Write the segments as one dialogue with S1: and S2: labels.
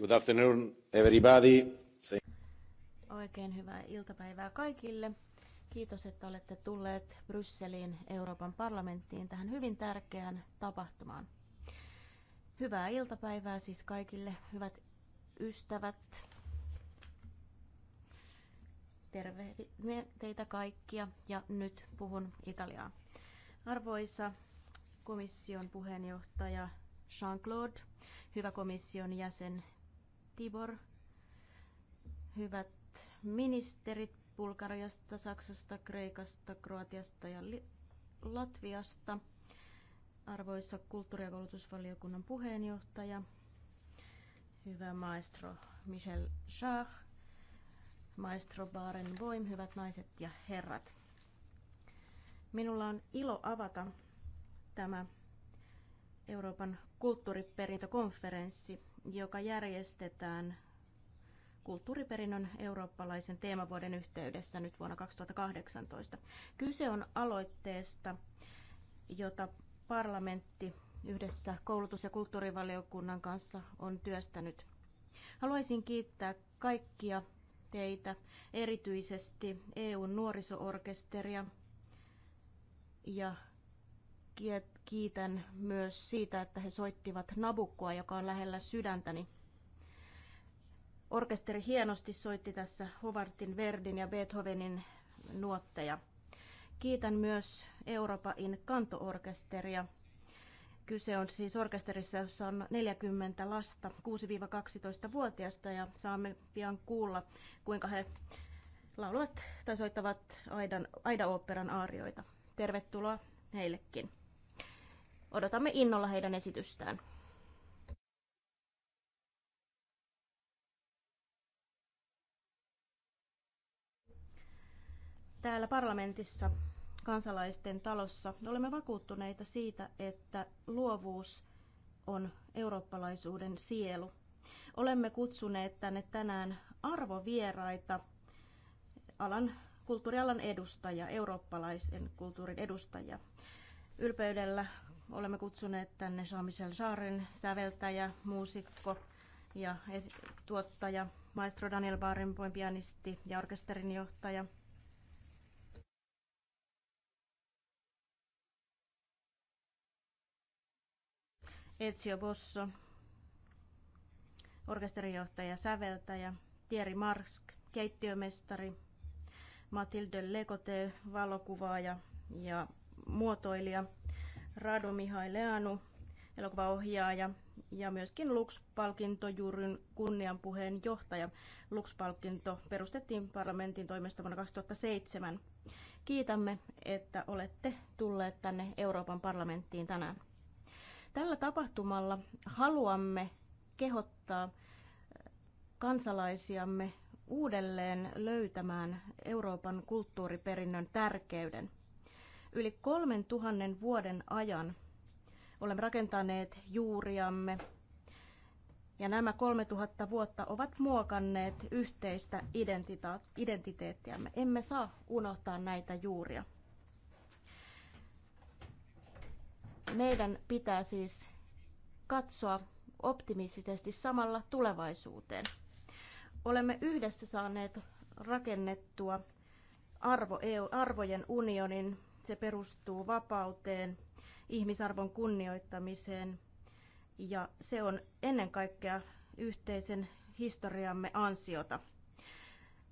S1: Good afternoon, everybody.
S2: Oikein hyvää iltapäivää kaikille. Kiitos, että olette tulleet Brysseliin Euroopan parlamenttiin tähän hyvin tärkeään tapahtumaan. Hyvää iltapäivää siis kaikille hyvät ystävät. Tervehdimme teitä kaikkia ja nyt puhun Italiaa. Arvoisa komission puheenjohtaja Jean-Claude, hyvä komission jäsen Tibor. Hyvät ministerit Bulgariasta, Saksasta, Kreikasta, Kroatiasta ja Latviasta. Arvoisa kulttuuri- ja koulutusvaliokunnan puheenjohtaja, hyvä maestro Michel Schach, maestro Baaren Voim, hyvät naiset ja herrat. Minulla on ilo avata tämä Euroopan kulttuuriperintökonferenssi joka järjestetään kulttuuriperinnön eurooppalaisen teemavuoden yhteydessä nyt vuonna 2018. Kyse on aloitteesta, jota parlamentti yhdessä koulutus- ja kulttuurivaliokunnan kanssa on työstänyt. Haluaisin kiittää kaikkia teitä, erityisesti EUn nuorisoorkesteria ja kiitän myös siitä, että he soittivat Nabukkoa, joka on lähellä sydäntäni. Orkesteri hienosti soitti tässä Hovartin, Verdin ja Beethovenin nuotteja. Kiitän myös Euroopain kantoorkesteria. Kyse on siis orkesterissa, jossa on 40 lasta, 6-12-vuotiaista, ja saamme pian kuulla, kuinka he laulavat tai soittavat aidan, aida-oopperan aarioita. Tervetuloa heillekin. Odotamme innolla heidän esitystään. Täällä parlamentissa, kansalaisten talossa, olemme vakuuttuneita siitä, että luovuus on eurooppalaisuuden sielu. Olemme kutsuneet tänne tänään arvovieraita alan kulttuurialan edustajia, eurooppalaisen kulttuurin edustajia. Ylpeydellä olemme kutsuneet tänne Jean-Michel Jarren, säveltäjä, muusikko ja tuottaja, maestro Daniel Barenboin pianisti ja orkesterin johtaja. Ezio Bosso, orkesterijohtaja, säveltäjä, Thierry Marsk, keittiömestari, Mathilde Lekote, valokuvaaja ja muotoilija – Radu Mihaileanu, elokuvaohjaaja ja myöskin Lux-palkintojuryn kunnianpuheenjohtaja. Lux-palkinto perustettiin parlamentin toimesta vuonna 2007. Kiitämme, että olette tulleet tänne Euroopan parlamenttiin tänään. Tällä tapahtumalla haluamme kehottaa äh, kansalaisiamme uudelleen löytämään Euroopan kulttuuriperinnön tärkeyden. Yli kolmen tuhannen vuoden ajan olemme rakentaneet juuriamme, ja nämä 3000 vuotta ovat muokanneet yhteistä identiteettiämme. Emme saa unohtaa näitä juuria. Meidän pitää siis katsoa optimistisesti samalla tulevaisuuteen. Olemme yhdessä saaneet rakennettua arvo, EU, arvojen unionin, se perustuu vapauteen, ihmisarvon kunnioittamiseen ja se on ennen kaikkea yhteisen historiamme ansiota.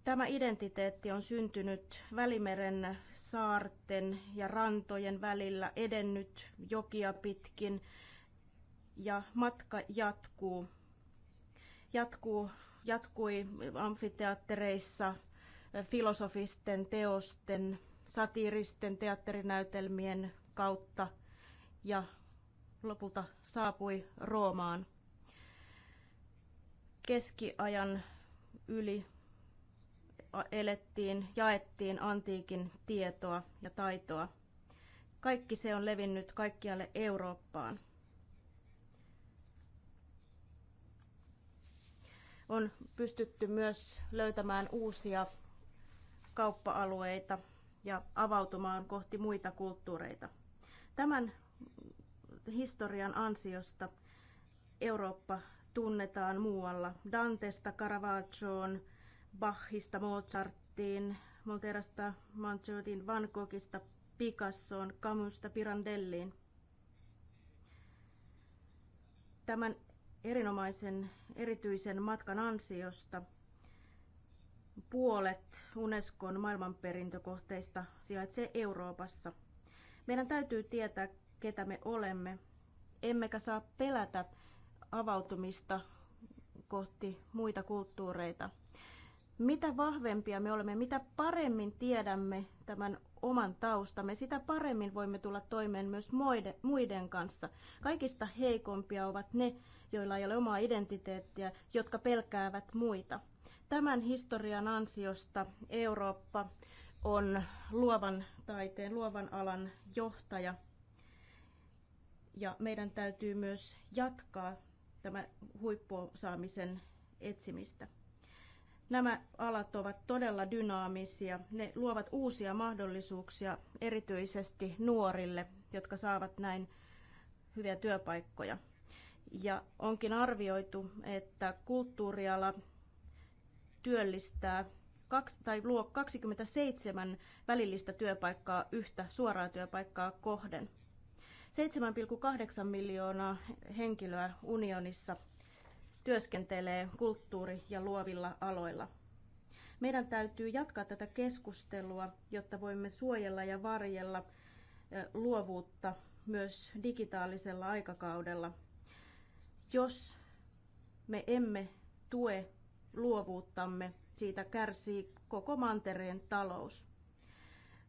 S2: Tämä identiteetti on syntynyt Välimeren saarten ja rantojen välillä, edennyt jokia pitkin ja matka jatkuu. jatkuu jatkui amfiteattereissa filosofisten teosten satiiristen teatterinäytelmien kautta ja lopulta saapui Roomaan. Keskiajan yli elettiin, jaettiin antiikin tietoa ja taitoa. Kaikki se on levinnyt kaikkialle Eurooppaan. On pystytty myös löytämään uusia kauppa-alueita ja avautumaan kohti muita kulttuureita. Tämän historian ansiosta Eurooppa tunnetaan muualla. Dantesta Caravaggioon, Bachista Mozarttiin, Molterasta, Manchotin, Van Goghista Picassoon, Camusta Pirandelliin. Tämän erinomaisen erityisen matkan ansiosta – puolet Unescon maailmanperintökohteista sijaitsee Euroopassa. Meidän täytyy tietää, ketä me olemme, emmekä saa pelätä avautumista kohti muita kulttuureita. Mitä vahvempia me olemme, mitä paremmin tiedämme tämän oman taustamme, sitä paremmin voimme tulla toimeen myös muiden kanssa. Kaikista heikompia ovat ne, joilla ei ole omaa identiteettiä, jotka pelkäävät muita. Tämän historian ansiosta Eurooppa on luovan taiteen, luovan alan johtaja. Ja meidän täytyy myös jatkaa tämän huippuosaamisen etsimistä. Nämä alat ovat todella dynaamisia. Ne luovat uusia mahdollisuuksia erityisesti nuorille, jotka saavat näin hyviä työpaikkoja. Ja onkin arvioitu, että kulttuuriala työllistää kaksi, tai luo 27 välillistä työpaikkaa yhtä suoraa työpaikkaa kohden. 7,8 miljoonaa henkilöä unionissa työskentelee kulttuuri- ja luovilla aloilla. Meidän täytyy jatkaa tätä keskustelua, jotta voimme suojella ja varjella luovuutta myös digitaalisella aikakaudella. Jos me emme tue luovuuttamme. Siitä kärsii koko mantereen talous.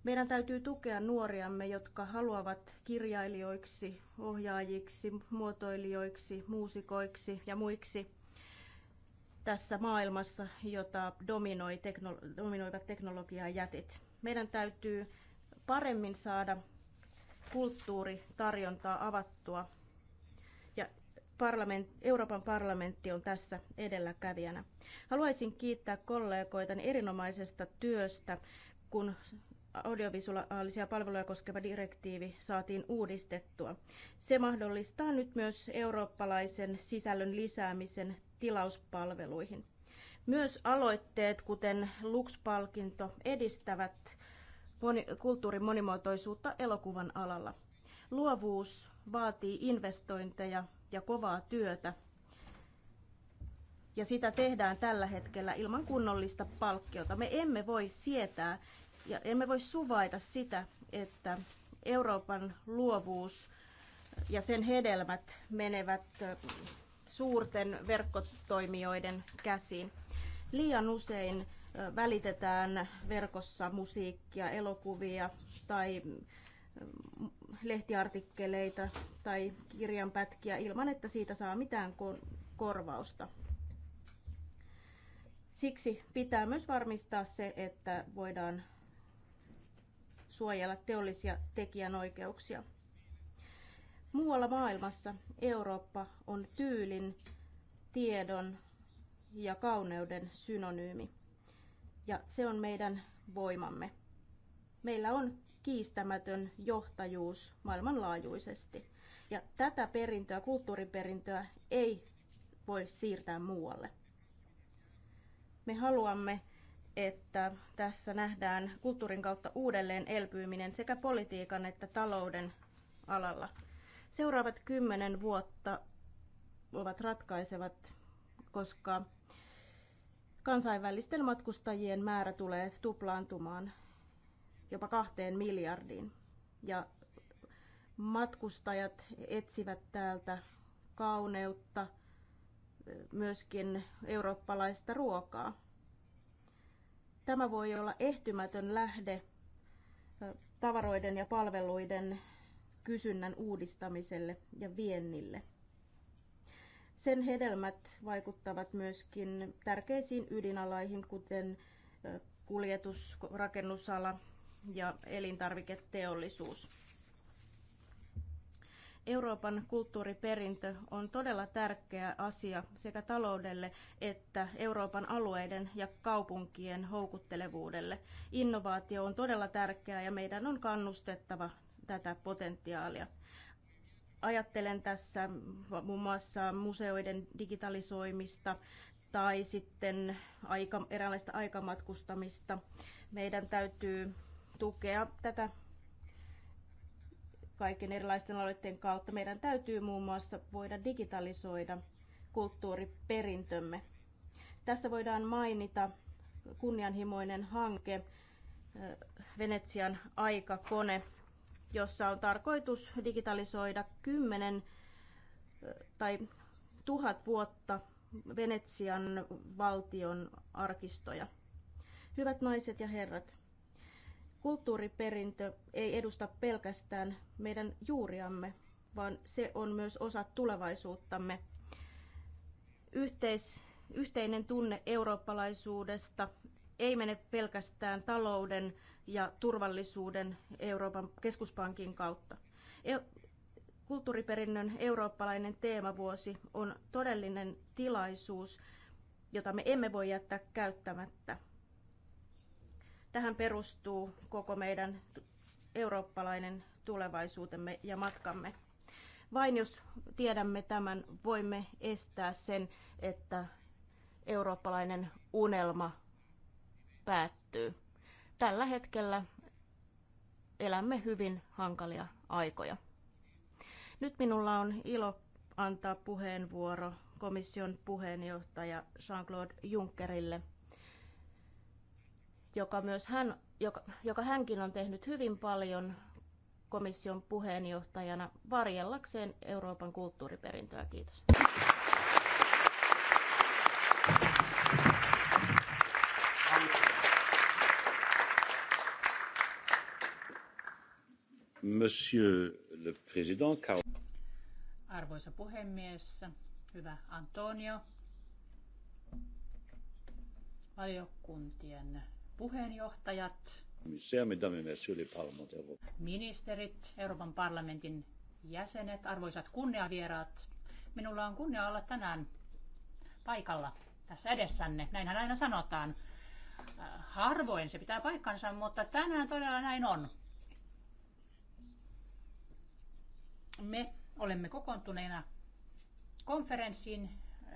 S2: Meidän täytyy tukea nuoriamme, jotka haluavat kirjailijoiksi, ohjaajiksi, muotoilijoiksi, muusikoiksi ja muiksi tässä maailmassa, jota dominoi teknolo- dominoivat teknologian jätit. Meidän täytyy paremmin saada kulttuuritarjontaa avattua parlament, Euroopan parlamentti on tässä edelläkävijänä. Haluaisin kiittää kollegoitani erinomaisesta työstä, kun audiovisuaalisia palveluja koskeva direktiivi saatiin uudistettua. Se mahdollistaa nyt myös eurooppalaisen sisällön lisäämisen tilauspalveluihin. Myös aloitteet, kuten Lux-palkinto, edistävät moni- kulttuurin monimuotoisuutta elokuvan alalla. Luovuus vaatii investointeja ja kovaa työtä. Ja sitä tehdään tällä hetkellä ilman kunnollista palkkiota. Me emme voi sietää ja emme voi suvaita sitä, että Euroopan luovuus ja sen hedelmät menevät suurten verkkotoimijoiden käsiin. Liian usein välitetään verkossa musiikkia, elokuvia tai lehtiartikkeleita tai kirjanpätkiä ilman, että siitä saa mitään korvausta. Siksi pitää myös varmistaa se, että voidaan suojella teollisia tekijänoikeuksia. Muualla maailmassa Eurooppa on tyylin, tiedon ja kauneuden synonyymi. Ja se on meidän voimamme. Meillä on kiistämätön johtajuus maailmanlaajuisesti. Ja tätä perintöä, kulttuuriperintöä ei voi siirtää muualle. Me haluamme, että tässä nähdään kulttuurin kautta uudelleen elpyminen sekä politiikan että talouden alalla. Seuraavat kymmenen vuotta ovat ratkaisevat, koska kansainvälisten matkustajien määrä tulee tuplaantumaan jopa kahteen miljardiin. Ja matkustajat etsivät täältä kauneutta, myöskin eurooppalaista ruokaa. Tämä voi olla ehtymätön lähde tavaroiden ja palveluiden kysynnän uudistamiselle ja viennille. Sen hedelmät vaikuttavat myöskin tärkeisiin ydinalaihin, kuten kuljetus, rakennusala, ja elintarviketeollisuus. Euroopan kulttuuriperintö on todella tärkeä asia sekä taloudelle että Euroopan alueiden ja kaupunkien houkuttelevuudelle. Innovaatio on todella tärkeää ja meidän on kannustettava tätä potentiaalia. Ajattelen tässä muun mm. muassa museoiden digitalisoimista tai sitten aika, eräänlaista aikamatkustamista. Meidän täytyy tukea tätä kaiken erilaisten aloitteen kautta. Meidän täytyy muun muassa voida digitalisoida kulttuuriperintömme. Tässä voidaan mainita kunnianhimoinen hanke Venetsian aikakone, jossa on tarkoitus digitalisoida 10 tai tuhat vuotta Venetsian valtion arkistoja. Hyvät naiset ja herrat, Kulttuuriperintö ei edusta pelkästään meidän juuriamme, vaan se on myös osa tulevaisuuttamme. Yhteis, yhteinen tunne eurooppalaisuudesta ei mene pelkästään talouden ja turvallisuuden Euroopan keskuspankin kautta. E- kulttuuriperinnön eurooppalainen teemavuosi on todellinen tilaisuus, jota me emme voi jättää käyttämättä. Tähän perustuu koko meidän eurooppalainen tulevaisuutemme ja matkamme. Vain jos tiedämme tämän, voimme estää sen, että eurooppalainen unelma päättyy. Tällä hetkellä elämme hyvin hankalia aikoja. Nyt minulla on ilo antaa puheenvuoro komission puheenjohtaja Jean-Claude Junckerille – joka, myös hän, joka, joka hänkin on tehnyt hyvin paljon komission puheenjohtajana varjellakseen Euroopan kulttuuriperintöä. Kiitos.
S1: Monsieur le Président,
S3: Arvoisa puhemies, hyvä Antonio, valiokuntien puheenjohtajat, ministerit, Euroopan parlamentin jäsenet, arvoisat kunniavieraat. Minulla on kunnia olla tänään paikalla tässä edessänne. Näinhän aina sanotaan. Äh, harvoin se pitää paikkansa, mutta tänään todella näin on. Me olemme kokoontuneena konferenssiin,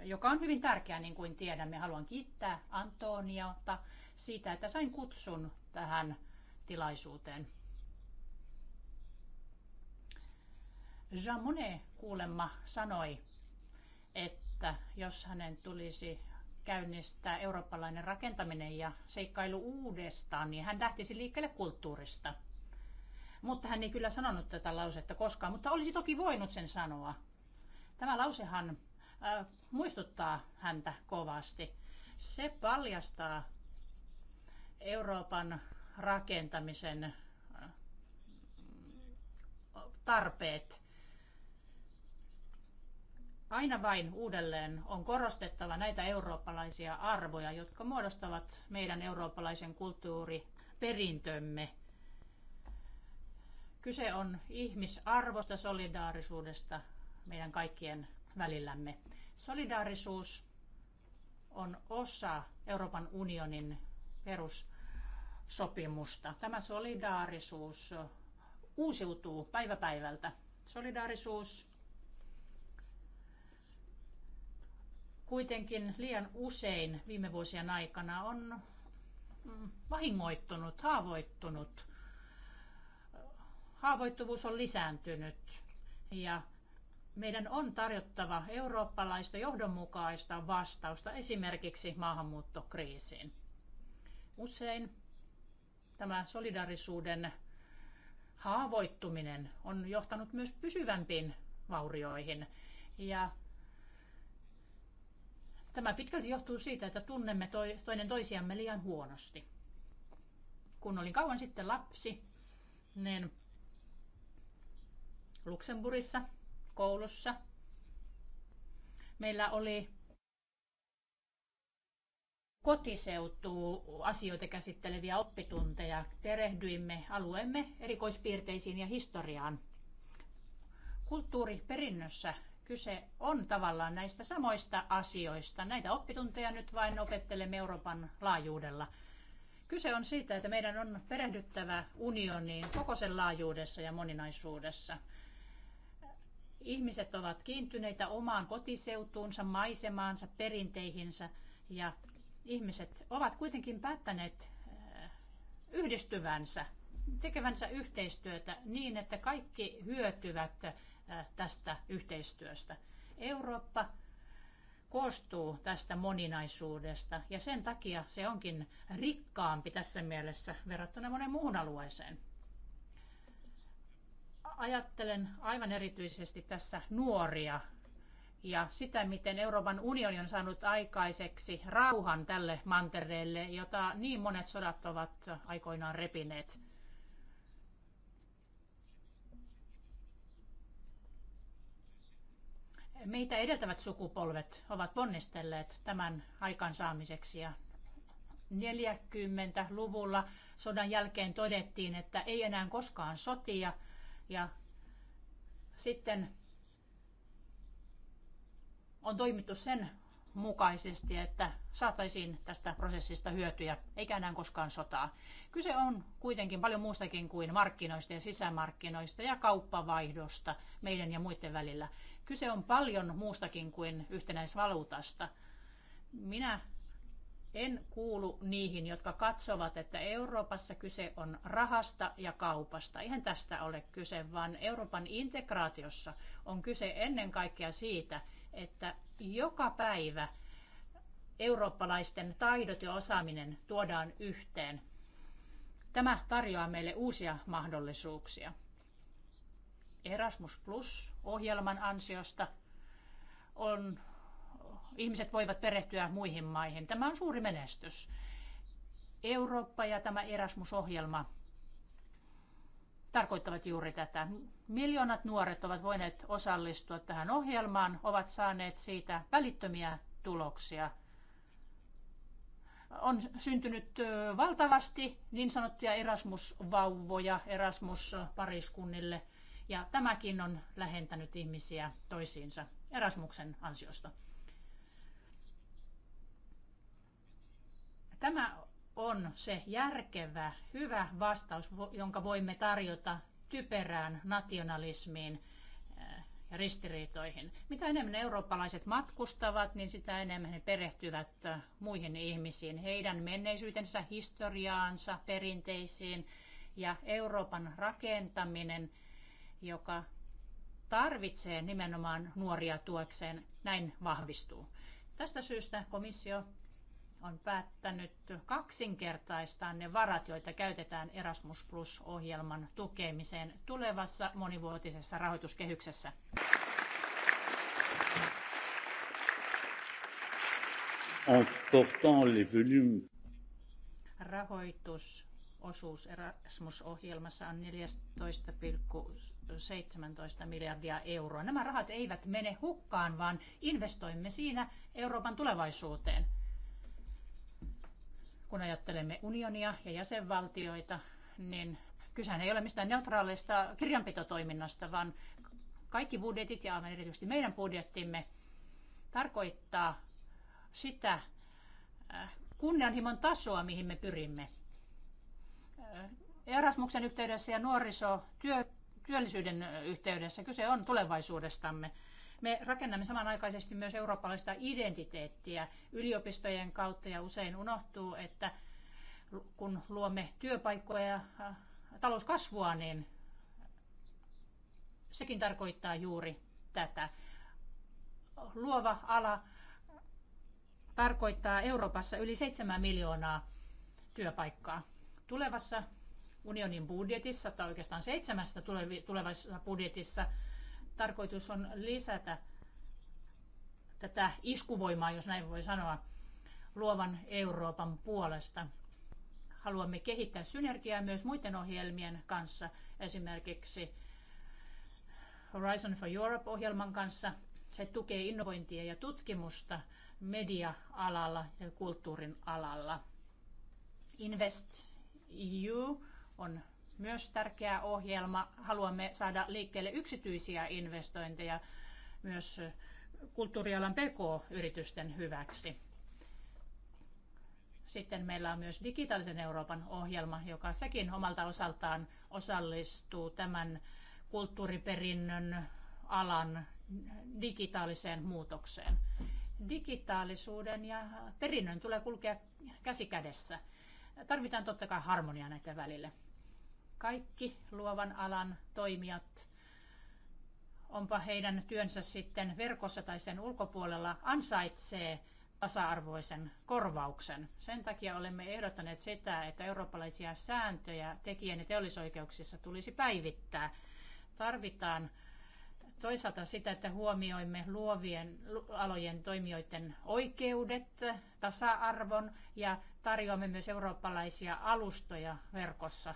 S3: joka on hyvin tärkeä, niin kuin tiedämme. Haluan kiittää Antoniota siitä, että sain kutsun tähän tilaisuuteen. Jean Monnet kuulemma sanoi, että jos hänen tulisi käynnistää eurooppalainen rakentaminen ja seikkailu uudestaan, niin hän lähtisi liikkeelle kulttuurista. Mutta hän ei kyllä sanonut tätä lausetta koskaan, mutta olisi toki voinut sen sanoa. Tämä lausehan muistuttaa häntä kovasti. Se paljastaa Euroopan rakentamisen tarpeet. Aina vain uudelleen on korostettava näitä eurooppalaisia arvoja, jotka muodostavat meidän eurooppalaisen kulttuuriperintömme. Kyse on ihmisarvosta, solidaarisuudesta, meidän kaikkien välillämme. Solidaarisuus on osa Euroopan unionin perussopimusta. Tämä solidaarisuus uusiutuu päivä päivältä. Solidaarisuus kuitenkin liian usein viime vuosien aikana on mm, vahingoittunut, haavoittunut. Haavoittuvuus on lisääntynyt ja meidän on tarjottava eurooppalaista johdonmukaista vastausta esimerkiksi maahanmuuttokriisiin. Usein tämä solidarisuuden haavoittuminen on johtanut myös pysyvämpiin vaurioihin. Ja tämä pitkälti johtuu siitä, että tunnemme toinen toisiamme liian huonosti. Kun olin kauan sitten lapsi, niin Luxemburissa koulussa. Meillä oli kotiseutuu asioita käsitteleviä oppitunteja. Perehdyimme alueemme erikoispiirteisiin ja historiaan. Kulttuuriperinnössä kyse on tavallaan näistä samoista asioista. Näitä oppitunteja nyt vain opettelemme Euroopan laajuudella. Kyse on siitä, että meidän on perehdyttävä unioniin koko sen laajuudessa ja moninaisuudessa. Ihmiset ovat kiintyneitä omaan kotiseutuunsa, maisemaansa, perinteihinsä ja ihmiset ovat kuitenkin päättäneet eh, yhdistyvänsä, tekevänsä yhteistyötä niin, että kaikki hyötyvät eh, tästä yhteistyöstä. Eurooppa koostuu tästä moninaisuudesta ja sen takia se onkin rikkaampi tässä mielessä verrattuna monen muuhun alueeseen ajattelen aivan erityisesti tässä nuoria ja sitä, miten Euroopan unioni on saanut aikaiseksi rauhan tälle mantereelle, jota niin monet sodat ovat aikoinaan repineet. Meitä edeltävät sukupolvet ovat ponnistelleet tämän aikansaamiseksi ja 40-luvulla sodan jälkeen todettiin, että ei enää koskaan sotia – ja sitten on toimittu sen mukaisesti, että saataisiin tästä prosessista hyötyjä, eikä enää koskaan sotaa. Kyse on kuitenkin paljon muustakin kuin markkinoista ja sisämarkkinoista ja kauppavaihdosta meidän ja muiden välillä. Kyse on paljon muustakin kuin yhtenäisvaluutasta. Minä en kuulu niihin, jotka katsovat, että Euroopassa kyse on rahasta ja kaupasta. Eihän tästä ole kyse, vaan Euroopan integraatiossa on kyse ennen kaikkea siitä, että joka päivä eurooppalaisten taidot ja osaaminen tuodaan yhteen. Tämä tarjoaa meille uusia mahdollisuuksia. Erasmus Plus-ohjelman ansiosta on ihmiset voivat perehtyä muihin maihin. Tämä on suuri menestys. Eurooppa ja tämä Erasmus-ohjelma tarkoittavat juuri tätä. Miljoonat nuoret ovat voineet osallistua tähän ohjelmaan, ovat saaneet siitä välittömiä tuloksia. On syntynyt valtavasti niin sanottuja Erasmus-vauvoja Erasmus-pariskunnille, ja tämäkin on lähentänyt ihmisiä toisiinsa Erasmuksen ansiosta. Tämä on se järkevä, hyvä vastaus, jonka voimme tarjota typerään nationalismiin eh, ja ristiriitoihin. Mitä enemmän eurooppalaiset matkustavat, niin sitä enemmän he perehtyvät eh, muihin ihmisiin, heidän menneisyytensä, historiaansa, perinteisiin ja Euroopan rakentaminen, joka tarvitsee nimenomaan nuoria tuekseen, näin vahvistuu. Tästä syystä komissio on päättänyt kaksinkertaistaa ne varat, joita käytetään Erasmus Plus-ohjelman tukemiseen tulevassa monivuotisessa rahoituskehyksessä.
S1: En portant les volumes.
S3: Rahoitusosuus Erasmus-ohjelmassa on 14,17 miljardia euroa. Nämä rahat eivät mene hukkaan, vaan investoimme siinä Euroopan tulevaisuuteen – kun ajattelemme unionia ja jäsenvaltioita, niin kysehän ei ole mistään neutraalista kirjanpitotoiminnasta, vaan kaikki budjetit ja erityisesti meidän budjettimme tarkoittaa sitä äh, kunnianhimon tasoa, mihin me pyrimme. Äh, Erasmuksen yhteydessä ja nuoriso työllisyyden yhteydessä kyse on tulevaisuudestamme. Me rakennamme samanaikaisesti myös eurooppalaista identiteettiä yliopistojen kautta ja usein unohtuu, että kun luomme työpaikkoja ja talouskasvua, niin sekin tarkoittaa juuri tätä. Luova ala tarkoittaa Euroopassa yli 7 miljoonaa työpaikkaa. Tulevassa unionin budjetissa tai oikeastaan seitsemässä tulevassa budjetissa – tarkoitus on lisätä tätä iskuvoimaa, jos näin voi sanoa, luovan Euroopan puolesta. Haluamme kehittää synergiaa myös muiden ohjelmien kanssa, esimerkiksi Horizon for Europe-ohjelman kanssa. Se tukee innovointia ja tutkimusta media-alalla ja kulttuurin alalla. Invest EU on myös tärkeä ohjelma. Haluamme saada liikkeelle yksityisiä investointeja myös kulttuurialan PK-yritysten hyväksi. Sitten meillä on myös digitaalisen Euroopan ohjelma, joka sekin omalta osaltaan osallistuu tämän kulttuuriperinnön alan digitaaliseen muutokseen. Digitaalisuuden ja perinnön tulee kulkea käsi kädessä. Tarvitaan totta kai harmonia näiden välille kaikki luovan alan toimijat, onpa heidän työnsä sitten verkossa tai sen ulkopuolella, ansaitsee tasa-arvoisen korvauksen. Sen takia olemme ehdottaneet sitä, että eurooppalaisia sääntöjä tekijän- ja teollisoikeuksissa tulisi päivittää. Tarvitaan toisaalta sitä, että huomioimme luovien alojen toimijoiden oikeudet, tasa-arvon ja tarjoamme myös eurooppalaisia alustoja verkossa,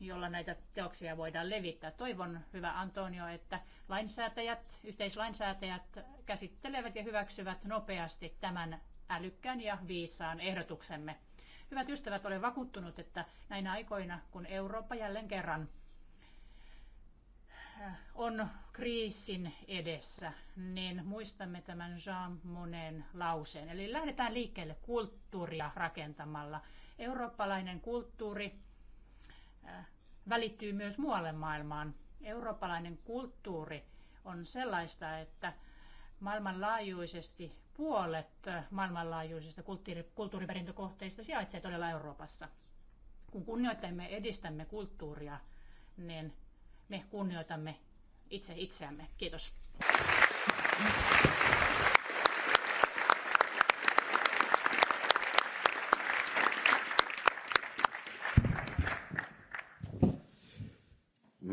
S3: jolla näitä teoksia voidaan levittää. Toivon, hyvä Antonio, että lainsäätäjät, yhteislainsäätäjät käsittelevät ja hyväksyvät nopeasti tämän älykkään ja viisaan ehdotuksemme. Hyvät ystävät, olen vakuuttunut, että näinä aikoina, kun Eurooppa jälleen kerran äh, on kriisin edessä, niin muistamme tämän Jean Monen lauseen. Eli lähdetään liikkeelle kulttuuria rakentamalla. Eurooppalainen kulttuuri Äh, välittyy myös muualle maailmaan. Eurooppalainen kulttuuri on sellaista, että maailmanlaajuisesti puolet äh, maailmanlaajuisista kulttuuri, kulttuuriperintökohteista sijaitsee todella Euroopassa. Kun kunnioitamme edistämme kulttuuria, niin me kunnioitamme itse itseämme. Kiitos.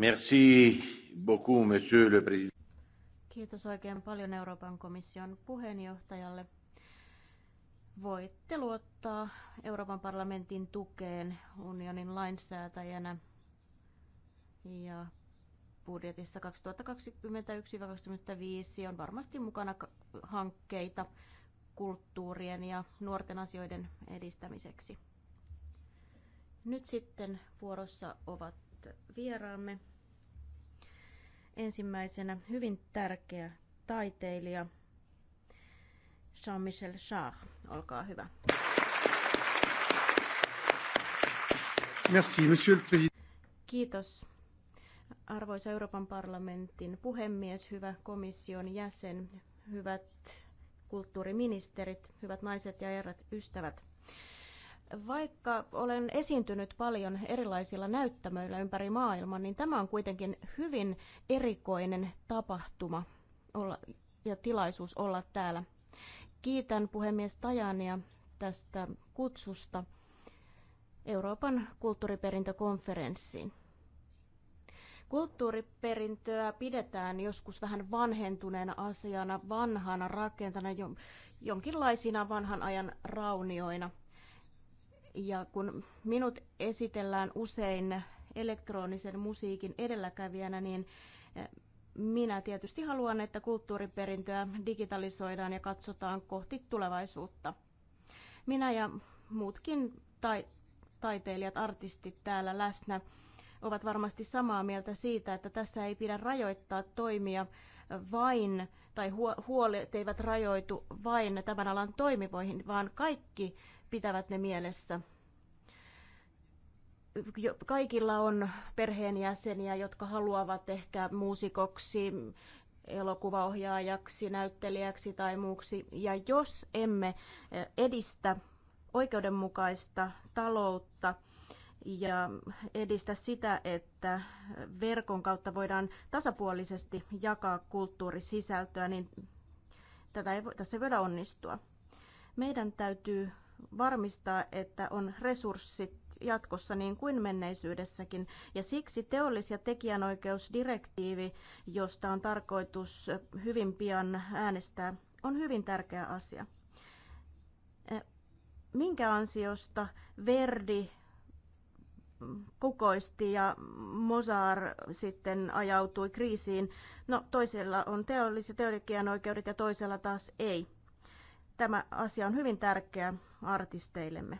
S1: Merci beaucoup, monsieur le président.
S2: Kiitos oikein paljon Euroopan komission puheenjohtajalle. Voitte luottaa Euroopan parlamentin tukeen unionin lainsäätäjänä ja budjetissa 2021-2025 on varmasti mukana hankkeita kulttuurien ja nuorten asioiden edistämiseksi. Nyt sitten vuorossa ovat vieraamme Ensimmäisenä hyvin tärkeä taiteilija Jean-Michel Jarre. Olkaa hyvä.
S4: Merci, monsieur le président.
S2: Kiitos. Arvoisa Euroopan parlamentin puhemies, hyvä komission jäsen, hyvät kulttuuriministerit, hyvät naiset ja herrat, ystävät. Vaikka olen esiintynyt paljon erilaisilla näyttämöillä ympäri maailman, niin tämä on kuitenkin hyvin erikoinen tapahtuma olla, ja tilaisuus olla täällä. Kiitän puhemies Tajania tästä kutsusta Euroopan kulttuuriperintökonferenssiin. Kulttuuriperintöä pidetään joskus vähän vanhentuneena asiana, vanhana rakentana, jonkinlaisina vanhan ajan raunioina – ja kun minut esitellään usein elektronisen musiikin edelläkävijänä, niin eh, minä tietysti haluan, että kulttuuriperintöä digitalisoidaan ja katsotaan kohti tulevaisuutta. Minä ja muutkin tai, taiteilijat, artistit täällä läsnä ovat varmasti samaa mieltä siitä, että tässä ei pidä rajoittaa toimia vain, tai huolet eivät rajoitu vain tämän alan toimivoihin, vaan kaikki pitävät ne mielessä. Kaikilla on perheenjäseniä, jotka haluavat ehkä muusikoksi, elokuvaohjaajaksi, näyttelijäksi tai muuksi. Ja jos emme eh, edistä oikeudenmukaista taloutta ja edistä sitä, että verkon kautta voidaan tasapuolisesti jakaa kulttuurisisältöä, niin tätä ei, tässä ei voida onnistua. Meidän täytyy varmistaa, että on resurssit jatkossa niin kuin menneisyydessäkin. Ja siksi teollis- ja tekijänoikeusdirektiivi, josta on tarkoitus hyvin pian äänestää, on hyvin tärkeä asia. Eh, minkä ansiosta Verdi kukoisti ja Mozart sitten ajautui kriisiin. No toisella on teollis- ja oikeudet ja toisella taas ei. Tämä asia on hyvin tärkeä artisteillemme.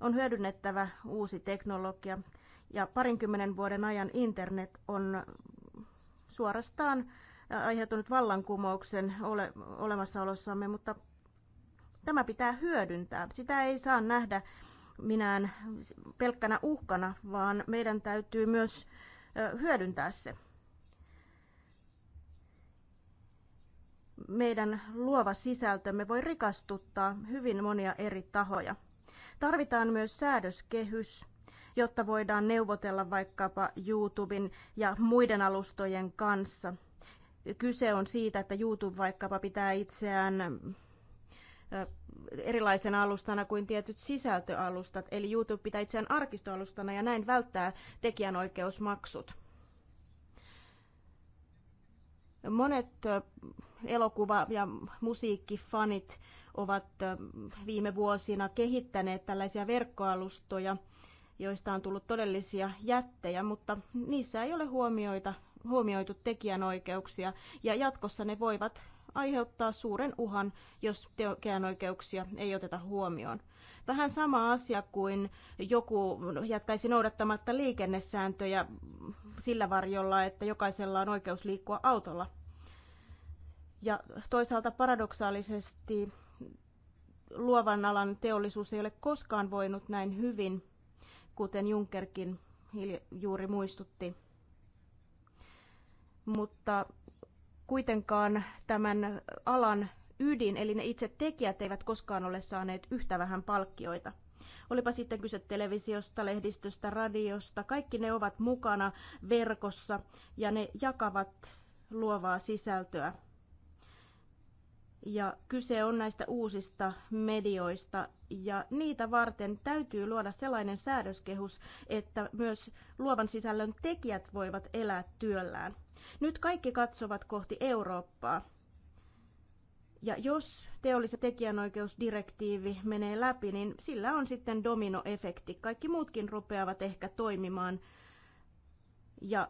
S2: On hyödynnettävä uusi teknologia ja parinkymmenen vuoden ajan internet on suorastaan aiheutunut vallankumouksen ole, olemassaolossamme, mutta tämä pitää hyödyntää. Sitä ei saa nähdä minään pelkkänä uhkana, vaan meidän täytyy myös hyödyntää se. meidän luova sisältömme voi rikastuttaa hyvin monia eri tahoja. Tarvitaan myös säädöskehys, jotta voidaan neuvotella vaikkapa YouTuben ja muiden alustojen kanssa. Kyse on siitä, että YouTube vaikkapa pitää itseään erilaisena alustana kuin tietyt sisältöalustat, eli YouTube pitää itseään arkistoalustana ja näin välttää tekijänoikeusmaksut. Monet elokuva- ja musiikkifanit ovat viime vuosina kehittäneet tällaisia verkkoalustoja, joista on tullut todellisia jättejä, mutta niissä ei ole huomioita, huomioitu tekijänoikeuksia ja jatkossa ne voivat aiheuttaa suuren uhan, jos tekijänoikeuksia ei oteta huomioon. Vähän sama asia kuin joku jättäisi noudattamatta liikennesääntöjä sillä varjolla, että jokaisella on oikeus liikkua autolla. Ja toisaalta paradoksaalisesti luovan alan teollisuus ei ole koskaan voinut näin hyvin, kuten Junkerkin juuri muistutti. Mutta kuitenkaan tämän alan ydin, eli ne itse tekijät eivät koskaan ole saaneet yhtä vähän palkkioita. Olipa sitten kyse televisiosta, lehdistöstä, radiosta, kaikki ne ovat mukana verkossa ja ne jakavat luovaa sisältöä. Ja kyse on näistä uusista medioista ja niitä varten täytyy luoda sellainen säädöskehus, että myös luovan sisällön tekijät voivat elää työllään. Nyt kaikki katsovat kohti Eurooppaa. Ja jos teollis- ja tekijänoikeusdirektiivi menee läpi, niin sillä on sitten dominoefekti. Kaikki muutkin rupeavat ehkä toimimaan. Ja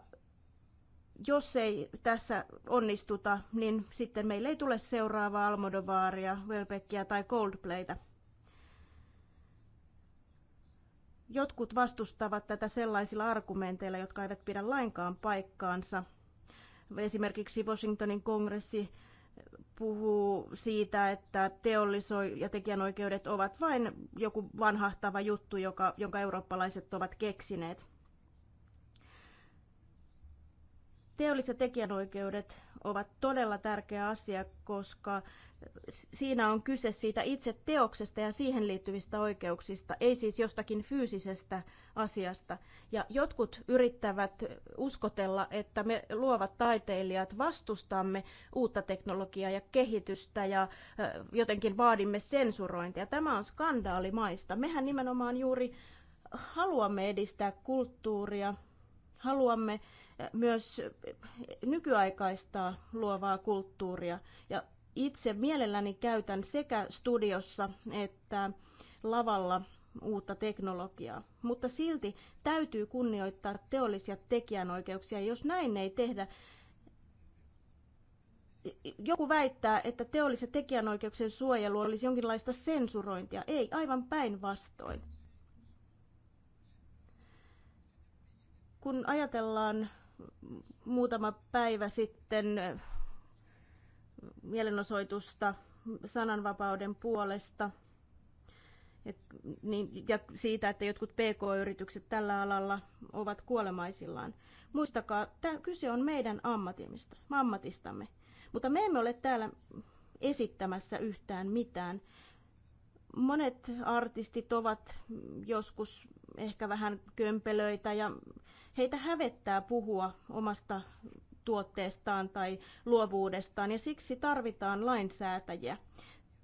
S2: jos ei tässä onnistuta, niin sitten meille ei tule seuraavaa Almodovaaria, Welbeckia tai Coldplayta. Jotkut vastustavat tätä sellaisilla argumenteilla, jotka eivät pidä lainkaan paikkaansa. Esimerkiksi Washingtonin kongressi puhuu siitä, että teolliso- ja tekijänoikeudet ovat vain joku vanhahtava juttu, joka, jonka eurooppalaiset ovat keksineet. Teolliset tekijänoikeudet ovat todella tärkeä asia, koska siinä on kyse siitä itse teoksesta ja siihen liittyvistä oikeuksista, ei siis jostakin fyysisestä asiasta. Ja jotkut yrittävät uskotella, että me luovat taiteilijat vastustamme uutta teknologiaa ja kehitystä ja jotenkin vaadimme sensurointia. Tämä on skandaalimaista. Mehän nimenomaan juuri haluamme edistää kulttuuria, haluamme myös nykyaikaistaa luovaa kulttuuria. Ja itse mielelläni käytän sekä studiossa että lavalla uutta teknologiaa, mutta silti täytyy kunnioittaa teollisia tekijänoikeuksia. Jos näin ei tehdä, joku väittää, että teollisen tekijänoikeuksien suojelu olisi jonkinlaista sensurointia. Ei, aivan päinvastoin. Kun ajatellaan muutama päivä sitten mielenosoitusta sananvapauden puolesta et, niin, ja siitä, että jotkut PK-yritykset tällä alalla ovat kuolemaisillaan. Muistakaa, tämä kyse on meidän ammatimista, ammatistamme. Mutta me emme ole täällä esittämässä yhtään mitään. Monet artistit ovat joskus ehkä vähän kömpelöitä ja heitä hävettää puhua omasta tuotteestaan tai luovuudestaan ja siksi tarvitaan lainsäätäjiä.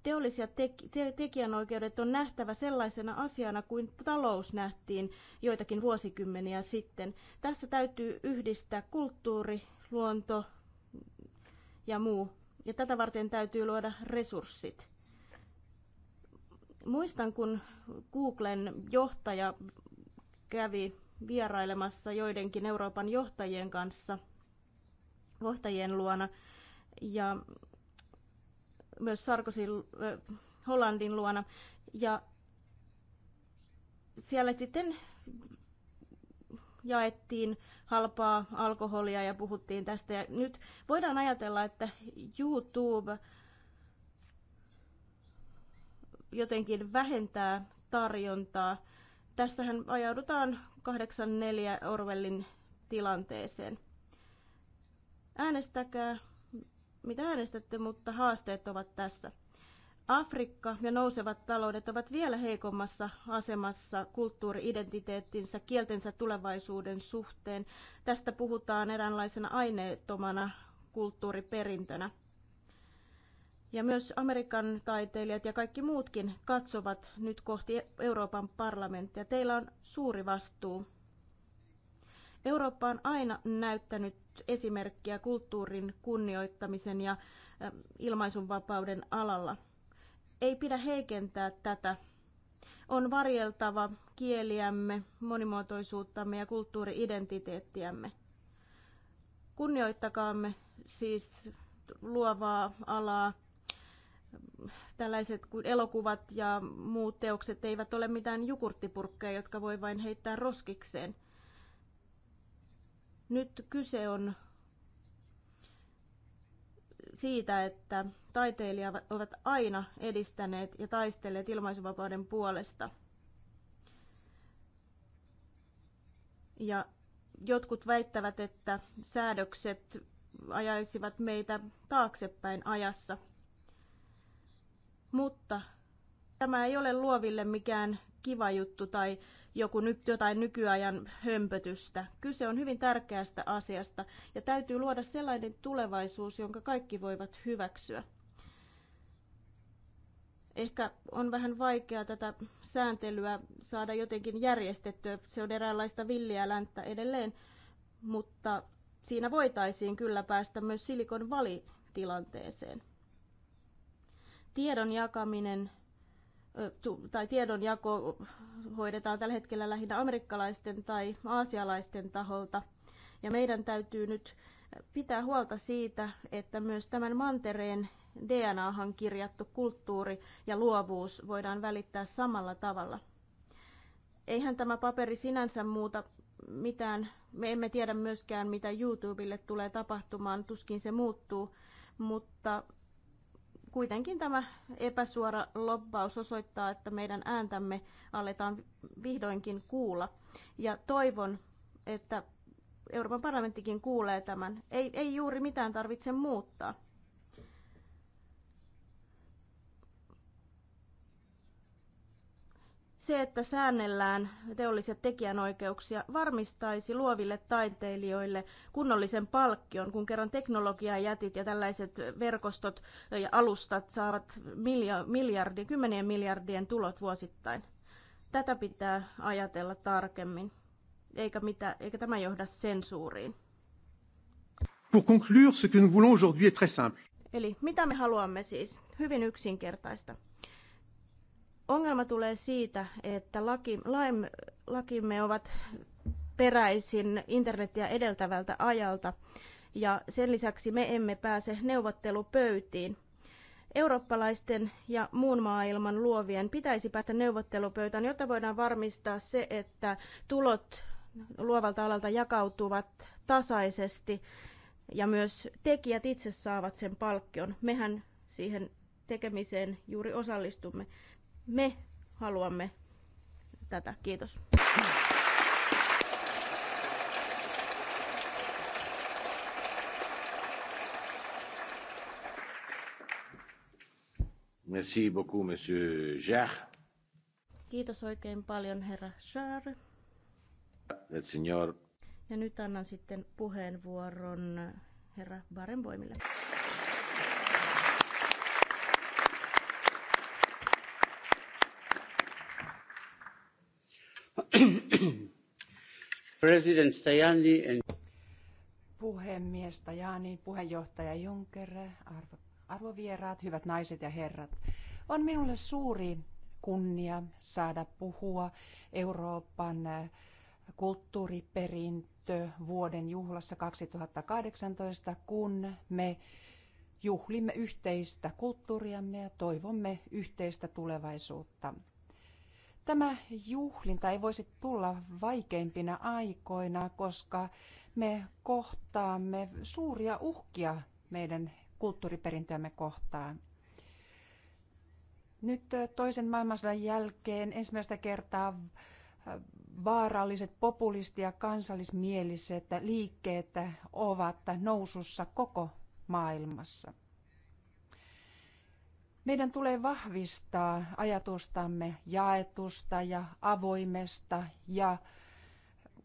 S2: Teollisia tek- te- tekijänoikeudet on nähtävä sellaisena asiana kuin talous nähtiin joitakin vuosikymmeniä sitten. Tässä täytyy yhdistää kulttuuri, luonto ja muu. Ja tätä varten täytyy luoda resurssit. Muistan, kun Googlen johtaja kävi vierailemassa joidenkin Euroopan johtajien kanssa – johtajien luona ja myös Sarkosin äh, Hollandin luona. Ja siellä sitten jaettiin halpaa alkoholia ja puhuttiin tästä. Ja nyt voidaan ajatella, että YouTube jotenkin vähentää tarjontaa. Tässähän ajaudutaan 84 Orwellin tilanteeseen. Äänestäkää, mitä äänestätte, mutta haasteet ovat tässä. Afrikka ja nousevat taloudet ovat vielä heikommassa asemassa kulttuuriidentiteettinsä, kieltensä tulevaisuuden suhteen. Tästä puhutaan eräänlaisena aineettomana kulttuuriperintönä. Ja myös Amerikan taiteilijat ja kaikki muutkin katsovat nyt kohti Euroopan parlamenttia. Teillä on suuri vastuu Eurooppa on aina näyttänyt esimerkkiä kulttuurin kunnioittamisen ja ilmaisunvapauden alalla. Ei pidä heikentää tätä. On varjeltava kieliämme, monimuotoisuuttamme ja kulttuuriidentiteettiämme. Kunnioittakaamme siis luovaa alaa. Tällaiset elokuvat ja muut teokset eivät ole mitään jukurttipurkkeja, jotka voi vain heittää roskikseen – nyt kyse on siitä, että taiteilijat ovat aina edistäneet ja taistelleet ilmaisuvapauden puolesta. Ja jotkut väittävät, että säädökset ajaisivat meitä taaksepäin ajassa. Mutta tämä ei ole luoville mikään kiva juttu tai joku ny- jotain nykyajan hömpötystä. Kyse on hyvin tärkeästä asiasta ja täytyy luoda sellainen tulevaisuus, jonka kaikki voivat hyväksyä. Ehkä on vähän vaikea tätä sääntelyä saada jotenkin järjestettyä. Se on eräänlaista villiä länttä edelleen, mutta siinä voitaisiin kyllä päästä myös silikon valitilanteeseen. Tiedon jakaminen tai tiedonjako hoidetaan tällä hetkellä lähinnä amerikkalaisten tai aasialaisten taholta. Ja meidän täytyy nyt pitää huolta siitä, että myös tämän mantereen DNAhan kirjattu kulttuuri ja luovuus voidaan välittää samalla tavalla. Eihän tämä paperi sinänsä muuta mitään. Me emme tiedä myöskään, mitä YouTubelle tulee tapahtumaan. Tuskin se muuttuu, mutta kuitenkin tämä epäsuora lobbaus osoittaa, että meidän ääntämme aletaan vihdoinkin kuulla. Ja toivon, että Euroopan parlamenttikin kuulee tämän. Ei, ei juuri mitään tarvitse muuttaa. Se, että säännellään teollisia tekijänoikeuksia, varmistaisi luoville taiteilijoille kunnollisen palkkion, kun kerran teknologiajätit ja tällaiset verkostot ja alustat saavat miljardi, kymmenien miljardien tulot vuosittain. Tätä pitää ajatella tarkemmin, eikä, mitä, eikä tämä johda sensuuriin.
S4: Pour conclure, ce que nous voulons aujourd'hui est très simple.
S2: Eli mitä me haluamme siis? Hyvin yksinkertaista. Ongelma tulee siitä, että laki, lain, lakimme ovat peräisin internetiä edeltävältä ajalta ja sen lisäksi me emme pääse neuvottelupöytiin. Eurooppalaisten ja muun maailman luovien pitäisi päästä neuvottelupöytään, jotta voidaan varmistaa se, että tulot luovalta alalta jakautuvat tasaisesti ja myös tekijät itse saavat sen palkkion. Mehän siihen tekemiseen juuri osallistumme me haluamme tätä. Kiitos.
S1: Merci beaucoup, monsieur Jacques.
S2: Kiitos oikein paljon, herra Schaar.
S1: Et signor.
S2: Ja nyt annan sitten puheenvuoron herra Barenboimille.
S1: President
S5: Puhemies Tajani, puheenjohtaja Juncker, arvo, arvovieraat, hyvät naiset ja herrat. On minulle suuri kunnia saada puhua Euroopan kulttuuriperintö vuoden juhlassa 2018, kun me juhlimme yhteistä kulttuuriamme ja toivomme yhteistä tulevaisuutta. Tämä juhlinta ei voisi tulla vaikeimpina aikoina, koska me kohtaamme suuria uhkia meidän kulttuuriperintöämme kohtaan. Nyt toisen maailmansodan jälkeen ensimmäistä kertaa vaaralliset populisti- ja kansallismieliset liikkeet ovat nousussa koko maailmassa. Meidän tulee vahvistaa ajatustamme jaetusta ja avoimesta ja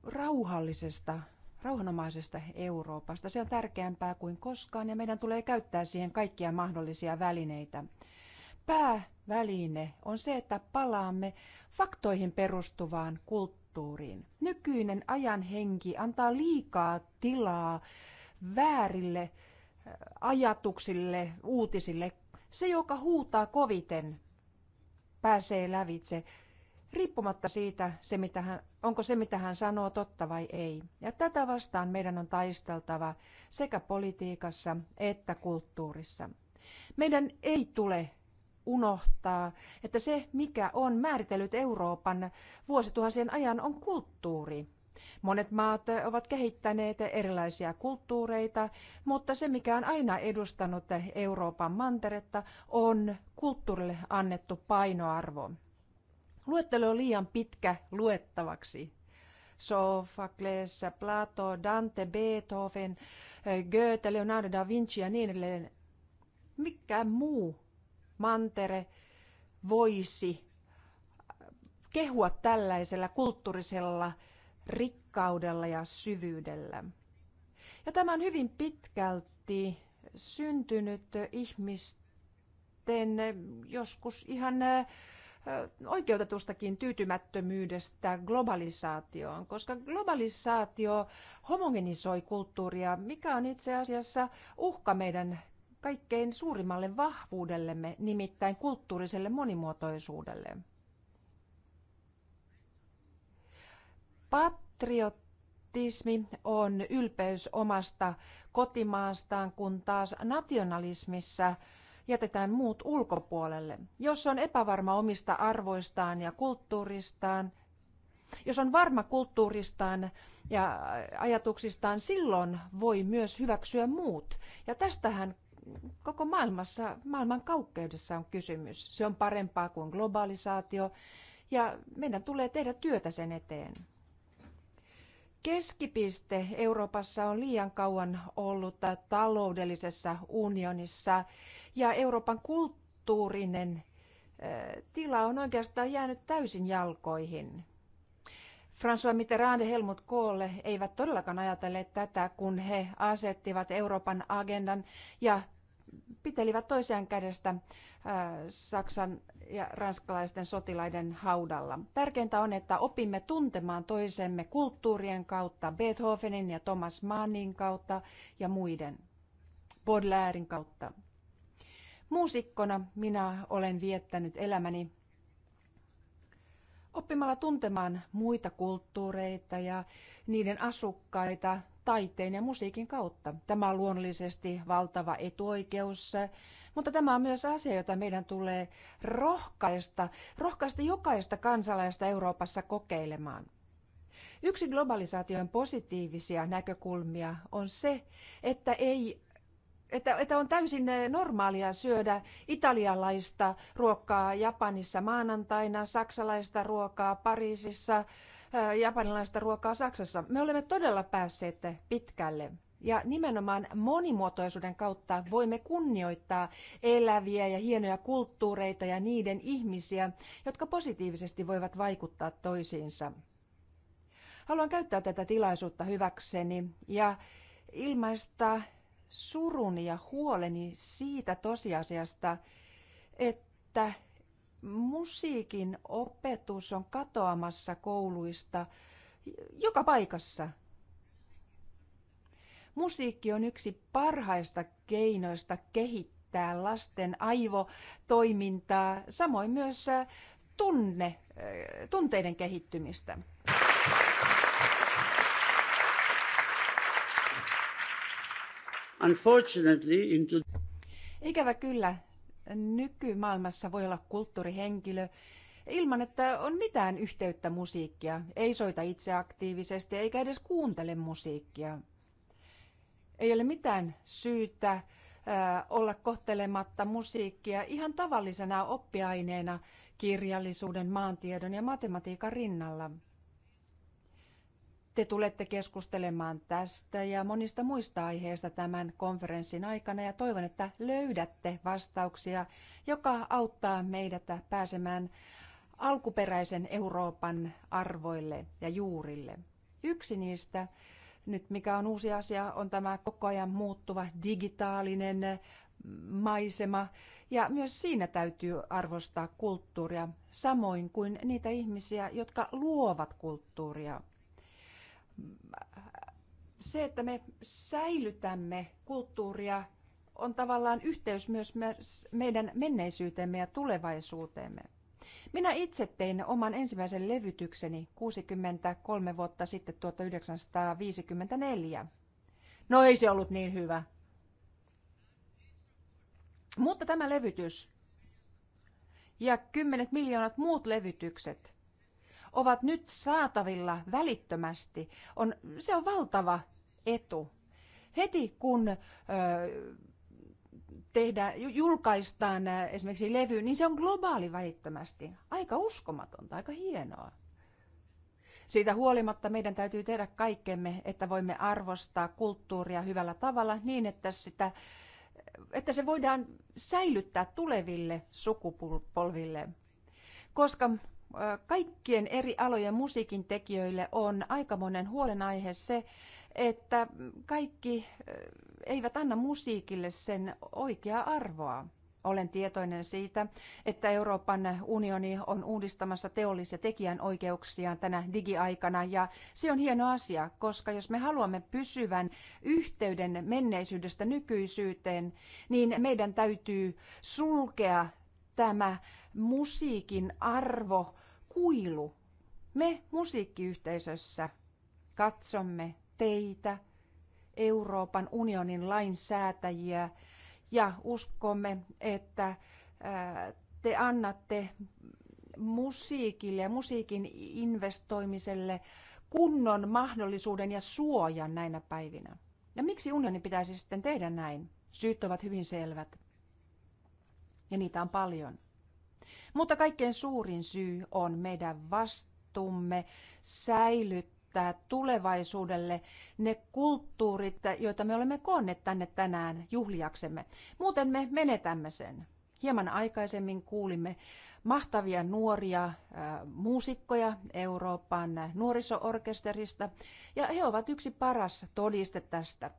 S5: rauhallisesta, rauhanomaisesta Euroopasta. Se on tärkeämpää kuin koskaan ja meidän tulee käyttää siihen kaikkia mahdollisia välineitä. Pääväline on se, että palaamme faktoihin perustuvaan kulttuuriin. Nykyinen ajan henki antaa liikaa tilaa väärille äh, ajatuksille, uutisille, se, joka huutaa koviten, pääsee lävitse, riippumatta siitä, se, mitä hän, onko se, mitä hän sanoo, totta vai ei. Ja tätä vastaan meidän on taisteltava sekä politiikassa että kulttuurissa. Meidän ei tule unohtaa, että se, mikä on määritellyt Euroopan vuosituhansien ajan, on kulttuuri. Monet maat ovat kehittäneet erilaisia kulttuureita, mutta se mikä on aina edustanut Euroopan manteretta on kulttuurille annettu painoarvo. Luettelo on liian pitkä luettavaksi. Sofakles, Plato, Dante, Beethoven, Goethe, Leonardo da Vinci ja niin edelleen. Mikä muu mantere voisi kehua tällaisella kulttuurisella rikkaudella ja syvyydellä. Ja tämä on hyvin pitkälti syntynyt ihmisten joskus ihan oikeutetustakin tyytymättömyydestä globalisaatioon, koska globalisaatio homogenisoi kulttuuria, mikä on itse asiassa uhka meidän kaikkein suurimmalle vahvuudellemme, nimittäin kulttuuriselle monimuotoisuudelle. Patriotismi on ylpeys omasta kotimaastaan, kun taas nationalismissa jätetään muut ulkopuolelle. Jos on epävarma omista arvoistaan ja kulttuuristaan, jos on varma kulttuuristaan ja ajatuksistaan, silloin voi myös hyväksyä muut. Ja tästähän koko maailmassa, maailman kaukkeudessa on kysymys. Se on parempaa kuin globalisaatio ja meidän tulee tehdä työtä sen eteen. Keskipiste Euroopassa on liian kauan ollut taloudellisessa unionissa ja Euroopan kulttuurinen eh, tila on oikeastaan jäänyt täysin jalkoihin. François Mitterrand ja Helmut Kohl eivät todellakaan ajatelleet tätä, kun he asettivat Euroopan agendan ja pitelivät toisiaan kädestä äh, Saksan ja ranskalaisten sotilaiden haudalla. Tärkeintä on, että opimme tuntemaan toisemme kulttuurien kautta, Beethovenin ja Thomas Mannin kautta ja muiden, Baudelairein kautta. Muusikkona minä olen viettänyt elämäni oppimalla tuntemaan muita kulttuureita ja niiden asukkaita, taiteen ja musiikin kautta. Tämä on luonnollisesti valtava etuoikeus, mutta tämä on myös asia, jota meidän tulee rohkaista, rohkaista jokaista kansalaista Euroopassa kokeilemaan. Yksi globalisaation positiivisia näkökulmia on se, että ei että, että on täysin normaalia syödä italialaista ruokaa Japanissa maanantaina, saksalaista ruokaa Pariisissa, japanilaista ruokaa Saksassa. Me olemme todella päässeet pitkälle. Ja nimenomaan monimuotoisuuden kautta voimme kunnioittaa eläviä ja hienoja kulttuureita ja niiden ihmisiä, jotka positiivisesti voivat vaikuttaa toisiinsa. Haluan käyttää tätä tilaisuutta hyväkseni ja ilmaista suruni ja huoleni siitä tosiasiasta, että musiikin opetus on katoamassa kouluista joka paikassa. Musiikki on yksi parhaista keinoista kehittää lasten aivotoimintaa, samoin myös äh, tunne, äh, tunteiden kehittymistä. Unfortunately, into... Ikävä kyllä nykymaailmassa voi olla kulttuurihenkilö ilman, että on mitään yhteyttä musiikkia, ei soita itse aktiivisesti eikä edes kuuntele musiikkia. Ei ole mitään syytä olla kohtelematta musiikkia ihan tavallisena oppiaineena kirjallisuuden, maantiedon ja matematiikan rinnalla – te tulette keskustelemaan tästä ja monista muista aiheista tämän konferenssin aikana ja toivon, että löydätte vastauksia, joka auttaa meidät pääsemään alkuperäisen Euroopan arvoille ja juurille. Yksi niistä nyt mikä on uusi asia on tämä koko ajan muuttuva digitaalinen maisema. Ja myös siinä täytyy arvostaa kulttuuria, samoin kuin niitä ihmisiä, jotka luovat kulttuuria se, että me säilytämme kulttuuria, on tavallaan yhteys myös meidän menneisyytemme ja tulevaisuuteemme. Minä itse tein oman ensimmäisen levytykseni 63 vuotta sitten 1954. No ei se ollut niin hyvä. Mutta tämä levytys ja kymmenet miljoonat muut levytykset ovat nyt saatavilla välittömästi, on, se on valtava etu. Heti kun ö, tehdä, julkaistaan esimerkiksi levy, niin se on globaali välittömästi. Aika uskomatonta, aika hienoa. Siitä huolimatta meidän täytyy tehdä kaikkemme, että voimme arvostaa kulttuuria hyvällä tavalla niin, että, sitä, että se voidaan säilyttää tuleville sukupolville. Koska kaikkien eri alojen musiikin tekijöille on aikamoinen huolenaihe se, että kaikki eivät anna musiikille sen oikeaa arvoa. Olen tietoinen siitä, että Euroopan unioni on uudistamassa teollis- ja tekijänoikeuksia tänä digiaikana ja se on hieno asia, koska jos me haluamme pysyvän yhteyden menneisyydestä nykyisyyteen, niin meidän täytyy sulkea tämä musiikin arvo kuilu. Me musiikkiyhteisössä katsomme teitä, Euroopan unionin lainsäätäjiä, ja uskomme, että te annatte musiikille ja musiikin investoimiselle kunnon mahdollisuuden ja suojan näinä päivinä. Ja miksi unioni pitäisi sitten tehdä näin? Syyt ovat hyvin selvät. Ja niitä on paljon. Mutta kaikkein suurin syy on meidän vastuumme säilyttää tulevaisuudelle ne kulttuurit, joita me olemme koonneet tänne tänään juhliaksemme. Muuten me menetämme sen. Hieman aikaisemmin kuulimme mahtavia nuoria äh, muusikkoja Euroopan nuorisoorkesterista, ja he ovat yksi paras todiste tästä.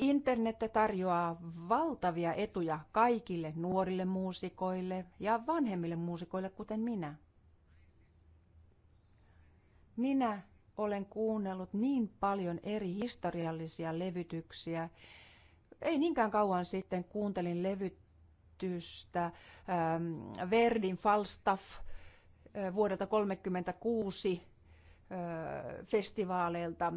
S5: Internet tarjoaa valtavia etuja kaikille nuorille muusikoille ja vanhemmille muusikoille, kuten minä. Minä olen kuunnellut niin paljon eri historiallisia levytyksiä. Ei niinkään kauan sitten kuuntelin levytystä ähm, Verdin Falstaff äh, vuodelta 1936 äh, festivaaleilta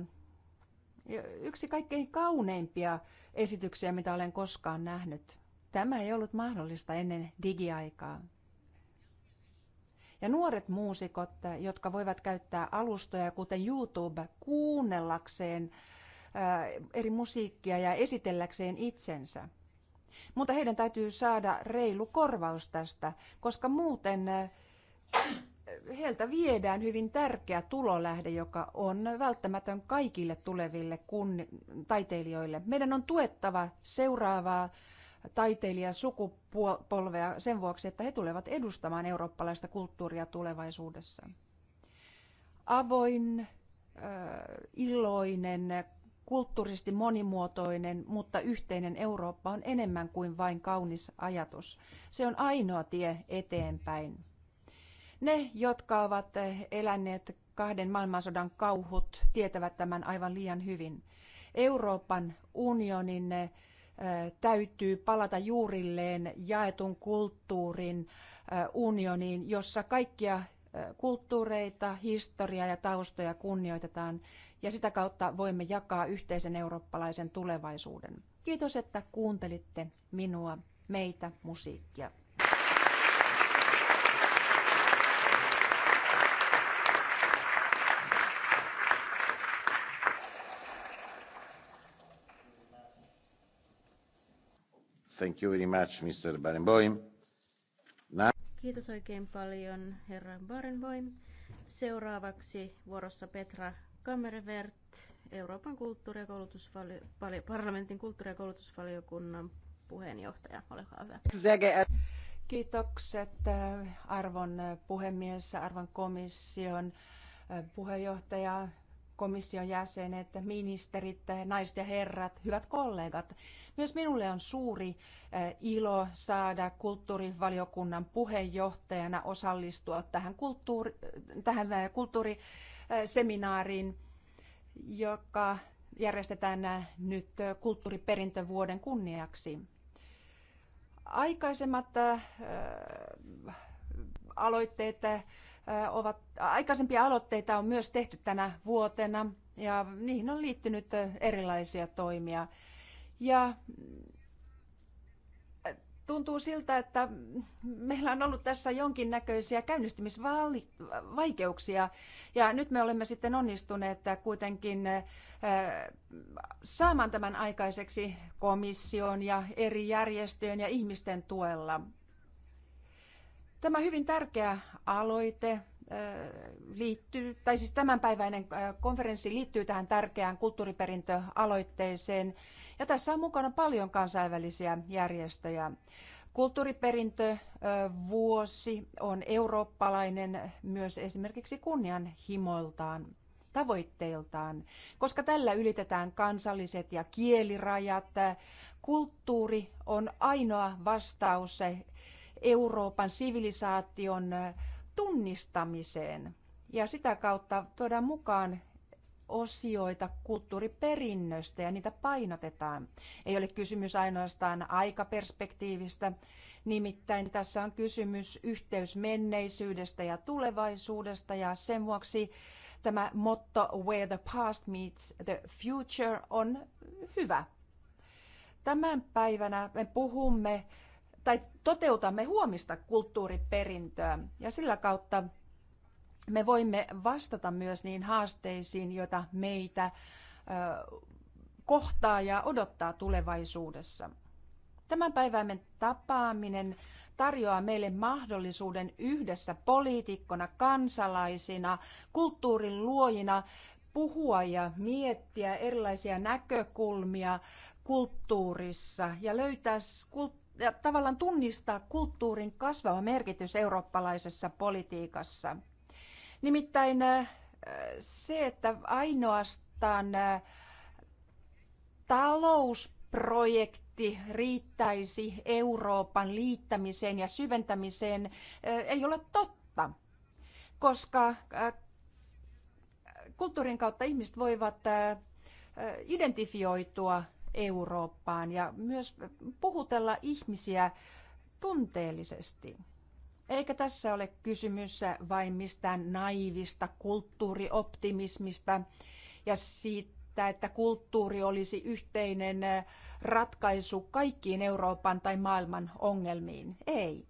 S5: yksi kaikkein kauneimpia esityksiä, mitä olen koskaan nähnyt. Tämä ei ollut mahdollista ennen digiaikaa. Ja nuoret muusikot, jotka voivat käyttää alustoja kuten YouTube kuunnellakseen äh, eri musiikkia ja esitelläkseen itsensä. Mutta heidän täytyy saada reilu korvaus tästä, koska muuten äh, heiltä viedään hyvin tärkeä tulolähde, joka on välttämätön kaikille tuleville kun, taiteilijoille. Meidän on tuettava seuraavaa sukupolvea sen vuoksi, että he tulevat edustamaan eurooppalaista kulttuuria tulevaisuudessa. Avoin, iloinen, kulttuurisesti monimuotoinen, mutta yhteinen Eurooppa on enemmän kuin vain kaunis ajatus. Se on ainoa tie eteenpäin. Ne, jotka ovat eläneet kahden maailmansodan kauhut, tietävät tämän aivan liian hyvin. Euroopan unionin eh, täytyy palata juurilleen jaetun kulttuurin eh, unioniin, jossa kaikkia eh, kulttuureita, historiaa ja taustoja kunnioitetaan ja sitä kautta voimme jakaa yhteisen eurooppalaisen tulevaisuuden. Kiitos, että kuuntelitte minua, meitä, musiikkia.
S1: Thank you very much, Mr. Barenboim. Now...
S2: Kiitos oikein paljon, herra Barenboim. Seuraavaksi vuorossa Petra Kammervert, Euroopan kulttuuri- ja parlamentin kulttuuri- ja koulutusvaliokunnan puheenjohtaja.
S5: Olekaa hyvä. Kiitokset arvon puhemies, arvon komission puheenjohtaja, komission jäsenet, ministerit, naiset ja herrat, hyvät kollegat. Myös minulle on suuri eh, ilo saada kulttuurivaliokunnan puheenjohtajana osallistua tähän, kulttuuri, eh, tähän eh, kulttuuriseminaariin, joka järjestetään nyt kulttuuriperintövuoden kunniaksi. Aikaisemmat aloitteet ovat, aikaisempia aloitteita on myös tehty tänä vuotena ja niihin on liittynyt erilaisia toimia. Ja tuntuu siltä, että meillä on ollut tässä jonkinnäköisiä käynnistymisvaikeuksia ja nyt me olemme sitten onnistuneet kuitenkin saamaan tämän aikaiseksi komission ja eri järjestöjen ja ihmisten tuella. Tämä hyvin tärkeä aloite äh, liittyy, tai siis tämänpäiväinen äh, konferenssi liittyy tähän tärkeään kulttuuriperintöaloitteeseen. Ja tässä on mukana paljon kansainvälisiä järjestöjä. Kulttuuriperintövuosi äh, on eurooppalainen myös esimerkiksi kunnianhimoiltaan tavoitteiltaan, koska tällä ylitetään kansalliset ja kielirajat. Kulttuuri on ainoa vastaus Euroopan sivilisaation tunnistamiseen. Ja sitä kautta tuodaan mukaan osioita kulttuuriperinnöstä ja niitä painotetaan. Ei ole kysymys ainoastaan aikaperspektiivistä, nimittäin tässä on kysymys yhteys menneisyydestä ja tulevaisuudesta ja sen vuoksi tämä motto Where the past meets the future on hyvä. Tämän päivänä me puhumme tai toteutamme huomista kulttuuriperintöä ja sillä kautta me voimme vastata myös niin haasteisiin, joita meitä kohtaa ja odottaa tulevaisuudessa. Tämän päivämme tapaaminen tarjoaa meille mahdollisuuden yhdessä poliitikkona, kansalaisina, kulttuurin luojina puhua ja miettiä erilaisia näkökulmia kulttuurissa ja löytää ja tavallaan tunnistaa kulttuurin kasvava merkitys eurooppalaisessa politiikassa. Nimittäin äh, se, että ainoastaan äh, talousprojekti riittäisi Euroopan liittämiseen ja syventämiseen, äh, ei ole totta, koska kulttuurin kautta ihmiset voivat identifioitua Eurooppaan ja myös puhutella ihmisiä tunteellisesti. Eikä tässä ole kysymys vain mistään naivista kulttuurioptimismista ja siitä, että kulttuuri olisi yhteinen ratkaisu kaikkiin Euroopan tai maailman ongelmiin. Ei.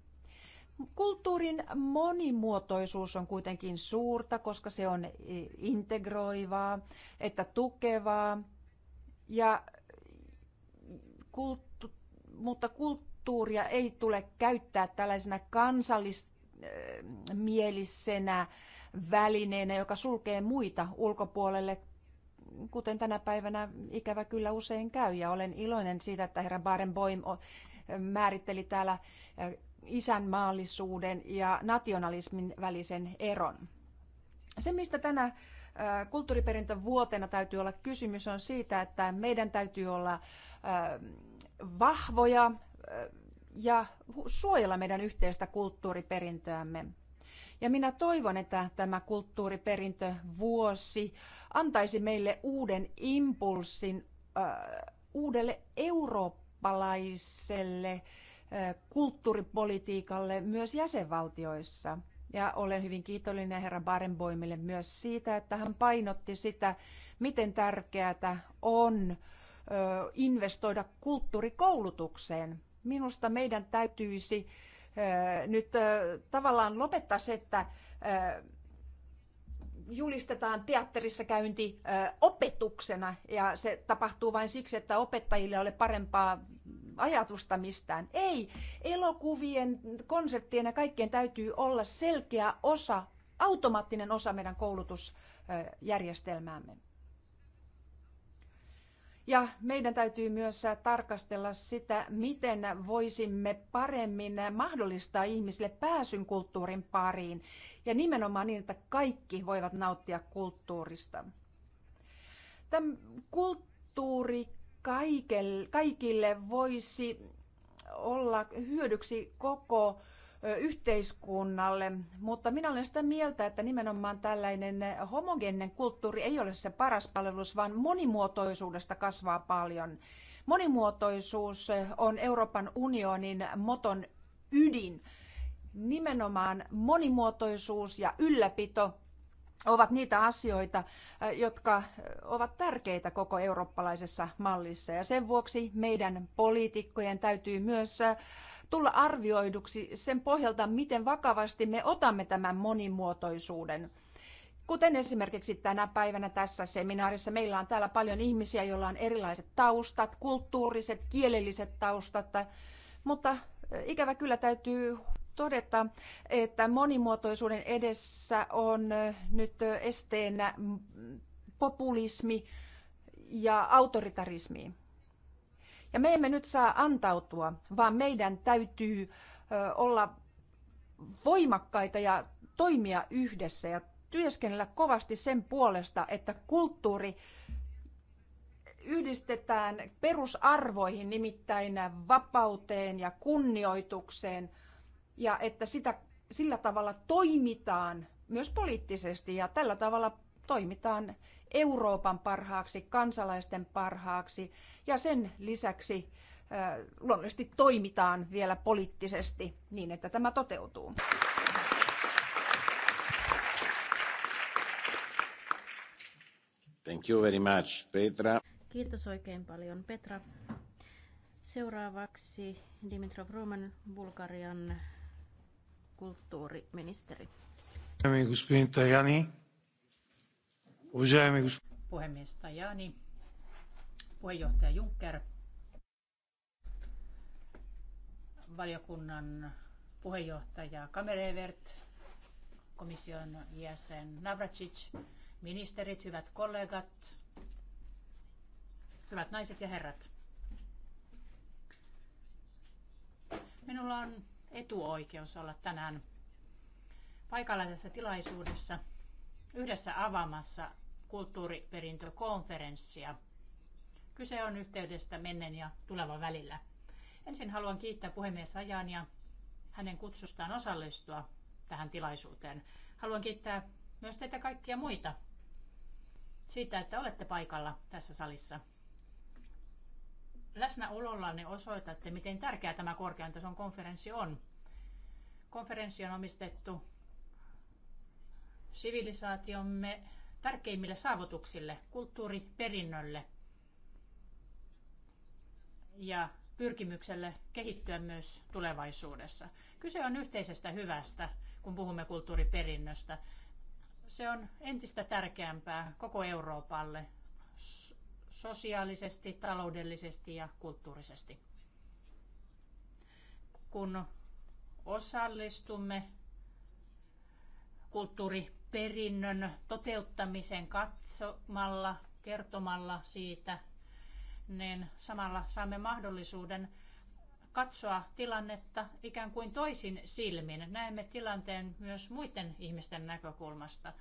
S5: Kulttuurin monimuotoisuus on kuitenkin suurta, koska se on integroivaa, että tukevaa ja kulttu- mutta kulttuuria ei tule käyttää tällaisena kansallismielisenä äh, välineenä, joka sulkee muita ulkopuolelle, kuten tänä päivänä ikävä kyllä usein käy. Ja olen iloinen siitä, että herra Barenboim määritteli täällä isänmaallisuuden ja nationalismin välisen eron. Se, mistä tänä kulttuuriperintövuotena täytyy olla kysymys on siitä, että meidän täytyy olla vahvoja ja suojella meidän yhteistä kulttuuriperintöämme. Ja minä toivon, että tämä kulttuuriperintövuosi antaisi meille uuden impulssin äh, uudelle eurooppalaiselle äh, kulttuuripolitiikalle myös jäsenvaltioissa – ja olen hyvin kiitollinen herra Barenboimille myös siitä, että hän painotti sitä, miten tärkeää on investoida kulttuurikoulutukseen. Minusta meidän täytyisi nyt tavallaan lopettaa se, että julistetaan teatterissa käynti opetuksena ja se tapahtuu vain siksi, että opettajille ole parempaa ajatusta mistään. Ei, elokuvien, konseptien ja kaikkien täytyy olla selkeä osa, automaattinen osa meidän koulutusjärjestelmäämme. Ja meidän täytyy myös tarkastella sitä, miten voisimme paremmin mahdollistaa ihmisille pääsyn kulttuurin pariin ja nimenomaan niin, että kaikki voivat nauttia kulttuurista. Tämä kulttuuri kaikille, voisi olla hyödyksi koko yhteiskunnalle, mutta minä olen sitä mieltä, että nimenomaan tällainen homogeeninen kulttuuri ei ole se paras palvelus, vaan monimuotoisuudesta kasvaa paljon. Monimuotoisuus on Euroopan unionin moton ydin. Nimenomaan monimuotoisuus ja ylläpito ovat niitä asioita, jotka ovat tärkeitä koko eurooppalaisessa mallissa. Ja sen vuoksi meidän poliitikkojen täytyy myös tulla arvioiduksi sen pohjalta, miten vakavasti me otamme tämän monimuotoisuuden. Kuten esimerkiksi tänä päivänä tässä seminaarissa, meillä on täällä paljon ihmisiä, joilla on erilaiset taustat, kulttuuriset, kielelliset taustat, mutta ikävä kyllä täytyy todeta, että monimuotoisuuden edessä on nyt esteenä populismi ja autoritarismi. Ja me emme nyt saa antautua, vaan meidän täytyy olla voimakkaita ja toimia yhdessä ja työskennellä kovasti sen puolesta, että kulttuuri yhdistetään perusarvoihin, nimittäin vapauteen ja kunnioitukseen – ja että sitä, sillä tavalla toimitaan myös poliittisesti ja tällä tavalla toimitaan Euroopan parhaaksi, kansalaisten parhaaksi ja sen lisäksi luonnollisesti toimitaan vielä poliittisesti niin, että tämä toteutuu.
S1: Thank you very much, Petra.
S2: Kiitos oikein paljon, Petra. Seuraavaksi Dimitrov Roman, Bulgarian kulttuuriministeri.
S3: Puhemies Tajani, puheenjohtaja Juncker, valiokunnan puheenjohtaja Kamerevert, komission jäsen Navracic, ministerit, hyvät kollegat, hyvät naiset ja herrat. Minulla on etuoikeus olla tänään paikalla tässä tilaisuudessa yhdessä avaamassa kulttuuriperintökonferenssia. Kyse on yhteydestä menneen ja tulevan välillä. Ensin haluan kiittää puhemies Ajan ja hänen kutsustaan osallistua tähän tilaisuuteen. Haluan kiittää myös teitä kaikkia muita siitä, että olette paikalla tässä salissa – läsnäolollanne osoitatte, miten tärkeä tämä korkean tason konferenssi on. Konferenssi on omistettu sivilisaatiomme tärkeimmille saavutuksille, kulttuuriperinnölle ja pyrkimykselle kehittyä myös tulevaisuudessa. Kyse on yhteisestä hyvästä, kun puhumme kulttuuriperinnöstä. Se on entistä tärkeämpää koko Euroopalle, sosiaalisesti, taloudellisesti ja kulttuurisesti. Kun osallistumme kulttuuriperinnön toteuttamisen katsomalla, kertomalla siitä, niin samalla saamme mahdollisuuden katsoa tilannetta ikään kuin toisin silmin. Näemme tilanteen myös muiden ihmisten näkökulmasta.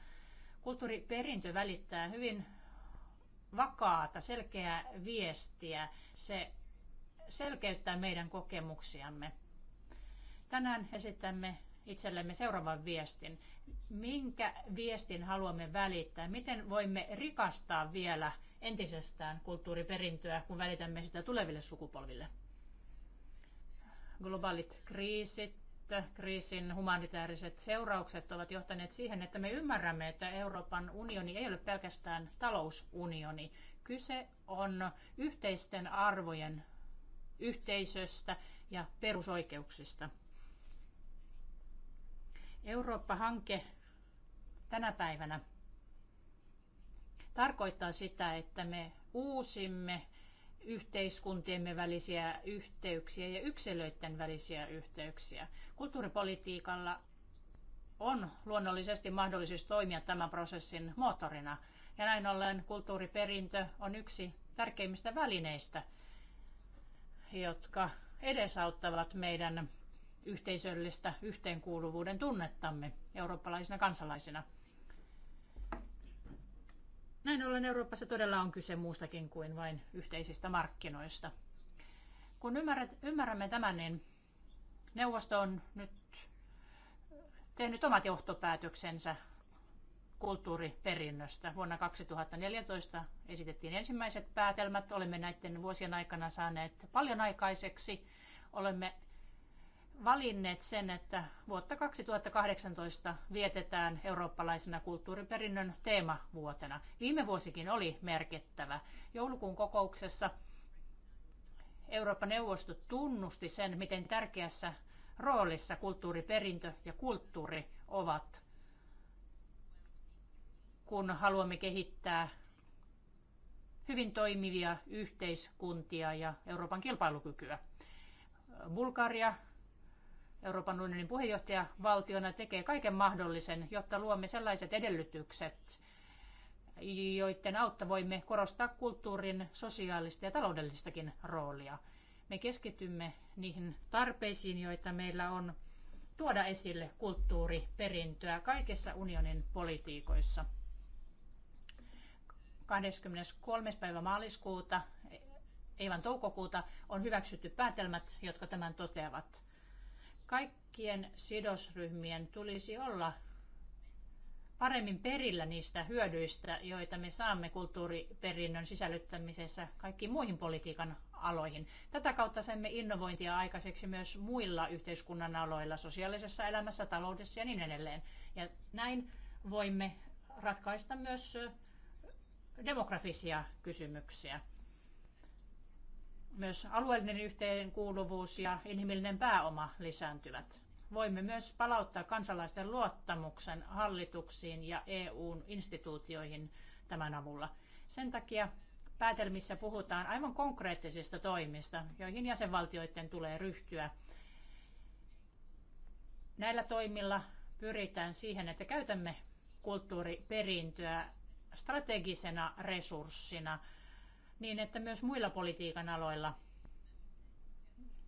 S3: Kulttuuriperintö välittää hyvin vakaata, selkeää viestiä. Se selkeyttää meidän kokemuksiamme. Tänään esitämme itsellemme seuraavan viestin. Minkä viestin haluamme välittää? Miten voimme rikastaa vielä entisestään kulttuuriperintöä, kun välitämme sitä tuleville sukupolville? Globaalit kriisit, kriisin humanitaariset seuraukset ovat johtaneet siihen, että me ymmärrämme, että Euroopan unioni ei ole pelkästään talousunioni. Kyse on yhteisten arvojen yhteisöstä ja perusoikeuksista. Eurooppa-hanke tänä päivänä tarkoittaa sitä, että me uusimme yhteiskuntiemme välisiä yhteyksiä ja yksilöiden välisiä yhteyksiä. Kulttuuripolitiikalla on luonnollisesti mahdollisuus toimia tämän prosessin moottorina. Ja näin ollen kulttuuriperintö on yksi tärkeimmistä välineistä, jotka edesauttavat meidän yhteisöllistä yhteenkuuluvuuden tunnettamme eurooppalaisina kansalaisina. Näin ollen Euroopassa todella on kyse muustakin kuin vain yhteisistä markkinoista. Kun ymmärrät, ymmärrämme tämän, niin neuvosto on nyt tehnyt omat johtopäätöksensä kulttuuriperinnöstä. Vuonna 2014 esitettiin ensimmäiset päätelmät. Olemme näiden vuosien aikana saaneet paljon aikaiseksi. Olemme valinneet sen, että vuotta 2018 vietetään eurooppalaisena kulttuuriperinnön teemavuotena. Viime vuosikin oli merkittävä. Joulukuun kokouksessa Euroopan neuvosto tunnusti sen, miten tärkeässä roolissa kulttuuriperintö ja kulttuuri ovat, kun haluamme kehittää hyvin toimivia yhteiskuntia ja Euroopan kilpailukykyä. Bulgaria Euroopan unionin puheenjohtajavaltiona tekee kaiken mahdollisen, jotta luomme sellaiset edellytykset, joiden autta voimme korostaa kulttuurin sosiaalista ja taloudellistakin roolia. Me keskitymme niihin tarpeisiin, joita meillä on tuoda esille kulttuuriperintöä kaikessa unionin politiikoissa. 23. päivä maaliskuuta, eivän toukokuuta, on hyväksytty päätelmät, jotka tämän toteavat. Kaikkien sidosryhmien tulisi olla paremmin perillä niistä hyödyistä, joita me saamme kulttuuriperinnön sisällyttämisessä kaikkiin muihin politiikan aloihin. Tätä kautta saamme innovointia aikaiseksi myös muilla yhteiskunnan aloilla, sosiaalisessa elämässä, taloudessa ja niin edelleen. Ja näin voimme ratkaista myös demografisia kysymyksiä. Myös alueellinen yhteenkuuluvuus ja inhimillinen pääoma lisääntyvät. Voimme myös palauttaa kansalaisten luottamuksen hallituksiin ja EUn instituutioihin tämän avulla. Sen takia päätelmissä puhutaan aivan konkreettisista toimista, joihin jäsenvaltioiden tulee ryhtyä. Näillä toimilla pyritään siihen, että käytämme kulttuuriperintöä strategisena resurssina – niin että myös muilla politiikan aloilla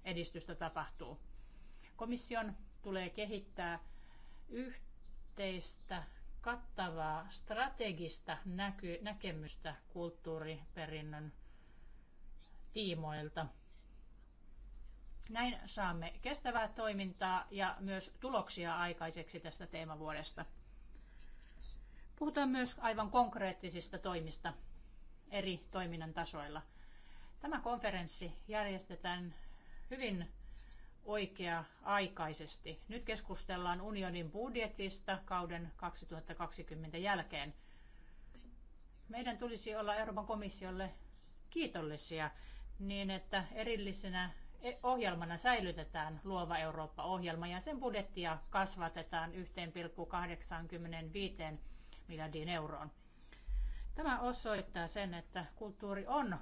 S3: edistystä tapahtuu. Komission tulee kehittää yhteistä kattavaa strategista näky- näkemystä kulttuuriperinnön tiimoilta. Näin saamme kestävää toimintaa ja myös tuloksia aikaiseksi tästä teemavuodesta. Puhutaan myös aivan konkreettisista toimista eri toiminnan tasoilla. Tämä konferenssi järjestetään hyvin oikea-aikaisesti. Nyt keskustellaan unionin budjetista kauden 2020 jälkeen. Meidän tulisi olla Euroopan komissiolle kiitollisia niin, että erillisenä e- ohjelmana säilytetään Luova Eurooppa-ohjelma ja sen budjettia kasvatetaan 1,85 miljardiin euroon. Tämä osoittaa sen, että kulttuuri on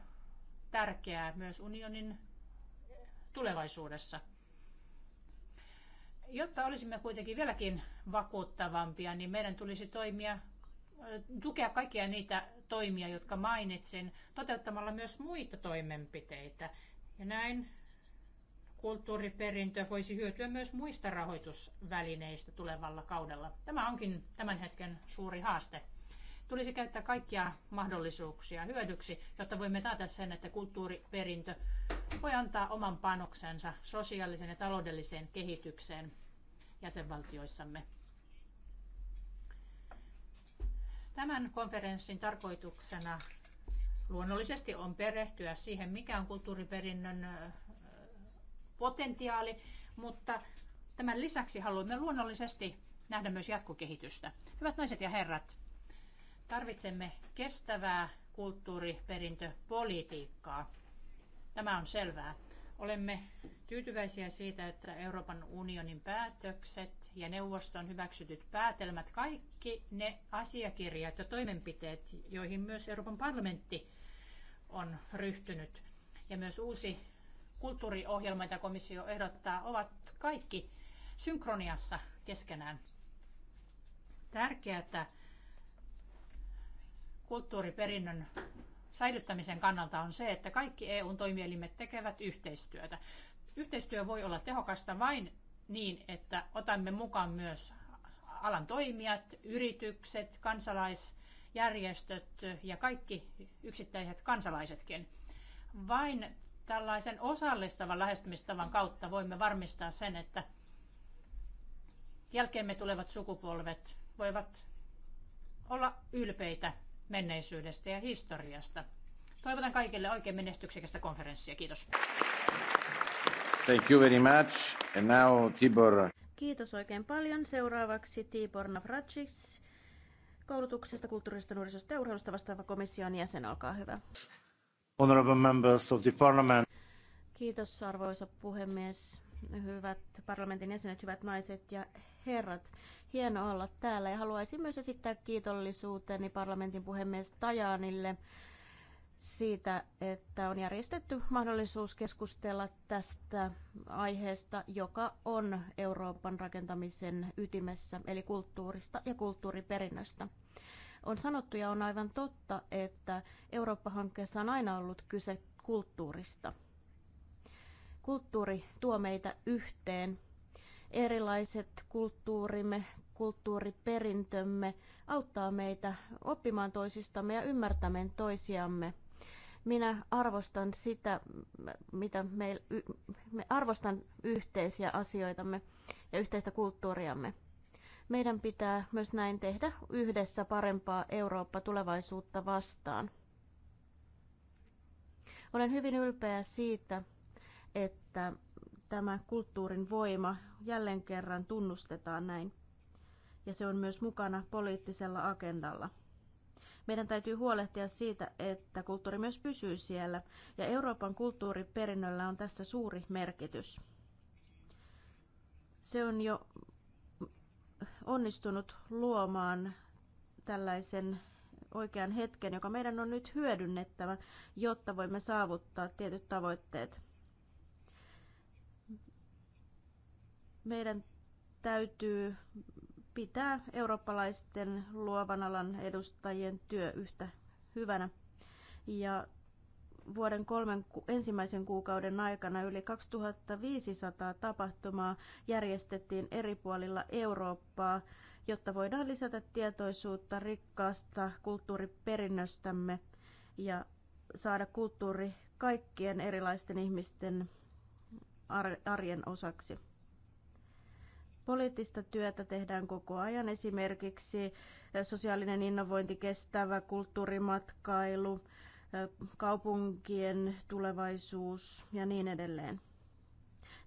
S3: tärkeää myös unionin tulevaisuudessa. Jotta olisimme kuitenkin vieläkin vakuuttavampia, niin meidän tulisi toimia, tukea kaikkia niitä toimia, jotka mainitsin, toteuttamalla myös muita toimenpiteitä. Ja näin kulttuuriperintö voisi hyötyä myös muista rahoitusvälineistä tulevalla kaudella. Tämä onkin tämän hetken suuri haaste tulisi käyttää kaikkia mahdollisuuksia hyödyksi, jotta voimme taata sen, että kulttuuriperintö voi antaa oman panoksensa sosiaalisen ja taloudelliseen kehitykseen jäsenvaltioissamme. Tämän konferenssin tarkoituksena luonnollisesti on perehtyä siihen, mikä on kulttuuriperinnön potentiaali, mutta tämän lisäksi haluamme luonnollisesti nähdä myös jatkokehitystä. Hyvät naiset ja herrat, Tarvitsemme kestävää kulttuuriperintöpolitiikkaa. Tämä on selvää. Olemme tyytyväisiä siitä, että Euroopan unionin päätökset ja neuvoston hyväksytyt päätelmät, kaikki ne asiakirjat ja toimenpiteet, joihin myös Euroopan parlamentti on ryhtynyt, ja myös uusi kulttuuriohjelma, jota komissio ehdottaa, ovat kaikki synkroniassa keskenään. Tärkeää, kulttuuriperinnön säilyttämisen kannalta on se, että kaikki EUn toimielimet tekevät yhteistyötä. Yhteistyö voi olla tehokasta vain niin, että otamme mukaan myös alan toimijat, yritykset, kansalaisjärjestöt ja kaikki yksittäiset kansalaisetkin. Vain tällaisen osallistavan lähestymistavan kautta voimme varmistaa sen, että jälkeemme tulevat sukupolvet voivat olla ylpeitä menneisyydestä ja historiasta. Toivotan kaikille oikein menestyksekästä konferenssia. Kiitos.
S1: Thank you very much. And now Tibor.
S2: Kiitos oikein paljon. Seuraavaksi Tibor Navracis, koulutuksesta, kulttuurista, nuorisosta ja urheilusta vastaava komission jäsen. Olkaa hyvä.
S1: Honorable members of the parliament.
S2: Kiitos arvoisa puhemies hyvät parlamentin jäsenet, hyvät naiset ja herrat. Hieno olla täällä ja haluaisin myös esittää kiitollisuuteni parlamentin puhemies Tajaanille siitä, että on järjestetty mahdollisuus keskustella tästä aiheesta, joka on Euroopan rakentamisen ytimessä, eli kulttuurista ja kulttuuriperinnöstä. On sanottu ja on aivan totta, että Eurooppa-hankkeessa on aina ollut kyse kulttuurista – Kulttuuri tuo meitä yhteen. Erilaiset kulttuurimme, kulttuuriperintömme auttaa meitä oppimaan toisistamme ja ymmärtämään toisiamme minä arvostan sitä, mitä me, me arvostan yhteisiä asioitamme ja yhteistä kulttuuriamme. Meidän pitää myös näin tehdä yhdessä parempaa Eurooppa tulevaisuutta vastaan. Olen hyvin ylpeä siitä, että että tämä kulttuurin voima jälleen kerran tunnustetaan näin. Ja se on myös mukana poliittisella agendalla. Meidän täytyy huolehtia siitä, että kulttuuri myös pysyy siellä, ja Euroopan kulttuuriperinnöllä on tässä suuri merkitys. Se on jo onnistunut luomaan tällaisen oikean hetken, joka meidän on nyt hyödynnettävä, jotta voimme saavuttaa tietyt tavoitteet. Meidän täytyy pitää eurooppalaisten luovan alan edustajien työ yhtä hyvänä. Ja vuoden kolmen ensimmäisen kuukauden aikana yli 2500 tapahtumaa järjestettiin eri puolilla Eurooppaa, jotta voidaan lisätä tietoisuutta rikkaasta kulttuuriperinnöstämme ja saada kulttuuri kaikkien erilaisten ihmisten arjen osaksi. Poliittista työtä tehdään koko ajan, esimerkiksi eh, sosiaalinen innovointi, kestävä kulttuurimatkailu, eh, kaupunkien tulevaisuus ja niin edelleen.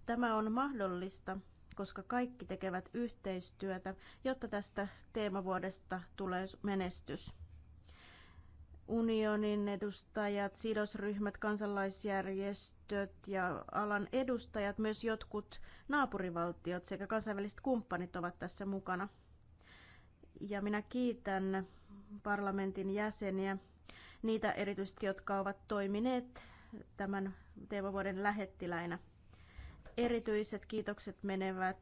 S2: Tämä on mahdollista, koska kaikki tekevät yhteistyötä, jotta tästä teemavuodesta tulee menestys unionin edustajat, sidosryhmät, kansalaisjärjestöt ja alan edustajat, myös jotkut naapurivaltiot sekä kansainväliset kumppanit ovat tässä mukana. Ja minä kiitän parlamentin jäseniä, niitä erityisesti, jotka ovat toimineet tämän teemavuoden lähettiläinä. Erityiset kiitokset menevät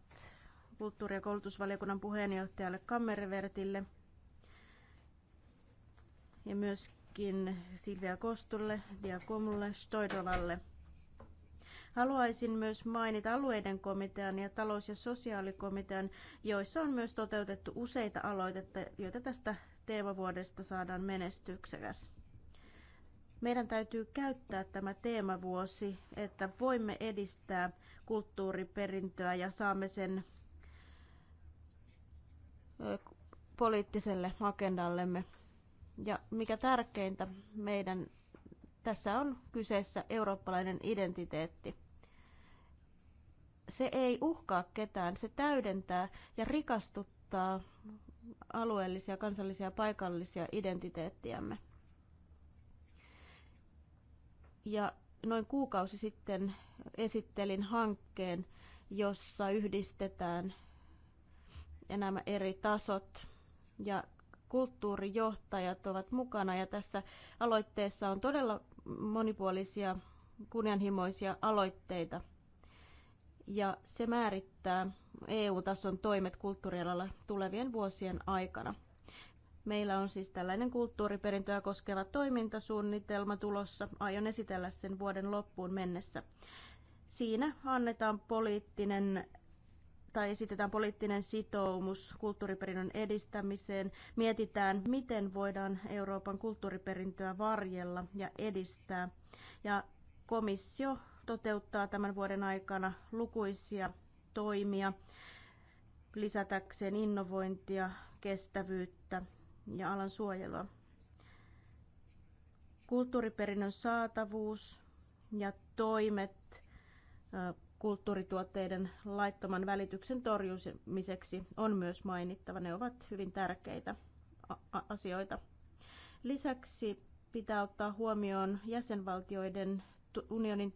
S2: kulttuuri- ja koulutusvaliokunnan puheenjohtajalle Kammervertille – ja myöskin Silvia Kostulle, Diakomulle, Stoidolalle. Haluaisin myös mainita alueiden komitean ja talous- ja sosiaalikomitean, joissa on myös toteutettu useita aloitetta, joita tästä teemavuodesta saadaan menestyksekäs. Meidän täytyy käyttää tämä teemavuosi, että voimme edistää kulttuuriperintöä ja saamme sen poliittiselle agendallemme. Ja mikä tärkeintä, meidän tässä on kyseessä eurooppalainen identiteetti. Se ei uhkaa ketään, se täydentää ja rikastuttaa alueellisia, kansallisia ja paikallisia identiteettiämme. Ja noin kuukausi sitten esittelin hankkeen, jossa yhdistetään nämä eri tasot ja kulttuurijohtajat ovat mukana ja tässä aloitteessa on todella monipuolisia kunnianhimoisia aloitteita ja se määrittää EU-tason toimet kulttuurialalla tulevien vuosien aikana. Meillä on siis tällainen kulttuuriperintöä koskeva toimintasuunnitelma tulossa. Aion esitellä sen vuoden loppuun mennessä. Siinä annetaan poliittinen tai esitetään poliittinen sitoumus kulttuuriperinnön edistämiseen, mietitään, miten voidaan Euroopan kulttuuriperintöä varjella ja edistää. Ja komissio toteuttaa tämän vuoden aikana lukuisia toimia lisätäkseen innovointia, kestävyyttä ja alan suojelua. Kulttuuriperinnön saatavuus ja toimet kulttuurituotteiden laittoman välityksen torjumiseksi on myös mainittava. Ne ovat hyvin tärkeitä asioita. Lisäksi pitää ottaa huomioon jäsenvaltioiden unionin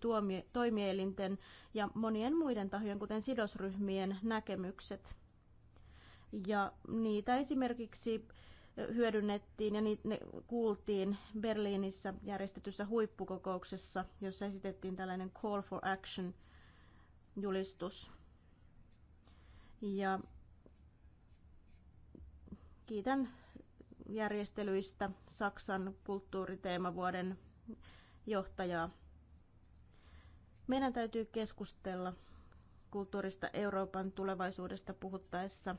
S2: toimielinten ja monien muiden tahojen, kuten sidosryhmien, näkemykset. Ja niitä esimerkiksi hyödynnettiin ja niitä ne kuultiin Berliinissä järjestetyssä huippukokouksessa, jossa esitettiin tällainen call for action julistus. Ja kiitän järjestelyistä Saksan kulttuuriteemavuoden johtajaa. Meidän täytyy keskustella kulttuurista Euroopan tulevaisuudesta puhuttaessa.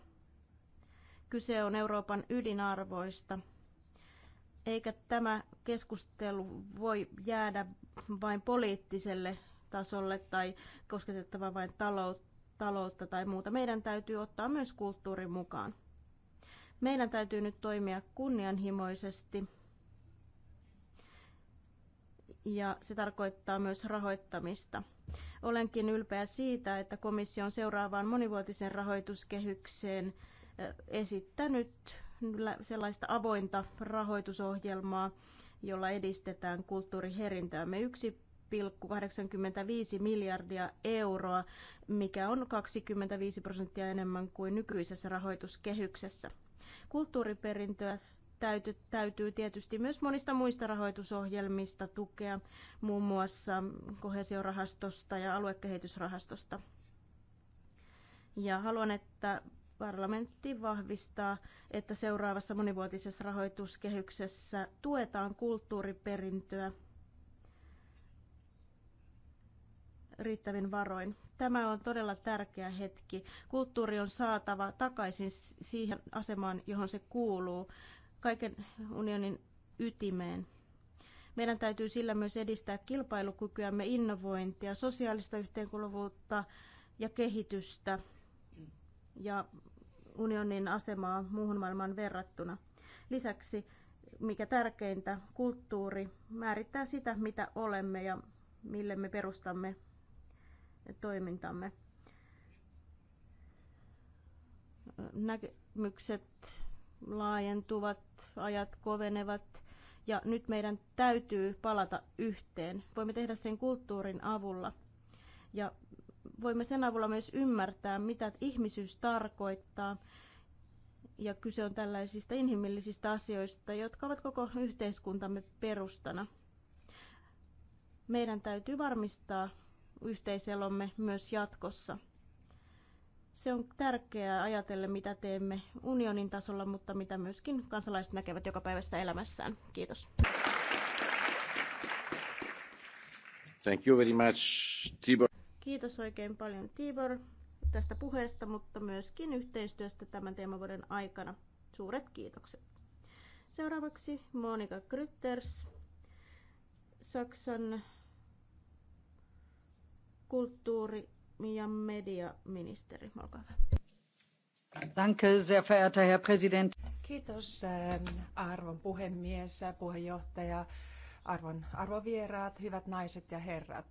S2: Kyse on Euroopan ydinarvoista, eikä tämä keskustelu voi jäädä vain poliittiselle tasolle tai kosketettava vain taloutta tai muuta. Meidän täytyy ottaa myös kulttuuri mukaan. Meidän täytyy nyt toimia kunnianhimoisesti ja se tarkoittaa myös rahoittamista. Olenkin ylpeä siitä, että komissio on seuraavaan monivuotisen rahoituskehykseen eh, esittänyt sellaista avointa rahoitusohjelmaa, jolla edistetään kulttuuriherintöämme. Yksi 1,85 miljardia euroa, mikä on 25 prosenttia enemmän kuin nykyisessä rahoituskehyksessä. Kulttuuriperintöä täytyy, täytyy tietysti myös monista muista rahoitusohjelmista tukea, muun muassa kohesiorahastosta ja aluekehitysrahastosta. Ja haluan, että parlamentti vahvistaa, että seuraavassa monivuotisessa rahoituskehyksessä tuetaan kulttuuriperintöä riittävin varoin. Tämä on todella tärkeä hetki. Kulttuuri on saatava takaisin siihen asemaan, johon se kuuluu, kaiken unionin ytimeen. Meidän täytyy sillä myös edistää kilpailukykyämme, innovointia, sosiaalista yhteenkuuluvuutta ja kehitystä ja unionin asemaa muuhun maailmaan verrattuna. Lisäksi, mikä tärkeintä, kulttuuri määrittää sitä, mitä olemme ja mille me perustamme toimintamme. Näkemykset laajentuvat, ajat kovenevat ja nyt meidän täytyy palata yhteen. Voimme tehdä sen kulttuurin avulla ja voimme sen avulla myös ymmärtää, mitä ihmisyys tarkoittaa. Ja kyse on tällaisista inhimillisistä asioista, jotka ovat koko yhteiskuntamme perustana. Meidän täytyy varmistaa yhteiselomme myös jatkossa. Se on tärkeää ajatella, mitä teemme unionin tasolla, mutta mitä myöskin kansalaiset näkevät päivässä elämässään. Kiitos.
S1: Thank you very much, Tibor.
S2: Kiitos oikein paljon Tibor tästä puheesta, mutta myöskin yhteistyöstä tämän teemavuoden aikana. Suuret kiitokset. Seuraavaksi Monika Krytters, Saksan kulttuuri- ja mediaministeri.
S5: Olkaa hyvä. Danke, sehr verehrter Herr Präsident. Kiitos ähm, arvon puhemies, äh, puheenjohtaja, arvon arvovieraat, hyvät naiset ja herrat.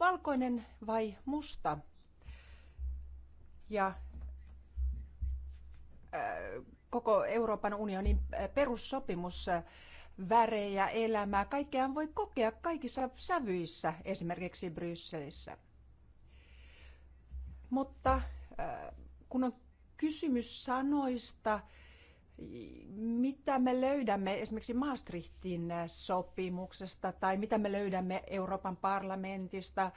S5: Valkoinen vai musta? Ja äh, koko Euroopan unionin äh, perussopimus värejä, elämää, kaikkea voi kokea kaikissa sävyissä, esimerkiksi Brysselissä. Mutta äh, kun on kysymys sanoista, mitä me löydämme esimerkiksi Maastrichtin sopimuksesta tai mitä me löydämme Euroopan parlamentista, äh,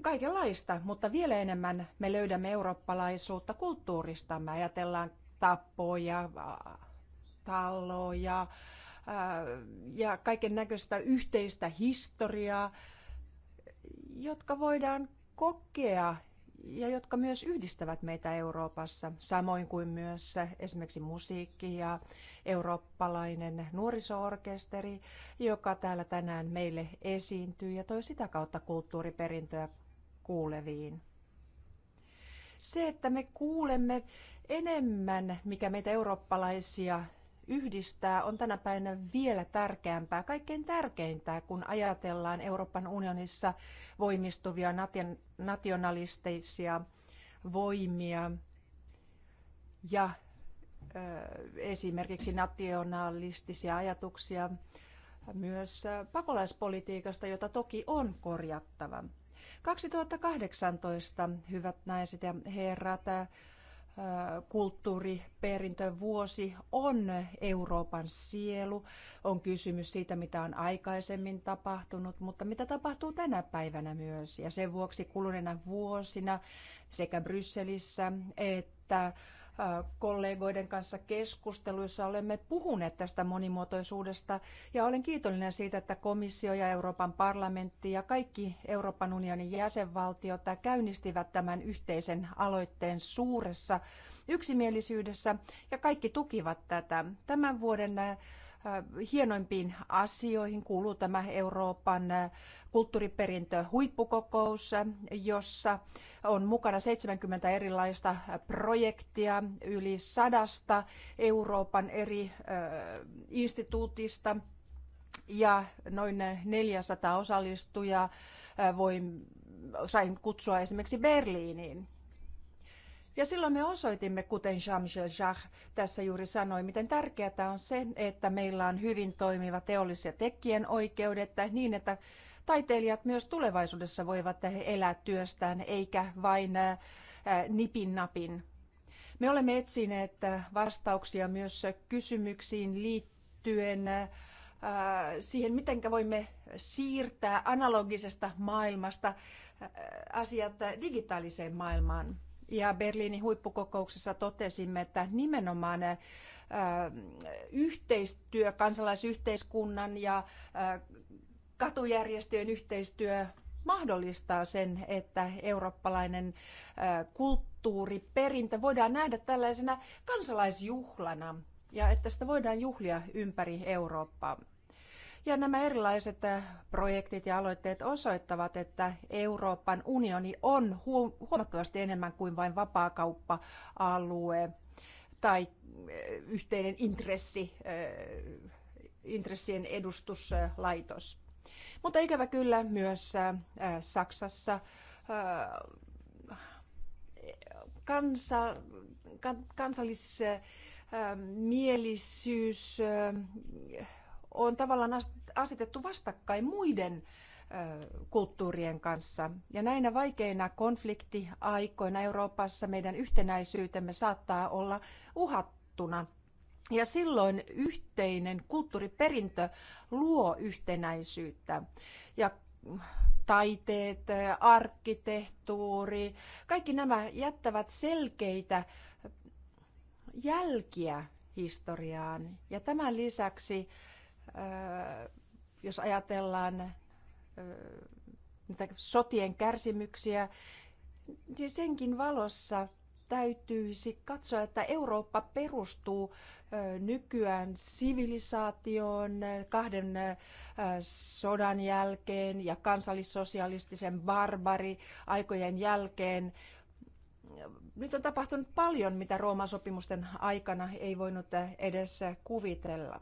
S5: kaikenlaista, mutta vielä enemmän me löydämme eurooppalaisuutta kulttuurista. Me ajatellaan tapoja, taloja, Äh, ja kaiken näköistä yhteistä historiaa, jotka voidaan kokea ja jotka myös yhdistävät meitä Euroopassa, samoin kuin myös esimerkiksi musiikki ja eurooppalainen nuorisoorkesteri, joka täällä tänään meille esiintyy ja toi sitä kautta kulttuuriperintöä kuuleviin. Se, että me kuulemme enemmän, mikä meitä eurooppalaisia yhdistää on tänä päivänä vielä tärkeämpää, kaikkein tärkeintä, kun ajatellaan Euroopan unionissa voimistuvia nationalistisia voimia ja esimerkiksi nationalistisia ajatuksia myös pakolaispolitiikasta, jota toki on korjattava. 2018, hyvät naiset ja herrat, kulttuuriperintövuosi on Euroopan sielu. On kysymys siitä, mitä on aikaisemmin tapahtunut, mutta mitä tapahtuu tänä päivänä myös. Ja sen vuoksi kuluneena vuosina sekä Brysselissä että kollegoiden kanssa keskusteluissa olemme puhuneet tästä monimuotoisuudesta ja olen kiitollinen siitä, että komissio ja Euroopan parlamentti ja kaikki Euroopan unionin jäsenvaltiot käynnistivät tämän yhteisen aloitteen suuressa yksimielisyydessä ja kaikki tukivat tätä. Tämän vuoden hienoimpiin asioihin kuuluu tämä Euroopan kulttuuriperintö huippukokous, jossa on mukana 70 erilaista projektia yli sadasta Euroopan eri instituutista ja noin 400 osallistujaa voi, sain kutsua esimerkiksi Berliiniin. Ja silloin me osoitimme, kuten Jean-Michel Jarre tässä juuri sanoi, miten tärkeää on se, että meillä on hyvin toimiva teollis- ja tekijänoikeudet niin, että taiteilijat myös tulevaisuudessa voivat elää työstään eikä vain nipin napin. Me olemme etsineet vastauksia myös kysymyksiin liittyen siihen, miten voimme siirtää analogisesta maailmasta asiat digitaaliseen maailmaan ja Berliinin huippukokouksessa totesimme, että nimenomaan äh, yhteistyö, kansalaisyhteiskunnan ja äh, katujärjestöjen yhteistyö mahdollistaa sen, että eurooppalainen äh, kulttuuriperintö voidaan nähdä tällaisena kansalaisjuhlana ja että sitä voidaan juhlia ympäri Eurooppaa. Ja nämä erilaiset äh, projektit ja aloitteet osoittavat, että Euroopan unioni on huomattavasti enemmän kuin vain vapaakauppa-alue tai äh, yhteinen intressi, äh, intressien edustuslaitos. Mutta ikävä kyllä myös Saksassa kansa, kan, kansallismielisyys on tavallaan asetettu vastakkain muiden kulttuurien kanssa. Ja näinä vaikeina konfliktiaikoina Euroopassa meidän yhtenäisyytemme saattaa olla uhattuna. Ja silloin yhteinen kulttuuriperintö luo yhtenäisyyttä. Ja taiteet, arkkitehtuuri, kaikki nämä jättävät selkeitä jälkiä historiaan. Ja tämän lisäksi jos ajatellaan niitä sotien kärsimyksiä, niin senkin valossa täytyisi katsoa, että Eurooppa perustuu nykyään sivilisaatioon kahden sodan jälkeen ja kansallissosialistisen barbari-aikojen jälkeen. Nyt on tapahtunut paljon, mitä Rooman sopimusten aikana ei voinut edes kuvitella.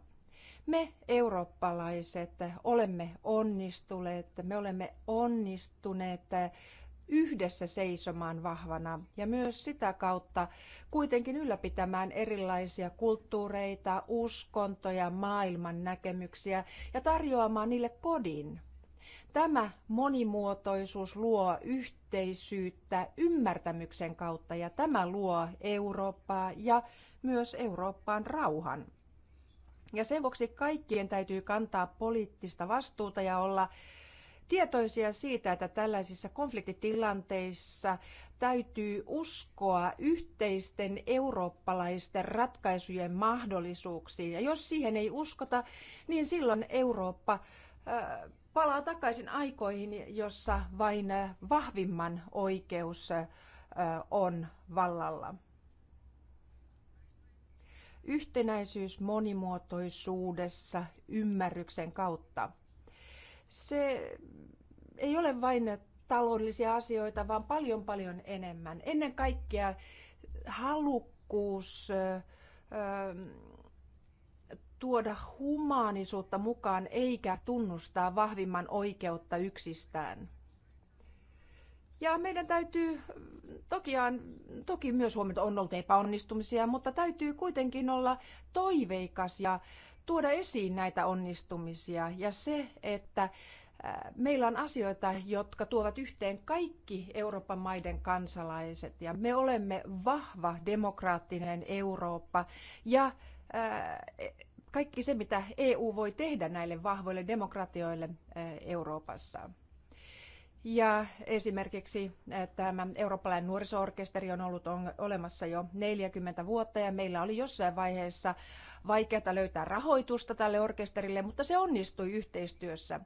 S5: Me eurooppalaiset olemme onnistuneet, me olemme onnistuneet yhdessä seisomaan vahvana ja myös sitä kautta kuitenkin ylläpitämään erilaisia kulttuureita, uskontoja, maailman näkemyksiä ja tarjoamaan niille kodin. Tämä monimuotoisuus luo yhteisyyttä ymmärtämyksen kautta ja tämä luo Eurooppaa ja myös Eurooppaan rauhan. Ja sen vuoksi kaikkien täytyy kantaa poliittista vastuuta ja olla tietoisia siitä, että tällaisissa konfliktitilanteissa täytyy uskoa yhteisten eurooppalaisten ratkaisujen mahdollisuuksiin. Ja jos siihen ei uskota, niin silloin Eurooppa palaa takaisin aikoihin, jossa vain vahvimman oikeus on vallalla. Yhtenäisyys monimuotoisuudessa ymmärryksen kautta. Se ei ole vain taloudellisia asioita, vaan paljon paljon enemmän. Ennen kaikkea halukkuus ö, tuoda humaanisuutta mukaan eikä tunnustaa vahvimman oikeutta yksistään. Ja meidän täytyy, tokiaan, toki myös huomioida on ollut epäonnistumisia, mutta täytyy kuitenkin olla toiveikas ja tuoda esiin näitä onnistumisia. Ja se, että äh, meillä on asioita, jotka tuovat yhteen kaikki Euroopan maiden kansalaiset. Ja me olemme vahva demokraattinen Eurooppa ja äh, kaikki se, mitä EU voi tehdä näille vahvoille demokratioille äh, Euroopassa. Ja esimerkiksi eh, tämä eurooppalainen nuorisoorkesteri on ollut on, olemassa jo 40 vuotta ja meillä oli jossain vaiheessa vaikeaa löytää rahoitusta tälle orkesterille, mutta se onnistui yhteistyössä.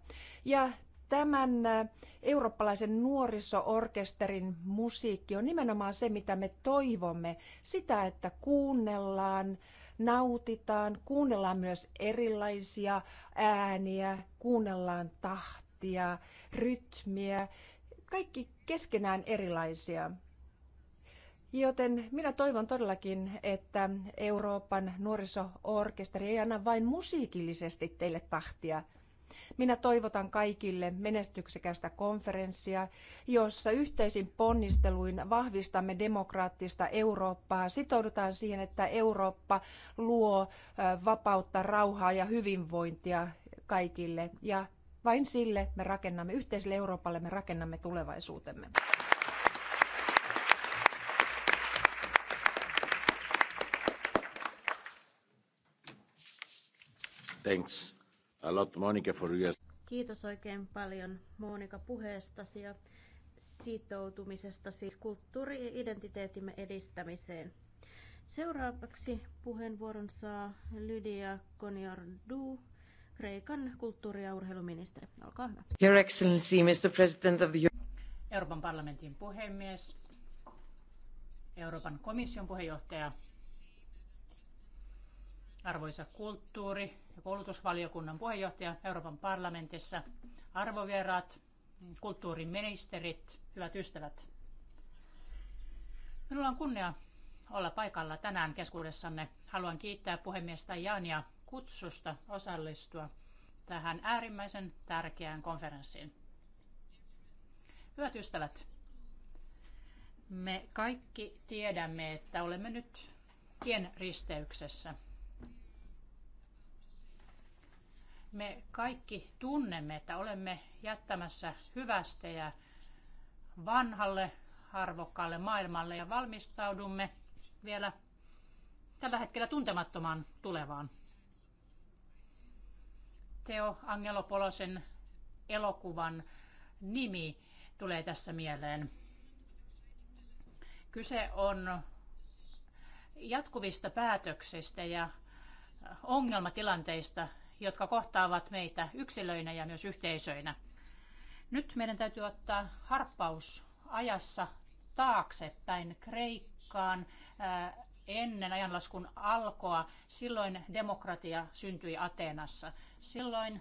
S5: Ja tämän eh, eurooppalaisen nuorisoorkesterin musiikki on nimenomaan se, mitä me toivomme. Sitä, että kuunnellaan, nautitaan, kuunnellaan myös erilaisia ääniä, kuunnellaan tahtoa tahtia, rytmiä, kaikki keskenään erilaisia. Joten minä toivon todellakin, että Euroopan nuorisoorkesteri ei anna vain musiikillisesti teille tahtia. Minä toivotan kaikille menestyksekästä konferenssia, jossa yhteisin ponnisteluin vahvistamme demokraattista Eurooppaa, sitoudutaan siihen, että Eurooppa luo vapautta, rauhaa ja hyvinvointia kaikille ja vain sille me rakennamme, yhteiselle Euroopalle me rakennamme tulevaisuutemme.
S1: Thanks a lot Monica for your...
S2: Kiitos oikein paljon Monika puheestasi ja sitoutumisestasi kulttuuri-identiteetimme edistämiseen. Seuraavaksi puheenvuoron saa Lydia Konjardu Kreikan kulttuuri- ja urheiluministeri. Olkaa hyvä.
S3: Your Excellency, Mr. President of the Euroopan parlamentin puhemies, Euroopan komission puheenjohtaja, arvoisa kulttuuri- ja koulutusvaliokunnan puheenjohtaja Euroopan parlamentissa, arvovieraat, kulttuuriministerit, hyvät ystävät. Minulla on kunnia olla paikalla tänään keskuudessanne. Haluan kiittää puhemiestä Jania kutsusta osallistua tähän äärimmäisen tärkeään konferenssiin. Hyvät ystävät, me kaikki tiedämme, että olemme nyt tien risteyksessä. Me kaikki tunnemme, että olemme jättämässä hyvästä ja vanhalle arvokkaalle maailmalle ja valmistaudumme vielä tällä hetkellä tuntemattomaan tulevaan. Teo Angelopolosen elokuvan nimi tulee tässä mieleen. Kyse on jatkuvista päätöksistä ja ongelmatilanteista, jotka kohtaavat meitä yksilöinä ja myös yhteisöinä. Nyt meidän täytyy ottaa harppaus ajassa taaksepäin Kreikkaan ennen ajanlaskun alkoa. Silloin demokratia syntyi Ateenassa. Silloin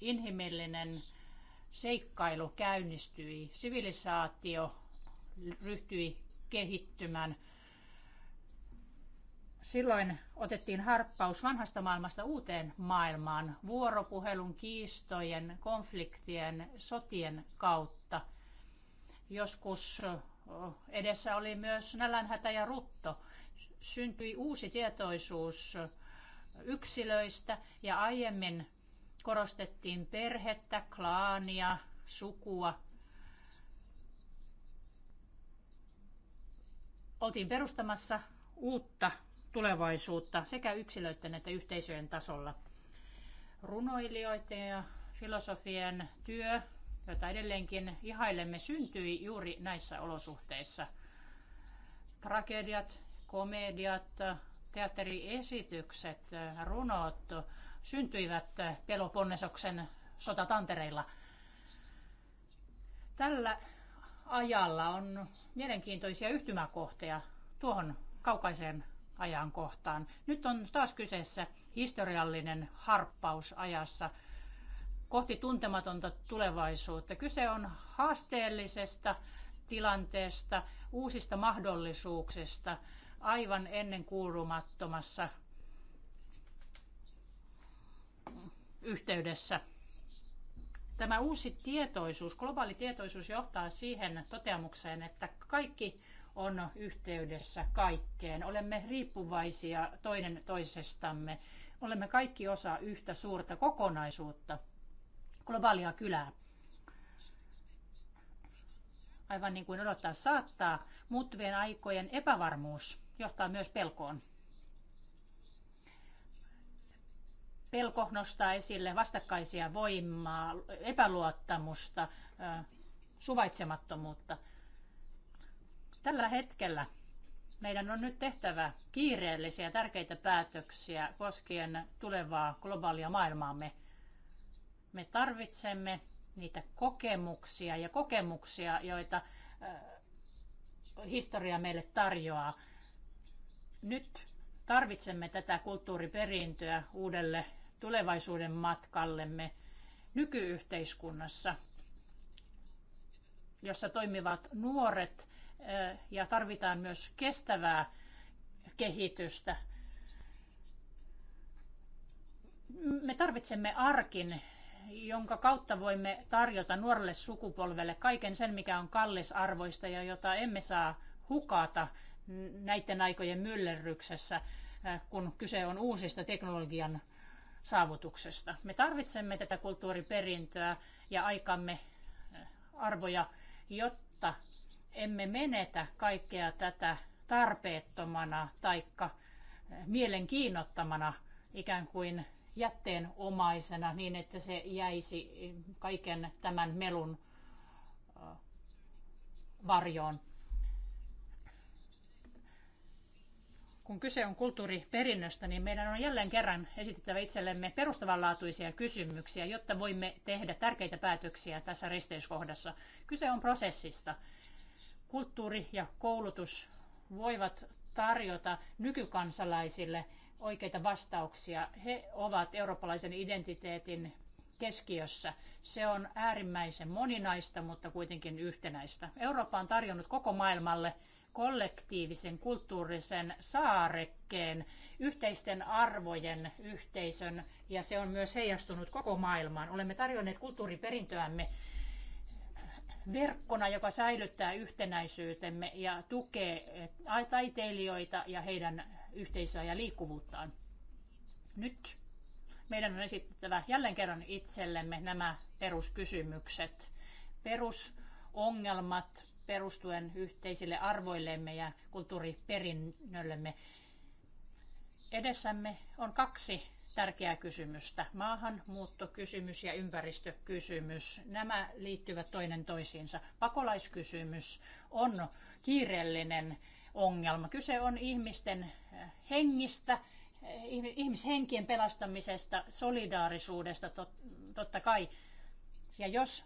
S3: inhimillinen seikkailu käynnistyi, sivilisaatio ryhtyi kehittymään. Silloin otettiin harppaus vanhasta maailmasta uuteen maailmaan vuoropuhelun, kiistojen, konfliktien, sotien kautta. Joskus edessä oli myös nälänhätä ja rutto. Syntyi uusi tietoisuus yksilöistä ja aiemmin korostettiin perhettä, klaania, sukua. Oltiin perustamassa uutta tulevaisuutta sekä yksilöiden että yhteisöjen tasolla. Runoilijoiden ja filosofien työ, jota edelleenkin ihailemme, syntyi juuri näissä olosuhteissa. Tragediat, komediat, teatteriesitykset, äh, runot syntyivät äh, Peloponnesoksen sotatantereilla. Tällä ajalla on mielenkiintoisia yhtymäkohtia tuohon kaukaiseen ajankohtaan. Nyt on taas kyseessä historiallinen harppaus ajassa kohti tuntematonta tulevaisuutta. Kyse on haasteellisesta tilanteesta, uusista mahdollisuuksista, aivan ennen kuulumattomassa yhteydessä. Tämä uusi tietoisuus, globaali tietoisuus johtaa siihen toteamukseen, että kaikki on yhteydessä kaikkeen. Olemme riippuvaisia toinen toisestamme. Olemme kaikki osa yhtä suurta kokonaisuutta, globaalia kylää. Aivan niin kuin odottaa saattaa, muuttuvien aikojen epävarmuus johtaa myös pelkoon. Pelko nostaa esille vastakkaisia voimaa, epäluottamusta, suvaitsemattomuutta. Tällä hetkellä meidän on nyt tehtävä kiireellisiä tärkeitä päätöksiä koskien tulevaa globaalia maailmaamme. Me tarvitsemme niitä kokemuksia ja kokemuksia, joita historia meille tarjoaa. Nyt tarvitsemme tätä kulttuuriperintöä uudelle tulevaisuuden matkallemme nykyyhteiskunnassa, jossa toimivat nuoret eh, ja tarvitaan myös kestävää kehitystä. Me tarvitsemme arkin, jonka kautta voimme tarjota nuorelle sukupolvelle kaiken sen, mikä on kallisarvoista ja jota emme saa hukata näiden aikojen myllerryksessä, äh, kun kyse on uusista teknologian saavutuksesta. Me tarvitsemme tätä kulttuuriperintöä ja aikamme äh, arvoja, jotta emme menetä kaikkea tätä tarpeettomana taikka äh, mielenkiinnottamana ikään kuin jätteenomaisena niin, että se jäisi kaiken tämän melun varjoon. kun kyse on kulttuuriperinnöstä, niin meidän on jälleen kerran esitettävä itsellemme perustavanlaatuisia kysymyksiä, jotta voimme tehdä tärkeitä päätöksiä tässä risteyskohdassa. Kyse on prosessista. Kulttuuri ja koulutus voivat tarjota nykykansalaisille oikeita vastauksia. He ovat eurooppalaisen identiteetin keskiössä. Se on äärimmäisen moninaista, mutta kuitenkin yhtenäistä. Eurooppa on tarjonnut koko maailmalle kollektiivisen kulttuurisen saarekkeen, yhteisten arvojen yhteisön ja se on myös heijastunut koko maailmaan. Olemme tarjonneet kulttuuriperintöämme verkkona, joka säilyttää yhtenäisyytemme ja tukee taiteilijoita ja heidän yhteisöä ja liikkuvuuttaan. Nyt meidän on esitettävä jälleen kerran itsellemme nämä peruskysymykset, perusongelmat, perustuen yhteisille arvoillemme ja kulttuuriperinnöllemme. Edessämme on kaksi tärkeää kysymystä. Maahanmuuttokysymys ja ympäristökysymys. Nämä liittyvät toinen toisiinsa. Pakolaiskysymys on kiireellinen ongelma. Kyse on ihmisten eh, hengistä, eh, ihmishenkien pelastamisesta, solidaarisuudesta totta kai. Ja jos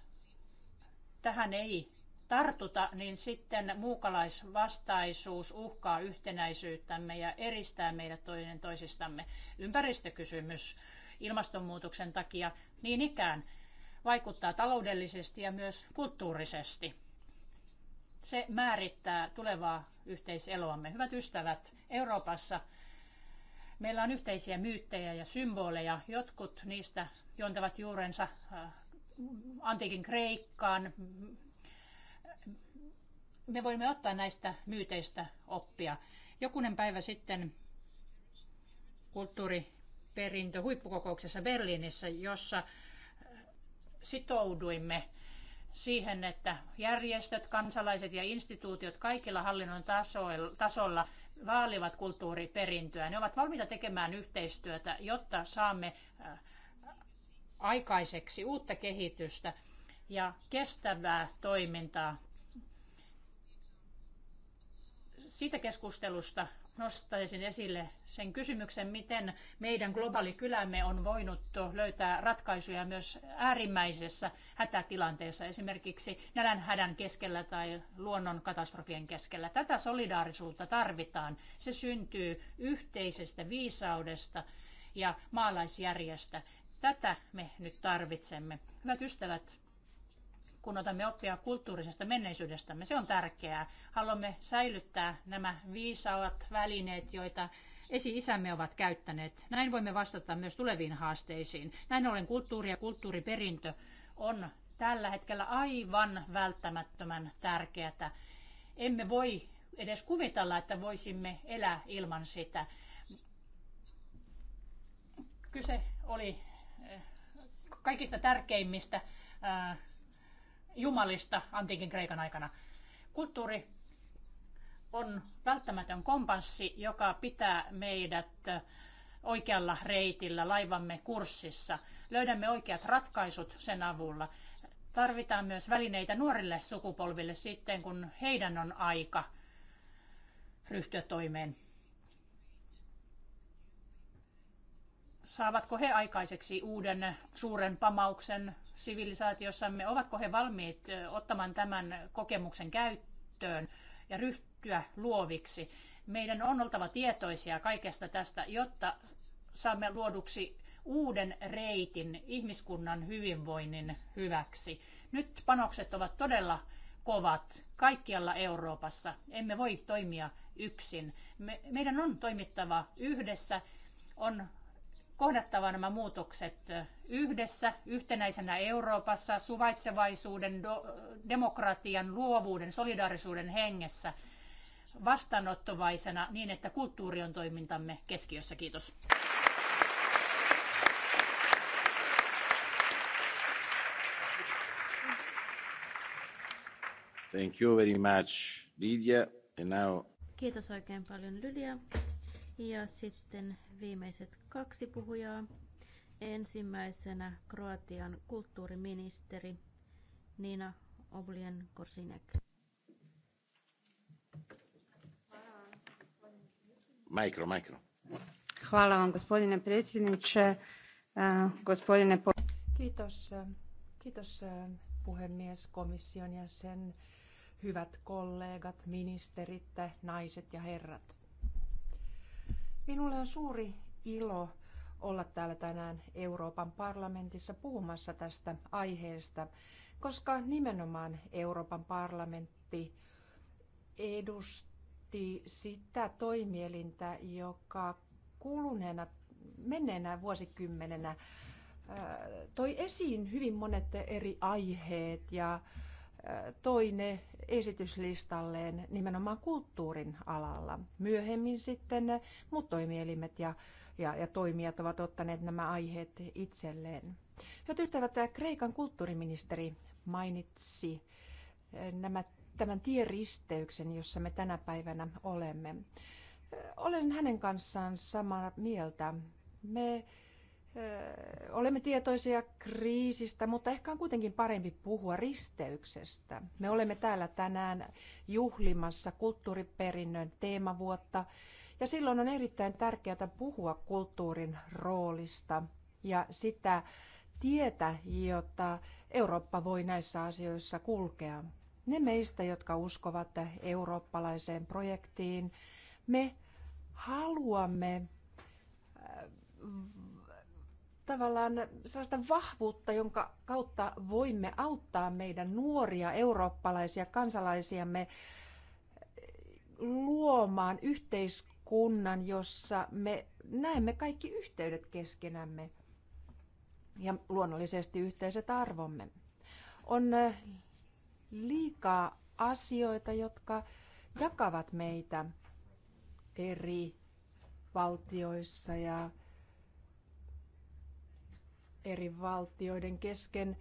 S3: tähän ei tartuta, niin sitten muukalaisvastaisuus uhkaa yhtenäisyyttämme ja eristää meidät toinen toisistamme. Ympäristökysymys ilmastonmuutoksen takia niin ikään vaikuttaa taloudellisesti ja myös kulttuurisesti. Se määrittää tulevaa yhteiseloamme. Hyvät ystävät, Euroopassa meillä on yhteisiä myyttejä ja symboleja. Jotkut niistä juontavat juurensa äh, antiikin Kreikkaan, me voimme ottaa näistä myyteistä oppia. Jokunen päivä sitten kulttuuriperintö huippukokouksessa Berliinissä, jossa äh, sitouduimme siihen, että järjestöt, kansalaiset ja instituutiot kaikilla hallinnon tasolla vaalivat kulttuuriperintöä. Ne ovat valmiita tekemään yhteistyötä, jotta saamme äh, aikaiseksi uutta kehitystä ja kestävää toimintaa siitä keskustelusta nostaisin esille sen kysymyksen, miten meidän globaali kylämme on voinut löytää ratkaisuja myös äärimmäisessä hätätilanteessa, esimerkiksi nälänhädän keskellä tai luonnonkatastrofien keskellä. Tätä solidaarisuutta tarvitaan. Se syntyy yhteisestä viisaudesta ja maalaisjärjestä. Tätä me nyt tarvitsemme. Hyvät ystävät, kun otamme oppia kulttuurisesta menneisyydestämme. Se on tärkeää. Haluamme säilyttää nämä viisaat välineet, joita esi-isämme ovat käyttäneet. Näin voimme vastata myös tuleviin haasteisiin. Näin ollen kulttuuri ja kulttuuriperintö on tällä hetkellä aivan välttämättömän tärkeätä. Emme voi edes kuvitella, että voisimme elää ilman sitä. Kyse oli eh, kaikista tärkeimmistä eh, jumalista antiikin Kreikan aikana. Kulttuuri on välttämätön kompassi, joka pitää meidät oikealla reitillä laivamme kurssissa. Löydämme oikeat ratkaisut sen avulla. Tarvitaan myös välineitä nuorille sukupolville sitten, kun heidän on aika ryhtyä toimeen. Saavatko he aikaiseksi uuden suuren pamauksen sivilisaatiossamme, ovatko he valmiit ottamaan tämän kokemuksen käyttöön ja ryhtyä luoviksi. Meidän on oltava tietoisia kaikesta tästä, jotta saamme luoduksi uuden reitin ihmiskunnan hyvinvoinnin hyväksi. Nyt panokset ovat todella kovat kaikkialla Euroopassa. Emme voi toimia yksin. Me, meidän on toimittava yhdessä, on kohdattava nämä muutokset yhdessä, yhtenäisenä Euroopassa, suvaitsevaisuuden, demokratian, luovuuden, solidaarisuuden hengessä, vastaanottovaisena niin, että kulttuuri on toimintamme keskiössä. Kiitos.
S1: Thank you very much, Lydia. And now...
S2: Kiitos oikein paljon, Lydia. Ja sitten viimeiset kaksi puhujaa. Ensimmäisenä Kroatian kulttuuriministeri Nina Oblien Korsinek.
S1: Mikro, mikro.
S3: Hvala vam gospodine predsjedniče, e, gospodine...
S5: Kiitos, e, kiitos e, puhemies, komission jäsen, hyvät kollegat, ministerit, naiset ja herrat. Minulle on suuri ilo olla täällä tänään Euroopan parlamentissa puhumassa tästä aiheesta, koska nimenomaan Euroopan parlamentti edusti sitä toimielintä, joka kuluneena menneenä vuosikymmenenä toi esiin hyvin monet eri aiheet ja toine esityslistalleen nimenomaan kulttuurin alalla. Myöhemmin sitten muut toimielimet ja, ja, ja toimijat ovat ottaneet nämä aiheet itselleen. Hyvät ystävät, Kreikan kulttuuriministeri mainitsi eh, nämä, tämän tieristeyksen, jossa me tänä päivänä olemme. Eh, olen hänen kanssaan samaa mieltä. Me olemme tietoisia kriisistä, mutta ehkä on kuitenkin parempi puhua risteyksestä. Me olemme täällä tänään juhlimassa kulttuuriperinnön teemavuotta ja silloin on erittäin tärkeää puhua kulttuurin roolista ja sitä tietä, jota Eurooppa voi näissä asioissa kulkea. Ne meistä, jotka uskovat eurooppalaiseen projektiin, me haluamme tavallaan sellaista vahvuutta, jonka kautta voimme auttaa meidän nuoria eurooppalaisia kansalaisiamme luomaan yhteiskunnan, jossa me näemme kaikki yhteydet keskenämme ja luonnollisesti yhteiset arvomme. On liikaa asioita, jotka jakavat meitä eri valtioissa ja eri valtioiden kesken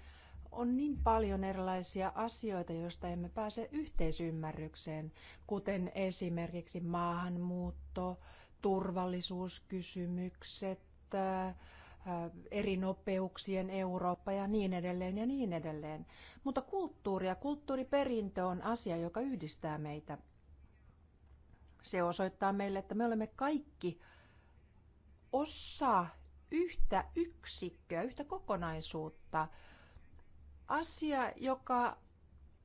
S5: on niin paljon erilaisia asioita, joista emme pääse yhteisymmärrykseen, kuten esimerkiksi maahanmuutto, turvallisuuskysymykset, äh, eri nopeuksien Eurooppa ja niin edelleen ja niin edelleen. Mutta kulttuuri ja kulttuuriperintö on asia, joka yhdistää meitä. Se osoittaa meille, että me olemme kaikki osa yhtä yksikköä, yhtä kokonaisuutta. Asia, joka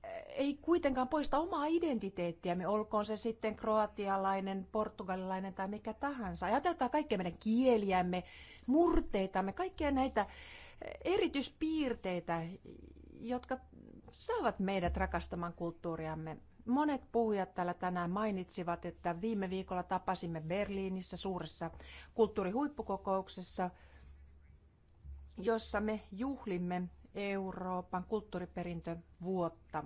S5: eh, ei kuitenkaan poista omaa identiteettiämme, olkoon se sitten kroatialainen, portugalilainen tai mikä tahansa. Ajatelkaa kaikkia meidän kieliämme, murteitamme, kaikkia näitä eh, erityispiirteitä, jotka saavat meidät rakastamaan kulttuuriamme. Monet puhujat täällä tänään mainitsivat, että viime viikolla tapasimme Berliinissä suuressa kulttuurihuippukokouksessa, jossa me juhlimme Euroopan kulttuuriperintövuotta.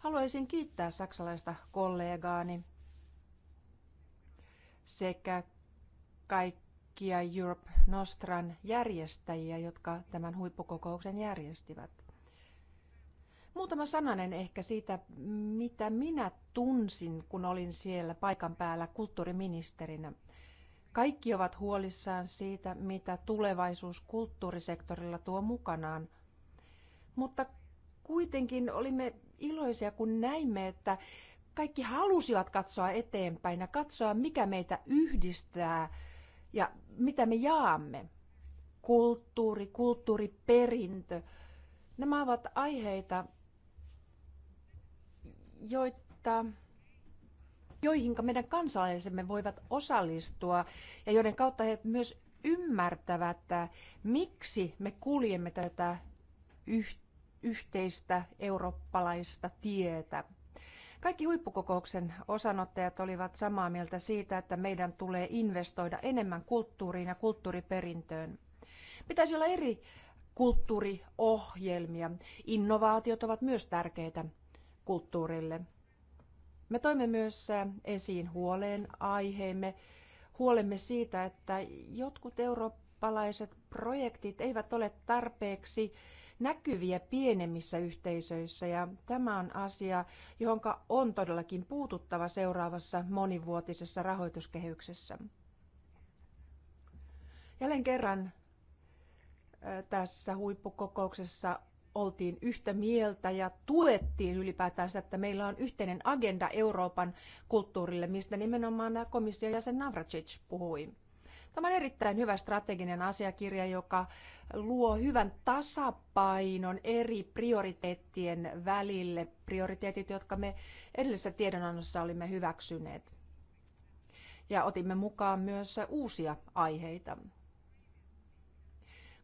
S5: Haluaisin kiittää saksalaista kollegaani sekä kaikkia Europe Nostran järjestäjiä, jotka tämän huippukokouksen järjestivät. Muutama sananen ehkä siitä, mitä minä tunsin, kun olin siellä paikan päällä kulttuuriministerinä. Kaikki ovat huolissaan siitä, mitä tulevaisuus kulttuurisektorilla tuo mukanaan. Mutta kuitenkin olimme iloisia, kun näimme, että kaikki halusivat katsoa eteenpäin ja katsoa, mikä meitä yhdistää ja mitä me jaamme. Kulttuuri, kulttuuriperintö, nämä ovat aiheita, joita joihin meidän kansalaisemme voivat osallistua ja joiden kautta he myös ymmärtävät, että miksi me kuljemme tätä yh- yhteistä eurooppalaista tietä. Kaikki huippukokouksen osanottajat olivat samaa mieltä siitä, että meidän tulee investoida enemmän kulttuuriin ja kulttuuriperintöön. Pitäisi olla eri kulttuuriohjelmia. Innovaatiot ovat myös tärkeitä kulttuurille. Me toimme myös esiin huoleen aiheemme, huolemme siitä, että jotkut eurooppalaiset projektit eivät ole tarpeeksi näkyviä pienemmissä yhteisöissä ja tämä on asia, johon on todellakin puututtava seuraavassa monivuotisessa rahoituskehyksessä. Jälleen kerran tässä huippukokouksessa oltiin yhtä mieltä ja tuettiin ylipäätään sitä, että meillä on yhteinen agenda Euroopan kulttuurille, mistä nimenomaan komission jäsen Navracic puhui. Tämä on erittäin hyvä strateginen asiakirja, joka luo hyvän tasapainon eri prioriteettien välille, prioriteetit, jotka me edellisessä tiedonannossa olimme hyväksyneet. Ja otimme mukaan myös uusia aiheita.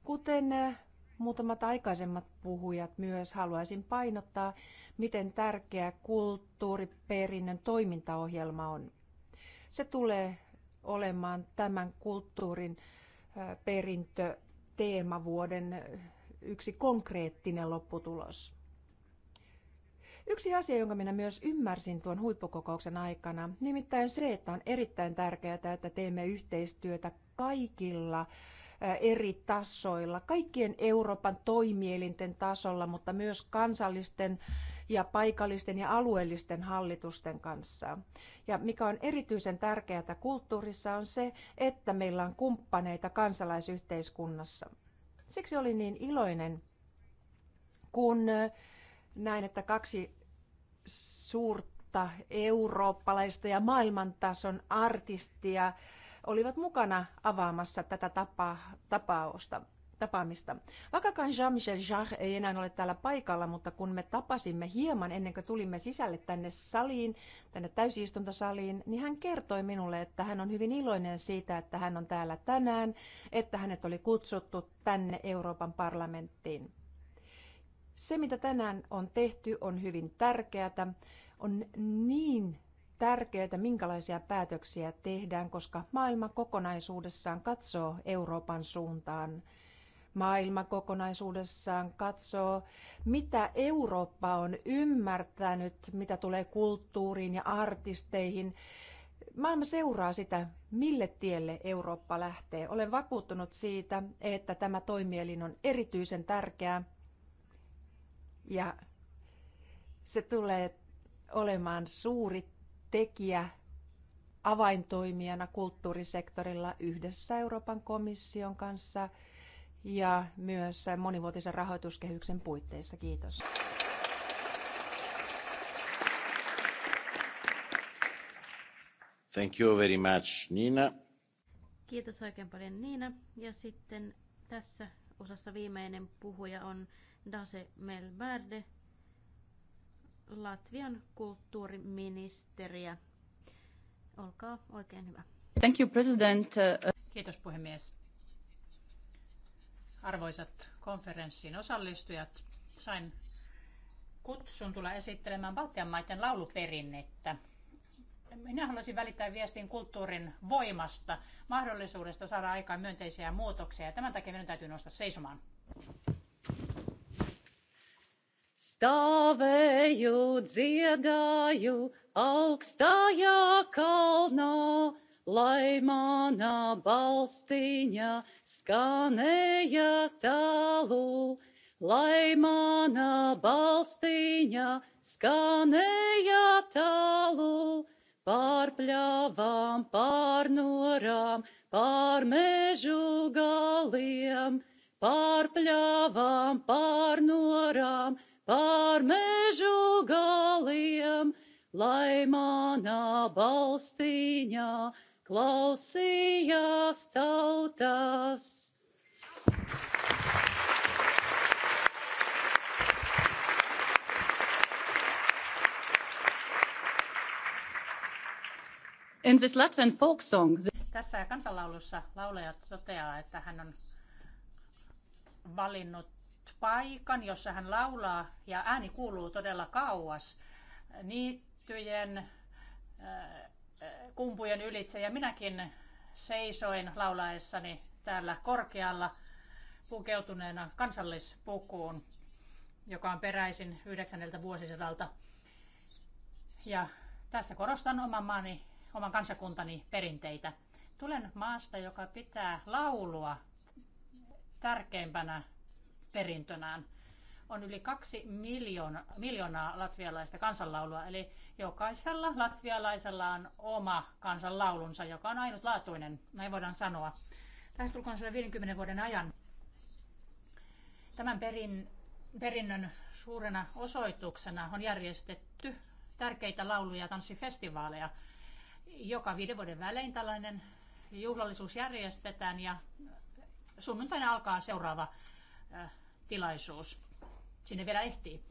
S5: Kuten muutamat aikaisemmat puhujat myös, haluaisin painottaa, miten tärkeä kulttuuriperinnön toimintaohjelma on. Se tulee olemaan tämän kulttuurin perintö teemavuoden yksi konkreettinen lopputulos. Yksi asia, jonka minä myös ymmärsin tuon huippukokouksen aikana, nimittäin se, että on erittäin tärkeää, että teemme yhteistyötä kaikilla äh, eri tasoilla, kaikkien Euroopan toimielinten tasolla, mutta myös kansallisten ja paikallisten ja alueellisten hallitusten kanssa. Ja mikä on erityisen tärkeää kulttuurissa on se, että meillä on kumppaneita kansalaisyhteiskunnassa. Siksi olin niin iloinen, kun näin, että kaksi suurta eurooppalaista ja maailmantason artistia olivat mukana avaamassa tätä tapa, tapausta, tapaamista. Vakakaan Jean-Michel Jarre ei enää ole täällä paikalla, mutta kun me tapasimme hieman ennen kuin tulimme sisälle tänne saliin, tänne täysistuntosaliin, niin hän kertoi minulle, että hän on hyvin iloinen siitä, että hän on täällä tänään, että hänet oli kutsuttu tänne Euroopan parlamenttiin. Se, mitä tänään on tehty, on hyvin tärkeää. On niin tärkeää, minkälaisia päätöksiä tehdään, koska maailma kokonaisuudessaan katsoo Euroopan suuntaan. Maailma kokonaisuudessaan katsoo, mitä Eurooppa on ymmärtänyt, mitä tulee kulttuuriin ja artisteihin. Maailma seuraa sitä, mille tielle Eurooppa lähtee. Olen vakuuttunut siitä, että tämä toimielin on erityisen tärkeä ja se tulee olemaan suuri tekijä avaintoimijana kulttuurisektorilla yhdessä Euroopan komission kanssa ja myös monivuotisen rahoituskehyksen puitteissa. Kiitos.
S1: Thank you very much, Nina.
S2: Kiitos oikein paljon, Niina. Ja sitten tässä osassa viimeinen puhuja on Dase Melvärde, Latvian kulttuuriministeriä.
S3: Olkaa oikein hyvä. Thank you, President. Kiitos puhemies. Arvoisat konferenssin osallistujat, sain kutsun tulla esittelemään Baltian maiden lauluperinnettä. Minä haluaisin välittää viestin kulttuurin voimasta, mahdollisuudesta saada aikaan myönteisiä muutoksia ja tämän takia minun täytyy nostaa seisomaan. Stāvēju, dziedāju augstajā kalnā, lai manā balstiņā skanēja tālu, lai manā balstiņā skanēja tālu, pārpļāvām, pārnorām, pārmežu galiem, pārpļāvām, pārnorām, pār mežu galiem, lai manā balstīņā klausījās tautas. In this Latvian folk song, the... Tässä kansanlaulussa laulaja toteaa, että hän on valinnut paikan, jossa hän laulaa ja ääni kuuluu todella kauas niittyjen äh, äh, kumpujen ylitse ja minäkin seisoin laulaessani täällä korkealla pukeutuneena kansallispukuun, joka on peräisin 9. vuosisadalta. Ja tässä korostan oman maani, oman kansakuntani perinteitä. Tulen maasta, joka pitää laulua tärkeimpänä perintönään. On yli kaksi miljoona, miljoonaa latvialaista kansanlaulua, eli jokaisella latvialaisella on oma kansanlaulunsa, joka on ainutlaatuinen, näin voidaan sanoa. Lähestulkoon 150 vuoden ajan tämän perin, perinnön suurena osoituksena on järjestetty tärkeitä lauluja ja tanssifestivaaleja. Joka viiden vuoden välein tällainen juhlallisuus järjestetään ja sunnuntaina alkaa seuraava äh, tilaisuus. Sinne vielä ehtii.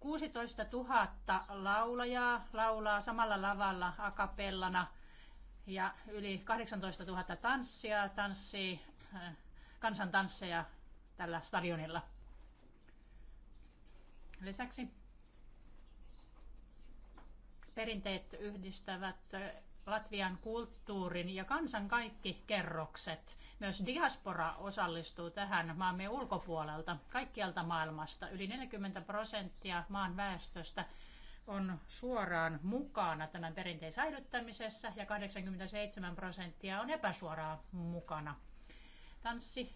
S3: 16 000 laulajaa laulaa samalla lavalla akapellana ja yli 18 000 tanssia tanssii äh, kansantansseja tällä stadionilla. Lisäksi perinteet yhdistävät Latvian kulttuurin ja kansan kaikki kerrokset. Myös diaspora osallistuu tähän maamme ulkopuolelta, kaikkialta maailmasta. Yli 40 prosenttia maan väestöstä on suoraan mukana tämän perinteen säilyttämisessä ja 87 prosenttia on epäsuoraan mukana. Tanssi-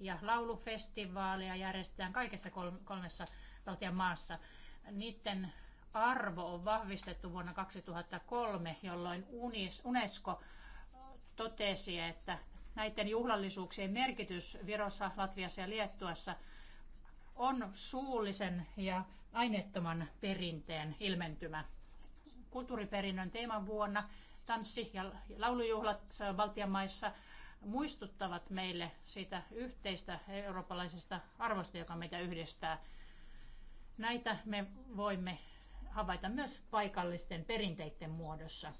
S3: ja laulufestivaaleja järjestetään kaikessa kolmessa Baltian maassa. Niiden arvo on vahvistettu vuonna 2003, jolloin UNESCO totesi, että näiden juhlallisuuksien merkitys Virossa, Latviassa ja Liettuassa on suullisen ja aineettoman perinteen ilmentymä. Kulttuuriperinnön teeman vuonna tanssi- ja laulujuhlat Baltian maissa muistuttavat meille siitä yhteistä eurooppalaisesta arvosta, joka meitä yhdistää. Näitä me voimme havaita myös paikallisten perinteiden muodossa.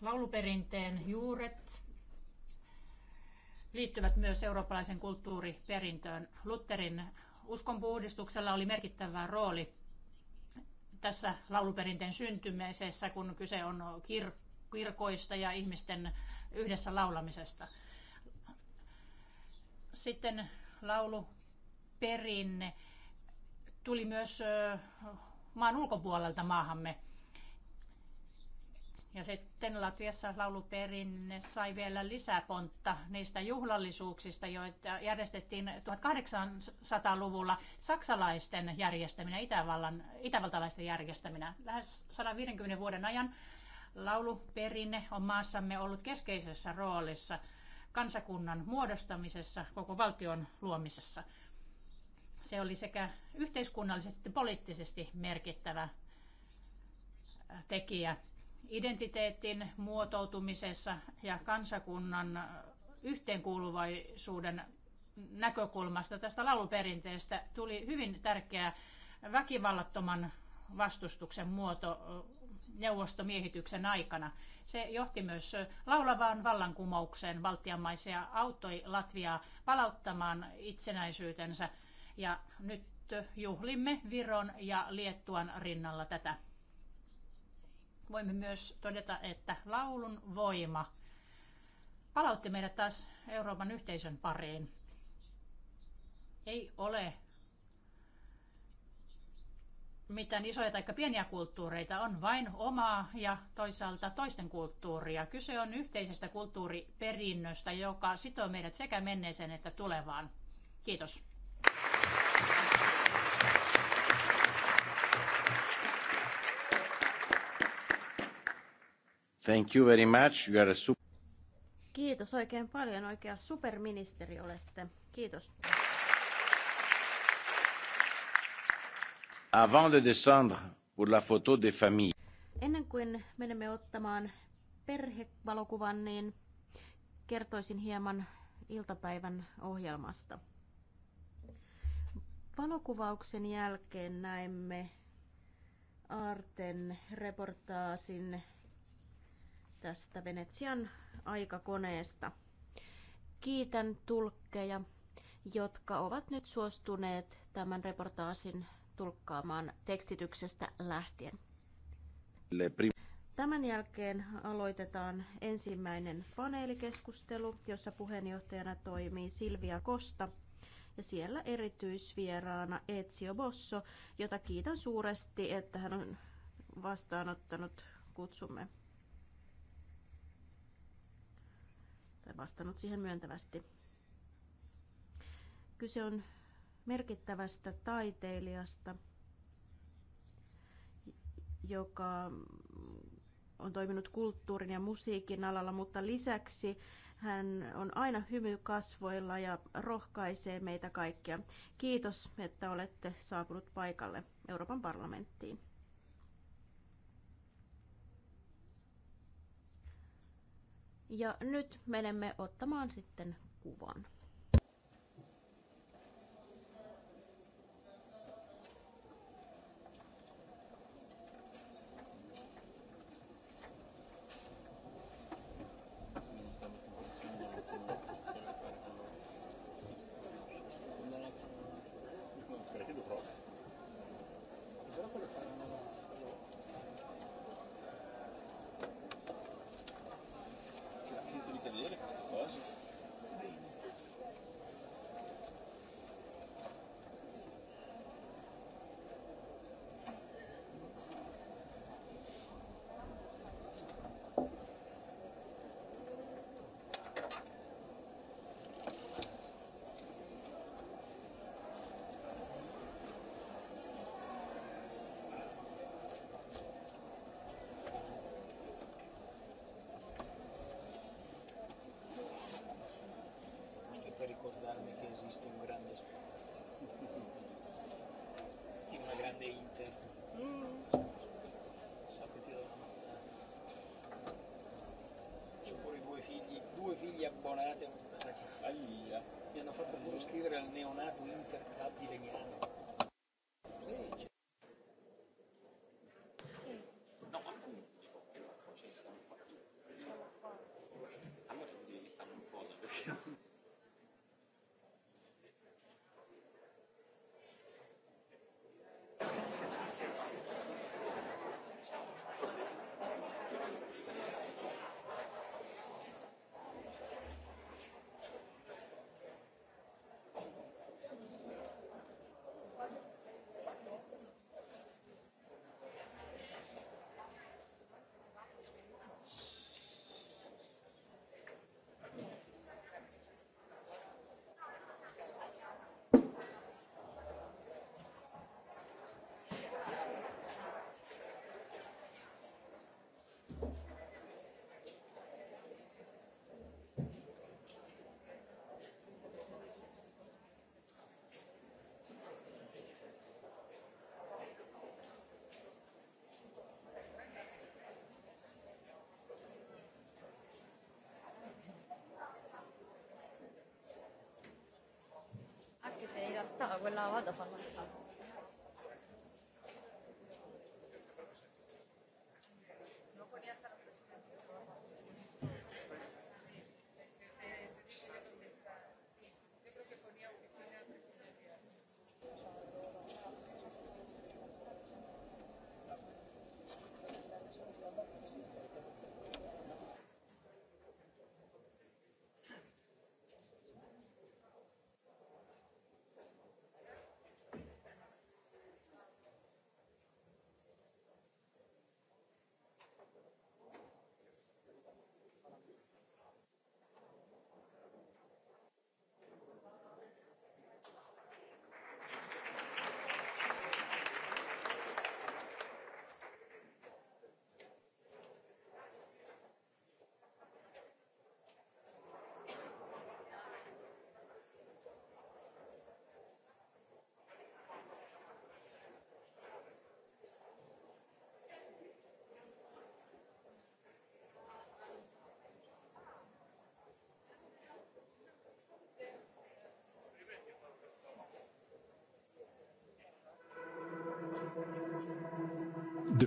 S3: Lauluperinteen juuret liittyvät myös eurooppalaisen kulttuuriperintöön. Lutherin uskonpuhdistuksella oli merkittävä rooli tässä lauluperinteen syntymisessä, kun kyse on kir- kirkoista ja ihmisten yhdessä laulamisesta. Sitten lauluperinne tuli myös maan ulkopuolelta maahamme. Ja sitten Latviassa lauluperinne sai vielä lisäpontta niistä juhlallisuuksista, joita järjestettiin 1800-luvulla saksalaisten järjestäminä, Itävallan, itävaltalaisten järjestäminä. Lähes 150 vuoden ajan lauluperinne on maassamme ollut keskeisessä roolissa kansakunnan muodostamisessa, koko valtion luomisessa – se oli sekä yhteiskunnallisesti että poliittisesti merkittävä äh, tekijä identiteetin muotoutumisessa ja kansakunnan äh, yhteenkuuluvaisuuden näkökulmasta tästä lauluperinteestä tuli hyvin tärkeä väkivallattoman vastustuksen muoto äh, neuvostomiehityksen aikana. Se johti myös laulavaan vallankumoukseen valtiamaisia auttoi Latviaa palauttamaan itsenäisyytensä ja nyt juhlimme Viron ja Liettuan rinnalla tätä. Voimme myös todeta, että laulun voima palautti meidät taas Euroopan yhteisön pariin. Ei ole mitään isoja tai pieniä kulttuureita, on vain omaa ja toisaalta toisten kulttuuria. Kyse on yhteisestä kulttuuriperinnöstä, joka sitoo meidät sekä menneeseen että tulevaan. Kiitos.
S1: Thank you very much. You are a super...
S2: Kiitos oikein paljon. Oikea superministeri olette. Kiitos.
S1: Avant de descendre pour la photo de famille.
S2: Ennen kuin menemme ottamaan perhevalokuvan, niin kertoisin hieman iltapäivän ohjelmasta. Valokuvauksen jälkeen näemme Arten reportaasin tästä Venetsian aikakoneesta. Kiitän tulkkeja, jotka ovat nyt suostuneet tämän reportaasin tulkkaamaan tekstityksestä lähtien. Tämän jälkeen aloitetaan ensimmäinen paneelikeskustelu, jossa puheenjohtajana toimii Silvia Kosta ja siellä erityisvieraana Ezio Bosso, jota kiitän suuresti, että hän on vastaanottanut kutsumme. vastannut siihen myöntävästi. Kyse on merkittävästä taiteilijasta, joka on toiminut kulttuurin ja musiikin alalla, mutta lisäksi hän on aina hymy kasvoilla ja rohkaisee meitä kaikkia. Kiitos, että olette saapunut paikalle Euroopan parlamenttiin. Ja nyt menemme ottamaan sitten kuvan.
S1: accordarmi che esiste un
S2: sta quella vado a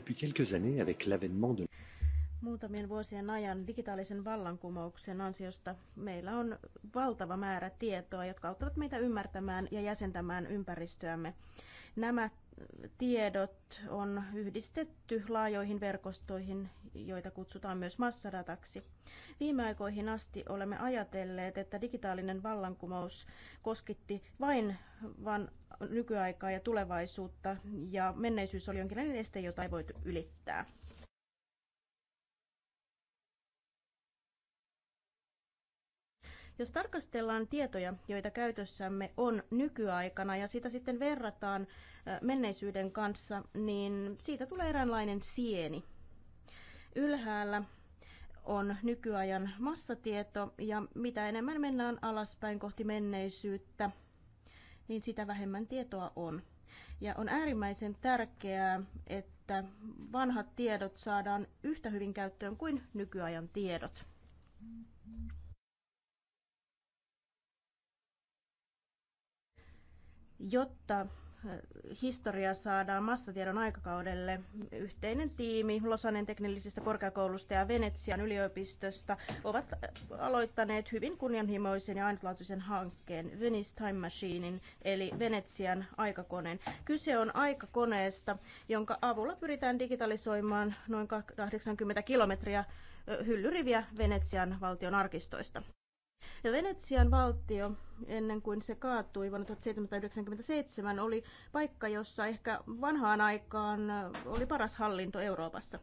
S1: depuis quelques années avec l'avènement de
S2: Muutamien vuosien ajan digitaalisen vallankumouksen ansiosta meillä on valtava määrä tietoa, jotka auttavat meitä ymmärtämään ja jäsentämään ympäristöämme. Nämä tiedot on yhdistetty laajoihin verkostoihin, joita kutsutaan myös massadataksi. Viime aikoihin asti olemme ajatelleet, että digitaalinen vallankumous koskitti vain, vain nykyaikaa ja tulevaisuutta, ja menneisyys oli jonkinlainen este, jota ei voitu ylittää. Jos tarkastellaan tietoja, joita käytössämme on nykyaikana, ja sitä sitten verrataan menneisyyden kanssa, niin siitä tulee eräänlainen sieni. Ylhäällä on nykyajan massatieto ja mitä enemmän mennään alaspäin kohti menneisyyttä, niin sitä vähemmän tietoa on. Ja on äärimmäisen tärkeää, että vanhat tiedot saadaan yhtä hyvin käyttöön kuin nykyajan tiedot. Jotta historia saadaan massatiedon aikakaudelle. Yhteinen tiimi Losanen teknillisistä korkeakoulusta ja Venetsian yliopistosta ovat aloittaneet hyvin kunnianhimoisen ja ainutlaatuisen hankkeen Venice Time Machinein eli Venetsian aikakoneen. Kyse on aikakoneesta, jonka avulla pyritään digitalisoimaan noin 80 kilometriä hyllyriviä Venetsian valtion arkistoista. Ja Venetsian valtio, ennen kuin se kaatui vuonna 1797, oli paikka, jossa ehkä vanhaan aikaan oli paras hallinto Euroopassa.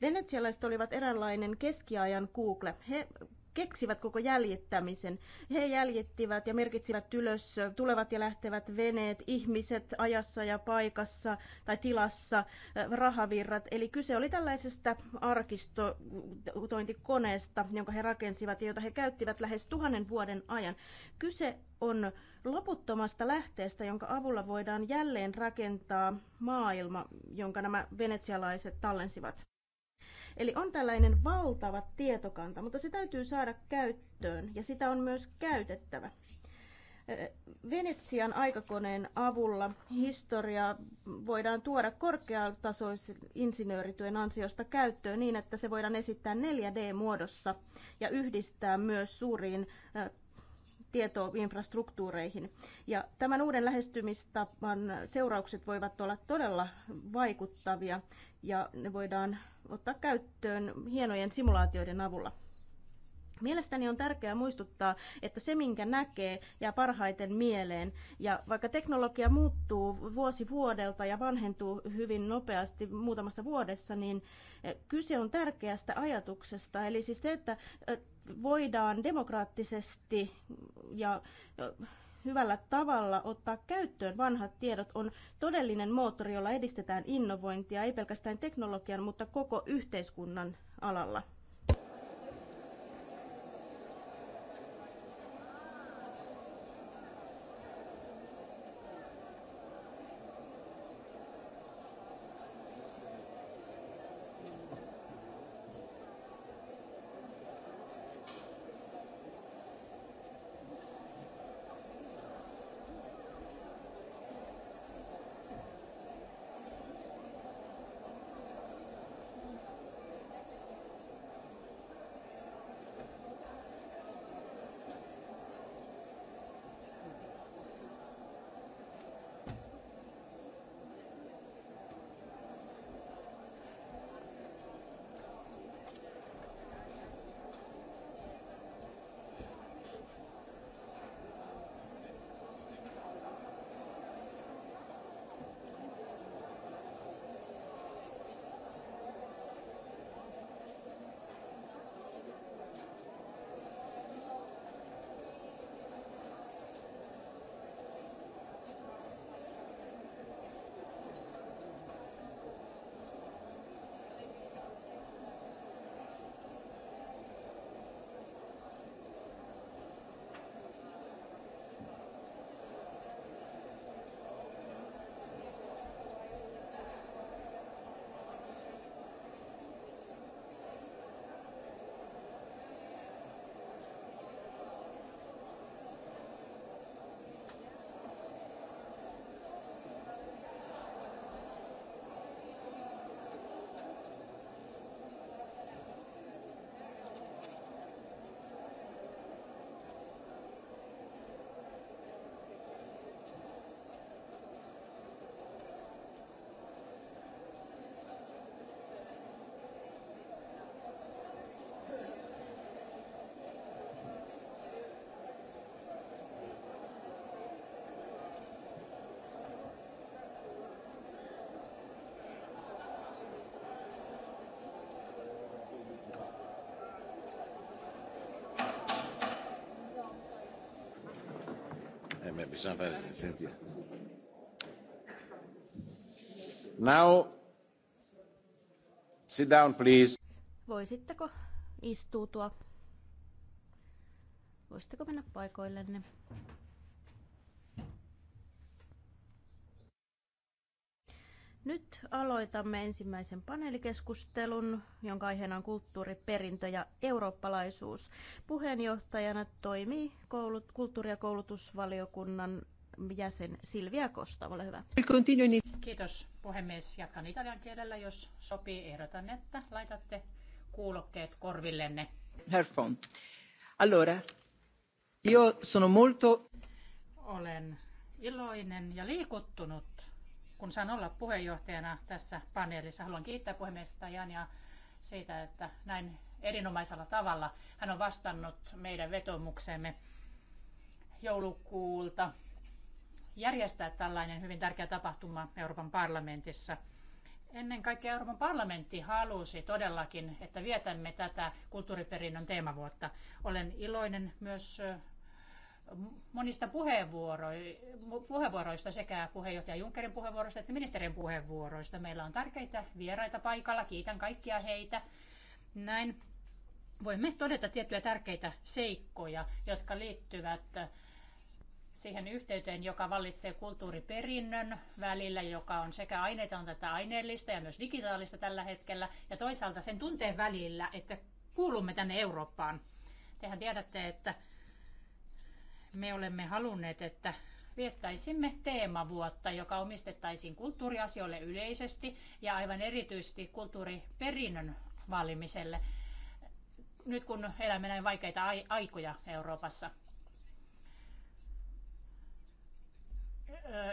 S2: Venetsialaiset olivat eräänlainen keskiajan Google. He keksivät koko jäljittämisen. He jäljittivät ja merkitsivät ylös tulevat ja lähtevät veneet, ihmiset ajassa ja paikassa tai tilassa, äh, rahavirrat. Eli kyse oli tällaisesta arkistotointikoneesta, jonka he rakensivat ja jota he käyttivät lähes tuhannen vuoden ajan. Kyse on loputtomasta lähteestä, jonka avulla voidaan jälleen rakentaa maailma, jonka nämä venetsialaiset tallensivat. Eli on tällainen valtava tietokanta, mutta se täytyy saada käyttöön ja sitä on myös käytettävä. Venetsian aikakoneen avulla historia voidaan tuoda korkeatasoisen insinöörityön ansiosta käyttöön niin, että se voidaan esittää 4D-muodossa ja yhdistää myös suuriin tietoinfrastruktuureihin. Ja tämän uuden lähestymistapan seuraukset voivat olla todella vaikuttavia ja ne voidaan ottaa käyttöön hienojen simulaatioiden avulla. Mielestäni on tärkeää muistuttaa, että se minkä näkee jää parhaiten mieleen. Ja vaikka teknologia muuttuu vuosi vuodelta ja vanhentuu hyvin nopeasti muutamassa vuodessa, niin eh, kyse on tärkeästä ajatuksesta. Eli siis se, että eh, voidaan demokraattisesti ja hyvällä tavalla ottaa käyttöön vanhat tiedot on todellinen moottori, jolla edistetään innovointia, ei pelkästään teknologian, mutta koko yhteiskunnan alalla.
S1: me bisogna fare sentire. Now, sit down please.
S2: Voisitteko istuutua? Voisitteko mennä paikoillenne? aloitamme ensimmäisen paneelikeskustelun, jonka aiheena on kulttuuriperintö ja eurooppalaisuus. Puheenjohtajana toimii koulut, kulttuuri- ja koulutusvaliokunnan jäsen Silvia Kosta. Ole
S3: hyvä. Kiitos puhemies. Jatkan italian kielellä, jos sopii. Ehdotan, että laitatte kuulokkeet korvillenne. Herfon. Allora,
S5: io sono molto...
S3: Olen iloinen ja liikuttunut kun saan olla puheenjohtajana tässä paneelissa. Haluan kiittää puhemiestä Jania siitä, että näin erinomaisella tavalla hän on vastannut meidän vetomuksemme joulukuulta järjestää tällainen hyvin tärkeä tapahtuma Euroopan parlamentissa. Ennen kaikkea Euroopan parlamentti halusi todellakin, että vietämme tätä kulttuuriperinnön teemavuotta. Olen iloinen myös monista puheenvuoroista, sekä puheenjohtaja Junckerin puheenvuoroista että ministerin puheenvuoroista. Meillä on tärkeitä vieraita paikalla, kiitän kaikkia heitä. Näin voimme todeta tiettyjä tärkeitä seikkoja, jotka liittyvät siihen yhteyteen, joka vallitsee kulttuuriperinnön välillä, joka on sekä aineetonta että aineellista ja myös digitaalista tällä hetkellä, ja toisaalta sen tunteen välillä, että kuulumme tänne Eurooppaan. Tehän tiedätte, että me olemme halunneet, että viettäisimme teemavuotta, joka omistettaisiin kulttuuriasioille yleisesti ja aivan erityisesti kulttuuriperinnön vaalimiselle, nyt kun elämme näin vaikeita aikoja Euroopassa.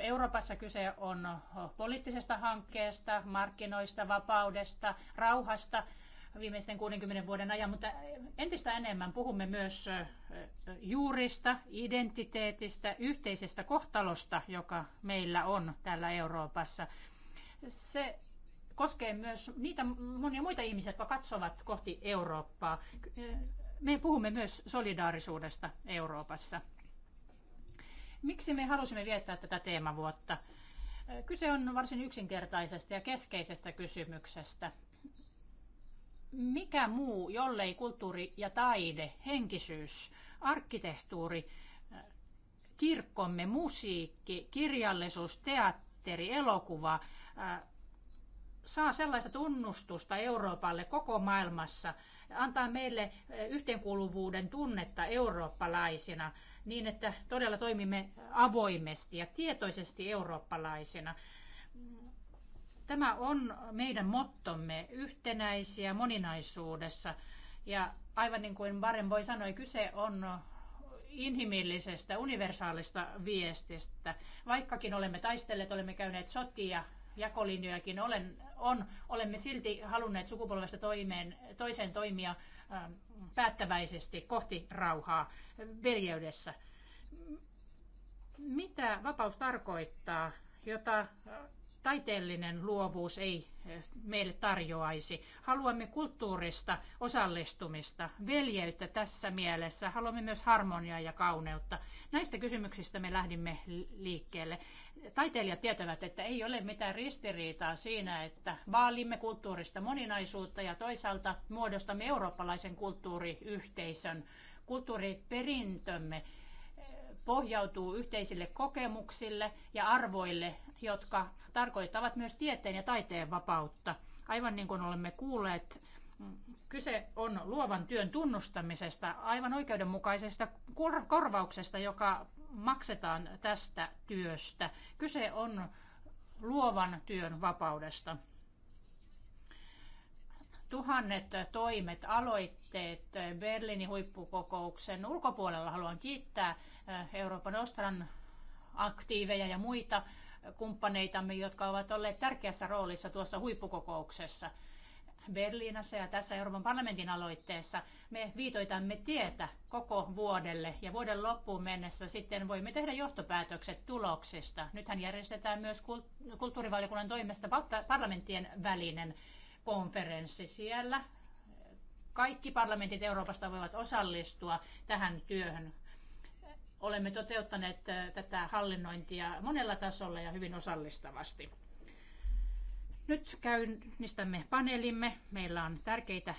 S3: Euroopassa kyse on poliittisesta hankkeesta, markkinoista, vapaudesta, rauhasta – viimeisten 60 vuoden ajan, mutta entistä enemmän puhumme myös juurista, identiteetistä, yhteisestä kohtalosta, joka meillä on täällä Euroopassa. Se koskee myös niitä monia muita ihmisiä, jotka katsovat kohti Eurooppaa. Me puhumme myös solidaarisuudesta Euroopassa. Miksi me halusimme viettää tätä teemavuotta? Kyse on varsin yksinkertaisesta ja keskeisestä kysymyksestä mikä muu, jollei kulttuuri ja taide, henkisyys, arkkitehtuuri, kirkkomme, musiikki, kirjallisuus, teatteri, elokuva äh, saa sellaista tunnustusta Euroopalle koko maailmassa, antaa meille äh, yhteenkuuluvuuden tunnetta eurooppalaisina niin, että todella toimimme avoimesti ja tietoisesti eurooppalaisina. Tämä on meidän mottomme yhtenäisiä moninaisuudessa. Ja aivan niin kuin voi sanoi, kyse on inhimillisestä, universaalista viestistä. Vaikkakin olemme taistelleet, olemme käyneet sotia, jakolinjojakin olen, on, olemme silti halunneet sukupolvesta toimeen, toiseen toimia ähm, päättäväisesti kohti rauhaa veljeydessä. Mitä vapaus tarkoittaa, jota taiteellinen luovuus ei eh, meille tarjoaisi. Haluamme kulttuurista osallistumista, veljeyttä tässä mielessä. Haluamme myös harmoniaa ja kauneutta. Näistä kysymyksistä me lähdimme liikkeelle. Taiteilijat tietävät, että ei ole mitään ristiriitaa siinä, että vaalimme kulttuurista moninaisuutta ja toisaalta muodostamme eurooppalaisen kulttuuriyhteisön. Kulttuuriperintömme eh, pohjautuu yhteisille kokemuksille ja arvoille, jotka tarkoittavat myös tieteen ja taiteen vapautta. Aivan niin kuin olemme kuulleet, kyse on luovan työn tunnustamisesta, aivan oikeudenmukaisesta korvauksesta, joka maksetaan tästä työstä. Kyse on luovan työn vapaudesta. Tuhannet toimet, aloitteet Berliinin huippukokouksen ulkopuolella haluan kiittää eh, Euroopan Ostran aktiiveja ja muita kumppaneitamme, jotka ovat olleet tärkeässä roolissa tuossa huippukokouksessa. Berliinassa ja tässä Euroopan parlamentin aloitteessa me viitoitamme tietä koko vuodelle ja vuoden loppuun mennessä sitten voimme tehdä johtopäätökset tuloksista. Nythän järjestetään myös kulttuurivaliokunnan toimesta parlamenttien välinen konferenssi siellä. Kaikki parlamentit Euroopasta voivat osallistua tähän työhön olemme toteuttaneet äh, tätä hallinnointia monella tasolla ja hyvin osallistavasti. Nyt käynnistämme paneelimme. Meillä on tärkeitä äh,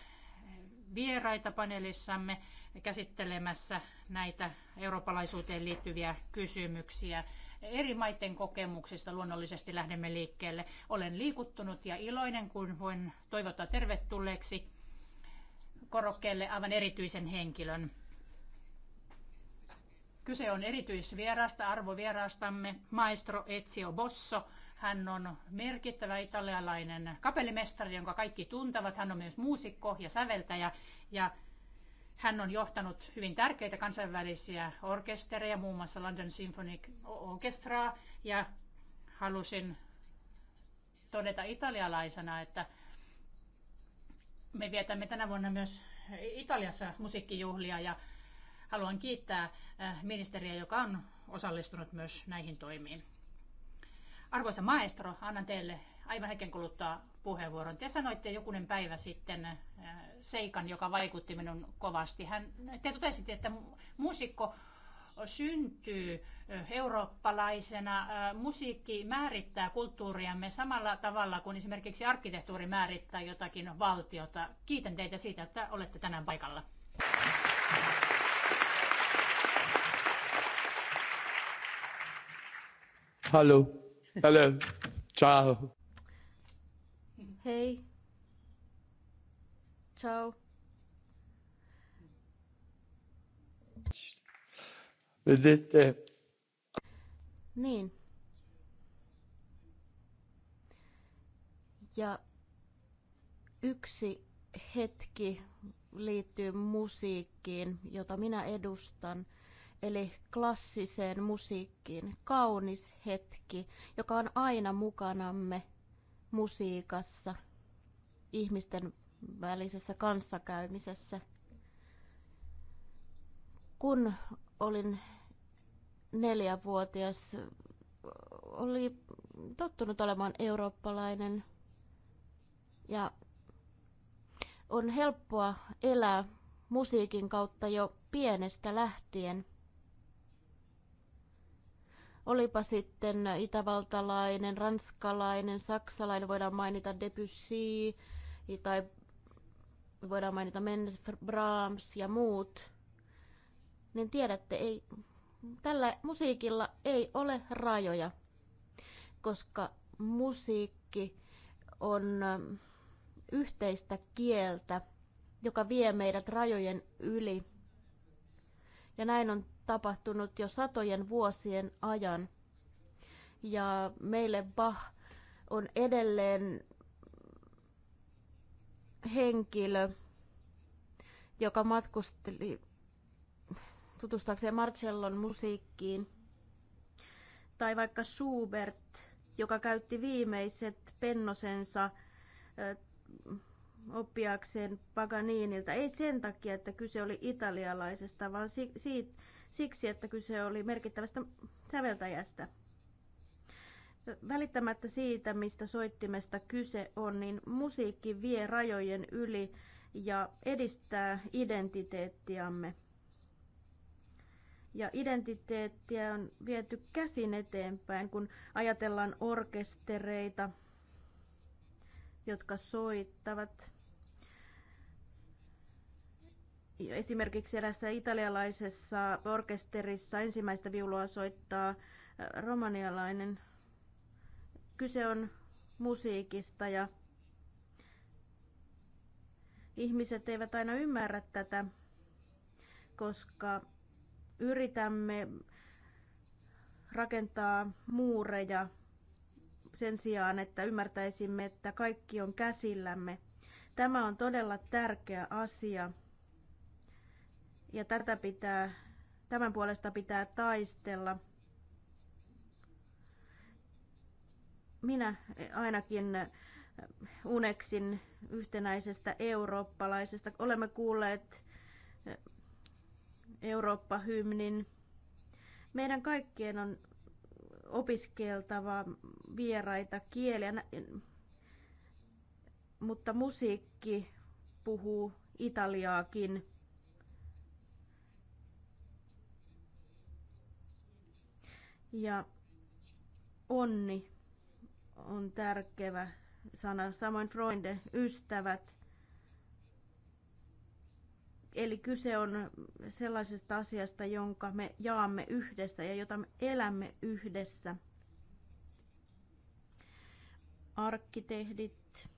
S3: vieraita paneelissamme käsittelemässä näitä eurooppalaisuuteen liittyviä kysymyksiä. Eri maiden kokemuksista luonnollisesti lähdemme liikkeelle. Olen liikuttunut ja iloinen, kun voin toivottaa tervetulleeksi korokkeelle aivan erityisen henkilön. Kyse on erityisvierasta, arvovieraastamme, maestro Ezio Bosso. Hän on merkittävä italialainen kapellimestari, jonka kaikki tuntavat. Hän on myös muusikko ja säveltäjä ja hän on johtanut hyvin tärkeitä kansainvälisiä orkestereja, muun muassa London Symphonic Orchestraa ja halusin todeta italialaisena, että me vietämme tänä vuonna myös Italiassa musiikkijuhlia ja Haluan kiittää äh, ministeriä, joka on osallistunut myös näihin toimiin. Arvoisa maestro, annan teille aivan hetken kuluttaa puheenvuoron. Te sanoitte jokunen päivä sitten äh, seikan, joka vaikutti minun kovasti. Hän, te totesitte, että muusikko syntyy äh, eurooppalaisena. Musiikki määrittää kulttuuriamme samalla tavalla kuin esimerkiksi arkkitehtuuri määrittää jotakin valtiota. Kiitän teitä siitä, että olette tänään paikalla.
S4: Hello. Hello. Ciao.
S2: Hei. Ciao.
S1: Vedette.
S2: Niin. Ja yksi hetki liittyy musiikkiin, jota minä edustan – eli klassiseen musiikkiin. Kaunis hetki, joka on aina mukanamme musiikassa, ihmisten välisessä kanssakäymisessä. Kun olin neljävuotias, oli tottunut olemaan eurooppalainen ja on helppoa elää musiikin kautta jo pienestä lähtien. Olipa sitten itävaltalainen, ranskalainen, saksalainen, voidaan mainita Debussy tai voidaan mainita Mendes, Brahms ja muut, niin tiedätte, ei, tällä musiikilla ei ole rajoja, koska musiikki on yhteistä kieltä, joka vie meidät rajojen yli. Ja näin on tapahtunut jo satojen vuosien ajan. Ja meille Bach on edelleen henkilö, joka matkusteli tutustakseen Marcellon musiikkiin. Tai vaikka Schubert, joka käytti viimeiset pennosensa oppiakseen Paganiinilta. Ei sen takia, että kyse oli italialaisesta, vaan siitä, siksi, että kyse oli merkittävästä säveltäjästä. Välittämättä siitä, mistä soittimesta kyse on, niin musiikki vie rajojen yli ja edistää identiteettiamme. Ja identiteettiä on viety käsin eteenpäin, kun ajatellaan orkestereita, jotka soittavat Esimerkiksi erässä italialaisessa orkesterissa ensimmäistä viulua soittaa äh, romanialainen. Kyse on musiikista ja ihmiset eivät aina ymmärrä tätä, koska yritämme rakentaa muureja sen sijaan, että ymmärtäisimme, että kaikki on käsillämme. Tämä on todella tärkeä asia ja tätä pitää, tämän puolesta pitää taistella. Minä ainakin uneksin yhtenäisestä eurooppalaisesta. Olemme kuulleet Eurooppa-hymnin. Meidän kaikkien on opiskeltava vieraita kieliä, mutta musiikki puhuu italiaakin. Ja onni on tärkevä sana, samoin Freunde, ystävät. Eli kyse on sellaisesta asiasta, jonka me jaamme yhdessä ja jota me elämme yhdessä. Arkkitehdit,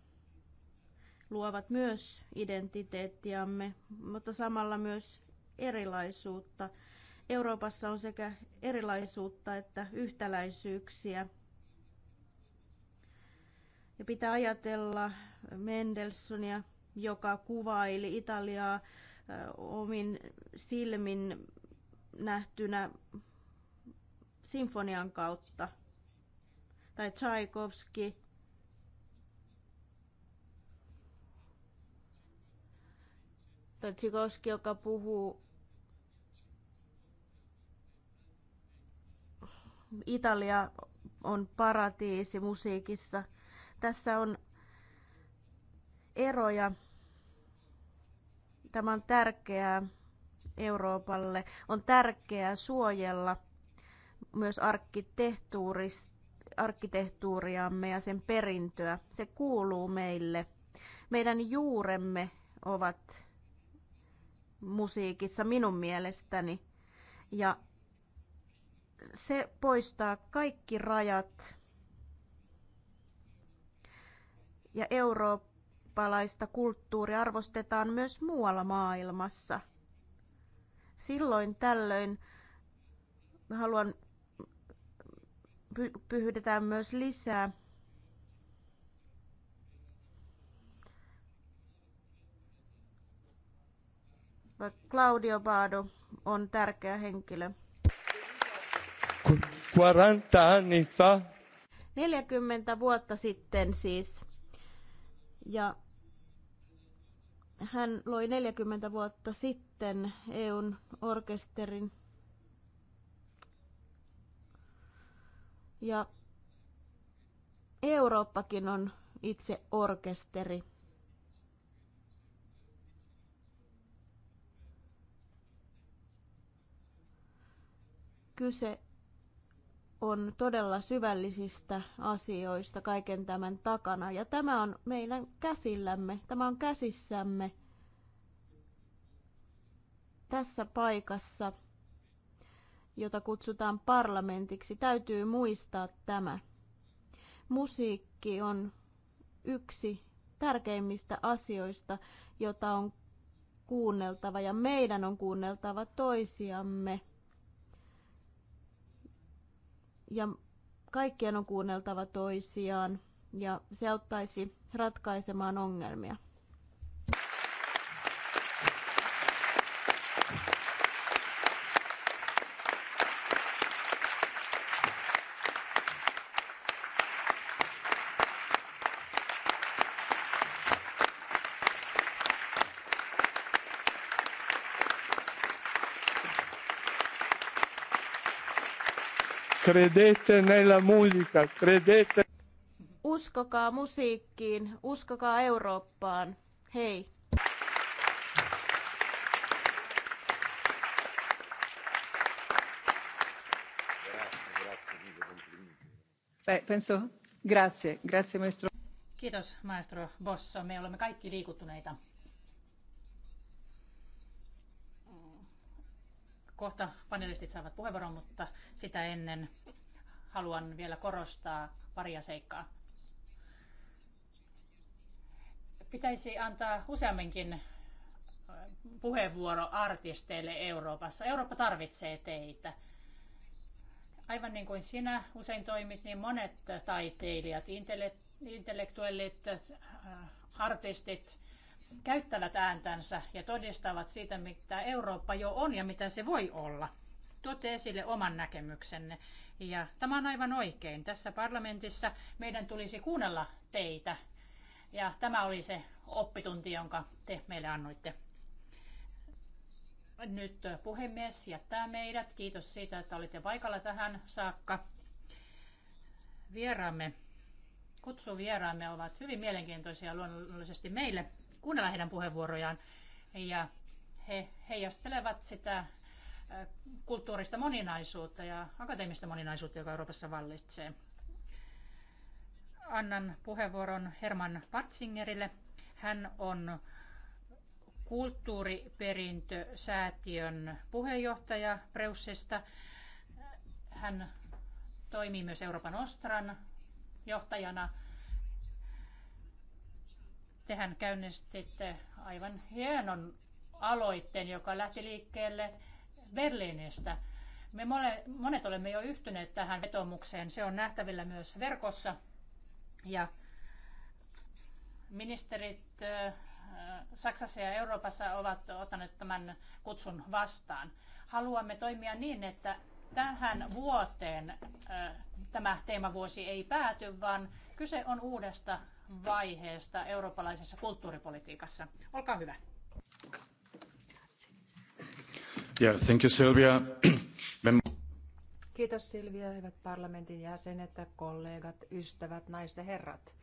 S2: luovat myös identiteettiämme, mutta samalla myös erilaisuutta. Euroopassa on sekä erilaisuutta että yhtäläisyyksiä. Ja pitää ajatella Mendelssonia, joka kuvaili Italiaa omin silmin nähtynä sinfonian kautta. Tai Tchaikovski. Tai Tchaikovski, joka puhuu Italia on paratiisi musiikissa. Tässä on eroja. Tämä on tärkeää Euroopalle. On tärkeää suojella myös arkkitehtuuriamme ja sen perintöä. Se kuuluu meille. Meidän juuremme ovat musiikissa minun mielestäni. Ja se poistaa kaikki rajat ja eurooppalaista kulttuuria arvostetaan myös muualla maailmassa. Silloin tällöin haluan pyydetään myös lisää Claudio Bado on tärkeä henkilö
S4: anni fa.
S2: 40 vuotta sitten siis. Ja hän loi 40 vuotta sitten EUn orkesterin. Ja Eurooppakin on itse orkesteri. Kyse on todella syvällisistä asioista kaiken tämän takana. Ja tämä on meidän käsillämme, tämä on käsissämme tässä paikassa, jota kutsutaan parlamentiksi. Täytyy muistaa tämä. Musiikki on yksi tärkeimmistä asioista, jota on kuunneltava ja meidän on kuunneltava toisiamme – ja kaikkien on kuunneltava toisiaan ja se auttaisi ratkaisemaan ongelmia.
S1: Credete nella musica, credete.
S2: Uskokaa musiikkiin, uskokaa Eurooppaan. Hei.
S5: penso, grazie, grazie maestro.
S3: Kiitos maestro Bosso. Me olemme kaikki liikuttuneita Kohta panelistit saavat puheenvuoron, mutta sitä ennen haluan vielä korostaa paria seikkaa. Pitäisi antaa useamminkin puheenvuoro artisteille Euroopassa. Eurooppa tarvitsee teitä. Aivan niin kuin sinä usein toimit, niin monet taiteilijat, intellektuellit, artistit käyttävät ääntänsä ja todistavat siitä, mitä Eurooppa jo on ja mitä se voi olla. Tuotte esille oman näkemyksenne ja tämä on aivan oikein. Tässä parlamentissa meidän tulisi kuunnella teitä ja tämä oli se oppitunti, jonka te meille annoitte. Nyt puhemies jättää meidät. Kiitos siitä, että olitte paikalla tähän saakka. Vieraamme kutsuvieraamme ovat hyvin mielenkiintoisia luonnollisesti meille, kuunnella heidän puheenvuorojaan. Ja he heijastelevat sitä äh, kulttuurista moninaisuutta ja akateemista moninaisuutta, joka Euroopassa vallitsee. Annan puheenvuoron Herman Partsingerille. Hän on kulttuuriperintösäätiön puheenjohtaja Preussista. Hän toimii myös Euroopan Ostran johtajana – Tehän käynnistitte aivan hienon aloitteen, joka lähti liikkeelle Berliinistä. Me mole, monet olemme jo yhtyneet tähän vetomukseen. Se on nähtävillä myös verkossa. Ja ministerit Saksassa ja Euroopassa ovat ottaneet tämän kutsun vastaan. Haluamme toimia niin, että tähän vuoteen tämä teemavuosi ei pääty, vaan kyse on uudesta vaiheesta eurooppalaisessa kulttuuripolitiikassa. Olkaa hyvä.
S1: Yeah, thank you, Silvia.
S5: Kiitos Silvia, hyvät parlamentin jäsenet, kollegat, ystävät, naiset ja herrat.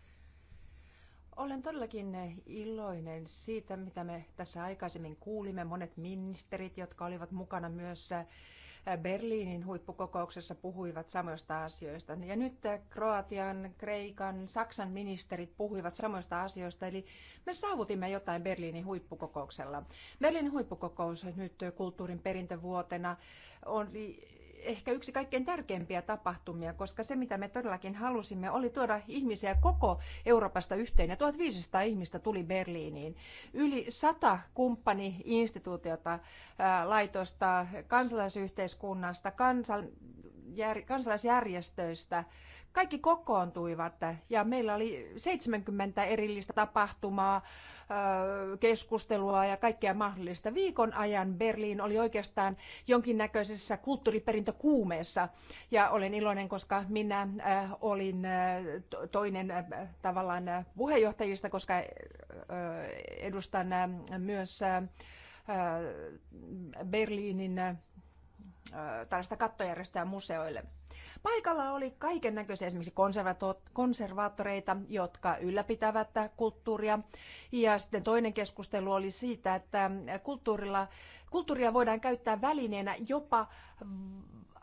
S5: Olen todellakin iloinen siitä, mitä me tässä aikaisemmin kuulimme. Monet ministerit, jotka olivat mukana myös Berliinin huippukokouksessa puhuivat samoista asioista. Ja nyt Kroatian, Kreikan, Saksan ministerit puhuivat samoista asioista, eli me saavutimme jotain Berliinin huippukokouksella. Berliinin huippukokous nyt kulttuurin perintövuotena on ehkä yksi kaikkein tärkeimpiä tapahtumia, koska se mitä me todellakin halusimme oli tuoda ihmisiä koko Euroopasta yhteen ja 1500 ihmistä tuli Berliiniin. Yli sata kumppani-instituutiota, laitosta, kansalaisyhteiskunnasta, kansan, jär, kansalaisjärjestöistä. Kaikki kokoontuivat ja meillä oli 70 erillistä tapahtumaa, keskustelua ja kaikkea mahdollista. Viikon ajan Berliin oli oikeastaan jonkinnäköisessä kulttuuriperintökuumeessa ja olen iloinen, koska minä olin toinen tavallaan puheenjohtajista, koska edustan myös Berliinin tällaista kattojärjestöä museoille. Paikalla oli kaiken näköisiä esimerkiksi konservaattoreita, jotka ylläpitävät kulttuuria. Ja sitten toinen keskustelu oli siitä, että kulttuurilla, kulttuuria voidaan käyttää välineenä jopa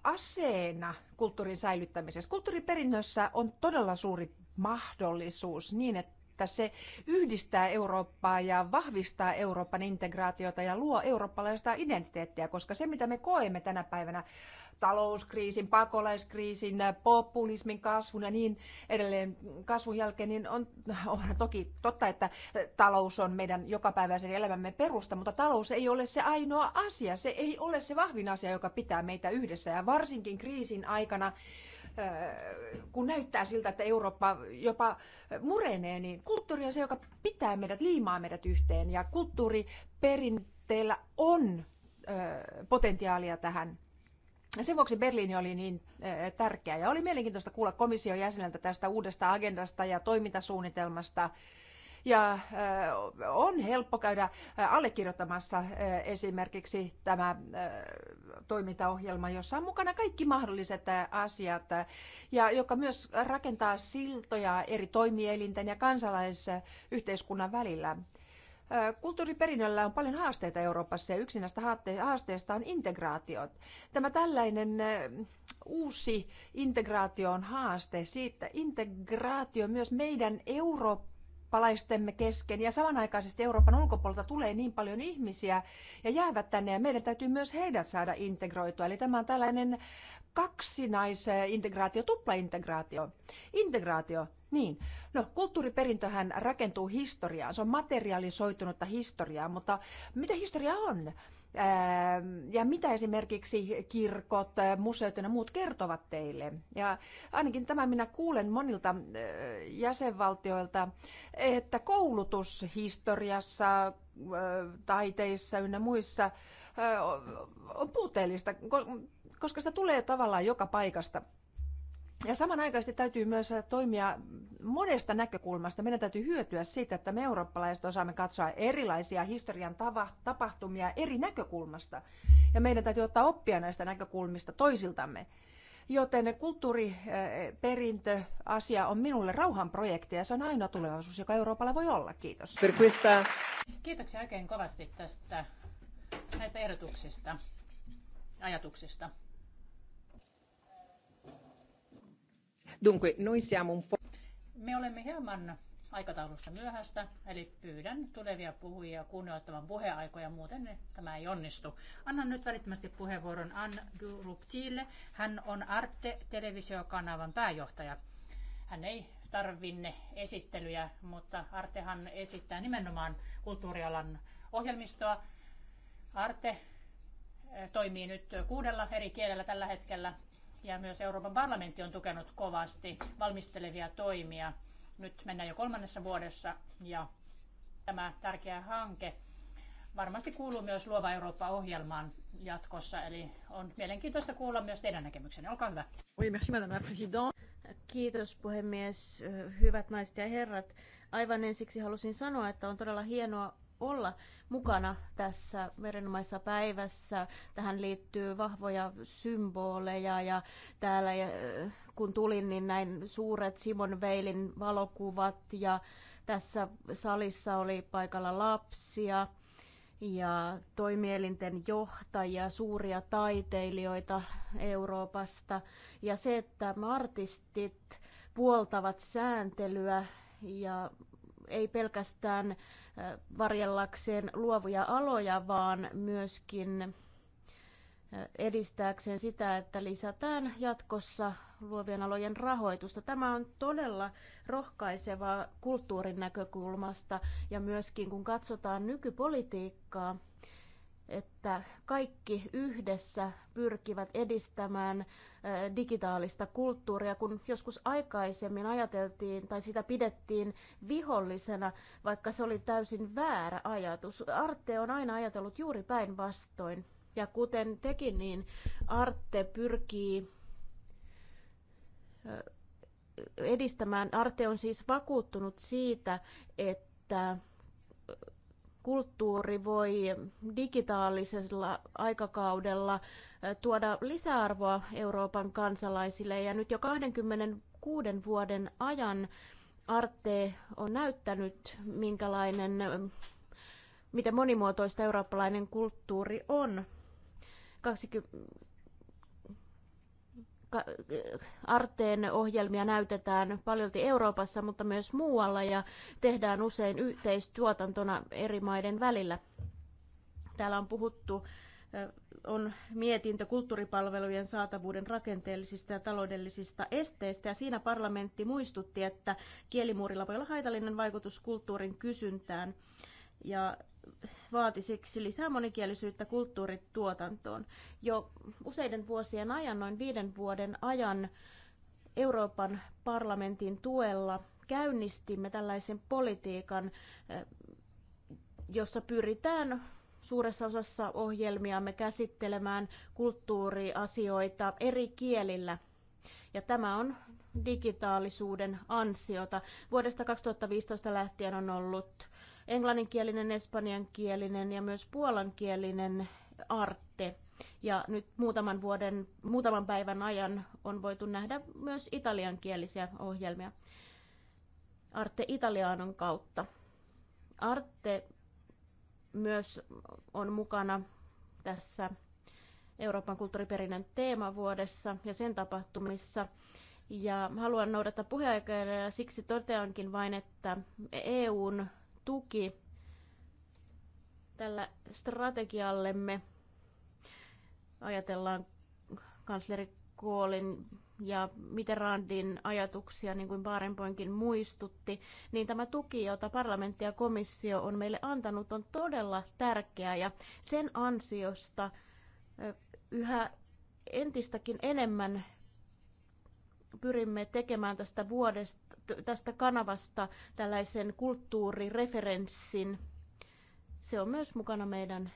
S5: aseena kulttuurin säilyttämisessä. Kulttuuriperinnössä on todella suuri mahdollisuus niin, että että se yhdistää Eurooppaa ja vahvistaa Euroopan integraatiota ja luo eurooppalaista identiteettiä, koska se mitä me koemme tänä päivänä talouskriisin, pakolaiskriisin, populismin kasvun ja niin edelleen kasvun jälkeen, niin on, on toki totta, että talous on meidän jokapäiväisen elämämme perusta, mutta talous ei ole se ainoa asia. Se ei ole se vahvin asia, joka pitää meitä yhdessä ja varsinkin kriisin aikana Äh, kun näyttää siltä, että Eurooppa jopa murenee, niin kulttuuri on se, joka pitää meidät, liimaa meidät yhteen. Ja kulttuuriperinteellä on äh, potentiaalia tähän. Sen vuoksi Berliini oli niin äh, tärkeä ja oli mielenkiintoista kuulla komission jäseneltä tästä uudesta agendasta ja toimintasuunnitelmasta ja on helppo käydä allekirjoittamassa esimerkiksi tämä toimintaohjelma, jossa on mukana kaikki mahdolliset asiat ja joka myös rakentaa siltoja eri toimielinten ja kansalaisyhteiskunnan välillä. Kulttuuriperinnöllä on paljon haasteita Euroopassa ja yksi näistä haasteista on integraatio. Tämä tällainen uusi integraatio on haaste siitä. Integraatio myös meidän Eurooppa palaistemme kesken ja samanaikaisesti Euroopan ulkopuolelta tulee niin paljon ihmisiä ja jäävät tänne ja meidän täytyy myös heidät saada integroitua. Eli tämä on tällainen kaksinaisintegraatio, tuplaintegraatio. Integraatio, niin. No, kulttuuriperintöhän rakentuu historiaan. Se on materialisoitunutta historiaa, mutta mitä historia on? Ähm, ja mitä esimerkiksi kirkot, äh, museot ja muut kertovat teille. Ja ainakin tämä minä kuulen monilta äh, jäsenvaltioilta, että koulutushistoriassa, äh, taiteissa ynnä muissa on puutteellista, koska sitä tulee tavallaan joka paikasta. Ja samanaikaisesti täytyy myös toimia monesta näkökulmasta. Meidän täytyy hyötyä siitä, että me eurooppalaiset osaamme katsoa erilaisia historian tapahtumia eri näkökulmasta. Ja meidän täytyy ottaa oppia näistä näkökulmista toisiltamme. Joten kulttuuriperintöasia eh, on minulle rauhanprojekti ja se on ainoa tulevaisuus, joka Euroopalla voi olla. Kiitos.
S3: Kiitoksia oikein kovasti tästä, näistä ehdotuksista, ajatuksista.
S5: Dunque, noi siamo un po'...
S3: Me olemme hieman aikataulusta myöhästä, eli pyydän tulevia puhujia kunnioittamaan puheaikoja, muuten tämä ei onnistu. Annan nyt välittömästi puheenvuoron Anne Duruptille. Hän on Arte-televisiokanavan pääjohtaja. Hän ei tarvinne esittelyjä, mutta Artehan esittää nimenomaan kulttuurialan ohjelmistoa. Arte eh, toimii nyt kuudella eri kielellä tällä hetkellä ja myös Euroopan parlamentti on tukenut kovasti valmistelevia toimia. Nyt mennään jo kolmannessa vuodessa ja tämä tärkeä hanke varmasti kuuluu myös Luova Eurooppa-ohjelmaan jatkossa. Eli on mielenkiintoista kuulla myös teidän näkemyksenne. Olkaa hyvä. Oui, merci, madame la Kiitos puhemies,
S2: hyvät naiset ja herrat. Aivan ensiksi halusin sanoa, että on todella hienoa olla mukana tässä verenomaisessa päivässä. Tähän liittyy vahvoja symboleja ja täällä eh, kun tulin, niin näin suuret Simon Veilin valokuvat ja tässä salissa oli paikalla lapsia ja toimielinten johtajia, suuria taiteilijoita Euroopasta. Ja se, että artistit puoltavat sääntelyä ja ei pelkästään varjellakseen luovia aloja, vaan myöskin edistääkseen sitä, että lisätään jatkossa luovien alojen rahoitusta. Tämä on todella rohkaisevaa kulttuurin näkökulmasta ja myöskin kun katsotaan nykypolitiikkaa, että kaikki yhdessä pyrkivät edistämään digitaalista kulttuuria, kun joskus aikaisemmin ajateltiin tai sitä pidettiin vihollisena, vaikka se oli täysin väärä ajatus. Arte on aina ajatellut juuri päinvastoin. Ja kuten tekin, niin Arte pyrkii edistämään. Arte on siis vakuuttunut siitä, että kulttuuri voi digitaalisella aikakaudella tuoda lisäarvoa Euroopan kansalaisille. Ja nyt jo 26 vuoden ajan Arte on näyttänyt, minkälainen, miten monimuotoista eurooppalainen kulttuuri on. 20, arteen ohjelmia näytetään paljolti Euroopassa, mutta myös muualla ja tehdään usein yhteistuotantona eri maiden välillä. Täällä on puhuttu, on mietintö kulttuuripalvelujen saatavuuden rakenteellisista ja taloudellisista esteistä ja siinä parlamentti muistutti, että kielimuurilla voi olla haitallinen vaikutus kulttuurin kysyntään ja vaati siksi lisää monikielisyyttä kulttuurituotantoon. Jo useiden vuosien ajan, noin viiden vuoden ajan, Euroopan parlamentin tuella käynnistimme tällaisen politiikan, eh, jossa pyritään suuressa osassa ohjelmiamme käsittelemään kulttuuriasioita eri kielillä. Ja tämä on digitaalisuuden ansiota. Vuodesta 2015 lähtien on ollut englanninkielinen, espanjankielinen ja myös puolankielinen arte. Ja nyt muutaman, vuoden, muutaman päivän ajan on voitu nähdä myös italiankielisiä ohjelmia Arte Italianon kautta. Arte myös on mukana tässä Euroopan kulttuuriperinnön teemavuodessa ja sen tapahtumissa. Ja haluan noudattaa puheaikoja ja siksi toteankin vain, että EUn tuki tällä strategiallemme. Ajatellaan kansleri Koolin ja Mitterrandin ajatuksia, niin kuin Baarenpoinkin muistutti, niin tämä tuki, jota parlamentti ja komissio on meille antanut, on todella tärkeää ja sen ansiosta yhä entistäkin enemmän pyrimme tekemään tästä vuodesta, tästä kanavasta tällaisen kulttuurireferenssin. Se on myös mukana meidän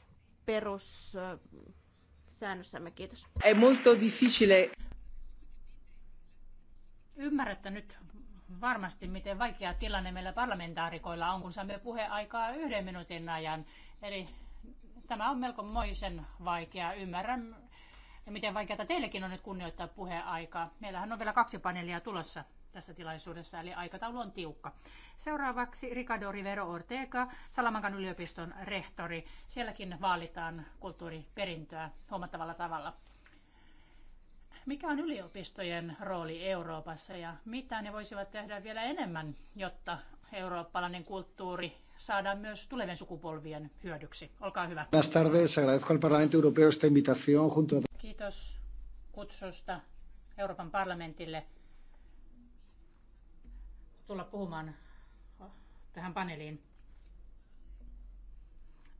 S2: perussäännössämme. Kiitos. È
S4: molto
S3: difficile. Ymmärrätte nyt varmasti, miten vaikea tilanne meillä parlamentaarikoilla on, kun saamme puheaikaa yhden minuutin ajan. Eli tämä on melko moisen vaikea. Ymmärrän ja miten vaikeata teillekin on nyt kunnioittaa aikaa. Meillähän on vielä kaksi paneelia tulossa tässä tilaisuudessa, eli aikataulu on tiukka. Seuraavaksi Ricardo Rivero Ortega, Salamankan yliopiston rehtori. Sielläkin vaalitaan kulttuuriperintöä huomattavalla tavalla. Mikä on yliopistojen rooli Euroopassa ja mitä ne voisivat tehdä vielä enemmän, jotta eurooppalainen kulttuuri saadaan myös tulevien sukupolvien hyödyksi. Olkaa hyvä. Buenas
S1: tardes. Agradezco al Parlamento Europeo esta invitación junto a...
S3: Kiitos kutsusta Euroopan parlamentille tulla puhumaan tähän paneeliin.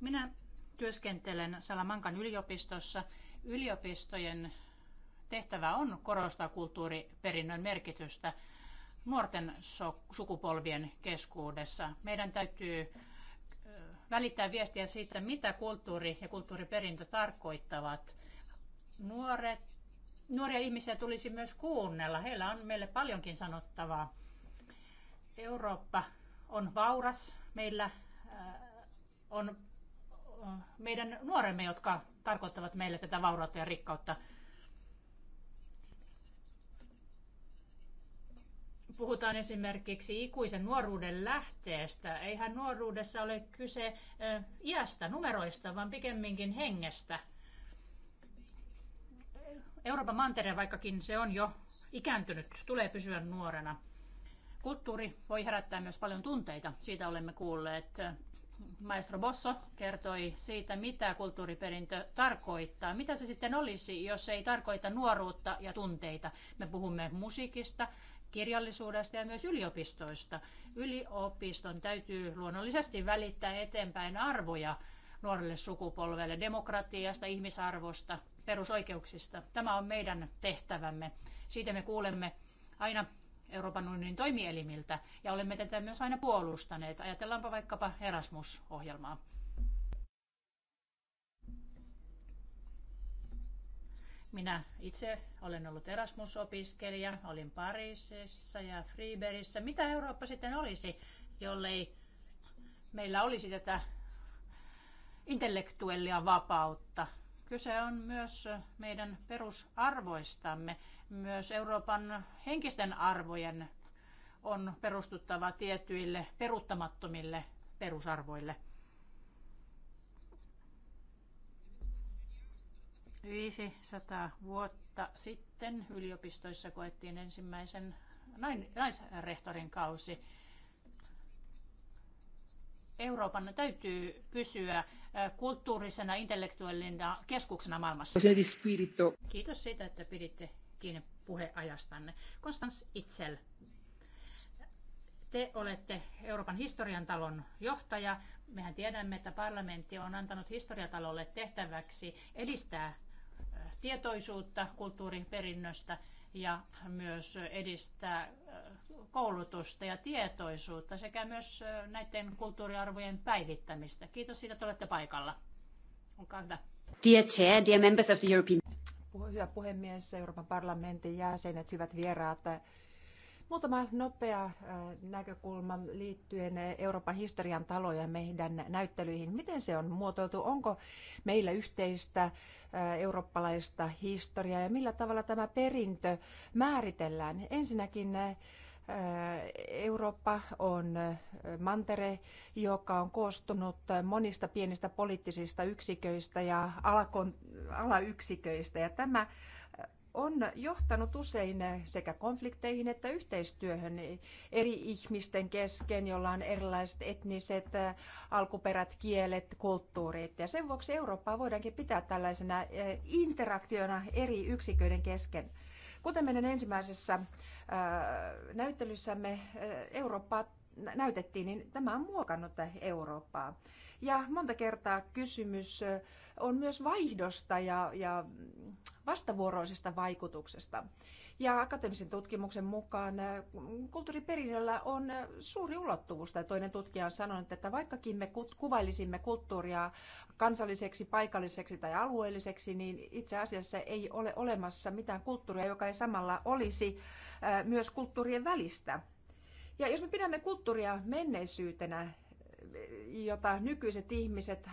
S3: Minä työskentelen Salamankan yliopistossa. Yliopistojen tehtävä on korostaa kulttuuriperinnön merkitystä nuorten sukupolvien keskuudessa. Meidän täytyy välittää viestiä siitä, mitä kulttuuri ja kulttuuriperintö tarkoittavat. Nuoret, nuoria ihmisiä tulisi myös kuunnella. Heillä on meille paljonkin sanottavaa. Eurooppa on vauras. Meillä on meidän nuoremme, jotka tarkoittavat meille tätä vaurautta ja rikkautta – puhutaan esimerkiksi ikuisen nuoruuden lähteestä. Eihän nuoruudessa ole kyse iästä, numeroista, vaan pikemminkin hengestä. Euroopan mantere, vaikkakin se on jo ikääntynyt, tulee pysyä nuorena. Kulttuuri voi herättää myös paljon tunteita, siitä olemme kuulleet. Maestro Bosso kertoi siitä, mitä kulttuuriperintö tarkoittaa. Mitä se sitten olisi, jos ei tarkoita nuoruutta ja tunteita? Me puhumme musiikista kirjallisuudesta ja myös yliopistoista. Yliopiston täytyy luonnollisesti välittää eteenpäin arvoja nuorelle sukupolvelle demokratiasta, ihmisarvosta, perusoikeuksista. Tämä on meidän tehtävämme. Siitä me kuulemme aina Euroopan unionin toimielimiltä ja olemme tätä myös aina puolustaneet. Ajatellaanpa vaikkapa Erasmus-ohjelmaa. Minä itse olen ollut Erasmus-opiskelija, olin Pariisissa ja Friberissä. Mitä Eurooppa sitten olisi, jollei meillä olisi tätä intellektuellia vapautta? Kyse on myös meidän perusarvoistamme, myös Euroopan henkisten arvojen on perustuttava tietyille peruuttamattomille perusarvoille – 500 vuotta sitten yliopistoissa koettiin ensimmäisen naisrehtorin kausi. Euroopan täytyy pysyä kulttuurisena, intellektuellina keskuksena maailmassa. Kiitos siitä, että piditte kiinni puheajastanne. Konstans Itsel, te olette Euroopan historian talon johtaja. Mehän tiedämme, että parlamentti on antanut historiatalolle tehtäväksi edistää tietoisuutta kulttuuriperinnöstä ja myös edistää koulutusta ja tietoisuutta sekä myös näiden kulttuuriarvojen päivittämistä. Kiitos siitä, että olette paikalla. Olkaa hyvä.
S6: Dear Chair, dear members of the European...
S3: Hyvä
S5: puhemies, Euroopan parlamentin jäsenet, hyvät vieraat. Muutama nopea äh, näkökulma liittyen Euroopan historian taloja meidän näyttelyihin. Miten se on muotoiltu? Onko meillä yhteistä äh, eurooppalaista historiaa ja millä tavalla tämä perintö määritellään? Ensinnäkin äh, Eurooppa on mantere, joka on koostunut monista pienistä poliittisista yksiköistä ja alakon, alayksiköistä. Ja tämä on johtanut usein sekä konflikteihin että yhteistyöhön eri ihmisten kesken, jolla on erilaiset etniset alkuperät, kielet, kulttuurit. Ja sen vuoksi Eurooppaa voidaankin pitää tällaisena eh, interaktiona eri yksiköiden kesken. Kuten meidän ensimmäisessä eh, näyttelyssämme, eh, Eurooppaa näytettiin, niin tämä on muokannut Eurooppaa. Ja monta kertaa kysymys on myös vaihdosta ja, ja vastavuoroisesta vaikutuksesta. Ja akateemisen tutkimuksen mukaan kulttuuriperinnöllä on suuri ulottuvuus. Tai toinen tutkija on sanonut, että vaikkakin me kuvailisimme kulttuuria kansalliseksi, paikalliseksi tai alueelliseksi, niin itse asiassa ei ole olemassa mitään kulttuuria, joka ei samalla olisi myös kulttuurien välistä ja jos me pidämme kulttuuria menneisyytenä, jota nykyiset ihmiset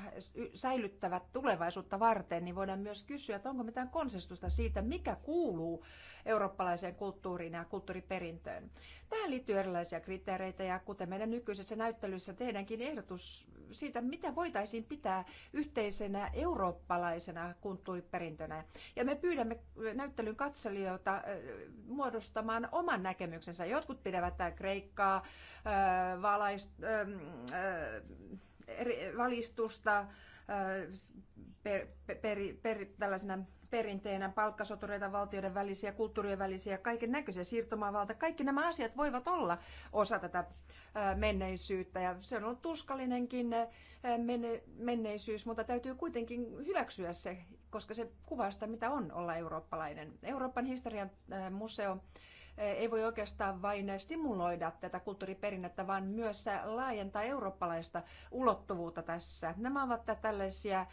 S5: säilyttävät tulevaisuutta varten, niin voidaan myös kysyä, että onko mitään konsensusta siitä, mikä kuuluu eurooppalaiseen kulttuuriin ja kulttuuriperintöön. Tähän liittyy erilaisia kriteereitä ja kuten meidän nykyisessä näyttelyssä tehdäänkin ehdotus siitä, mitä voitaisiin pitää yhteisenä eurooppalaisena kulttuuriperintönä. Ja me pyydämme näyttelyn katselijoita muodostamaan oman näkemyksensä. Jotkut pidävät Kreikkaa, valaist valistusta äh, per, per, per, tällaisena perinteenä, palkkasotureita, valtioiden välisiä, kulttuurien välisiä, kaiken näköisiä siirtomaavalta. Kaikki nämä asiat voivat olla osa tätä äh, menneisyyttä ja se on ollut tuskallinenkin äh, menneisyys, mutta täytyy kuitenkin hyväksyä se, koska se kuvaa sitä mitä on olla eurooppalainen. Euroopan historian museo ei voi oikeastaan vain stimuloida tätä kulttuuriperinnettä, vaan myös laajentaa eurooppalaista ulottuvuutta tässä. Nämä ovat tällaisia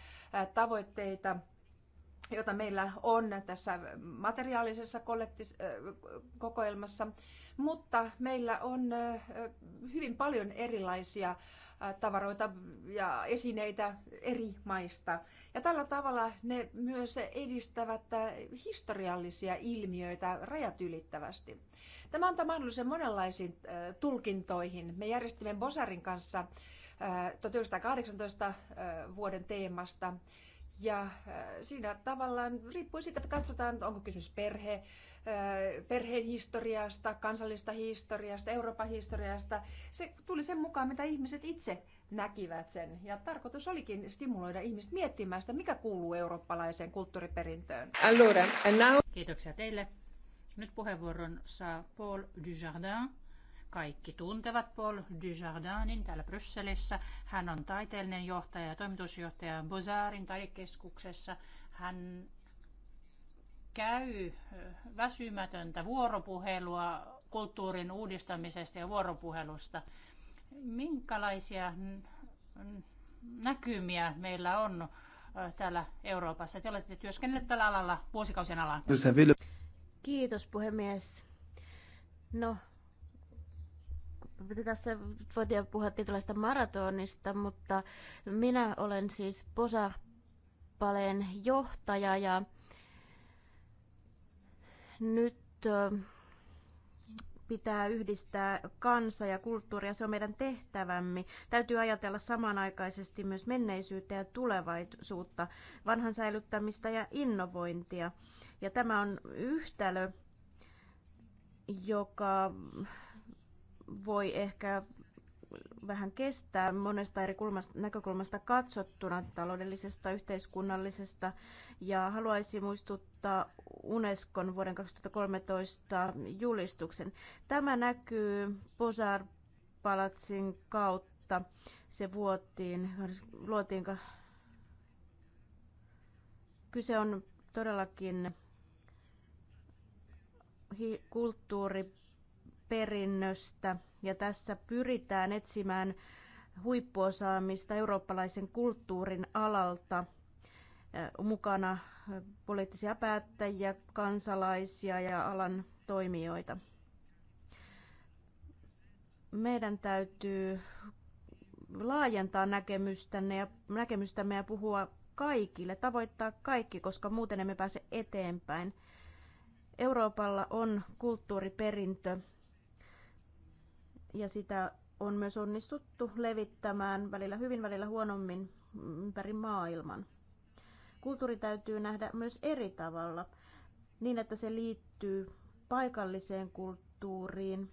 S5: tavoitteita, jota meillä on tässä materiaalisessa kokoelmassa, mutta meillä on hyvin paljon erilaisia tavaroita ja esineitä eri maista. Ja tällä tavalla ne myös edistävät historiallisia ilmiöitä rajat ylittävästi. Tämä antaa mahdollisen monenlaisiin tulkintoihin. Me järjestimme Bosarin kanssa 1918 vuoden teemasta ja äh, siinä tavallaan riippuu siitä, että katsotaan, onko kysymys perhe, äh, perheen historiasta, kansallista historiasta, Euroopan historiasta. Se tuli sen mukaan, mitä ihmiset itse näkivät sen. Ja tarkoitus olikin stimuloida ihmiset miettimään sitä, mikä kuuluu eurooppalaiseen kulttuuriperintöön. Allora,
S3: Kiitoksia teille. Nyt puheenvuoron saa Paul Dujardin, kaikki tuntevat Paul Dujardinin täällä Brysselissä. Hän on taiteellinen johtaja ja toimitusjohtaja Bozarin taidekeskuksessa. Hän käy väsymätöntä vuoropuhelua kulttuurin uudistamisesta ja vuoropuhelusta. Minkälaisia näkymiä meillä on täällä Euroopassa? Te olette työskennelleet tällä alalla vuosikausien alan. Kiitos puhemies. No,
S2: tässä voitiin puhua tietynlaista maratonista, mutta minä olen siis Posa Paleen johtaja ja nyt pitää yhdistää kansa ja kulttuuria, se on meidän tehtävämme. Täytyy ajatella samanaikaisesti myös menneisyyttä ja tulevaisuutta, vanhan säilyttämistä ja innovointia. Ja tämä on yhtälö, joka voi ehkä vähän kestää monesta eri kulmasta, näkökulmasta katsottuna taloudellisesta, yhteiskunnallisesta. Ja haluaisin muistuttaa Unescon vuoden 2013 julistuksen. Tämä näkyy Posar Palatsin kautta. Se vuotiin, luotiinko... kyse on todellakin kulttuuri perinnöstä ja tässä pyritään etsimään huippuosaamista eurooppalaisen kulttuurin alalta mukana poliittisia päättäjiä, kansalaisia ja alan toimijoita. Meidän täytyy laajentaa näkemystänne ja, näkemystämme ja puhua kaikille, tavoittaa kaikki, koska muuten emme pääse eteenpäin. Euroopalla on kulttuuriperintö, ja sitä on myös onnistuttu levittämään välillä hyvin, välillä huonommin ympäri maailman. Kulttuuri täytyy nähdä myös eri tavalla, niin että se liittyy paikalliseen kulttuuriin.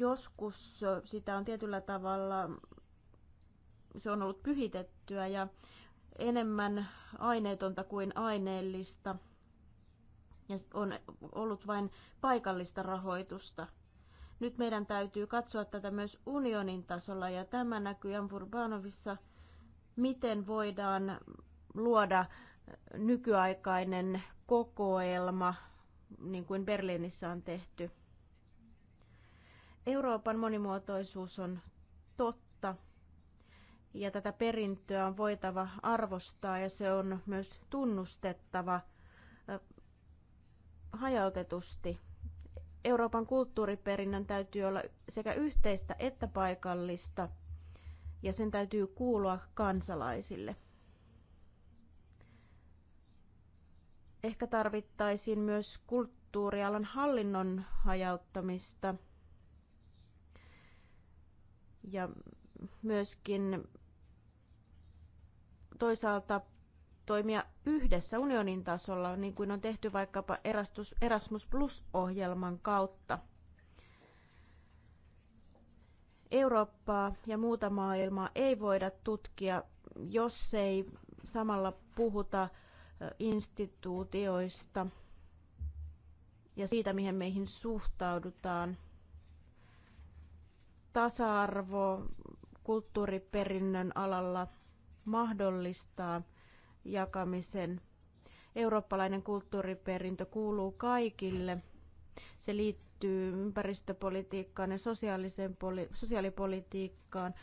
S2: Joskus sitä on tietyllä tavalla, se on ollut pyhitettyä ja enemmän aineetonta kuin aineellista. Ja on ollut vain paikallista rahoitusta nyt meidän täytyy katsoa tätä myös unionin tasolla ja tämä näkyy Furbanovissa, miten voidaan luoda nykyaikainen kokoelma, niin kuin Berliinissä on tehty. Euroopan monimuotoisuus on totta ja tätä perintöä on voitava arvostaa ja se on myös tunnustettava hajautetusti. Euroopan kulttuuriperinnön täytyy olla sekä yhteistä että paikallista ja sen täytyy kuulua kansalaisille. Ehkä tarvittaisiin myös kulttuurialan hallinnon hajauttamista ja myöskin toisaalta toimia yhdessä unionin tasolla, niin kuin on tehty vaikkapa Erasmus Plus-ohjelman kautta. Eurooppaa ja muuta maailmaa ei voida tutkia, jos ei samalla puhuta instituutioista ja siitä, mihin meihin suhtaudutaan. Tasa-arvo kulttuuriperinnön alalla mahdollistaa – jakamisen. Eurooppalainen kulttuuriperintö kuuluu kaikille. Se liittyy ympäristöpolitiikkaan ja sosiaaliseen poli- sosiaalipolitiikkaan,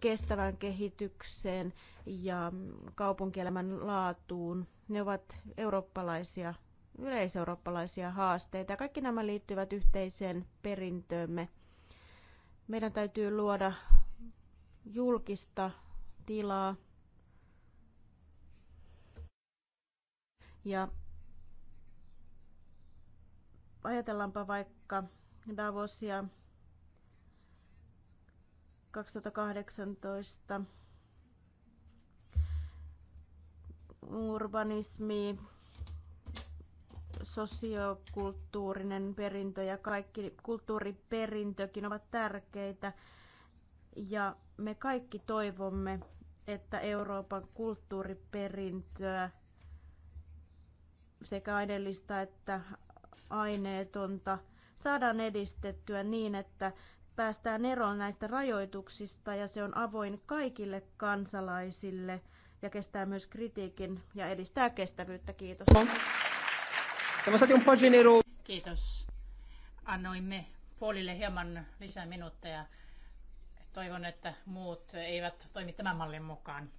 S2: kestävän kehitykseen ja kaupunkielämän laatuun. Ne ovat eurooppalaisia, yleiseurooppalaisia haasteita. Kaikki nämä liittyvät yhteiseen perintöömme. Meidän täytyy luoda julkista tilaa Ja ajatellaanpa vaikka Davosia 2018 urbanismi, sosiokulttuurinen perintö ja kaikki kulttuuriperintökin ovat tärkeitä. Ja me kaikki toivomme, että Euroopan kulttuuriperintöä sekä aineellista että aineetonta saadaan edistettyä niin, että päästään eroon näistä rajoituksista ja se on avoin kaikille kansalaisille ja kestää myös kritiikin ja edistää kestävyyttä. Kiitos.
S3: Kiitos. Annoimme puolille hieman lisää minuutteja. Toivon, että muut eivät toimi tämän mallin mukaan.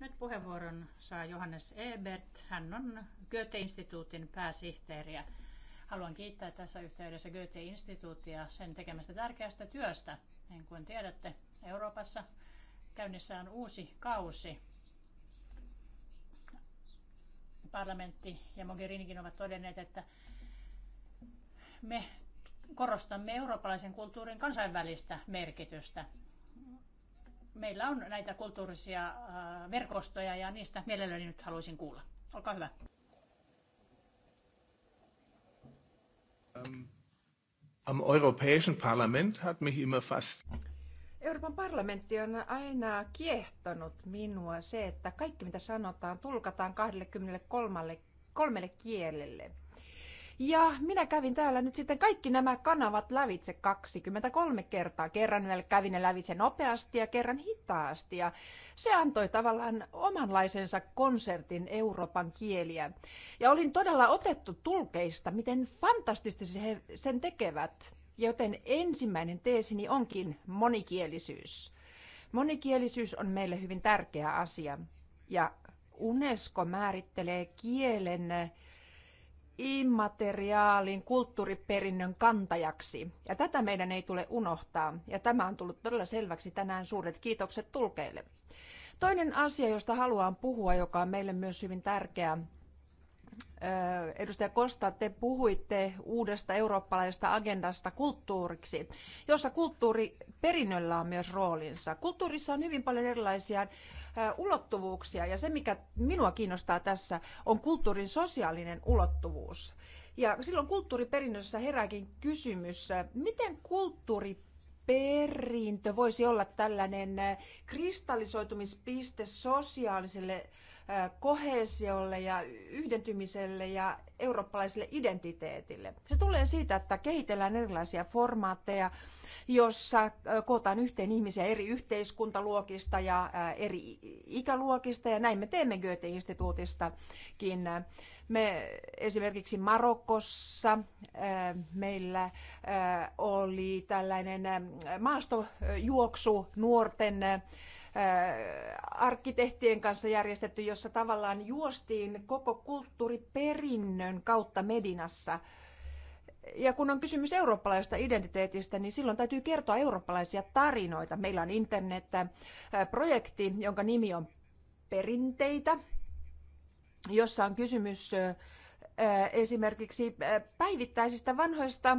S3: Nyt puheenvuoron saa Johannes Ebert. Hän on Goethe-instituutin pääsihteeriä. Haluan kiittää tässä yhteydessä goethe instituuttia sen tekemästä tärkeästä työstä. Niin kuin tiedätte, Euroopassa käynnissä on uusi kausi. Parlamentti ja Mogherinikin ovat todenneet, että me korostamme eurooppalaisen kulttuurin kansainvälistä merkitystä meillä on näitä kulttuurisia äh, verkostoja ja niistä mielelläni nyt haluaisin kuulla. Olkaa hyvä.
S4: Ähm, am Europäischen
S1: Parlament hat mich immer fast...
S5: Euroopan parlamentti on aina kiehtonut minua se, että kaikki mitä sanotaan tulkataan 23 kolmelle kielelle. Ja minä kävin täällä nyt sitten kaikki nämä kanavat lävitse 23 kertaa. Kerran kävin ne lävitse nopeasti ja kerran hitaasti. Ja se antoi tavallaan omanlaisensa konsertin Euroopan kieliä. Ja olin todella otettu tulkeista, miten fantastisesti he sen tekevät. Joten ensimmäinen teesini onkin monikielisyys. Monikielisyys on meille hyvin tärkeä asia. Ja UNESCO määrittelee kielen immateriaalin kulttuuriperinnön kantajaksi. Ja tätä meidän ei tule unohtaa. Ja tämä on tullut todella selväksi tänään. Suuret kiitokset tulkeille. Toinen asia, josta haluan puhua, joka on meille myös hyvin tärkeä, Edustaja Kosta, te puhuitte uudesta eurooppalaisesta agendasta kulttuuriksi, jossa kulttuuriperinnöllä on myös roolinsa. Kulttuurissa on hyvin paljon erilaisia ulottuvuuksia. Ja se, mikä minua kiinnostaa tässä, on kulttuurin sosiaalinen ulottuvuus. Ja silloin kulttuuriperinnössä herääkin kysymys, miten kulttuuri perintö voisi olla tällainen kristallisoitumispiste sosiaaliselle kohesiolle ja yhdentymiselle ja eurooppalaiselle identiteetille. Se tulee siitä, että kehitellään erilaisia formaatteja, jossa kootaan yhteen ihmisiä eri yhteiskuntaluokista ja eri ikäluokista, ja näin me teemme Goethe-instituutistakin. Me esimerkiksi Marokossa meillä oli tällainen maastojuoksu nuorten arkkitehtien kanssa järjestetty, jossa tavallaan juostiin koko kulttuuriperinnön kautta Medinassa. Ja kun on kysymys eurooppalaisesta identiteetistä, niin silloin täytyy kertoa eurooppalaisia tarinoita. Meillä on internet-projekti, jonka nimi on Perinteitä, jossa on kysymys esimerkiksi päivittäisistä vanhoista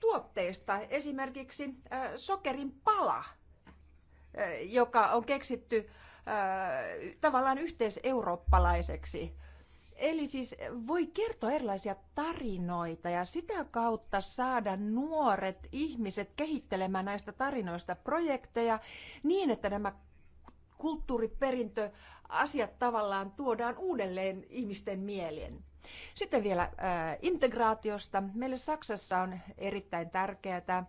S5: tuotteista, esimerkiksi sokerin pala – joka on keksitty äh, tavallaan yhteiseurooppalaiseksi. Eli siis voi kertoa erilaisia tarinoita ja sitä kautta saada nuoret ihmiset kehittelemään näistä tarinoista projekteja niin, että nämä kulttuuriperintöasiat tavallaan tuodaan uudelleen ihmisten mieleen. Sitten vielä äh, integraatiosta. Meille Saksassa on erittäin tärkeää. Äh,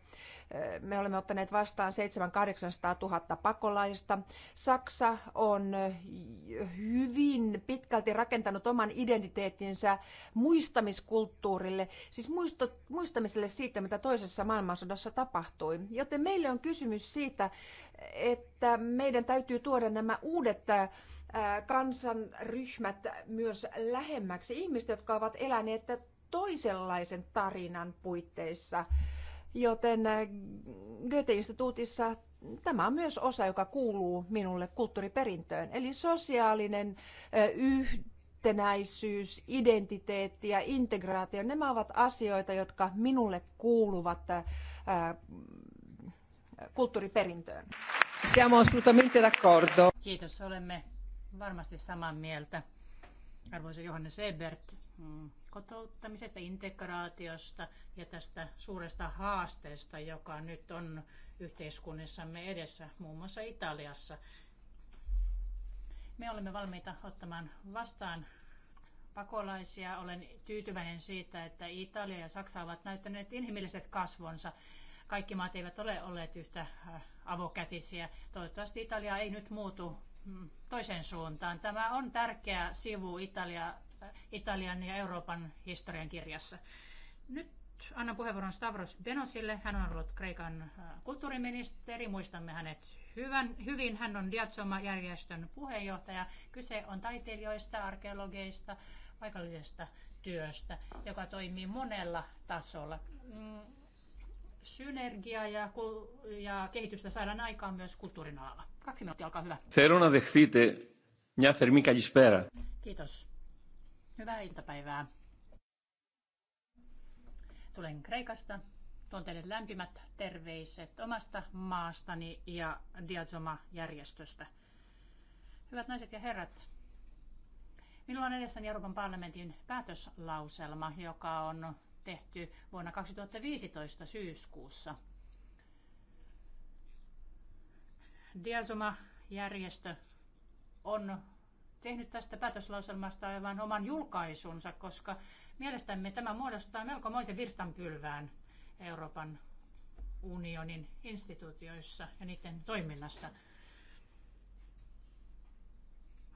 S5: me olemme ottaneet vastaan 700 000 pakolaista. Saksa on äh, hyvin pitkälti rakentanut oman identiteettinsä muistamiskulttuurille, siis muisto, muistamiselle siitä, mitä toisessa maailmansodassa tapahtui. Joten meille on kysymys siitä, että meidän täytyy tuoda nämä uudet kansanryhmät myös lähemmäksi ihmistä, jotka ovat eläneet toisenlaisen tarinan puitteissa. Joten Goethe-instituutissa tämä on myös osa, joka kuuluu minulle kulttuuriperintöön. Eli sosiaalinen yhtenäisyys, identiteetti ja integraatio, nämä ovat asioita, jotka minulle kuuluvat
S3: kulttuuriperintöön. Siamo assolutamente d'accordo. Kiitos, olemme varmasti samaa mieltä, arvoisa Johannes Ebert, mm, kotouttamisesta, integraatiosta ja tästä suuresta haasteesta, joka nyt on yhteiskunnissamme edessä, muun muassa Italiassa. Me olemme valmiita ottamaan vastaan pakolaisia. Olen tyytyväinen siitä, että Italia ja Saksa ovat näyttäneet inhimilliset kasvonsa. Kaikki maat eivät ole olleet yhtä äh, avokätisiä. Toivottavasti Italia ei nyt muutu Mm, toisen suuntaan. Tämä on tärkeä sivu Italia, Italian ja Euroopan historian kirjassa. Nyt annan puheenvuoron Stavros Benosille. Hän on ollut Kreikan äh, kulttuuriministeri. Muistamme hänet hyvän, hyvin. Hän on Diatsoma-järjestön puheenjohtaja. Kyse on taiteilijoista, arkeologeista, paikallisesta työstä, joka toimii monella tasolla. Mm, synergia ja, ja kehitystä saadaan aikaan myös kulttuurin alalla. Kaksi minuuttia, olkaa hyvä.
S1: Θέλω να δεχθείτε μια θερμή καλησπέρα.
S3: Kiitos. Hyvää iltapäivää. Tulen Kreikasta. Tuon teille lämpimät terveiset omasta maastani ja Diazoma-järjestöstä. Hyvät naiset ja herrat, minulla on edessäni Euroopan parlamentin päätöslauselma, joka on tehty vuonna 2015 syyskuussa – Diasoma-järjestö on tehnyt tästä päätöslauselmasta aivan oman julkaisunsa, koska mielestämme tämä muodostaa melkomoisen virstanpylvään Euroopan unionin instituutioissa ja niiden toiminnassa.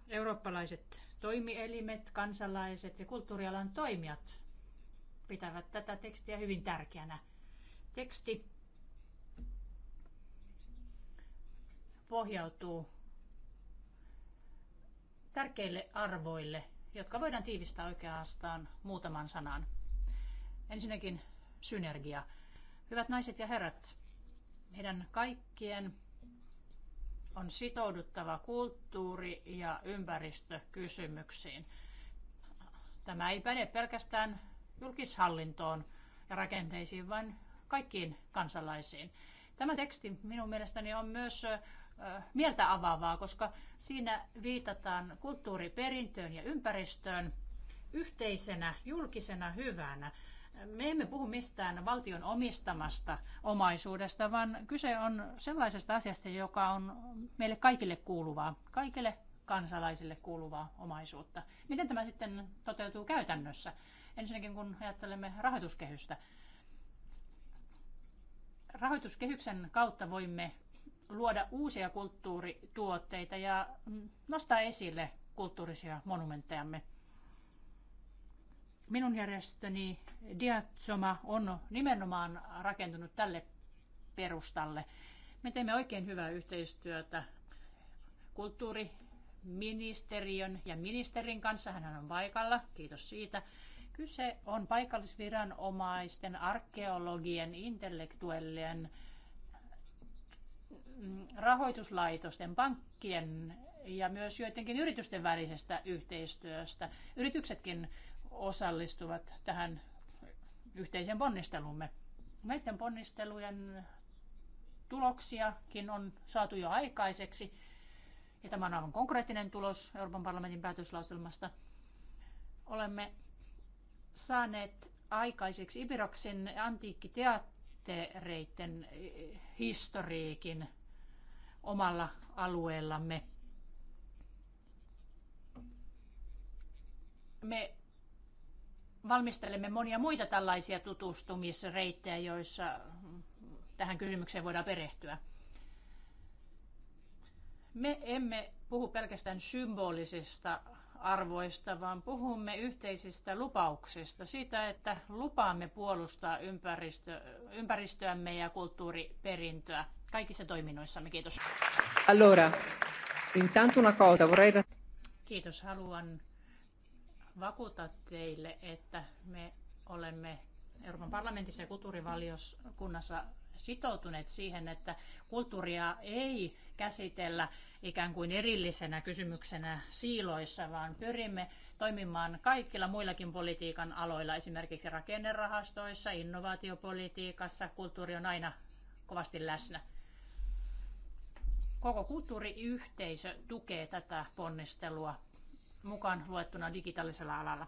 S3: Eurooppalaiset toimielimet, kansalaiset ja kulttuurialan toimijat pitävät tätä tekstiä hyvin tärkeänä. Teksti pohjautuu tärkeille arvoille, jotka voidaan tiivistää oikeastaan muutaman sanan. Ensinnäkin synergia. Hyvät naiset ja herrat, meidän kaikkien on sitouduttava kulttuuri- ja ympäristökysymyksiin. Tämä ei päde pelkästään julkishallintoon ja rakenteisiin, vaan kaikkiin kansalaisiin. Tämä teksti minun mielestäni on myös mieltä avaavaa, koska siinä viitataan kulttuuriperintöön ja ympäristöön yhteisenä julkisena hyvänä. Me emme puhu mistään valtion omistamasta omaisuudesta, vaan kyse on sellaisesta asiasta, joka on meille kaikille kuuluvaa, kaikille kansalaisille kuuluvaa omaisuutta. Miten tämä sitten toteutuu käytännössä? Ensinnäkin kun ajattelemme rahoituskehystä. Rahoituskehyksen kautta voimme luoda uusia kulttuurituotteita ja nostaa esille kulttuurisia monumenttejamme. Minun järjestöni Diatsoma on nimenomaan rakentunut tälle perustalle. Me teemme oikein hyvää yhteistyötä kulttuuriministeriön ja ministerin kanssa. Hän on paikalla, kiitos siitä. Kyse on paikallisviranomaisten, arkeologien, intellektuellien, rahoituslaitosten, pankkien ja myös joidenkin yritysten välisestä yhteistyöstä. Yrityksetkin osallistuvat tähän yhteiseen ponnistelumme. Näiden ponnistelujen tuloksiakin on saatu jo aikaiseksi. Ja tämä on aivan konkreettinen tulos Euroopan parlamentin päätöslauselmasta. Olemme saaneet aikaiseksi Ibiroksen antiikkiteattereiden historiikin omalla alueellamme. Me valmistelemme monia muita tällaisia tutustumisreittejä, joissa tähän kysymykseen voidaan perehtyä. Me emme puhu pelkästään symbolisista arvoista, vaan puhumme yhteisistä lupauksista, siitä, että lupaamme puolustaa ympäristö, ympäristöämme ja kulttuuriperintöä kaikissa toiminnoissamme. Kiitos.
S5: Allora,
S7: intanto una cosa, vorrei...
S3: Kiitos. Haluan vakuuttaa teille, että me olemme Euroopan parlamentissa ja kulttuurivaliokunnassa sitoutuneet siihen, että kulttuuria ei käsitellä ikään kuin erillisenä kysymyksenä siiloissa, vaan pyrimme toimimaan kaikilla muillakin politiikan aloilla, esimerkiksi rakennerahastoissa, innovaatiopolitiikassa, kulttuuri on aina kovasti läsnä. Koko kulttuuriyhteisö tukee tätä ponnistelua mukaan luettuna digitaalisella alalla.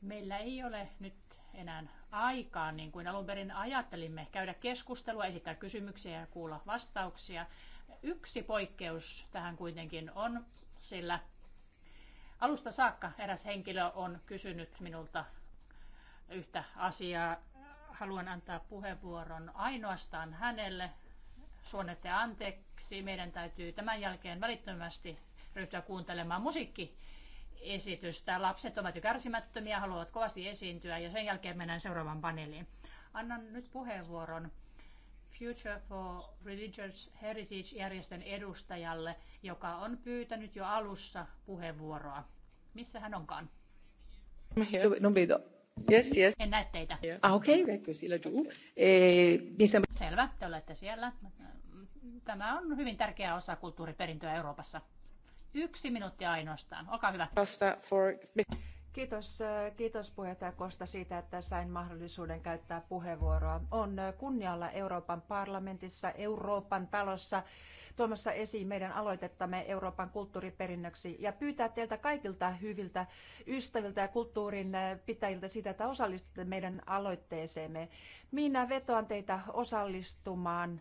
S3: Meillä ei ole nyt enää aikaa, niin kuin alun perin ajattelimme, käydä keskustelua, esittää kysymyksiä ja kuulla vastauksia. Yksi poikkeus tähän kuitenkin on, sillä alusta saakka eräs henkilö on kysynyt minulta yhtä asiaa. Haluan antaa puheenvuoron ainoastaan hänelle suonette anteeksi. Meidän täytyy tämän jälkeen välittömästi ryhtyä kuuntelemaan musiikkiesitystä. Lapset ovat jo kärsimättömiä, haluavat kovasti esiintyä ja sen jälkeen mennään seuraavaan paneeliin. Annan nyt puheenvuoron Future for Religious Heritage-järjestön edustajalle, joka on pyytänyt jo alussa puheenvuoroa. Missä hän onkaan? No, yes, yes. En näe teitä. Ah, okei, okay. sillä juu. Eh, niin Selvä, te olette siellä. Tämä on hyvin tärkeä osa kulttuuriperintöä Euroopassa. Yksi minuutti ainoastaan. Olkaa hyvä.
S5: Kiitos, äh, kiitos puheenjohtaja Kosta siitä, että sain mahdollisuuden käyttää puheenvuoroa. On äh, kunnialla Euroopan parlamentissa, Euroopan talossa tuomassa esiin meidän aloitettamme Euroopan kulttuuriperinnöksi ja pyytää teiltä kaikilta hyviltä ystäviltä ja kulttuurin äh, pitäjiltä sitä, että osallistutte meidän aloitteeseemme. Minä vetoan teitä osallistumaan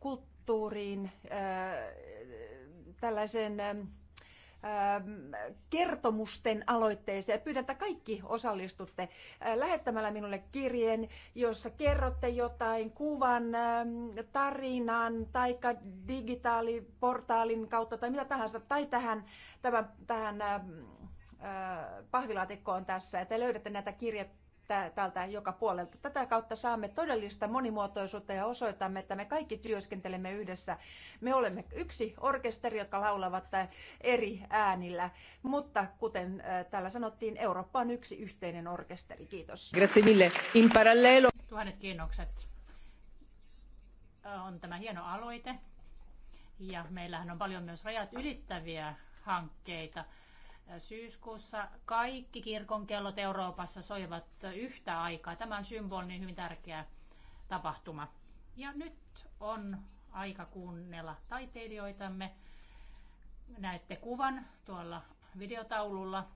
S5: kulttuuriin, tällaiseen kertomusten aloitteeseen. pyydän, että kaikki osallistutte lähettämällä minulle kirjeen, jossa kerrotte jotain kuvan, tarinan tai digitaaliportaalin kautta tai mitä tahansa, tai tähän, tämän, tähän pahvilaatikkoon tässä. Ja te löydätte näitä kirjeitä täältä joka puolelta. Tätä kautta saamme todellista monimuotoisuutta ja osoitamme, että me kaikki työskentelemme yhdessä. Me olemme yksi orkesteri, jotka laulavat eri äänillä, mutta kuten täällä sanottiin, Eurooppa on yksi yhteinen orkesteri. Kiitos. Grazie mille. In parallelo.
S3: Tuhannet kiinnokset. On tämä hieno aloite. Ja meillähän on paljon myös rajat ylittäviä hankkeita syyskuussa kaikki kellot Euroopassa soivat yhtä aikaa. Tämä on symbolinen hyvin tärkeä tapahtuma. Ja nyt on aika kuunnella taiteilijoitamme. Näette kuvan tuolla videotaululla,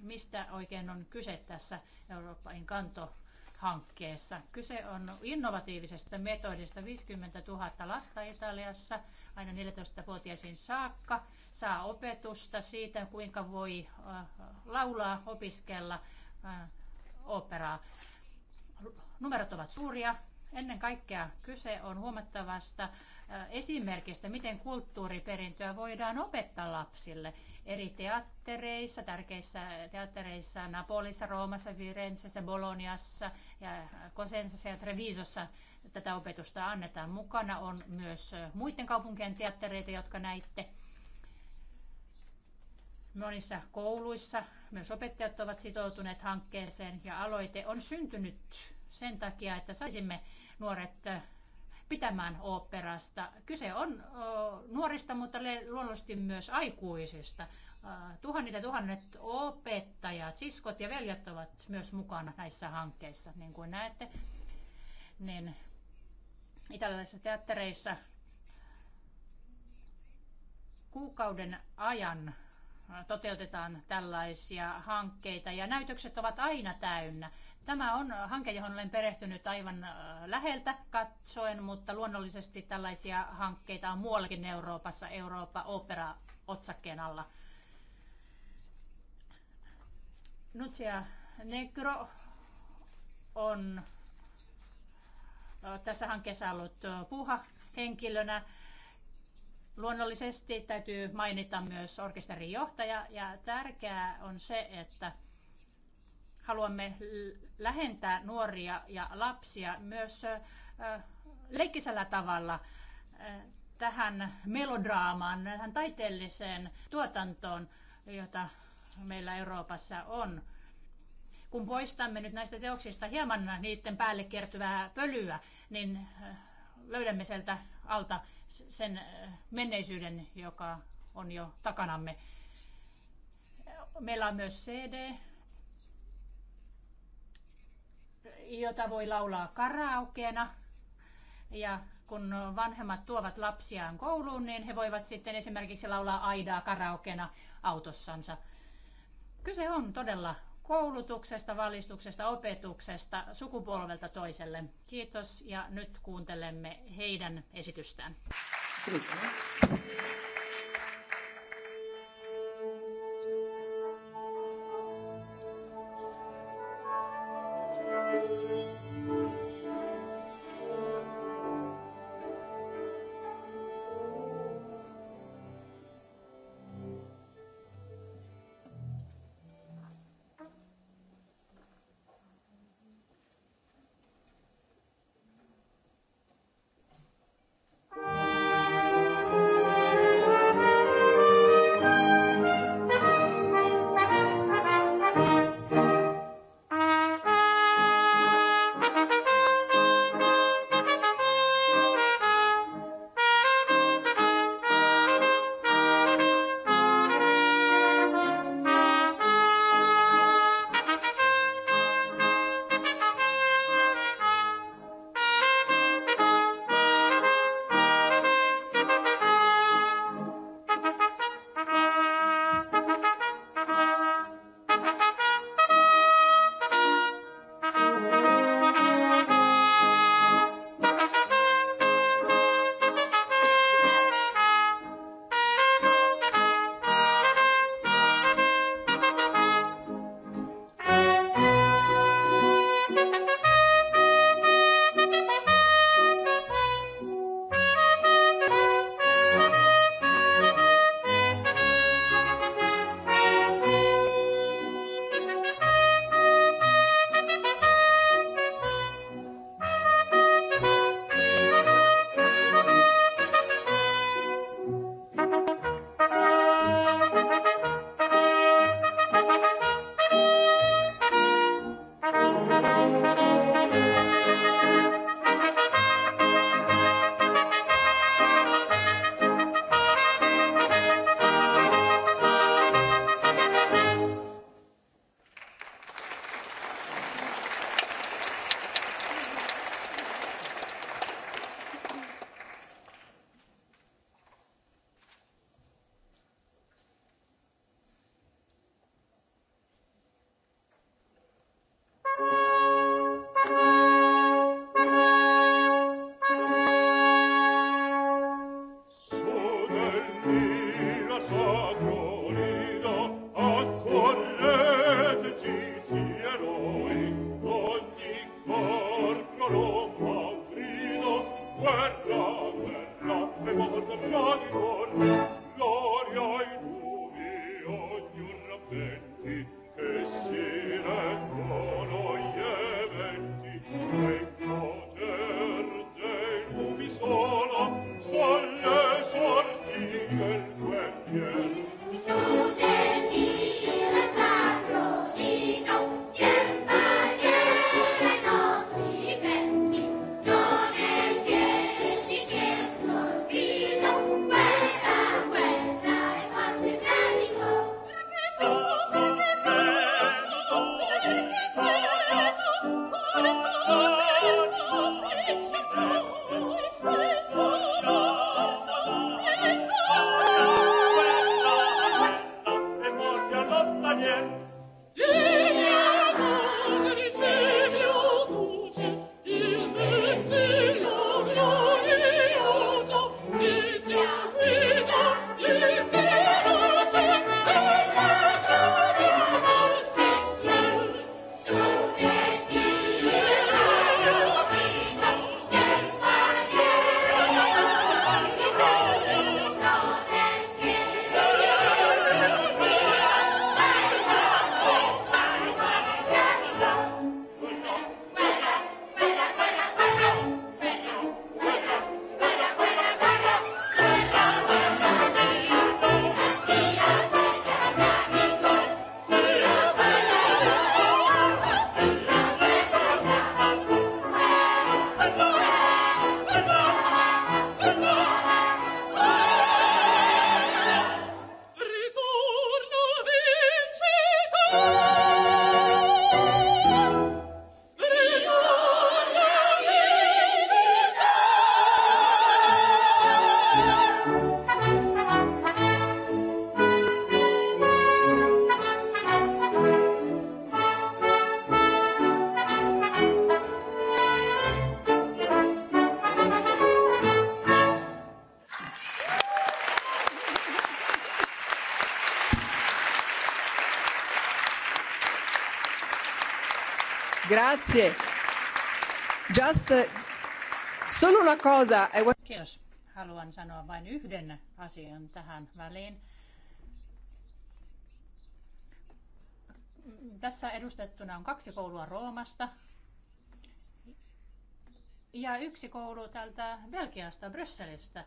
S3: mistä oikein on kyse tässä Euroopan kanto hankkeessa. Kyse on innovatiivisesta metodista. 50 000 lasta Italiassa aina 14-vuotiaisiin saakka saa opetusta siitä, kuinka voi äh, laulaa, opiskella äh, operaa. Numerot ovat suuria, Ennen kaikkea kyse on huomattavasta esimerkistä, miten kulttuuriperintöä voidaan opettaa lapsille eri teattereissa, tärkeissä teattereissa, Napolissa, Roomassa, Virensessä, Boloniassa, ja Kosensassa ja Trevisossa tätä opetusta annetaan. Mukana on myös muiden kaupunkien teattereita, jotka näitte. Monissa kouluissa myös opettajat ovat sitoutuneet hankkeeseen ja aloite on syntynyt sen takia, että saisimme nuoret pitämään oopperasta. Kyse on nuorista, mutta luonnollisesti myös aikuisista. Tuhannet ja tuhannet opettajat, siskot ja veljet ovat myös mukana näissä hankkeissa, niin kuin näette. Niin italialaisissa teattereissa kuukauden ajan toteutetaan tällaisia hankkeita ja näytökset ovat aina täynnä. Tämä on hanke, johon olen perehtynyt aivan äh, läheltä katsoen, mutta luonnollisesti tällaisia hankkeita on muuallakin Euroopassa, Eurooppa opera otsakkeen alla. Nutsia Negro on äh, tässä hankkeessa ollut puha henkilönä Luonnollisesti täytyy mainita myös orkesterin johtaja ja tärkeää on se, että haluamme lähentää nuoria ja lapsia myös leikkisellä tavalla tähän melodraamaan, tähän taiteelliseen tuotantoon, jota meillä Euroopassa on. Kun poistamme nyt näistä teoksista hieman niiden päälle kertyvää pölyä, niin löydämme sieltä alta sen menneisyyden, joka on jo takanamme. Meillä on myös CD, jota voi laulaa karaokeena. Ja kun vanhemmat tuovat lapsiaan kouluun, niin he voivat sitten esimerkiksi laulaa aidaa karaokeena autossansa. Kyse on todella koulutuksesta, valistuksesta, opetuksesta sukupolvelta toiselle. Kiitos ja nyt kuuntelemme heidän esitystään. Kiitos. Grazie. Just eh, solo una cosa. Kiitos. Haluan sanoa vain yhden asian tähän väliin. Tässä edustettuna on kaksi koulua Roomasta ja yksi koulu täältä Belgiasta, Brysselistä.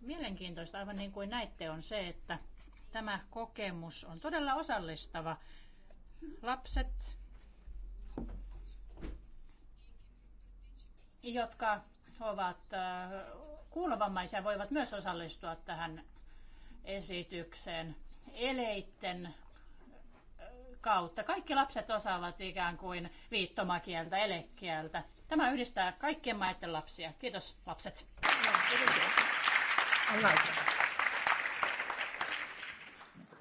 S3: Mielenkiintoista, aivan niin kuin näitte, on se, että tämä kokemus on todella osallistava. Lapset jotka ovat äh, kuulovammaisia, voivat myös osallistua tähän esitykseen eleitten äh, kautta. Kaikki lapset osaavat ikään kuin viittomakieltä, elekieltä. Tämä yhdistää kaikkien maiden lapsia. Kiitos lapset.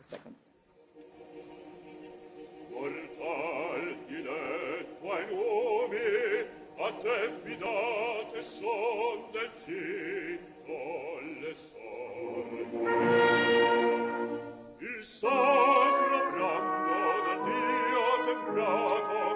S7: Second.
S4: Fate fidate son del cinto le sol. Il sacro brando del Dio temprato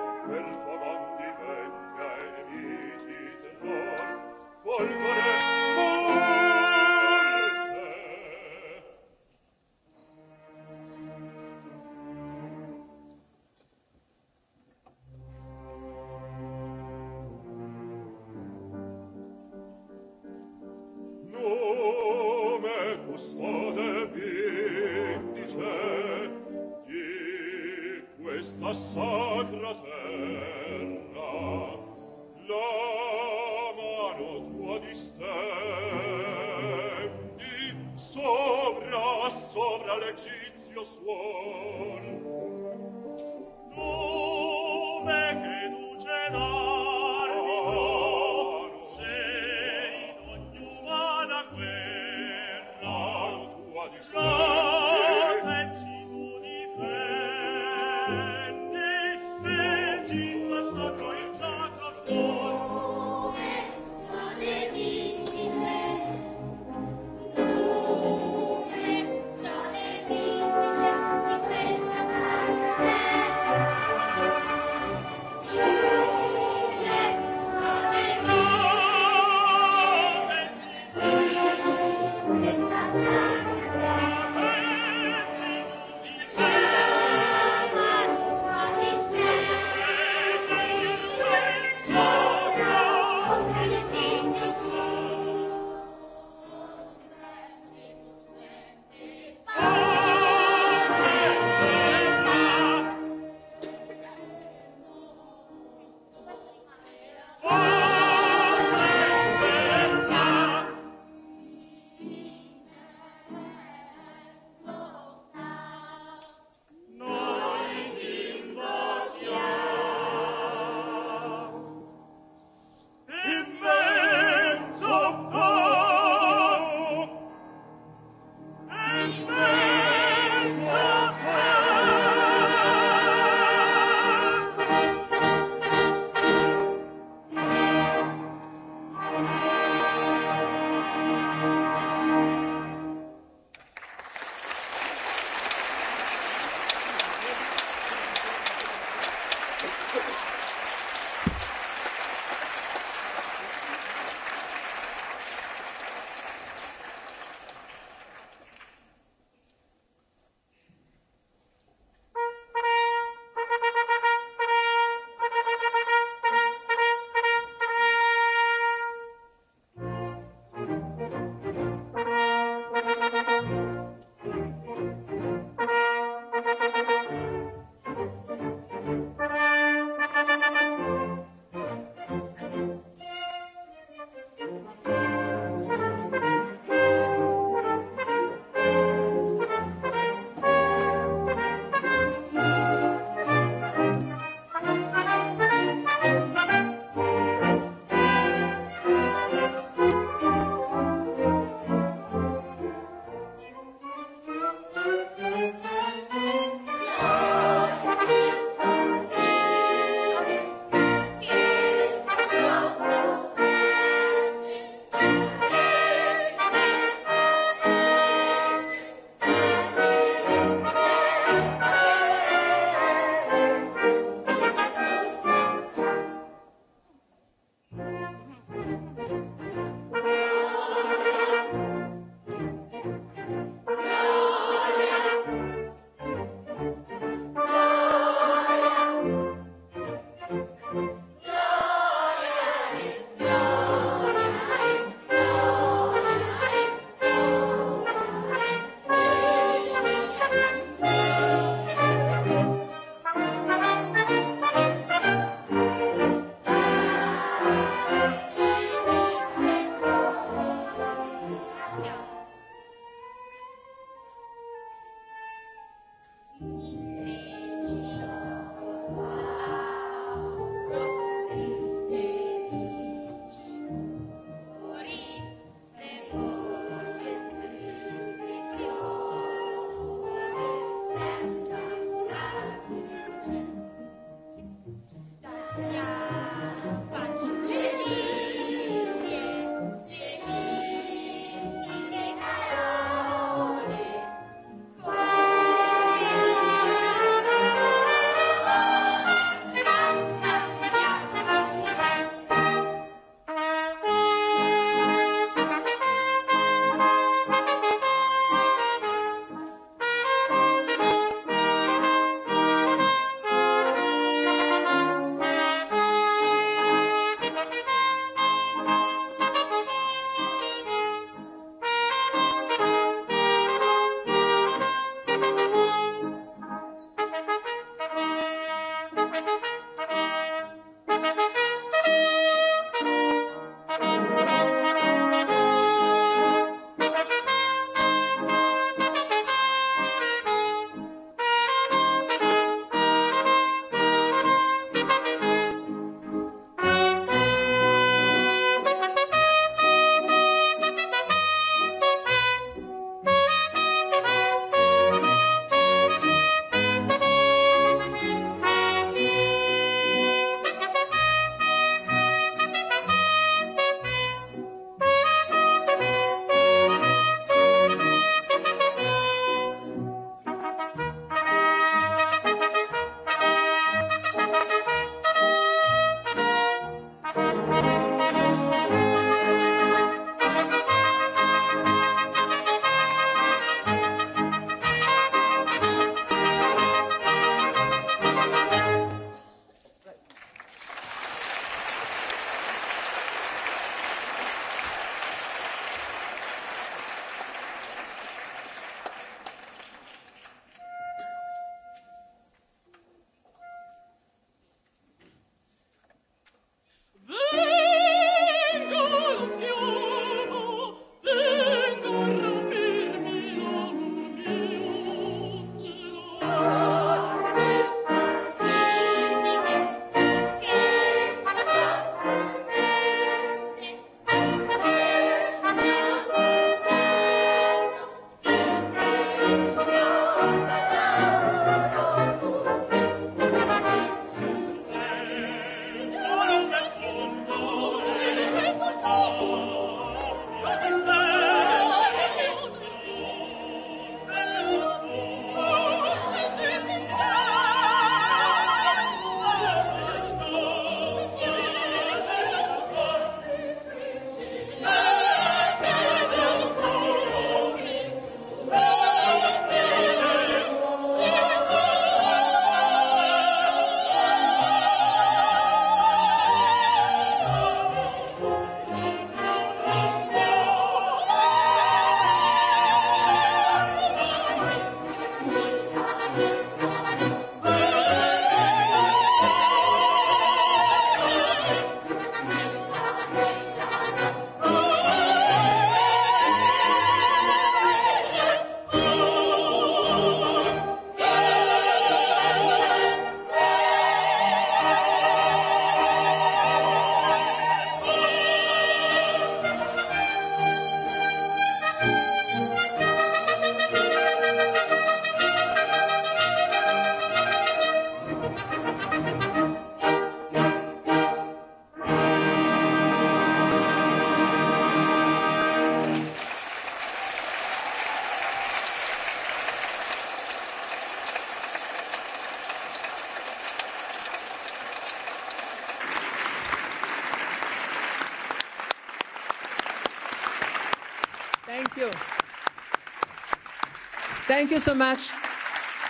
S4: Thank you so much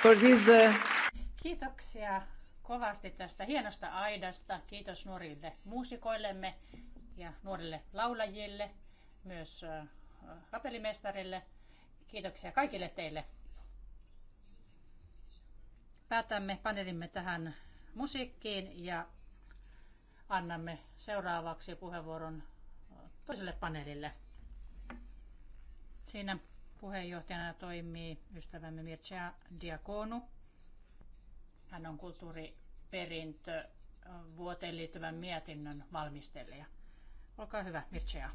S4: for this. Uh,
S3: Kiitoksia kovasti tästä hienosta aidasta. Kiitos nuorille muusikoillemme ja nuorille laulajille, myös kapellimestarille. Kiitoksia kaikille teille. Päätämme panelimme tähän musiikkiin ja annamme seuraavaksi puheenvuoron toiselle paneelille. Siinä Puheenjohtajana toimii ystävämme Mircea Diakonu. Hän on kulttuuriperintö vuoteen liittyvän mietinnön valmistelija. Olkaa hyvä, Mircea.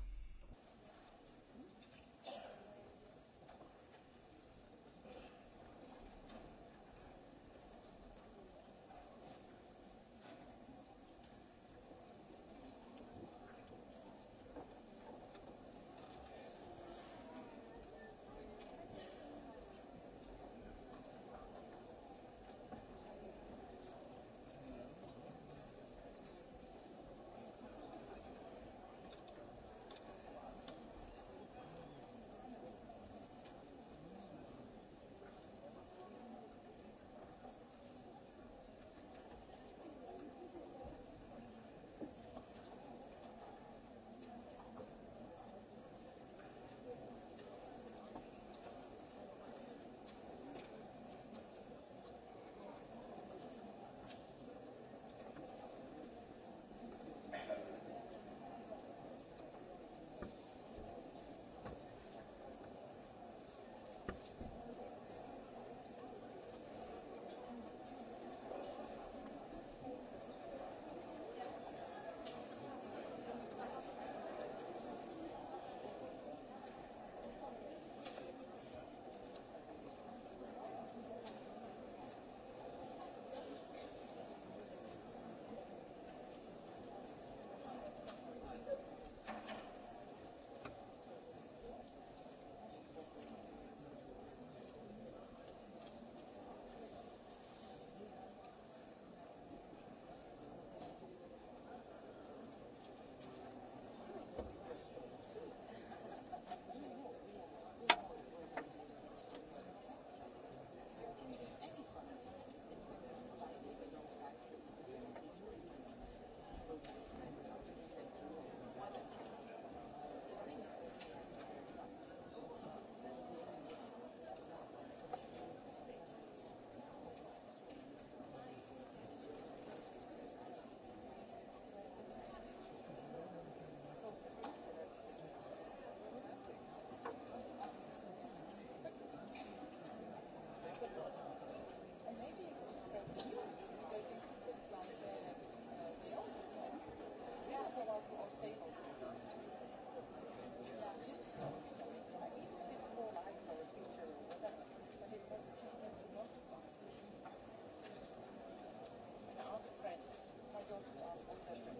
S4: Thank you.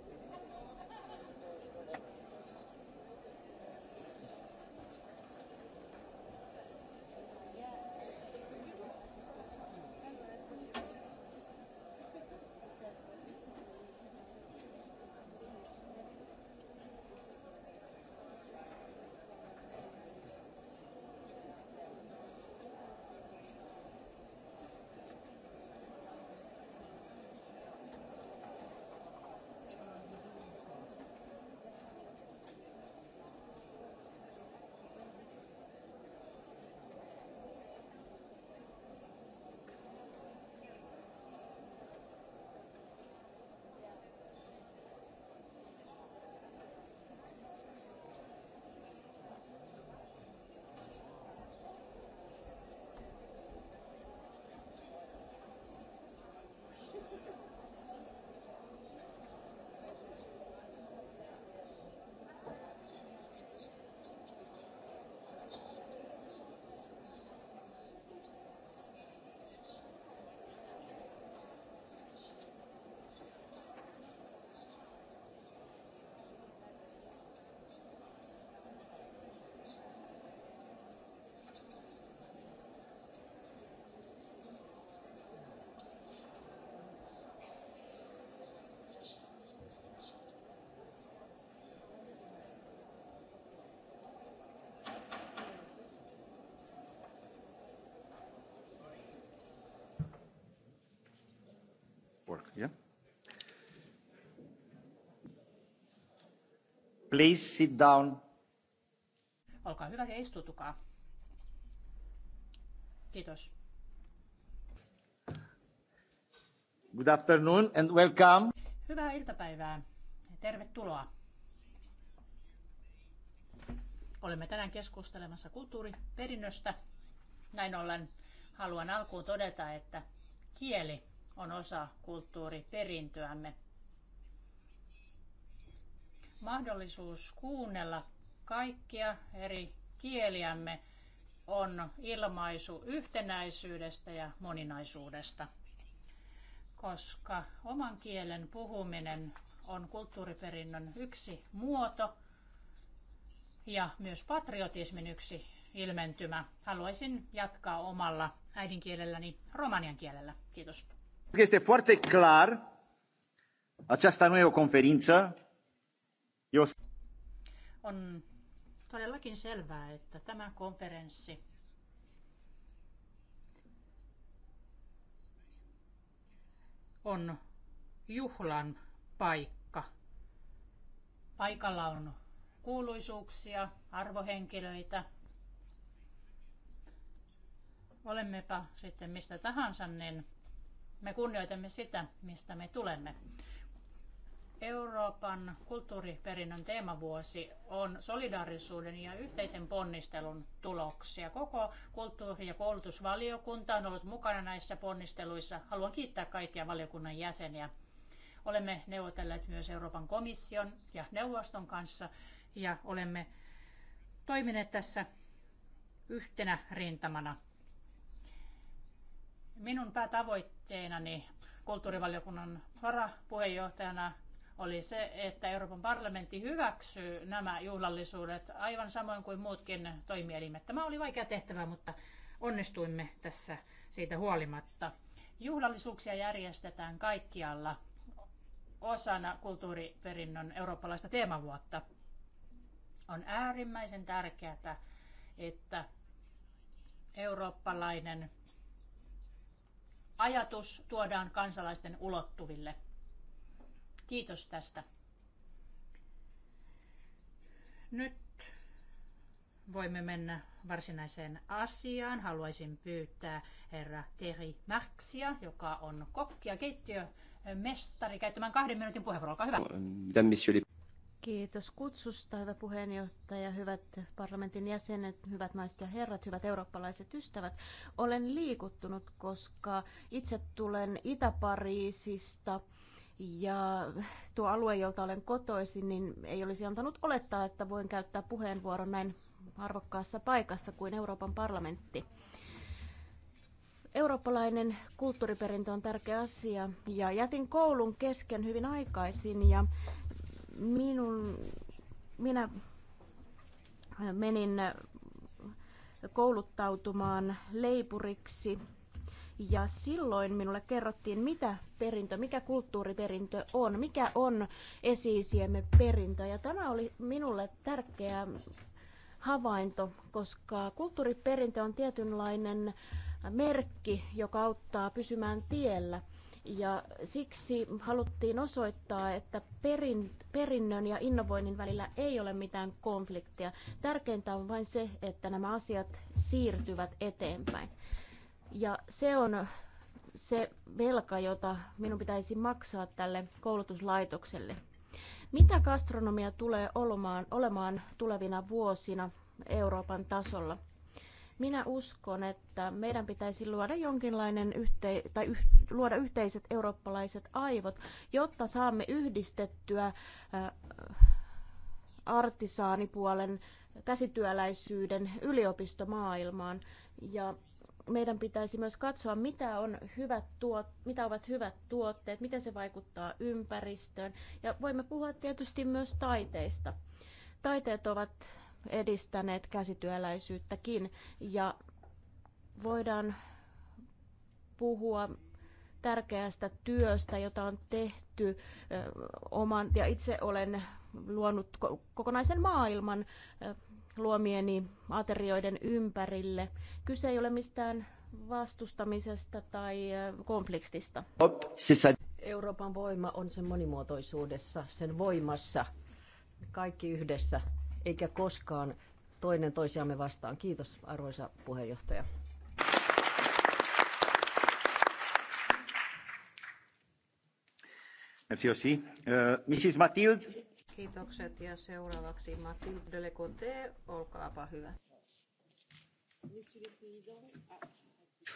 S5: work. Yeah.
S1: Please sit down.
S3: Olkaa hyvä ja istutukaa. Kiitos.
S1: Good afternoon and welcome.
S3: Hyvää iltapäivää. Tervetuloa. Olemme tänään keskustelemassa kulttuuriperinnöstä. Näin ollen haluan alkuun todeta, että kieli on osa kulttuuriperintöämme. Mahdollisuus kuunnella kaikkia eri kieliämme on ilmaisu yhtenäisyydestä ja moninaisuudesta, koska oman kielen puhuminen on kulttuuriperinnön yksi muoto ja myös patriotismin yksi ilmentymä. Haluaisin jatkaa omalla äidinkielelläni romanian kielellä. Kiitos.
S1: Este foarte clar, aceasta nu e o conferință. E o...
S3: On todellakin selvää, että tämä konferenssi on juhlan paikka. Paikalla on kuuluisuuksia, arvohenkilöitä. Olemmepa sitten mistä tahansa, niin me kunnioitamme sitä, mistä me tulemme. Euroopan kulttuuriperinnön teemavuosi on solidaarisuuden ja yhteisen ponnistelun tuloksia. Koko kulttuuri- ja koulutusvaliokunta on ollut mukana näissä ponnisteluissa. Haluan kiittää kaikkia valiokunnan jäseniä. Olemme neuvotelleet myös Euroopan komission ja neuvoston kanssa ja olemme toimineet tässä yhtenä rintamana. Minun päätavoitteenani kulttuurivaliokunnan varapuheenjohtajana oli se, että Euroopan parlamentti hyväksyy nämä juhlallisuudet aivan samoin kuin muutkin toimielimet. Tämä oli vaikea tehtävä, mutta onnistuimme tässä siitä huolimatta. Juhlallisuuksia järjestetään kaikkialla osana kulttuuriperinnön eurooppalaista teemavuotta. On äärimmäisen tärkeää, että eurooppalainen ajatus tuodaan kansalaisten ulottuville. Kiitos tästä. Nyt voimme mennä varsinaiseen asiaan. Haluaisin pyytää herra Terry Marksia, joka on kokki ja keittiömestari, käyttämään kahden minuutin puheenvuoron. Olkaa hyvä.
S4: Mitä, messieurs
S2: Kiitos kutsusta, hyvä puheenjohtaja, hyvät parlamentin jäsenet, hyvät naiset ja herrat, hyvät eurooppalaiset ystävät. Olen liikuttunut, koska itse tulen Itä-Pariisista ja tuo alue, jolta olen kotoisin, niin ei olisi antanut olettaa, että voin käyttää puheenvuoron näin arvokkaassa paikassa kuin Euroopan parlamentti. Eurooppalainen kulttuuriperintö on tärkeä asia ja jätin koulun kesken hyvin aikaisin ja minun, minä menin kouluttautumaan leipuriksi ja silloin minulle kerrottiin, mitä perintö, mikä kulttuuriperintö on, mikä on esiisiemme perintö. Ja tämä oli minulle tärkeä havainto, koska kulttuuriperintö on tietynlainen merkki, joka auttaa pysymään tiellä – ja siksi haluttiin osoittaa, että perin, perinnön ja innovoinnin välillä ei ole mitään konfliktia. Tärkeintä on vain se, että nämä asiat siirtyvät eteenpäin. Ja se on se velka, jota minun pitäisi maksaa tälle koulutuslaitokselle. Mitä gastronomia tulee olemaan, olemaan tulevina vuosina Euroopan tasolla? Minä uskon, että meidän pitäisi luoda jonkinlainen yhte- tai yh- luoda yhteiset eurooppalaiset aivot, jotta saamme yhdistettyä äh, artisaanipuolen käsityöläisyyden yliopistomaailmaan. Ja meidän pitäisi myös katsoa, mitä, on hyvät tuot, mitä ovat hyvät tuotteet, miten se vaikuttaa ympäristöön. Ja voimme puhua tietysti myös taiteista. Taiteet ovat edistäneet käsityöläisyyttäkin ja voidaan puhua tärkeästä työstä, jota on tehty oman, ja itse olen luonut kokonaisen maailman luomieni aterioiden ympärille. Kyse ei ole mistään vastustamisesta tai konfliktista.
S6: Euroopan voima on sen monimuotoisuudessa, sen voimassa, kaikki yhdessä eikä koskaan toinen toisiamme vastaan. Kiitos arvoisa puheenjohtaja. Merci aussi. Uh, Mrs. Mathilde. Kiitokset ja seuraavaksi Mathilde Lecote, olkaapa hyvä.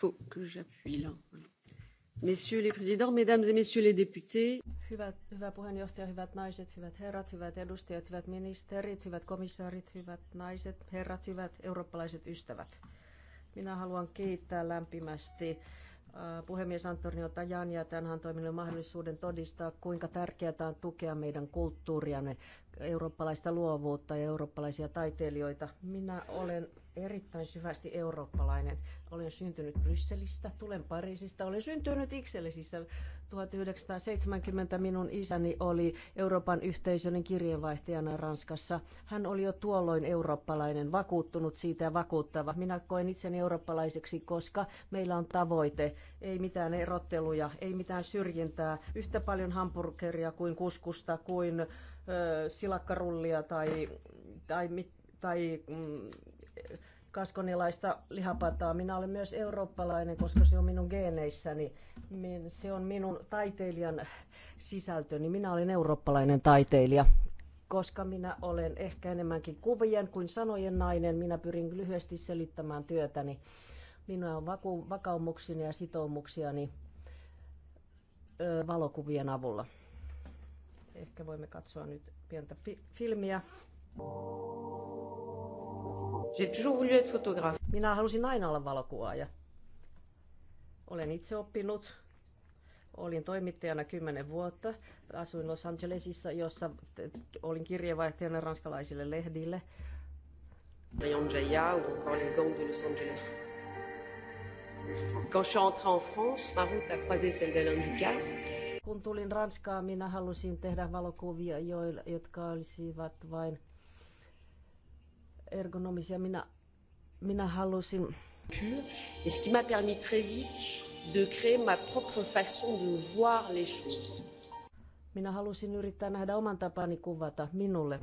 S6: Faut que j'appuie là. Messieurs les présidents, mesdames et messieurs les députés. Hyvät, hyvä puheenjohtaja, hyvät naiset, hyvät herrat, hyvät edustajat, hyvät ministerit, hyvät komissaarit, hyvät naiset, herrat, hyvät eurooppalaiset ystävät. Minä haluan kiittää lämpimästi äh, puhemies Antonio Tajan ja tämän toiminut mahdollisuuden todistaa, kuinka tärkeää on tukea meidän kulttuuriamme, eurooppalaista luovuutta ja eurooppalaisia taiteilijoita. Minä olen erittäin syvästi eurooppalainen. Olen syntynyt Brysselistä, tulen Pariisista, olen syntynyt Ikselisissä. 1970 minun isäni oli Euroopan yhteisön kirjeenvaihtajana Ranskassa. Hän oli jo tuolloin eurooppalainen, vakuuttunut siitä ja vakuuttava. Minä koen itseni eurooppalaiseksi, koska meillä on tavoite. Ei mitään erotteluja, ei mitään syrjintää. Yhtä paljon hamburgeria kuin kuskusta, kuin ö, silakkarullia tai, tai, tai, tai mm, kaskonilaista lihapataa. Minä olen myös eurooppalainen, koska se on minun geeneissäni. Niin se on minun taiteilijan sisältöni. Niin minä olen eurooppalainen taiteilija. Koska minä olen ehkä enemmänkin kuvien kuin sanojen nainen, minä pyrin lyhyesti selittämään työtäni. Minä on vaku- vakaumuksini ja sitoumuksiani valokuvien avulla. Ehkä voimme katsoa nyt pientä fi- filmiä.
S7: J'ai toujours voulu être photographe.
S6: Minä halusin aina olla valokuvaaja. Olen itse oppinut. Olin toimittajana 10 vuotta. Asuin Los Angelesissa, jossa olin kirjeenvaihtajana ranskalaisille lehdille.
S7: Rayon Jaya ou encore les gangs de Los Angeles. Quand je suis entrée en France, ma route a croisé celle d'Alain
S6: Ducasse. Kun tulin Ranskaan, minä halusin tehdä valokuvia, jotka olisivat vain ergonomisia. Minä, minä halusin...
S3: Et ce qui m'a permis très vite de créer ma propre façon de voir les choses.
S6: Minä halusin yrittää nähdä oman tapani kuvata minulle,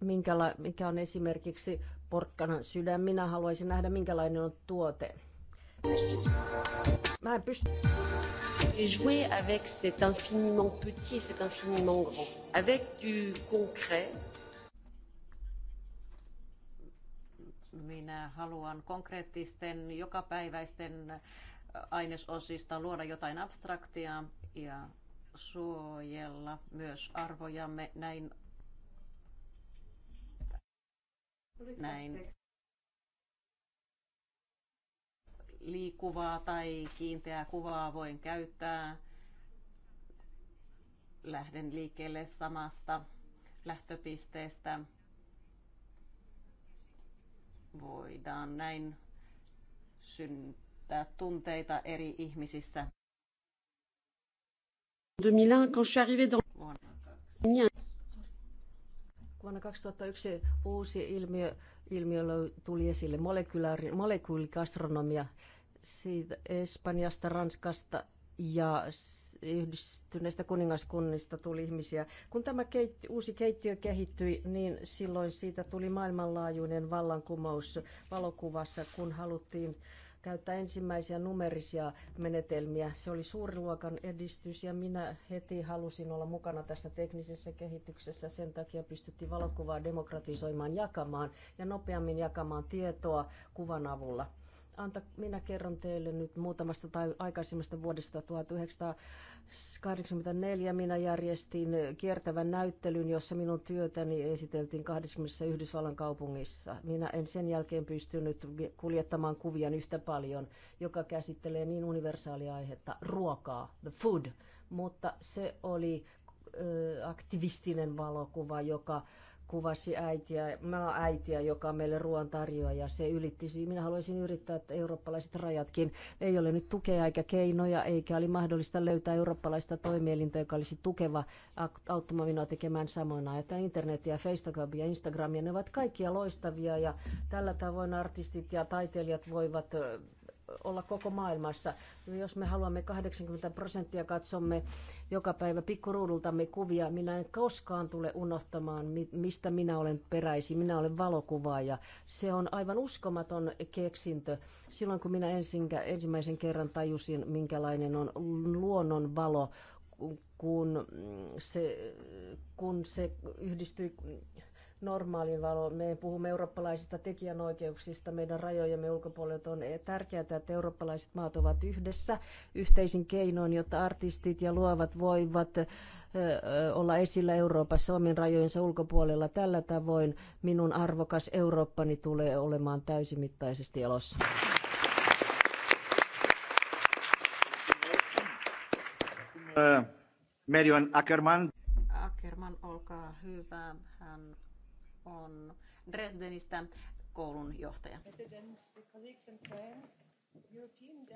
S6: minkäla, mikä on esimerkiksi porkkanan sydän. Minä haluaisin nähdä, minkälainen on tuote. Mä en
S3: pysty. J'ai joué avec cet infiniment petit cet infiniment grand, avec du concret,
S6: Minä haluan konkreettisten, jokapäiväisten ainesosista luoda jotain abstraktia ja suojella myös arvojamme näin. näin liikkuvaa tai kiinteää kuvaa voin käyttää. Lähden liikkeelle samasta lähtöpisteestä Voidaan näin synnyttää tunteita eri ihmisissä.
S3: 2001, quand je suis arrivée
S6: dans... Vuonna 2001 uusi ilmiö, ilmiö tuli esille, molekyylikastronomia siitä Espanjasta, Ranskasta ja yhdistyneistä kuningaskunnista tuli ihmisiä. Kun tämä keitti, uusi keittiö kehittyi, niin silloin siitä tuli maailmanlaajuinen vallankumous valokuvassa, kun haluttiin käyttää ensimmäisiä numerisia menetelmiä. Se oli suuriluokan edistys ja minä heti halusin olla mukana tässä teknisessä kehityksessä. Sen takia pystyttiin valokuvaa demokratisoimaan, jakamaan ja nopeammin jakamaan tietoa kuvan avulla Anta, minä kerron teille nyt muutamasta tai aikaisemmasta vuodesta 1984. Minä järjestin kiertävän näyttelyn, jossa minun työtäni esiteltiin 20. Yhdysvallan kaupungissa. Minä en sen jälkeen pystynyt kuljettamaan kuvia yhtä paljon, joka käsittelee niin universaalia aihetta, ruokaa, the food. Mutta se oli aktivistinen valokuva, joka kuvasi äitiä, maa äitiä, joka on meille ruoan tarjoaja, ja se ylitti. Minä haluaisin yrittää, että eurooppalaiset rajatkin ei ole nyt tukea eikä keinoja, eikä oli mahdollista löytää eurooppalaista toimielintä, joka olisi tukeva auttamaan minua tekemään samoin ajan. tämä internet ja Facebook ja Instagram, ja ne ovat kaikkia loistavia ja tällä tavoin artistit ja taiteilijat voivat olla koko maailmassa. Jos me haluamme 80 prosenttia katsomme joka päivä pikkuruudultamme kuvia, minä en koskaan tule unohtamaan, mistä minä olen peräisin. Minä olen valokuvaaja. Se on aivan uskomaton keksintö. Silloin kun minä ensin, ensimmäisen kerran tajusin, minkälainen on luonnon valo, kun se, kun se yhdistyi normaalin valoon. Me puhumme eurooppalaisista tekijänoikeuksista meidän rajojemme ulkopuolelta. On tärkeää, että eurooppalaiset maat ovat yhdessä yhteisin keinoin, jotta artistit ja luovat voivat olla esillä Euroopassa omien rajojensa ulkopuolella. Tällä tavoin minun arvokas Eurooppani tulee olemaan täysimittaisesti elossa.
S7: Merion Ackerman.
S6: Ackerman, olkaa hyvä. Hän on Dresdenistä koulun johtaja.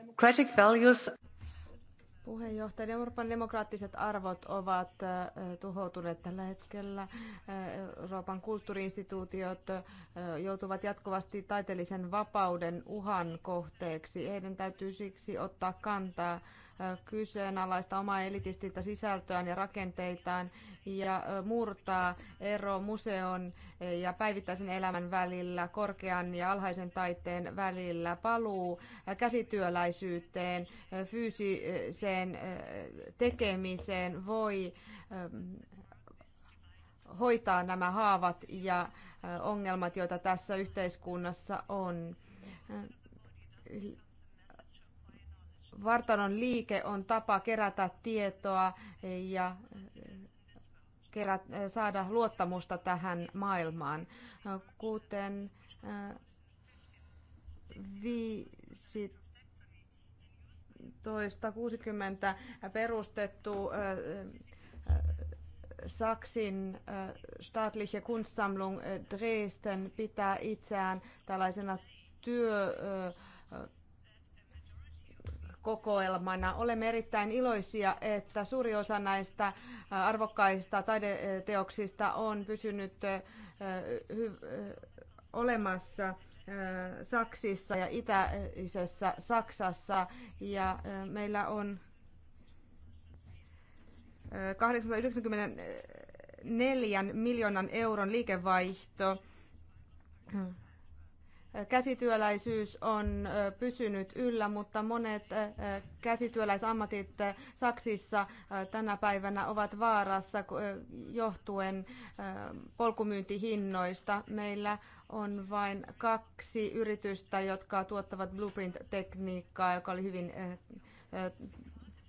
S6: Democratic values.
S7: Euroopan demokraattiset arvot ovat äh, tuhoutuneet tällä hetkellä. Äh, Euroopan kulttuuriinstituutiot äh, joutuvat jatkuvasti taiteellisen vapauden uhan kohteeksi. Heidän täytyy siksi ottaa kantaa kyseenalaista omaa elitististä sisältöään ja rakenteitaan ja murtaa ero museon ja päivittäisen elämän välillä, korkean ja alhaisen taiteen välillä, paluu käsityöläisyyteen, fyysiseen tekemiseen voi hoitaa nämä haavat ja ongelmat, joita tässä yhteiskunnassa on vartalon liike on tapa kerätä tietoa ja kerät, saada luottamusta tähän maailmaan. Kuten 60 äh, perustettu äh, äh, Saksin staatliche Kunstsammlung Dresden pitää itseään tällaisena työ kokoelmana. Olemme erittäin iloisia, että suuri osa näistä arvokkaista taideteoksista on pysynyt olemassa Saksissa ja itäisessä Saksassa. Ja meillä on 894 miljoonan euron liikevaihto Käsityöläisyys on pysynyt yllä, mutta monet käsityöläisammatit Saksissa tänä päivänä ovat vaarassa johtuen polkumyyntihinnoista. Meillä on vain kaksi yritystä, jotka tuottavat blueprint-tekniikkaa, joka oli hyvin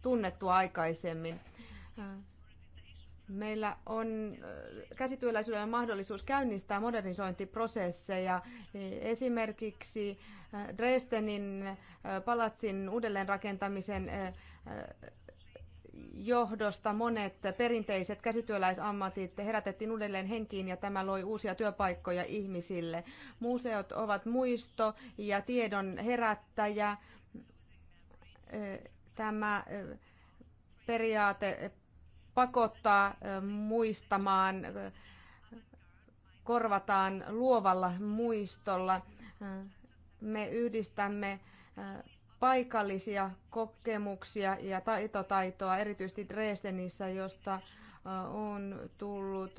S7: tunnettua aikaisemmin. Meillä on äh, käsityöläisyydellä mahdollisuus käynnistää modernisointiprosesseja. Esimerkiksi äh, Dresdenin äh, palatsin uudelleenrakentamisen johdosta monet perinteiset käsityöläisammatit herätettiin uudelleen henkiin ja tämä loi uusia työpaikkoja ihmisille. Museot ovat muisto ja tiedon herättäjä. Tämä periaate pakottaa muistamaan, korvataan luovalla muistolla. Me yhdistämme paikallisia kokemuksia ja taitotaitoa, erityisesti Dresdenissä, josta on tullut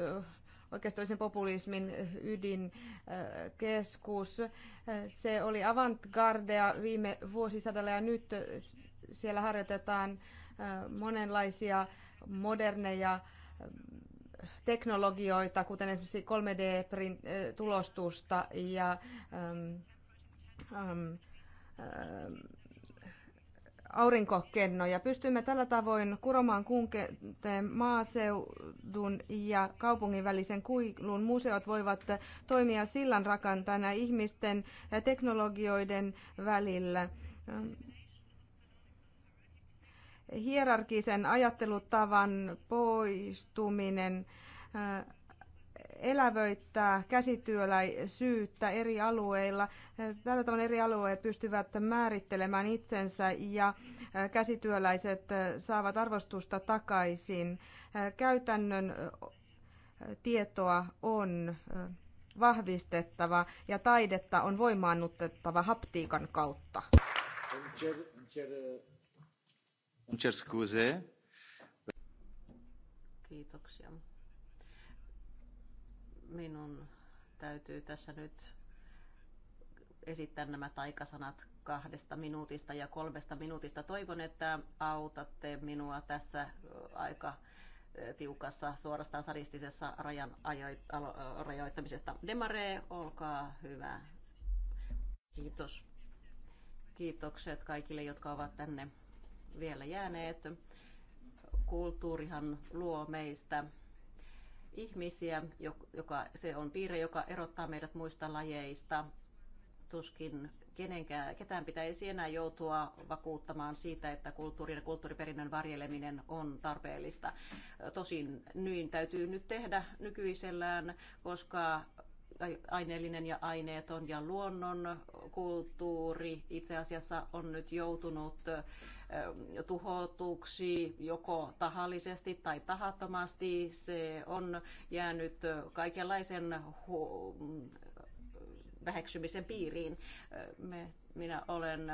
S7: oikeistoisen populismin ydinkeskus. Se oli avantgardea viime vuosisadalla ja nyt siellä harjoitetaan monenlaisia moderneja eh, teknologioita, kuten esimerkiksi 3D-tulostusta ja ähm, ähm, aurinkokennoja. Pystymme tällä tavoin kuromaan kunketeen maaseudun ja kaupungin välisen kuilun. Museot voivat toimia sillan rakantana ihmisten ja teknologioiden välillä. Ehm, hierarkisen ajattelutavan poistuminen äh, elävöittää käsityöläisyyttä eri alueilla. Äh, tällä tavalla eri alueet pystyvät määrittelemään itsensä ja äh, käsityöläiset saavat arvostusta takaisin. Käytännön tietoa on vahvistettava ja taidetta on voimaannutettava haptiikan kautta.
S6: Kiitoksia. Minun täytyy tässä nyt esittää nämä taikasanat kahdesta minuutista ja kolmesta minuutista. Toivon, että autatte minua tässä aika tiukassa, suorastaan saristisessa rajan rajoittamisesta. Demare, olkaa hyvä. Kiitos. Kiitokset kaikille, jotka ovat tänne vielä jääneet. Kulttuurihan luo meistä ihmisiä, joka, se on piirre, joka erottaa meidät muista lajeista. Tuskin kenenkään, ketään pitäisi enää joutua vakuuttamaan siitä, että kulttuurin ja kulttuuriperinnön varjeleminen on tarpeellista. Tosin niin täytyy nyt tehdä nykyisellään, koska aineellinen ja aineeton ja luonnon kulttuuri itse asiassa on nyt joutunut tuhotuksi joko tahallisesti tai tahattomasti. Se on jäänyt kaikenlaisen väheksymisen piiriin. Me, minä olen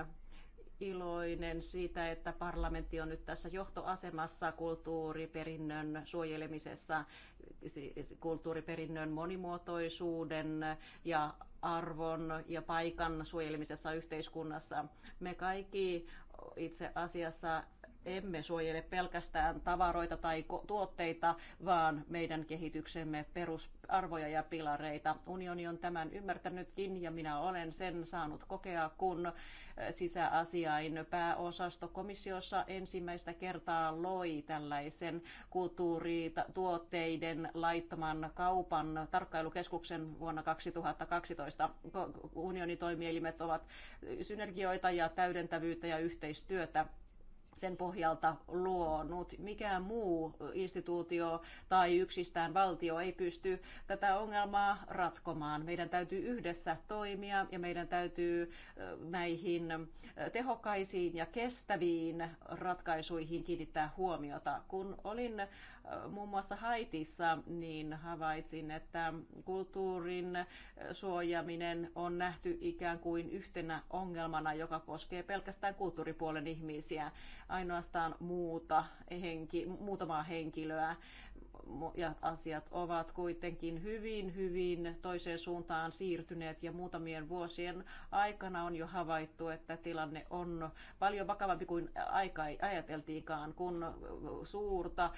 S6: iloinen siitä, että parlamentti on nyt tässä johtoasemassa kulttuuriperinnön suojelemisessa, kulttuuriperinnön monimuotoisuuden ja arvon ja paikan suojelemisessa yhteiskunnassa. Me kaikki itse asiassa emme suojele pelkästään tavaroita tai tuotteita, vaan meidän kehityksemme perusarvoja ja pilareita. Unioni on tämän ymmärtänytkin ja minä olen sen saanut kokea, kun äh, sisäasiain pääosasto komissiossa ensimmäistä kertaa loi tällaisen kulttuurituotteiden laittoman kaupan tarkkailukeskuksen vuonna 2012. Unionitoimielimet ovat synergioita ja täydentävyyttä ja yhteistyötä sen pohjalta luonut. Mikään muu instituutio tai yksistään valtio ei pysty tätä ongelmaa ratkomaan. Meidän täytyy yhdessä toimia ja meidän täytyy näihin tehokkaisiin ja kestäviin ratkaisuihin kiinnittää huomiota. Kun olin muun muassa Haitissa, niin havaitsin, että kulttuurin suojaaminen on nähty ikään kuin yhtenä ongelmana, joka koskee pelkästään kulttuuripuolen ihmisiä, ainoastaan muuta henki, muutamaa henkilöä ja asiat ovat kuitenkin hyvin, hyvin toiseen suuntaan siirtyneet ja muutamien vuosien aikana on jo havaittu, että tilanne on paljon vakavampi kuin aika ajateltiinkaan, kun suurta,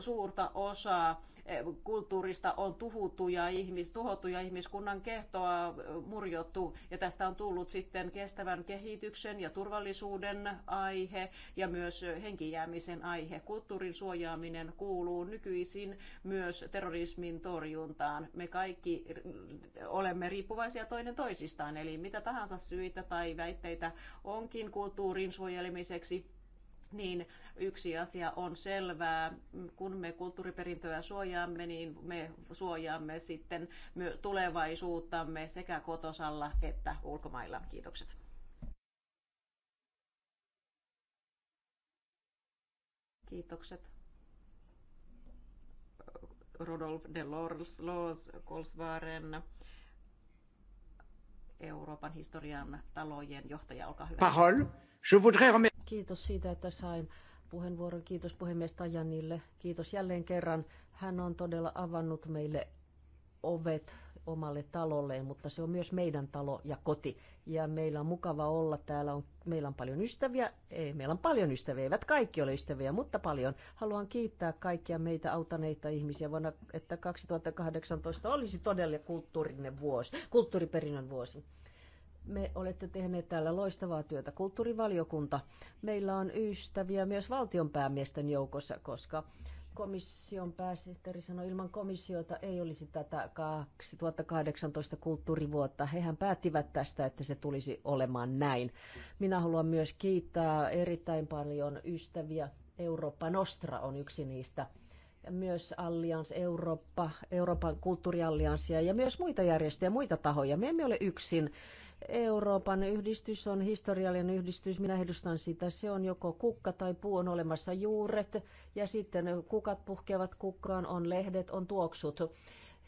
S6: suurta osaa e, kulttuurista on tuhuttu ja, ihmis, tuhottu ja ihmiskunnan kehtoa e, murjottu ja tästä on tullut sitten kestävän kehityksen ja turvallisuuden aihe ja myös henkijäämisen aihe. Kulttuurin suojaaminen kuuluu nykyisin poliisin, myös terrorismin torjuntaan. Me kaikki olemme riippuvaisia toinen toisistaan, eli mitä tahansa syitä tai väitteitä onkin kulttuurin suojelemiseksi, niin yksi asia on selvää. Kun me kulttuuriperintöä suojaamme, niin me suojaamme sitten tulevaisuuttamme sekä kotosalla että ulkomailla. Kiitokset. Kiitokset. Rodolf de Lors Kolsvaaren Euroopan historian talojen johtaja, olkaa hyvä. Pahol. Je voudrais remer- Kiitos siitä, että sain puheenvuoron. Kiitos puhemies Tajanille. Kiitos jälleen kerran. Hän on todella avannut meille ovet omalle talolleen, mutta se on myös meidän talo ja koti. Ja meillä on mukava olla täällä, on, meillä on paljon ystäviä, ei, meillä on paljon ystäviä, eivät kaikki ole ystäviä, mutta paljon. Haluan kiittää kaikkia meitä autaneita ihmisiä vuonna, että 2018 olisi todella kulttuurinen vuosi, kulttuuriperinnön vuosi. Me olette tehneet täällä loistavaa työtä, kulttuurivaliokunta. Meillä on ystäviä myös valtionpäämiesten joukossa, koska komission pääsihteeri sanoi, ilman komissiota ei olisi tätä 2018 kulttuurivuotta. Hehän päättivät tästä, että se tulisi olemaan näin. Minä haluan myös kiittää erittäin paljon ystäviä. Eurooppa Nostra on yksi niistä. Ja myös Allianz Eurooppa, Euroopan kulttuuriallianssia ja myös muita järjestöjä, muita tahoja. Me emme ole yksin Euroopan yhdistys on historiallinen yhdistys, minä edustan sitä. Se on joko kukka tai puu on olemassa juuret ja sitten kukat puhkeavat kukkaan, on lehdet, on tuoksut.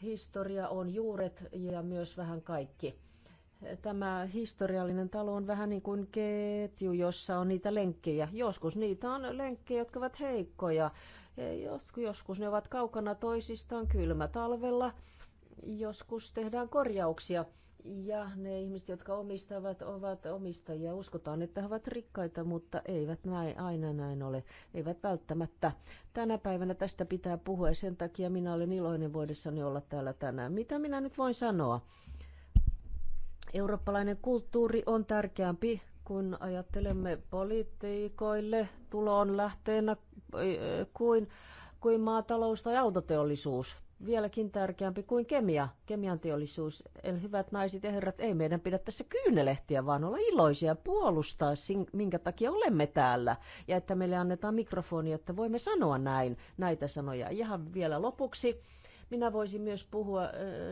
S6: Historia on juuret ja myös vähän kaikki tämä historiallinen talo on vähän niin kuin ketju, jossa on niitä lenkkejä. Joskus niitä on lenkkejä, jotka ovat heikkoja. Joskus, joskus ne ovat kaukana toisistaan kylmä talvella joskus tehdään korjauksia ja ne ihmiset, jotka omistavat, ovat omistajia. Uskotaan, että he ovat rikkaita, mutta eivät näin, aina näin ole. Eivät välttämättä. Tänä päivänä tästä pitää puhua ja sen takia minä olen iloinen voidessani olla täällä tänään. Mitä minä nyt voin sanoa? Eurooppalainen kulttuuri on tärkeämpi kun ajattelemme poliitikoille tulon lähteenä kuin, kuin maatalous tai autoteollisuus vieläkin tärkeämpi kuin kemia, kemian teollisuus. Eli hyvät naiset ja herrat, ei meidän pidä tässä kyynelehtiä, vaan olla iloisia ja puolustaa, minkä takia olemme täällä. Ja että meille annetaan mikrofoni, että voimme sanoa näin, näitä sanoja. Ihan vielä lopuksi. Minä voisin myös puhua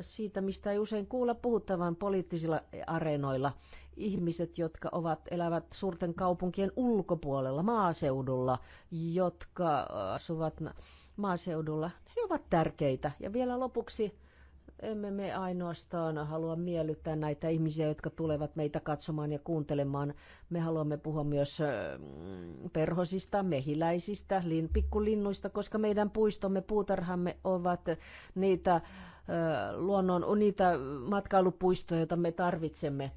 S6: siitä, mistä ei usein kuulla puhuttavan poliittisilla areenoilla. Ihmiset, jotka ovat, elävät suurten kaupunkien ulkopuolella, maaseudulla, jotka asuvat maaseudulla. He ovat tärkeitä. Ja vielä lopuksi emme me ainoastaan halua miellyttää näitä ihmisiä, jotka tulevat meitä katsomaan ja kuuntelemaan. Me haluamme puhua myös perhosista, mehiläisistä, pikkulinnuista, koska meidän puistomme, puutarhamme ovat niitä luonnon, niitä matkailupuistoja, joita me tarvitsemme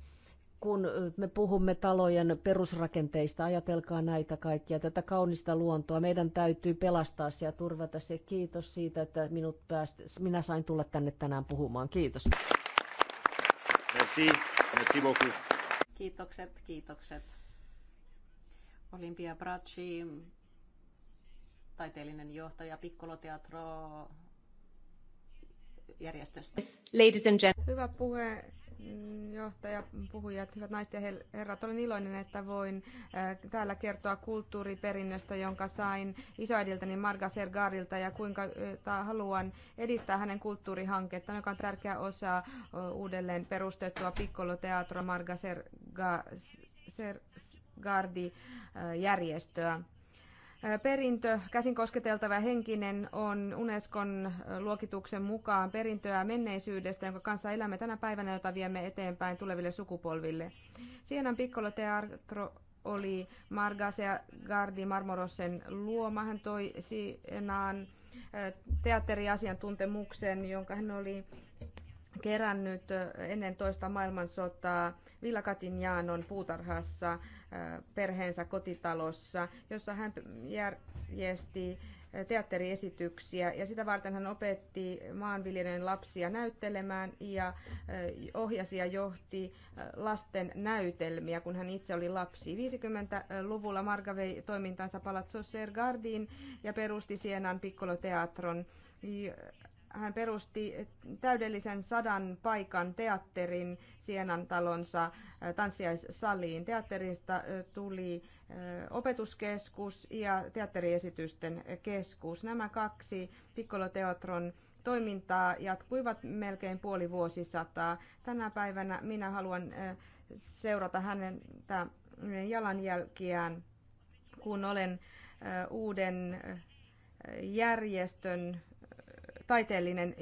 S6: kun me puhumme talojen perusrakenteista, ajatelkaa näitä kaikkia, tätä kaunista luontoa. Meidän täytyy pelastaa se ja turvata se. Kiitos siitä, että minut päästä, minä sain tulla tänne tänään puhumaan. Kiitos.
S1: Merci. Merci beaucoup.
S6: Kiitokset, kiitokset. Olympia Bracci, taiteellinen johtaja Piccolo Teatro järjestöstä. Ladies and gentlemen.
S7: Hyvä puhe, johtaja, puhujat, hyvät naiset ja herrat, olen iloinen, että voin äh, täällä kertoa kulttuuriperinnöstä, jonka sain isoäidiltäni Marga Sergarilta ja kuinka äh, haluan edistää hänen kulttuurihankettaan, joka on tärkeä osa äh, uudelleen perustettua pikkoloteatroa Marga Sergardi järjestöä. Perintö, käsin kosketeltava henkinen, on Unescon luokituksen mukaan perintöä menneisyydestä, jonka kanssa elämme tänä päivänä, jota viemme eteenpäin tuleville sukupolville. Sienan Piccolo Teatro oli Margasia Gardi Marmorosen luoma. Hän toi Sienaan teatteriasiantuntemuksen, jonka hän oli kerännyt ennen toista maailmansotaa Villa jaanon puutarhassa perheensä kotitalossa, jossa hän järjesti teatteriesityksiä ja sitä varten hän opetti maanviljelijän lapsia näyttelemään ja ohjasi ja johti lasten näytelmiä, kun hän itse oli lapsi. 50-luvulla Marga vei toimintansa Palazzo Sergardin ja perusti Sienan Piccolo Teatron hän perusti täydellisen sadan paikan teatterin Sienan talonsa äh, tanssiaissaliin. Teatterista äh, tuli äh, opetuskeskus ja teatteriesitysten keskus. Nämä kaksi Piccolo-teatron toimintaa jatkuivat melkein puoli vuosisataa. Tänä päivänä minä haluan seurata hänen jalanjälkiään, kun olen uuden järjestön taiteellinen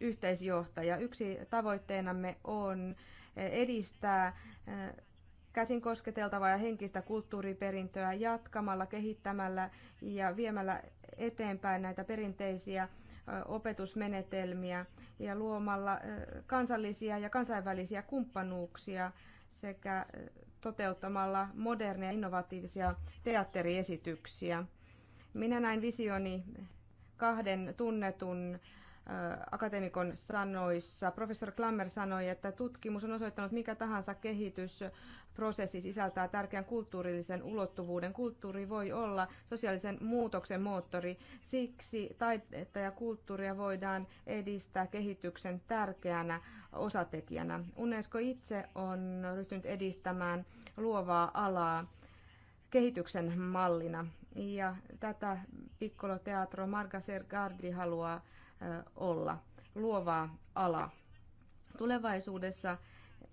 S7: yhteisjohtaja. Yksi tavoitteenamme on eh, edistää eh, käsin kosketeltavaa ja henkistä kulttuuriperintöä jatkamalla, kehittämällä ja viemällä eteenpäin näitä perinteisiä eh, opetusmenetelmiä ja luomalla kansallisia ja kansainvälisiä kumppanuuksia sekä toteuttamalla moderneja innovatiivisia teatteriesityksiä. Minä näin visioni kahden tunnetun akateemikon sanoissa. Professori Klammer sanoi, että tutkimus on osoittanut mikä tahansa kehitysprosessi sisältää tärkeän kulttuurillisen ulottuvuuden. Kulttuuri voi olla sosiaalisen muutoksen moottori. Siksi taidetta ja kulttuuria voidaan edistää kehityksen tärkeänä osatekijänä. UNESCO itse on ryhtynyt edistämään luovaa alaa kehityksen mallina. Ja tätä Piccolo Teatro Marga Sergardi haluaa olla, luovaa ala. Tulevaisuudessa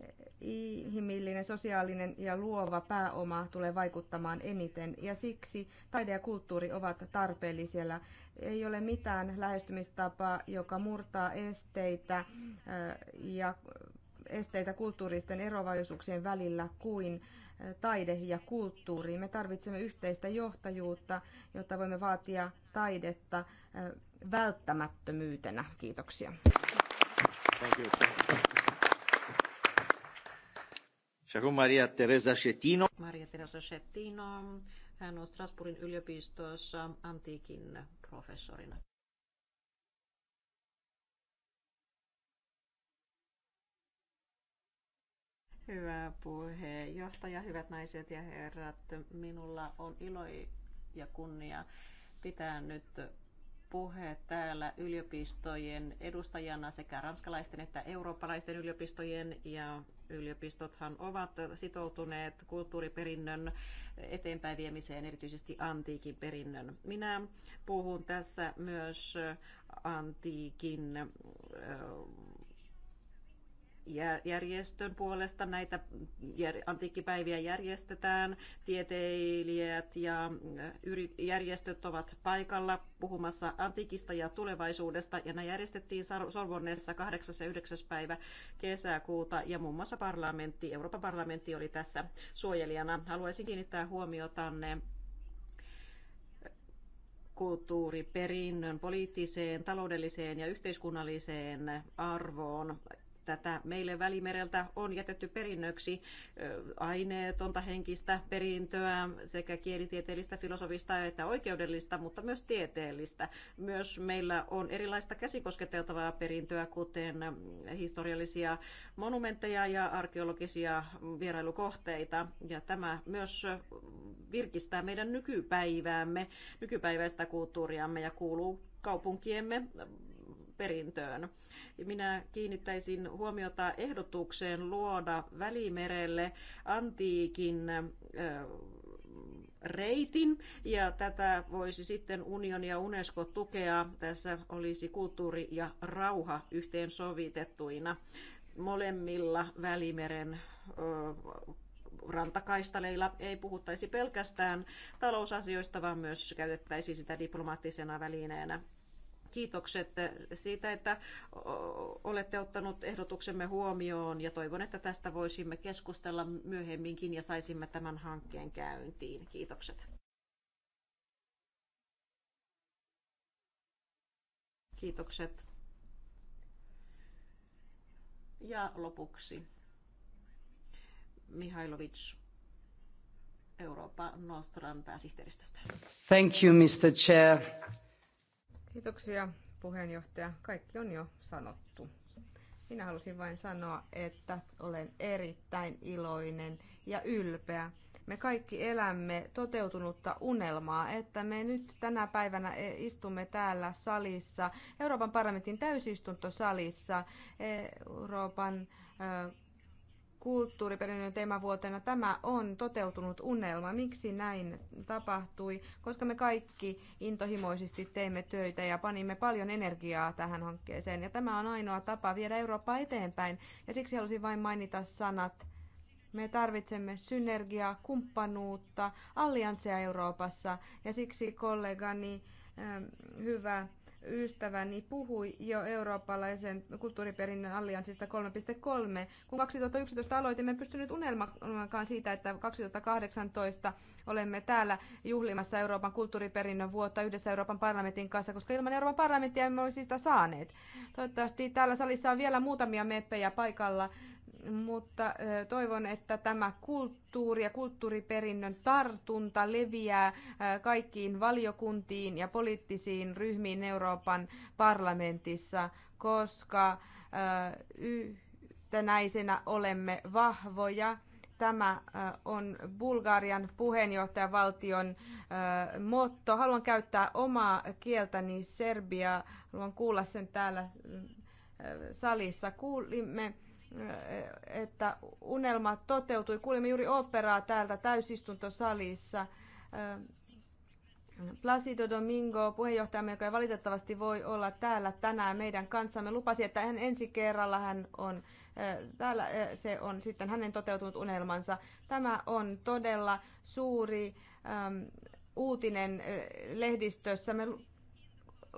S7: eh, ihmillinen sosiaalinen ja luova pääoma tulee vaikuttamaan eniten ja siksi taide ja kulttuuri ovat tarpeellisia. Ei ole mitään lähestymistapaa, joka murtaa esteitä ja esteitä kulttuuristen erovaisuuksien välillä kuin taide ja kulttuuri. Me tarvitsemme yhteistä johtajuutta, jotta voimme vaatia taidetta välttämättömyytenä. Kiitoksia. Thank you.
S1: Maria Teresa Schettino. Maria Teresa
S6: Schettino. Hän on Strasbourgin yliopistossa antiikin professorina. Hyvä puheenjohtaja, hyvät naiset ja herrat. Minulla on ilo ja kunnia pitää nyt puhe täällä yliopistojen edustajana sekä ranskalaisten että eurooppalaisten yliopistojen ja yliopistothan ovat sitoutuneet kulttuuriperinnön eteenpäin viemiseen, erityisesti antiikin perinnön. Minä puhun tässä myös antiikin järjestön puolesta näitä antiikkipäiviä järjestetään. Tieteilijät ja äh, järjestöt ovat paikalla puhumassa antiikista ja tulevaisuudesta. Ja nämä järjestettiin Sorbonnessa 8. ja 9. päivä kesäkuuta. Ja muun muassa parlamentti, Euroopan parlamentti oli tässä suojelijana. Haluaisin kiinnittää huomiotanne kulttuuriperinnön poliittiseen, taloudelliseen ja yhteiskunnalliseen arvoon tätä meille Välimereltä on jätetty perinnöksi aineetonta henkistä perintöä sekä kielitieteellistä, filosofista että oikeudellista, mutta myös tieteellistä. Myös meillä on erilaista käsikosketeltavaa perintöä, kuten historiallisia monumentteja ja arkeologisia vierailukohteita. Ja tämä myös virkistää meidän nykypäiväämme, nykypäiväistä kulttuuriamme ja kuuluu kaupunkiemme perintöön. Minä kiinnittäisin huomiota ehdotukseen luoda Välimerelle antiikin reitin ja tätä voisi sitten Union ja UNESCO tukea. Tässä olisi kulttuuri ja rauha yhteensovitettuina molemmilla Välimeren rantakaistaleilla ei puhuttaisi pelkästään talousasioista, vaan myös käytettäisiin sitä diplomaattisena välineenä kiitokset siitä, että olette ottanut ehdotuksemme huomioon ja toivon, että tästä voisimme keskustella myöhemminkin ja saisimme tämän hankkeen käyntiin. Kiitokset. Kiitokset. Ja lopuksi Mihailovic Eurooppa Nostran pääsihteeristöstä.
S1: Thank you, Mr. Chair.
S7: Kiitoksia puheenjohtaja. Kaikki on jo sanottu. Minä halusin vain sanoa, että olen erittäin iloinen ja ylpeä. Me kaikki elämme toteutunutta unelmaa, että me nyt tänä päivänä e, istumme täällä salissa, Euroopan parlamentin täysistuntosalissa, Euroopan kulttuuriperinnön teemavuotena tämä on toteutunut unelma. Miksi näin tapahtui? Koska me kaikki intohimoisesti teimme töitä ja panimme paljon energiaa tähän hankkeeseen. Ja tämä on ainoa tapa viedä Eurooppaa eteenpäin. Ja siksi halusin vain mainita sanat. Me tarvitsemme synergiaa, kumppanuutta, alliansseja Euroopassa. Ja siksi kollegani, hyvä ystäväni puhui jo eurooppalaisen kulttuuriperinnön allianssista 3.3. Kun 2011 aloitimme, en pystynyt unelmakaan siitä, että 2018 olemme täällä juhlimassa Euroopan kulttuuriperinnön vuotta yhdessä Euroopan parlamentin kanssa, koska ilman Euroopan parlamenttia emme olisi sitä saaneet. Toivottavasti täällä salissa on vielä muutamia meppejä paikalla mutta toivon, että tämä kulttuuri ja kulttuuriperinnön tartunta leviää kaikkiin valiokuntiin ja poliittisiin ryhmiin Euroopan parlamentissa, koska yhtenäisenä olemme vahvoja. Tämä on Bulgarian puheenjohtajavaltion motto. Haluan käyttää omaa kieltäni Serbia. Haluan kuulla sen täällä salissa. Kuulimme että unelma toteutui. Kuulimme juuri operaa täältä täysistuntosalissa. Placido Domingo, puheenjohtajamme, joka ei valitettavasti voi olla täällä tänään meidän kanssamme, lupasi, että hän ensi kerralla hän on täällä, se on sitten hänen toteutunut unelmansa. Tämä on todella suuri um, uutinen lehdistössä. Me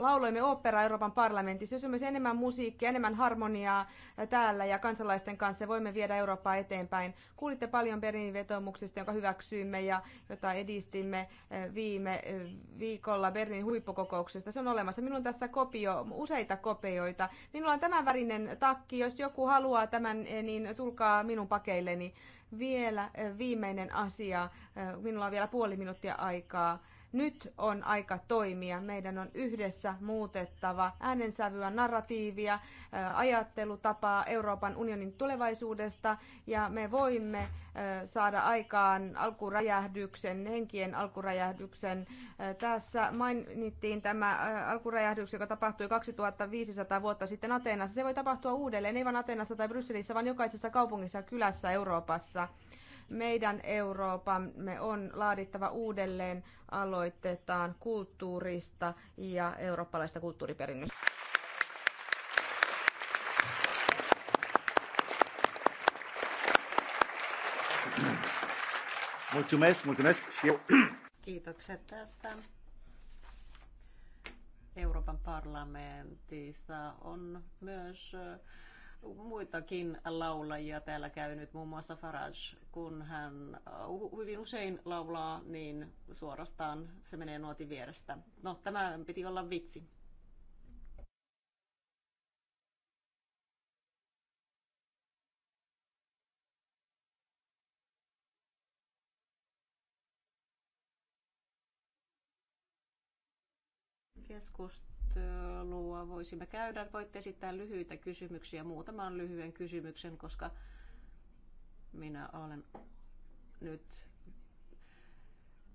S7: lauloimme operaa Euroopan parlamentissa. Jos on myös enemmän musiikkia, enemmän harmoniaa täällä ja kansalaisten kanssa voimme viedä Eurooppaa eteenpäin. Kuulitte paljon Berliinin vetomuksesta, jonka hyväksyimme ja jota edistimme viime viikolla Berliinin huippukokouksesta. Se on olemassa. Minulla on tässä kopio, useita kopioita. Minulla on tämän värinen takki. Jos joku haluaa tämän, niin tulkaa minun pakeilleni. Vielä viimeinen asia. Minulla on vielä puoli minuuttia aikaa nyt on aika toimia. Meidän on yhdessä muutettava äänensävyä, narratiivia, ajattelutapaa Euroopan unionin tulevaisuudesta ja me voimme saada aikaan alkuräjähdyksen, henkien alkuräjähdyksen. Tässä mainittiin tämä alkuräjähdys, joka tapahtui 2500 vuotta sitten Ateenassa. Se voi tapahtua uudelleen, ei vain Ateenassa tai Brysselissä, vaan jokaisessa kaupungissa ja kylässä Euroopassa. Meidän Euroopamme on laadittava uudelleen aloitetaan kulttuurista ja eurooppalaista kulttuuriperinnöstä.
S1: Mulțumesc, mulțumesc și eu.
S6: Kiitokset tästä. Euroopan parlamentissa on myös muitakin laulajia täällä käynyt, muun muassa Farage, kun hän uh, hyvin usein laulaa, niin suorastaan se menee nuotin vierestä. No, tämä piti olla vitsi. keskustelua voisimme käydä. Voitte esittää lyhyitä kysymyksiä, muutaman lyhyen kysymyksen, koska minä olen nyt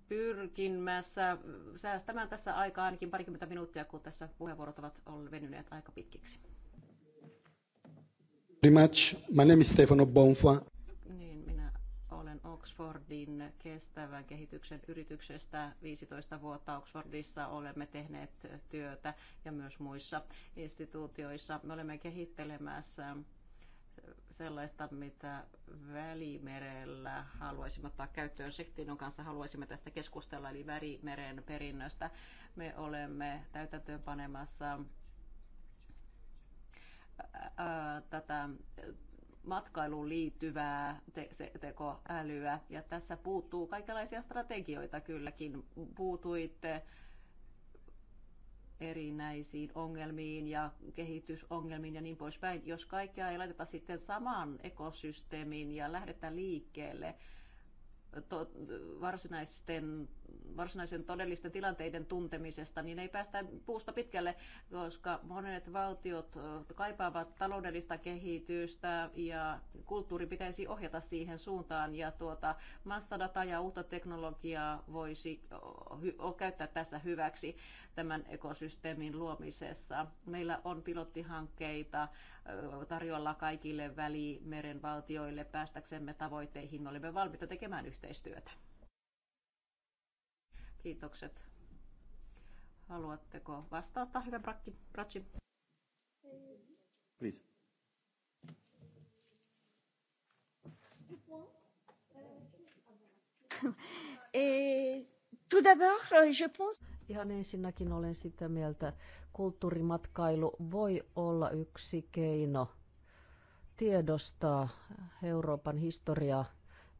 S6: pyrkimässä säästämään tässä aikaa ainakin parikymmentä minuuttia, kun tässä puheenvuorot ovat olleet venyneet aika pitkiksi.
S1: Much. My name is Stefano Bonfa.
S6: Olen Oxfordin kestävän kehityksen yrityksestä 15 vuotta Oxfordissa. Olemme tehneet työtä ja myös muissa instituutioissa. Me olemme kehittelemässä sellaista, mitä Välimerellä haluaisimme ottaa käyttöön. Sektinon kanssa haluaisimme tästä keskustella, eli Välimeren perinnöstä. Me olemme täytäntöönpanemassa tätä matkailuun liittyvää tekoälyä. Ja tässä puuttuu kaikenlaisia strategioita kylläkin. Puutuitte erinäisiin ongelmiin ja kehitysongelmiin ja niin poispäin. Jos kaikkea ei laiteta sitten samaan ekosysteemiin ja lähdetä liikkeelle, to, varsinaisten, varsinaisen todellisten tilanteiden tuntemisesta, niin ei päästä puusta pitkälle, koska monet valtiot kaipaavat taloudellista kehitystä ja kulttuuri pitäisi ohjata siihen suuntaan ja tuota, massadata ja uutta teknologiaa voisi käyttää tässä hyväksi tämän ekosysteemin luomisessa. Meillä on pilottihankkeita tarjolla kaikille välimeren valtioille päästäksemme tavoitteihin. Me olemme valmiita tekemään yhteistyötä. Kiitokset. Haluatteko vastata hyvä Brakki, Bratsi? Please. Et tout d'abord, je pense... Ihan ensinnäkin olen sitä mieltä, kulttuurimatkailu voi olla yksi keino tiedostaa Euroopan historiaa,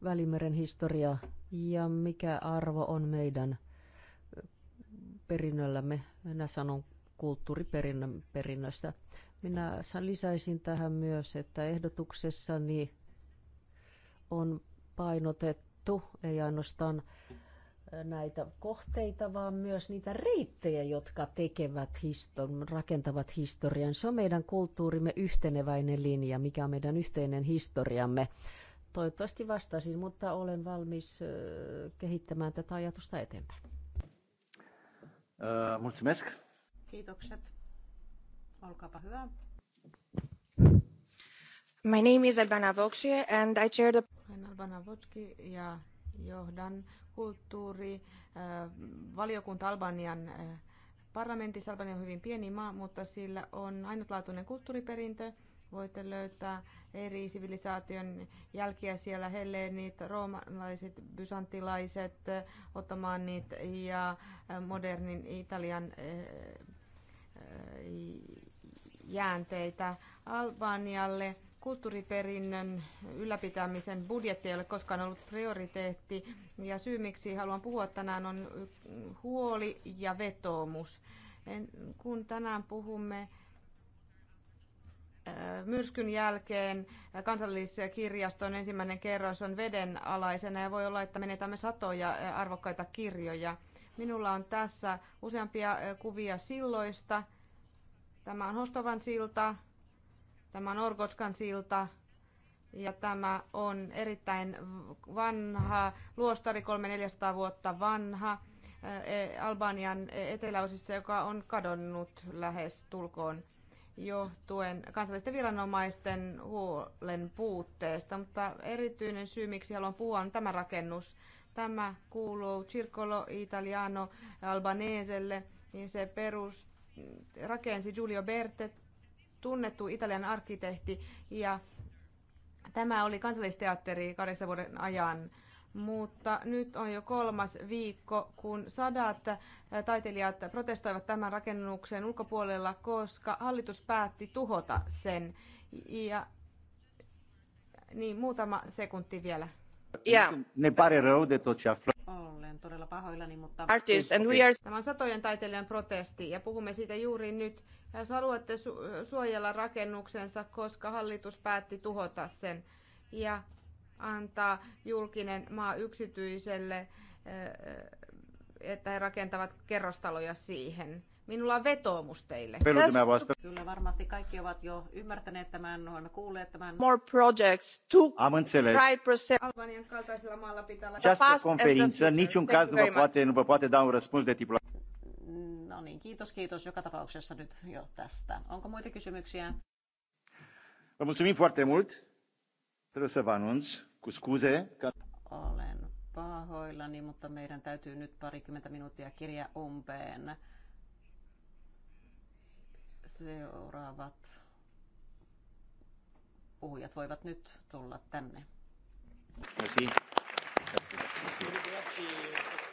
S6: Välimeren historiaa ja mikä arvo on meidän perinnöllämme. Minä sanon kulttuuriperinnöstä. Minä lisäisin tähän myös, että ehdotuksessani on painotettu ei ainoastaan näitä kohteita, vaan myös niitä reittejä, jotka tekevät histon, rakentavat historian. Se on meidän kulttuurimme yhteneväinen linja, mikä on meidän yhteinen historiamme. Toivottavasti vastasin, mutta olen valmis kehittämään tätä ajatusta eteenpäin. Mulțumesc. Kiitokset. Olkaapa hyvä.
S5: My name is Albana Vokshi and I chair the... Olen
S7: Albana Vokshi ja johdan kulttuuri, äh, valiokunta Albanian äh, parlamentissa. Albania on hyvin pieni maa, mutta sillä on ainutlaatuinen kulttuuriperintö. Voitte löytää eri sivilisaation jälkiä siellä, helleenit, roomalaiset, bysanttilaiset, äh, ottomaanit ja modernin Italian jäänteitä Albanialle kulttuuriperinnön ylläpitämisen budjetti ei ole koskaan ollut prioriteetti. Ja syy, miksi haluan puhua tänään, on huoli ja vetoomus. En, kun tänään puhumme äh, myrskyn jälkeen kirjaston ensimmäinen kerros on vedenalaisena ja voi olla, että menetämme satoja äh, arvokkaita kirjoja. Minulla on tässä useampia äh, kuvia silloista. Tämä on Hostovan silta, Tämä on Orgotskan silta ja tämä on erittäin vanha, luostari 300 vuotta vanha e, Albanian eteläosissa, joka on kadonnut lähes tulkoon johtuen kansallisten viranomaisten huolen puutteesta, mutta erityinen syy, miksi haluan puhua, on tämä rakennus. Tämä kuuluu Circolo Italiano Albaneselle, niin se perus rakensi Giulio Bertet, tunnettu italian arkkitehti ja tämä oli kansallisteatteri kahdeksan vuoden ajan mutta nyt on jo kolmas viikko, kun sadat taiteilijat protestoivat tämän rakennuksen ulkopuolella, koska hallitus päätti tuhota sen. Ja niin, muutama sekunti vielä. Yeah. Olen todella pahoillani, mutta... Artists and we are... Tämä on satojen taiteilijan protesti ja puhumme siitä juuri nyt jos haluatte su- suojella rakennuksensa, koska hallitus päätti tuhota sen ja antaa julkinen maa yksityiselle, että he rakentavat
S6: kerrostaloja siihen. Minulla on vetoomus teille. Vasta. Kyllä varmasti kaikki ovat jo ymmärtäneet tämän, olemme kuulleet tämän. More
S5: projects to Am înțeles.
S6: Albanian kaltaisella maalla pitää olla. Această conferință niciun caz nu vă, poate,
S1: nu vă poate da un răspuns de tipul
S6: No niin, kiitos, kiitos joka tapauksessa nyt jo tästä. Onko muita kysymyksiä?
S1: Vă mulțumim foarte mult. Trebuie să vă anunț cu scuze.
S5: Că...
S6: Olen pahoillani, mutta meidän täytyy nyt parikymmentä minuuttia kirja umpeen. Seuraavat puhujat voivat nyt tulla tänne.
S1: Merci. Merci. Merci.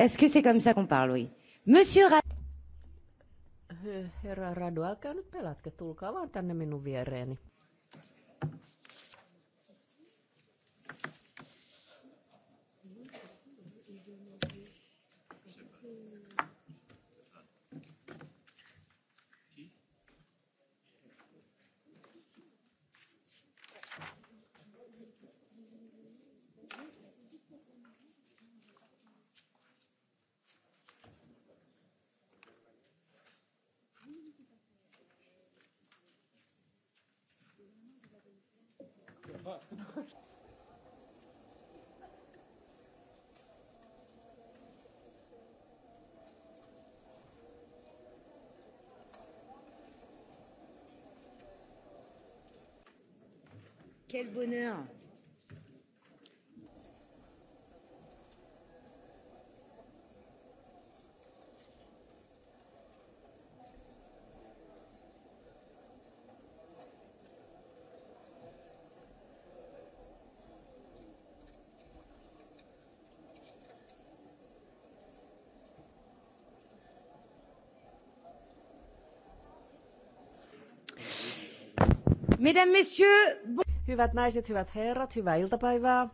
S7: Est-ce que c'est comme ça qu'on parle, oui? Monsieur Ra-
S6: Herra Radu, älkää nyt pelätkö, tulkaa vaan tänne minun viereeni.
S7: Quel bonheur
S6: Mesdames, Messieurs, bon... Hyvät naiset, hyvät herrat, hyvää iltapäivää.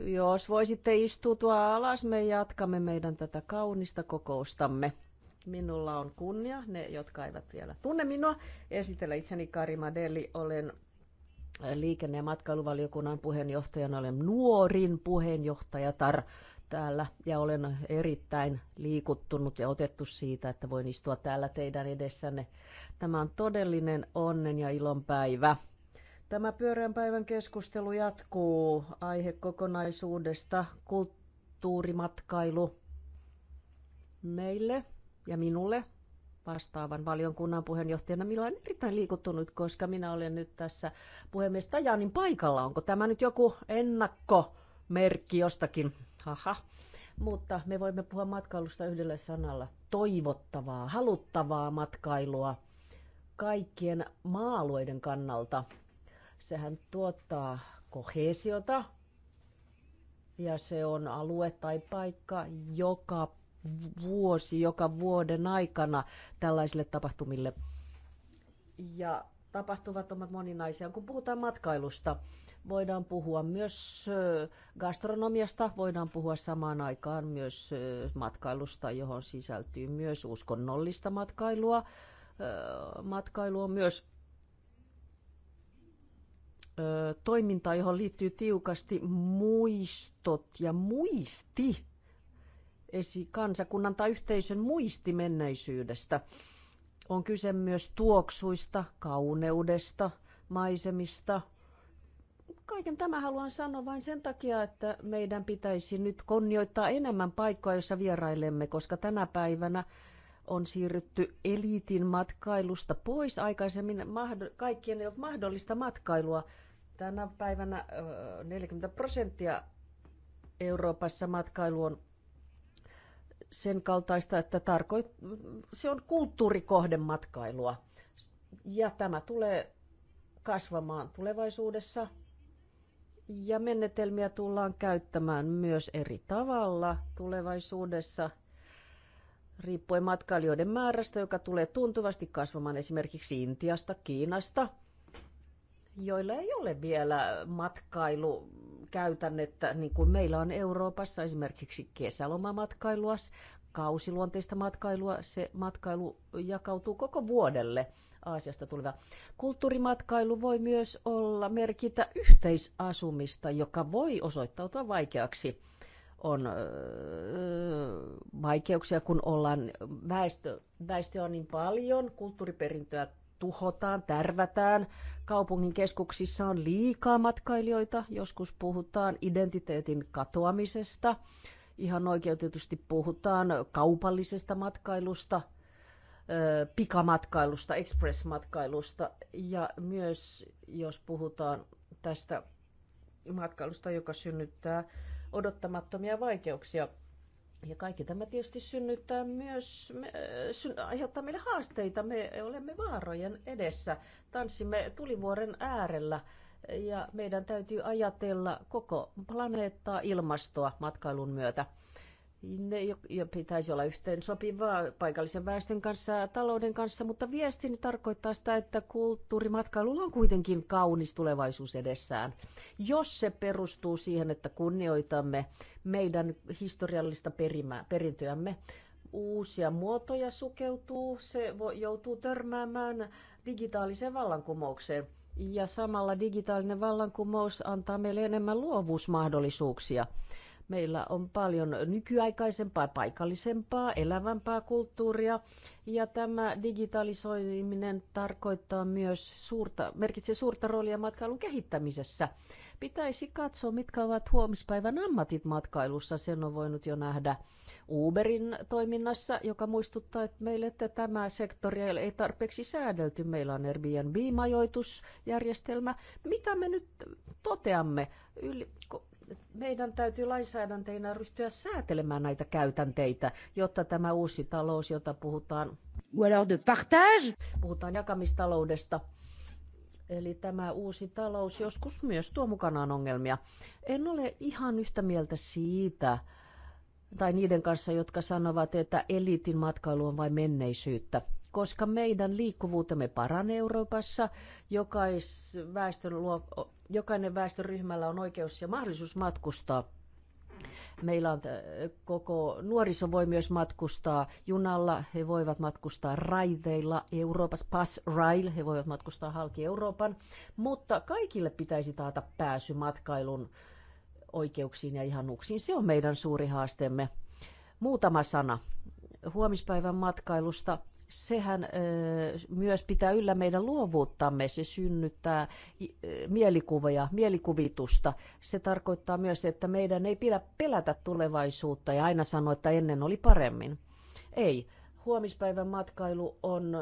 S6: Jos voisitte istua alas, me jatkamme meidän tätä kaunista kokoustamme. Minulla on kunnia, ne jotka eivät vielä tunne minua, esitellä itseni Kari Madeli. Olen liikenne- ja matkailuvaliokunnan puheenjohtajana, olen nuorin puheenjohtajatar täällä ja olen erittäin liikuttunut ja otettu siitä, että voin istua täällä teidän edessänne. Tämä on todellinen onnen ja ilon päivä. Tämä pyöreän päivän keskustelu jatkuu aihekokonaisuudesta kulttuurimatkailu meille ja minulle vastaavan valiokunnan puheenjohtajana. Minä olen erittäin liikuttunut, koska minä olen nyt tässä puhemies Tajanin paikalla. Onko tämä nyt joku ennakkomerkki jostakin? Haha. Mutta me voimme puhua matkailusta yhdellä sanalla. Toivottavaa, haluttavaa matkailua kaikkien maalueiden kannalta – Sehän tuottaa kohesiota ja se on alue tai paikka, joka vuosi, joka vuoden aikana tällaisille tapahtumille. Ja tapahtuvat ovat moninaisia. Kun puhutaan matkailusta, voidaan puhua myös gastronomiasta, voidaan puhua samaan aikaan myös matkailusta, johon sisältyy myös uskonnollista matkailua. Matkailu on myös toimintaa, johon liittyy tiukasti muistot ja muisti, esi kansakunnan tai yhteisön muisti menneisyydestä. On kyse myös tuoksuista, kauneudesta, maisemista. Kaiken tämä haluan sanoa vain sen takia, että meidän pitäisi nyt konnioittaa enemmän paikkoja, jossa vierailemme, koska tänä päivänä – on siirrytty eliitin matkailusta pois. Aikaisemmin mahd- kaikkien ei ollut mahdollista matkailua. Tänä päivänä 40 prosenttia Euroopassa matkailu on sen kaltaista, että tarkoit- se on kulttuurikohden matkailua. Ja tämä tulee kasvamaan tulevaisuudessa. Ja menetelmiä tullaan käyttämään myös eri tavalla tulevaisuudessa – riippuen matkailijoiden määrästä, joka tulee tuntuvasti kasvamaan esimerkiksi Intiasta, Kiinasta, joilla ei ole vielä matkailukäytännettä, niin kuin meillä on Euroopassa esimerkiksi kesälomamatkailua, kausiluonteista matkailua. Se matkailu jakautuu koko vuodelle Aasiasta tuleva. Kulttuurimatkailu voi myös olla merkitä yhteisasumista, joka voi osoittautua vaikeaksi on vaikeuksia, kun ollaan, väestö, väestö on niin paljon, kulttuuriperintöä tuhotaan, tärvätään. Kaupungin keskuksissa on liikaa matkailijoita. Joskus puhutaan identiteetin katoamisesta. Ihan oikeutetusti puhutaan kaupallisesta matkailusta, pikamatkailusta, expressmatkailusta Ja myös jos puhutaan tästä matkailusta, joka synnyttää odottamattomia vaikeuksia. Ja kaikki tämä tietysti synnyttää myös, me, äh, syn, aiheuttaa meille haasteita. Me olemme vaarojen edessä. Tanssimme tulivuoren äärellä ja meidän täytyy ajatella koko planeettaa ilmastoa matkailun myötä ne, ja pitäisi olla yhteen sopivaa paikallisen väestön kanssa ja talouden kanssa, mutta viestini tarkoittaa sitä, että kulttuurimatkailulla on kuitenkin kaunis tulevaisuus edessään, jos se perustuu siihen, että kunnioitamme meidän historiallista perimää, perintöämme. Uusia muotoja sukeutuu, se vo, joutuu törmäämään digitaaliseen vallankumoukseen. Ja samalla digitaalinen vallankumous antaa meille enemmän luovuusmahdollisuuksia. Meillä on paljon nykyaikaisempaa, paikallisempaa, elävämpää kulttuuria ja tämä digitalisoiminen tarkoittaa myös suurta, merkitsee suurta roolia matkailun kehittämisessä. Pitäisi katsoa, mitkä ovat huomispäivän ammatit matkailussa. Sen on voinut jo nähdä Uberin toiminnassa, joka muistuttaa että meille, että tämä sektori ei tarpeeksi säädelty. Meillä on Airbnb-majoitusjärjestelmä. Mitä me nyt toteamme? Yli, meidän täytyy lainsäädäntöinä ryhtyä säätelemään näitä käytänteitä, jotta tämä uusi talous, jota puhutaan, Ou alors de partage. puhutaan jakamistaloudesta, Eli tämä uusi talous joskus myös tuo mukanaan ongelmia. En ole ihan yhtä mieltä siitä, tai niiden kanssa, jotka sanovat, että eliitin matkailu on vain menneisyyttä koska meidän liikkuvuutemme paranee Euroopassa. Jokais väestön luo, jokainen väestöryhmällä on oikeus ja mahdollisuus matkustaa Meillä on koko nuoriso voi myös matkustaa junalla, he voivat matkustaa raiteilla Euroopassa, pass rail, he voivat matkustaa halki Euroopan, mutta kaikille pitäisi taata pääsy matkailun oikeuksiin ja ihanuksiin. Se on meidän suuri haasteemme. Muutama sana huomispäivän matkailusta sehän myös pitää yllä meidän luovuuttamme. Se synnyttää mielikuvia, mielikuvitusta. Se tarkoittaa myös, että meidän ei pidä pelätä tulevaisuutta ja aina sanoa, että ennen oli paremmin. Ei. Huomispäivän matkailu on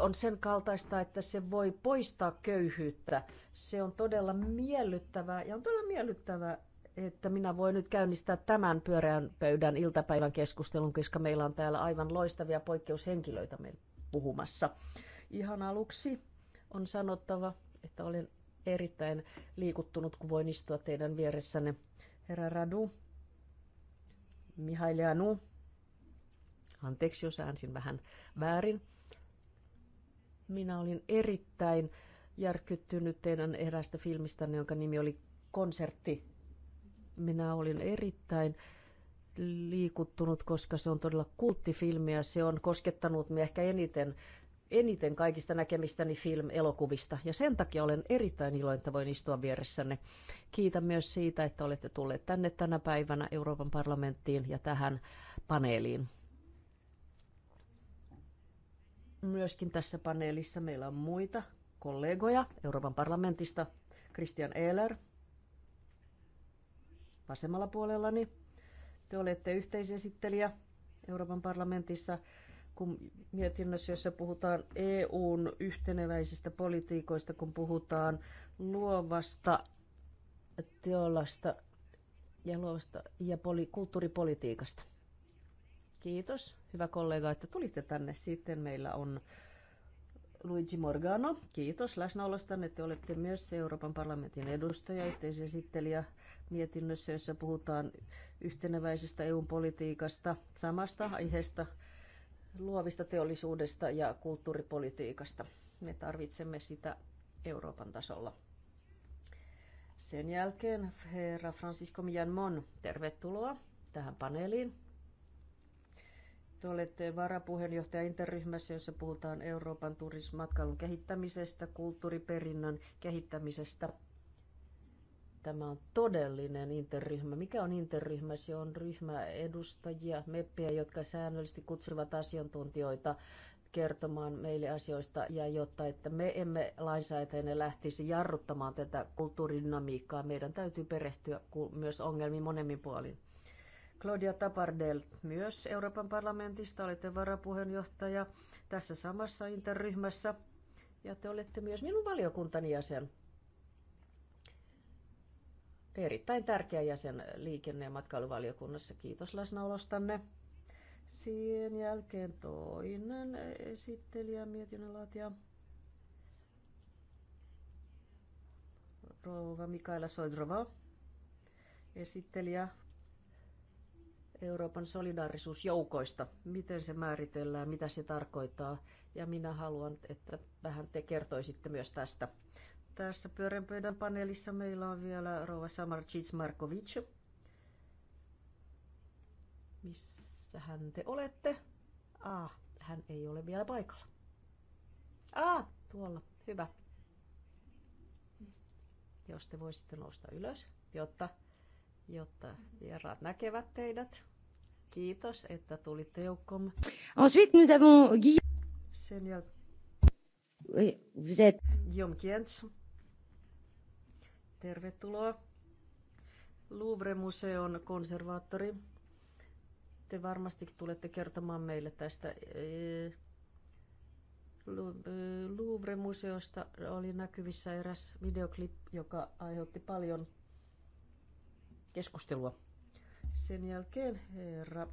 S6: on sen kaltaista, että se voi poistaa köyhyyttä. Se on todella miellyttävää ja on todella miellyttävää että minä voin nyt käynnistää tämän pyöreän pöydän iltapäivän keskustelun, koska meillä on täällä aivan loistavia poikkeushenkilöitä meillä puhumassa. Ihan aluksi on sanottava, että olen erittäin liikuttunut, kun voin istua teidän vieressänne. Herra Radu, Mihail Janu, anteeksi jos äänsin vähän väärin. Minä olin erittäin järkyttynyt teidän erästä filmistänne, jonka nimi oli Konsertti minä olin erittäin liikuttunut, koska se on todella kulttifilmi ja se on koskettanut minä ehkä eniten, eniten kaikista näkemistäni film-elokuvista. Ja sen takia olen erittäin iloinen, että voin istua vieressänne. Kiitän myös siitä, että olette tulleet tänne tänä päivänä Euroopan parlamenttiin ja tähän paneeliin. Myöskin tässä paneelissa meillä on muita kollegoja Euroopan parlamentista. Christian Ehler, vasemmalla puolellani. Niin te olette yhteisesittelijä Euroopan parlamentissa kun mietinnössä, jossa puhutaan EUn yhteneväisistä politiikoista, kun puhutaan luovasta teolasta ja luovasta ja poli- kulttuuripolitiikasta. Kiitos, hyvä kollega, että tulitte tänne. Sitten meillä on Luigi Morgano, kiitos läsnäolostanne. Te olette myös Euroopan parlamentin edustaja, yhteisesittelijä mietinnössä, jossa puhutaan yhteneväisestä EU-politiikasta, samasta aiheesta, luovista teollisuudesta ja kulttuuripolitiikasta. Me tarvitsemme sitä Euroopan tasolla. Sen jälkeen herra Francisco Mianmon, tervetuloa tähän paneeliin. Te olette varapuheenjohtaja interryhmässä, jossa puhutaan Euroopan turismatkailun kehittämisestä, kulttuuriperinnön kehittämisestä. Tämä on todellinen interryhmä. Mikä on interryhmä? Se on ryhmä edustajia, meppiä, jotka säännöllisesti kutsuvat asiantuntijoita kertomaan meille asioista ja jotta, että me emme lainsäätäjänä lähtisi jarruttamaan tätä kulttuuridynamiikkaa, meidän täytyy perehtyä myös ongelmiin monemmin puolin. Claudia Tapardel myös Euroopan parlamentista, olette varapuheenjohtaja tässä samassa interryhmässä ja te olette myös minun valiokuntani jäsen. Erittäin tärkeä jäsen liikenne- ja matkailuvaliokunnassa. Kiitos läsnäolostanne. Sen jälkeen toinen esittelijä, mietinnön laatija. Rouva Mikaela Soidrova, esittelijä Euroopan solidaarisuusjoukoista. Miten se määritellään, mitä se tarkoittaa? Ja minä haluan, että vähän te kertoisitte myös tästä. Tässä pyöränpöydän paneelissa meillä on vielä Rova Samarcic Markovic. Missähän te olette? Ah, hän ei ole vielä paikalla. Ah, tuolla. Hyvä. Jos te voisitte nousta ylös, jotta jotta vieraat näkevät teidät. Kiitos, että tulitte joukkomme.
S5: Ensuite, nous avons Guillaume. Sen
S4: oui, vous êtes...
S6: Guillaume Kientz. Tervetuloa. Louvre-museon konservaattori. Te varmasti tulette kertomaan meille tästä eh, eh, Louvre-museosta. Oli näkyvissä eräs videoklip, joka aiheutti paljon keskustelua. Sen jälkeen herra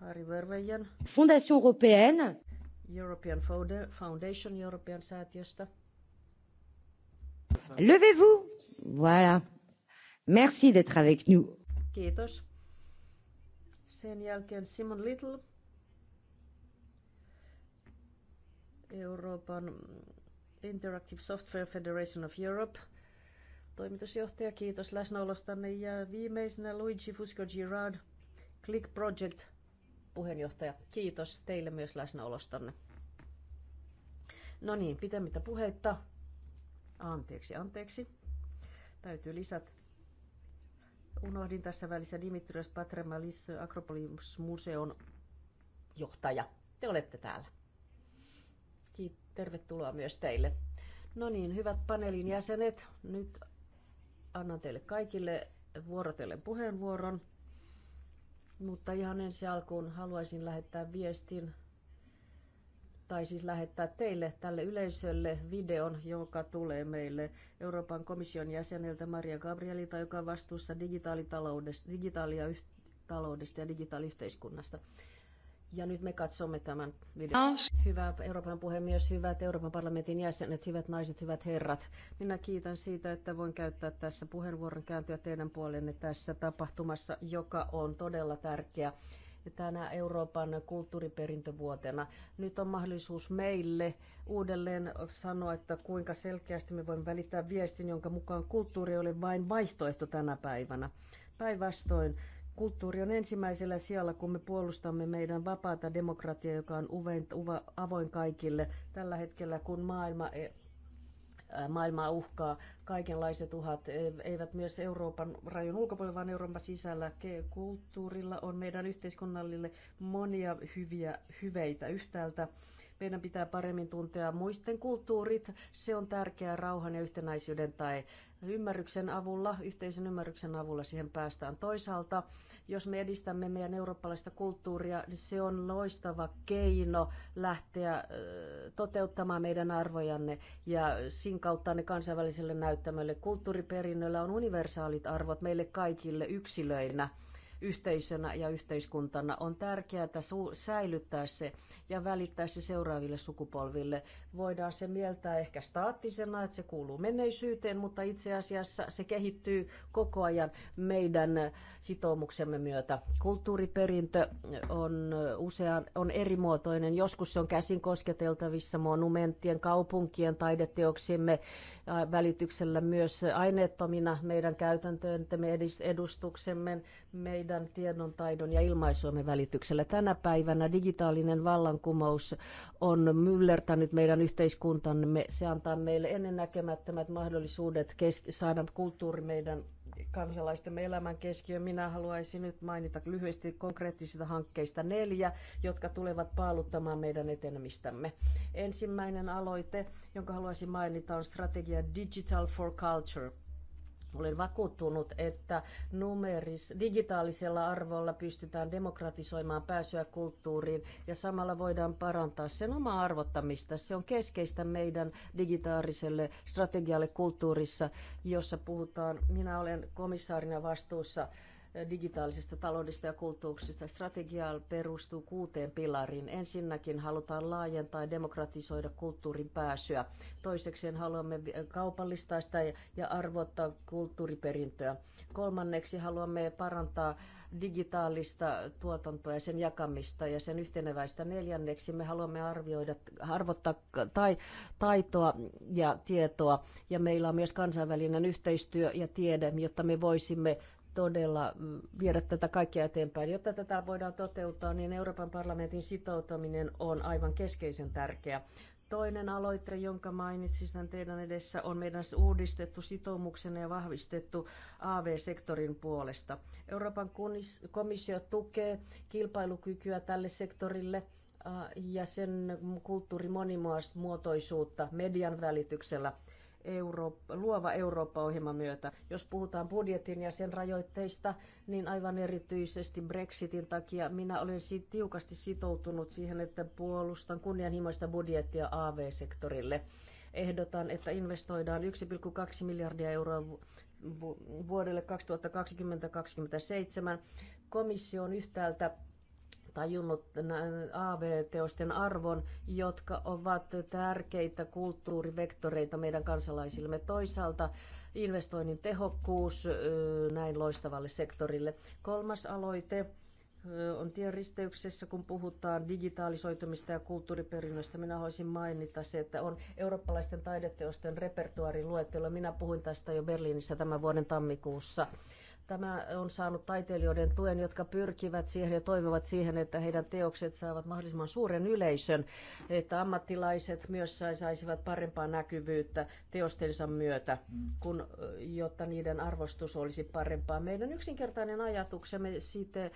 S6: Harry Verveijan.
S3: Fondation Européenne.
S6: European Foundation European säätiöstä.
S3: Levez-vous.
S7: Voilà. Merci d'être avec nous.
S6: Kiitos. Sen jälkeen Simon Little. Euroopan Interactive Software Federation of Europe – toimitusjohtaja, kiitos läsnäolostanne. Ja viimeisenä Luigi Fusco Girard, Click Project puheenjohtaja. Kiitos teille myös läsnäolostanne. No niin, pitemmittä puheitta. Anteeksi, anteeksi. Täytyy lisätä. Unohdin tässä välissä Dimitrios Patremalis, Akropolis-museon johtaja. Te olette täällä. Kiit- tervetuloa myös teille. No niin, hyvät paneelin jäsenet, nyt annan teille kaikille vuorotellen puheenvuoron. Mutta ihan ensi alkuun haluaisin lähettää viestin, tai siis lähettää teille, tälle yleisölle videon, joka tulee meille Euroopan komission jäseneltä Maria Gabrielita, joka on vastuussa digitaalitaloudesta, digitaalia taloudesta ja digitaaliyhteiskunnasta. Ja nyt me katsomme tämän videon. Hyvä Euroopan puhemies, hyvät Euroopan parlamentin jäsenet, hyvät naiset, hyvät herrat. Minä kiitän siitä, että voin käyttää tässä puheenvuoron kääntyä teidän puolenne tässä tapahtumassa, joka on todella tärkeä tänä Euroopan kulttuuriperintövuotena. Nyt on mahdollisuus meille uudelleen sanoa, että kuinka selkeästi me voimme välittää viestin, jonka mukaan kulttuuri oli vain vaihtoehto tänä päivänä. Päinvastoin Kulttuuri on ensimmäisellä sijalla, kun me puolustamme meidän vapaata demokratiaa, joka on uve, uva, avoin kaikille. Tällä hetkellä, kun maailma e, maailmaa uhkaa. Kaikenlaiset uhat e, eivät myös Euroopan rajan ulkopuolella, vaan Euroopan sisällä. Kulttuurilla on meidän yhteiskunnallille monia hyviä hyveitä yhtäältä. Meidän pitää paremmin tuntea muisten kulttuurit. Se on tärkeää rauhan ja yhtenäisyyden tai ymmärryksen avulla, yhteisen ymmärryksen avulla siihen päästään. Toisaalta, jos me edistämme meidän eurooppalaista kulttuuria, niin se on loistava keino lähteä toteuttamaan meidän arvojanne ja sin kautta ne kansainväliselle näyttämölle. Kulttuuriperinnöllä on universaalit arvot meille kaikille yksilöinä yhteisönä ja yhteiskuntana. On tärkeää säilyttää se ja välittää se seuraaville sukupolville. Voidaan se mieltää ehkä staattisena, että se kuuluu menneisyyteen, mutta itse asiassa se kehittyy koko ajan meidän sitoumuksemme myötä. Kulttuuriperintö on usean on erimuotoinen. Joskus se on käsin kosketeltavissa monumenttien, kaupunkien, taideteoksiemme välityksellä myös aineettomina meidän käytäntöön, että me edustuksemme meidän tiedon, taidon ja ilmaisuomme välityksellä. Tänä päivänä digitaalinen vallankumous on myllertänyt meidän yhteiskuntamme. Se antaa meille ennennäkemättömät mahdollisuudet saada kulttuuri meidän kansalaistemme elämän keskiöön. Minä haluaisin nyt mainita lyhyesti konkreettisista hankkeista neljä, jotka tulevat paaluttamaan meidän etenemistämme. Ensimmäinen aloite, jonka haluaisin mainita, on strategia Digital for Culture – olen vakuuttunut, että numeris, digitaalisella arvolla pystytään demokratisoimaan pääsyä kulttuuriin ja samalla voidaan parantaa sen omaa arvottamista. Se on keskeistä meidän digitaaliselle strategialle kulttuurissa, jossa puhutaan, minä olen komissaarina vastuussa digitaalisesta taloudesta ja kulttuurista. Strategia perustuu kuuteen pilariin. Ensinnäkin halutaan laajentaa ja demokratisoida kulttuurin pääsyä. Toisekseen haluamme kaupallistaa sitä ja arvottaa kulttuuriperintöä. Kolmanneksi haluamme parantaa digitaalista tuotantoa ja sen jakamista ja sen yhteneväistä. Neljänneksi me haluamme arvioida, arvottaa tai, taitoa ja tietoa. Ja meillä on myös kansainvälinen yhteistyö ja tiede, jotta me voisimme todella mm, viedä tätä kaikkea eteenpäin. Jotta tätä voidaan toteuttaa, niin Euroopan parlamentin sitoutuminen on aivan keskeisen tärkeä. Toinen aloite, jonka mainitsin teidän edessä, on meidän uudistettu sitoumuksena ja vahvistettu AV-sektorin puolesta. Euroopan komissio tukee kilpailukykyä tälle sektorille ja sen kulttuurimonimuotoisuutta median välityksellä – Eurooppa, luova eurooppa ohjelma myötä. Jos puhutaan budjetin ja sen rajoitteista, niin aivan erityisesti Brexitin takia minä olen si- tiukasti sitoutunut siihen, että puolustan kunnianhimoista budjettia AV-sektorille. Ehdotan, että investoidaan 1,2 miljardia euroa vuodelle 2020-2027. Komissio on yhtäältä tajunnut AV-teosten arvon, jotka ovat tärkeitä kulttuurivektoreita meidän kansalaisillemme. Toisaalta investoinnin tehokkuus näin loistavalle sektorille. Kolmas aloite on tienristeyksessä, kun puhutaan digitaalisoitumista ja kulttuuriperinnöstä. Minä haluaisin mainita se, että on eurooppalaisten taideteosten repertuaarin luettelo. Minä puhuin tästä jo Berliinissä tämän vuoden tammikuussa. Tämä on saanut taiteilijoiden tuen, jotka pyrkivät siihen ja toivovat siihen, että heidän teokset saavat mahdollisimman suuren yleisön, että ammattilaiset myös saisivat parempaa näkyvyyttä teostensa myötä, kun, jotta niiden arvostus olisi parempaa. Meidän yksinkertainen ajatuksemme siitä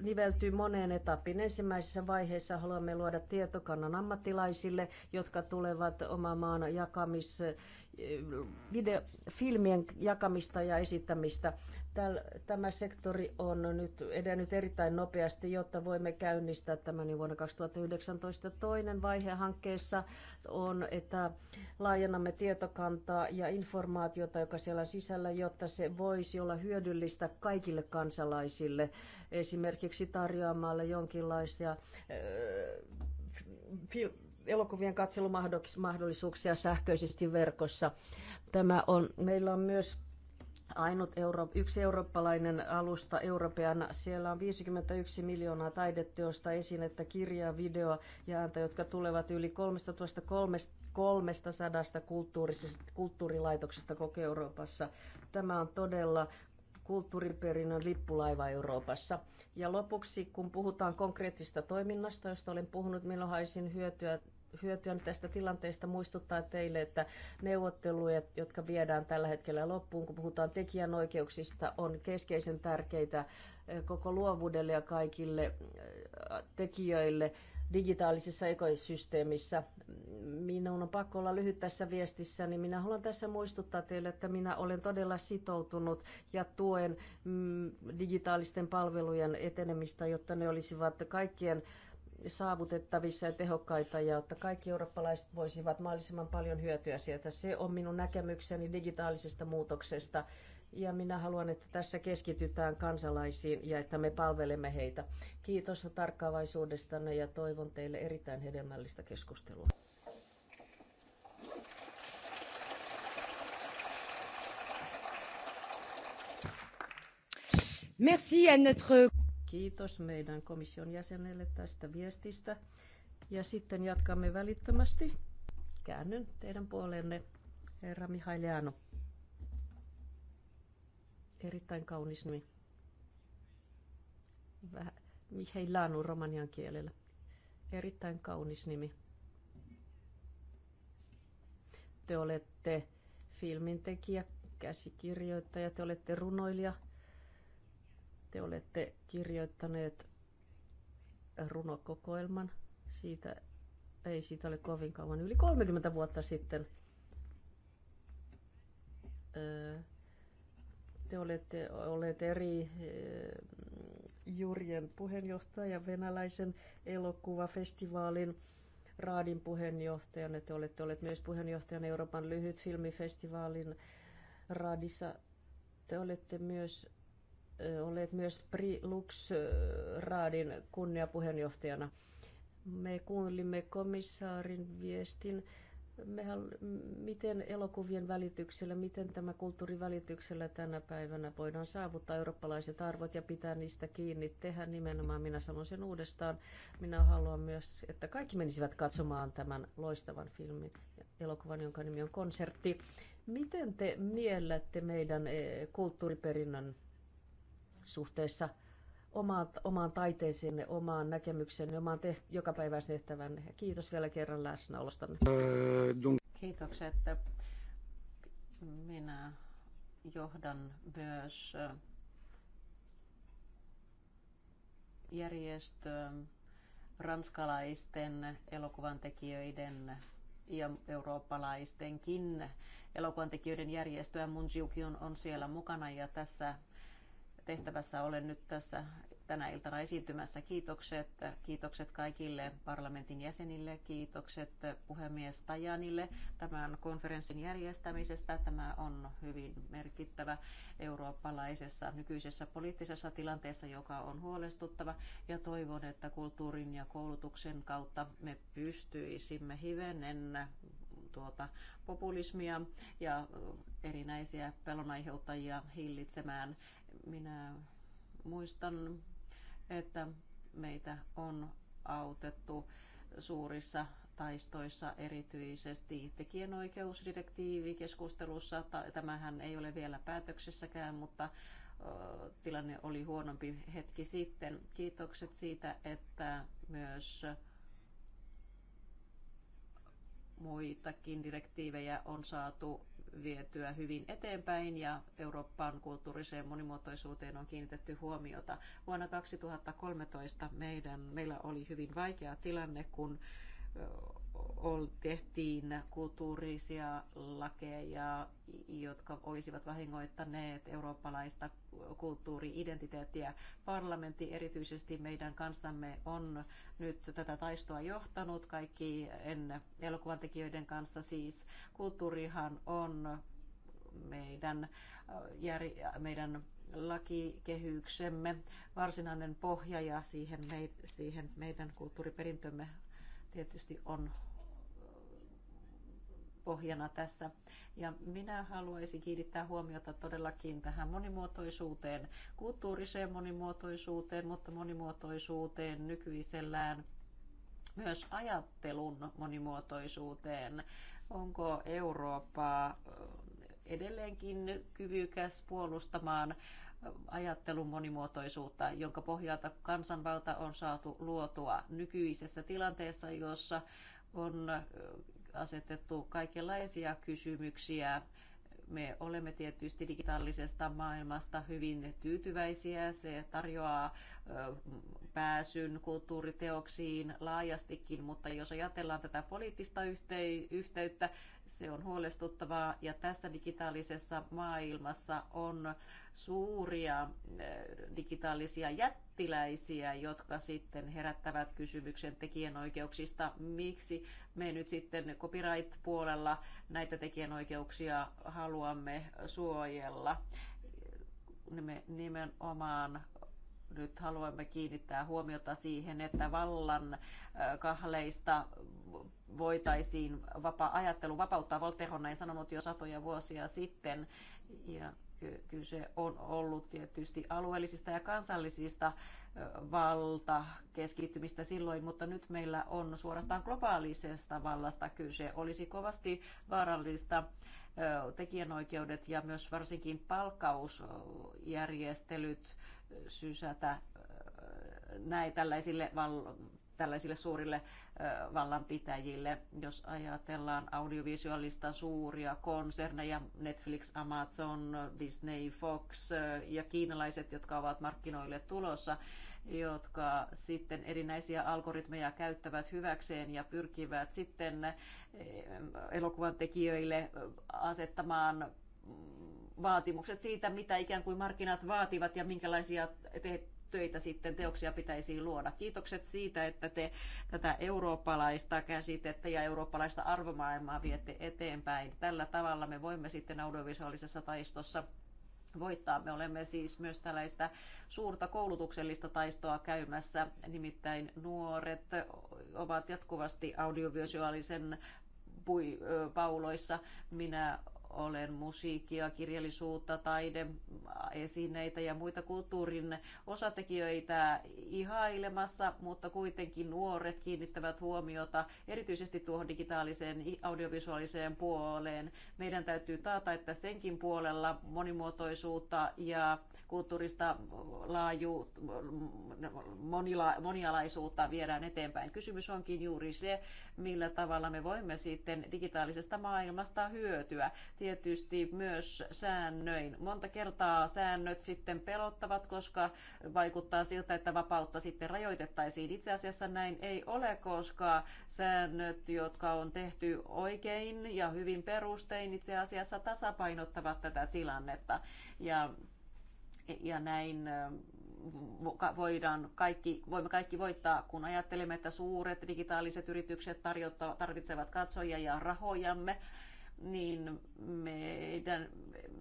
S6: niveltyy moneen etappiin. Ensimmäisessä vaiheessa haluamme luoda tietokannan ammattilaisille, jotka tulevat oma maan jakamis- video, filmien jakamista ja esittämistä. Tämä sektori on nyt edennyt erittäin nopeasti, jotta voimme käynnistää tämän vuonna 2019. Toinen vaihe hankkeessa on, että laajennamme tietokantaa ja informaatiota, joka siellä on sisällä, jotta se voisi olla hyödyllistä kaikille kansalaisille, esimerkiksi tarjoamalle jonkinlaisia elokuvien katselumahdollisuuksia sähköisesti verkossa. Tämä on, meillä on myös ainut euro, yksi eurooppalainen alusta Europeana. Siellä on 51 miljoonaa taideteosta, esinettä, kirjaa, videoa ja ääntä, jotka tulevat yli 3300 kulttuurilaitoksesta koko Euroopassa. Tämä on todella kulttuuriperinnön lippulaiva Euroopassa. Ja lopuksi, kun puhutaan konkreettisesta toiminnasta, josta olen puhunut, milloin haisin hyötyä hyötyä tästä tilanteesta muistuttaa teille, että neuvotteluja, jotka viedään tällä hetkellä loppuun, kun puhutaan tekijänoikeuksista, on keskeisen tärkeitä eh, koko luovuudelle ja kaikille eh, tekijöille digitaalisessa ekosysteemissä. Minun on pakko olla lyhyt tässä viestissä, niin minä haluan tässä muistuttaa teille, että minä olen todella sitoutunut ja tuen mm, digitaalisten palvelujen etenemistä, jotta ne olisivat kaikkien saavutettavissa ja tehokkaita ja että kaikki eurooppalaiset voisivat mahdollisimman paljon hyötyä sieltä. Se on minun näkemykseni digitaalisesta muutoksesta ja minä haluan, että tässä keskitytään kansalaisiin ja että me palvelemme heitä. Kiitos tarkkaavaisuudestanne ja toivon teille erittäin hedelmällistä keskustelua. Merci à notre Kiitos meidän komission jäsenelle tästä viestistä. Ja sitten jatkamme välittömästi. Käännyn teidän puoleenne, herra Mihailiano. Erittäin kaunis nimi. Mihail Mihailanu romanian kielellä. Erittäin kaunis nimi. Te olette filmintekijä, käsikirjoittaja, te olette runoilija – te olette kirjoittaneet runokokoelman. Siitä ei siitä ole kovin kauan, yli 30 vuotta sitten. Te olette olleet eri Jurjen puheenjohtaja venäläisen elokuvafestivaalin Raadin puheenjohtajana. Te olette olleet myös puheenjohtajana Euroopan lyhyt filmifestivaalin Raadissa. Te olette myös olleet myös Lux Raadin kunniapuheenjohtajana. Me kuulimme komissaarin viestin, mehän, miten elokuvien välityksellä, miten tämä kulttuurivälityksellä tänä päivänä voidaan saavuttaa eurooppalaiset arvot ja pitää niistä kiinni, tehdä nimenomaan, minä sanon sen uudestaan, minä haluan myös, että kaikki menisivät katsomaan tämän loistavan filmin, elokuvan, jonka nimi on Konsertti. Miten te miellätte meidän e, kulttuuriperinnön suhteessa omaan, omaan taiteeseenne, omaan näkemykseen, omaan teht- päivä tehtävänne. Kiitos vielä kerran läsnäolostanne.
S1: Äh,
S6: Kiitokset. Minä johdan myös äh, järjestö ranskalaisten elokuvantekijöiden ja eurooppalaistenkin elokuvantekijöiden järjestöä. Mun on siellä mukana ja tässä tehtävässä olen nyt tässä tänä iltana esiintymässä. Kiitokset, kiitokset kaikille parlamentin jäsenille, kiitokset puhemies Tajanille tämän konferenssin järjestämisestä. Tämä on hyvin merkittävä eurooppalaisessa nykyisessä poliittisessa tilanteessa, joka on huolestuttava ja toivon, että kulttuurin ja koulutuksen kautta me pystyisimme hivenen tuota populismia ja erinäisiä pelonaiheuttajia hillitsemään minä muistan, että meitä on autettu suurissa taistoissa erityisesti tekijänoikeusdirektiivikeskustelussa. Tämähän ei ole vielä päätöksessäkään, mutta tilanne oli huonompi hetki sitten. Kiitokset siitä, että myös muitakin direktiivejä on saatu vietyä hyvin eteenpäin ja Euroopan kulttuuriseen monimuotoisuuteen on kiinnitetty huomiota. Vuonna 2013 meidän, meillä oli hyvin vaikea tilanne, kun tehtiin kulttuurisia lakeja, jotka olisivat vahingoittaneet eurooppalaista kulttuuriidentiteettiä. Parlamentti erityisesti meidän kanssamme on nyt tätä taistoa johtanut kaikki elokuvan tekijöiden kanssa. Siis kulttuurihan on meidän, jär, meidän lakikehyksemme varsinainen pohja ja siihen, me, siihen meidän kulttuuriperintömme tietysti on pohjana tässä. Ja minä haluaisin kiinnittää huomiota todellakin tähän monimuotoisuuteen, kulttuuriseen monimuotoisuuteen, mutta monimuotoisuuteen nykyisellään myös ajattelun monimuotoisuuteen. Onko Eurooppa eh, edelleenkin kyvykäs puolustamaan eh, ajattelun monimuotoisuutta, jonka pohjalta kansanvalta on saatu luotua nykyisessä tilanteessa, jossa on eh, asetettu kaikenlaisia kysymyksiä. Me olemme tietysti digitaalisesta maailmasta hyvin tyytyväisiä. Se tarjoaa pääsyn kulttuuriteoksiin laajastikin, mutta jos ajatellaan tätä poliittista yhteyttä, se on huolestuttavaa ja tässä digitaalisessa maailmassa on suuria äh, digitaalisia jättiläisiä, jotka sitten herättävät kysymyksen tekijänoikeuksista. Miksi me nyt sitten copyright-puolella näitä tekijänoikeuksia haluamme suojella? Nimenomaan nyt haluamme kiinnittää huomiota siihen, että vallan kahleista voitaisiin vapaa ajattelu vapauttaa. Voltaire on näin sanonut jo satoja vuosia sitten. Ja kyse on ollut tietysti alueellisista ja kansallisista valta keskittymistä silloin, mutta nyt meillä on suorastaan globaalisesta vallasta kyse. Olisi kovasti vaarallista tekijänoikeudet ja myös varsinkin palkkausjärjestelyt sysätä näin tällaisille, val, tällaisille suurille vallanpitäjille. Jos ajatellaan audiovisuaalista suuria konserneja, Netflix, Amazon, Disney, Fox ja kiinalaiset, jotka ovat markkinoille tulossa, jotka sitten erinäisiä algoritmeja käyttävät hyväkseen ja pyrkivät sitten elokuvan tekijöille asettamaan vaatimukset siitä, mitä ikään kuin markkinat vaativat ja minkälaisia te- töitä sitten teoksia pitäisi luoda. Kiitokset siitä, että te tätä eurooppalaista käsitettä ja eurooppalaista arvomaailmaa viette eteenpäin. Tällä tavalla me voimme sitten audiovisuaalisessa taistossa voittaa. Me olemme siis myös tällaista suurta koulutuksellista taistoa käymässä, nimittäin nuoret ovat jatkuvasti audiovisuaalisen pui, pauloissa. Minä olen musiikkia, kirjallisuutta, taideesineitä ja muita kulttuurin osatekijöitä ihailemassa, mutta kuitenkin nuoret kiinnittävät huomiota erityisesti tuohon digitaaliseen audiovisuaaliseen puoleen. Meidän täytyy taata, että senkin puolella monimuotoisuutta ja kulttuurista laaju, monila, monialaisuutta viedään eteenpäin. Kysymys onkin juuri se, millä tavalla me voimme sitten digitaalisesta maailmasta hyötyä. Tietysti myös säännöin. Monta kertaa säännöt sitten pelottavat, koska vaikuttaa siltä, että vapautta sitten rajoitettaisiin. Itse asiassa näin ei ole, koska säännöt, jotka on tehty oikein ja hyvin perustein, itse asiassa tasapainottavat tätä tilannetta. Ja ja näin voidaan kaikki, voimme kaikki voittaa, kun ajattelemme, että suuret digitaaliset yritykset tarvitsevat katsojia ja rahojamme niin meidän,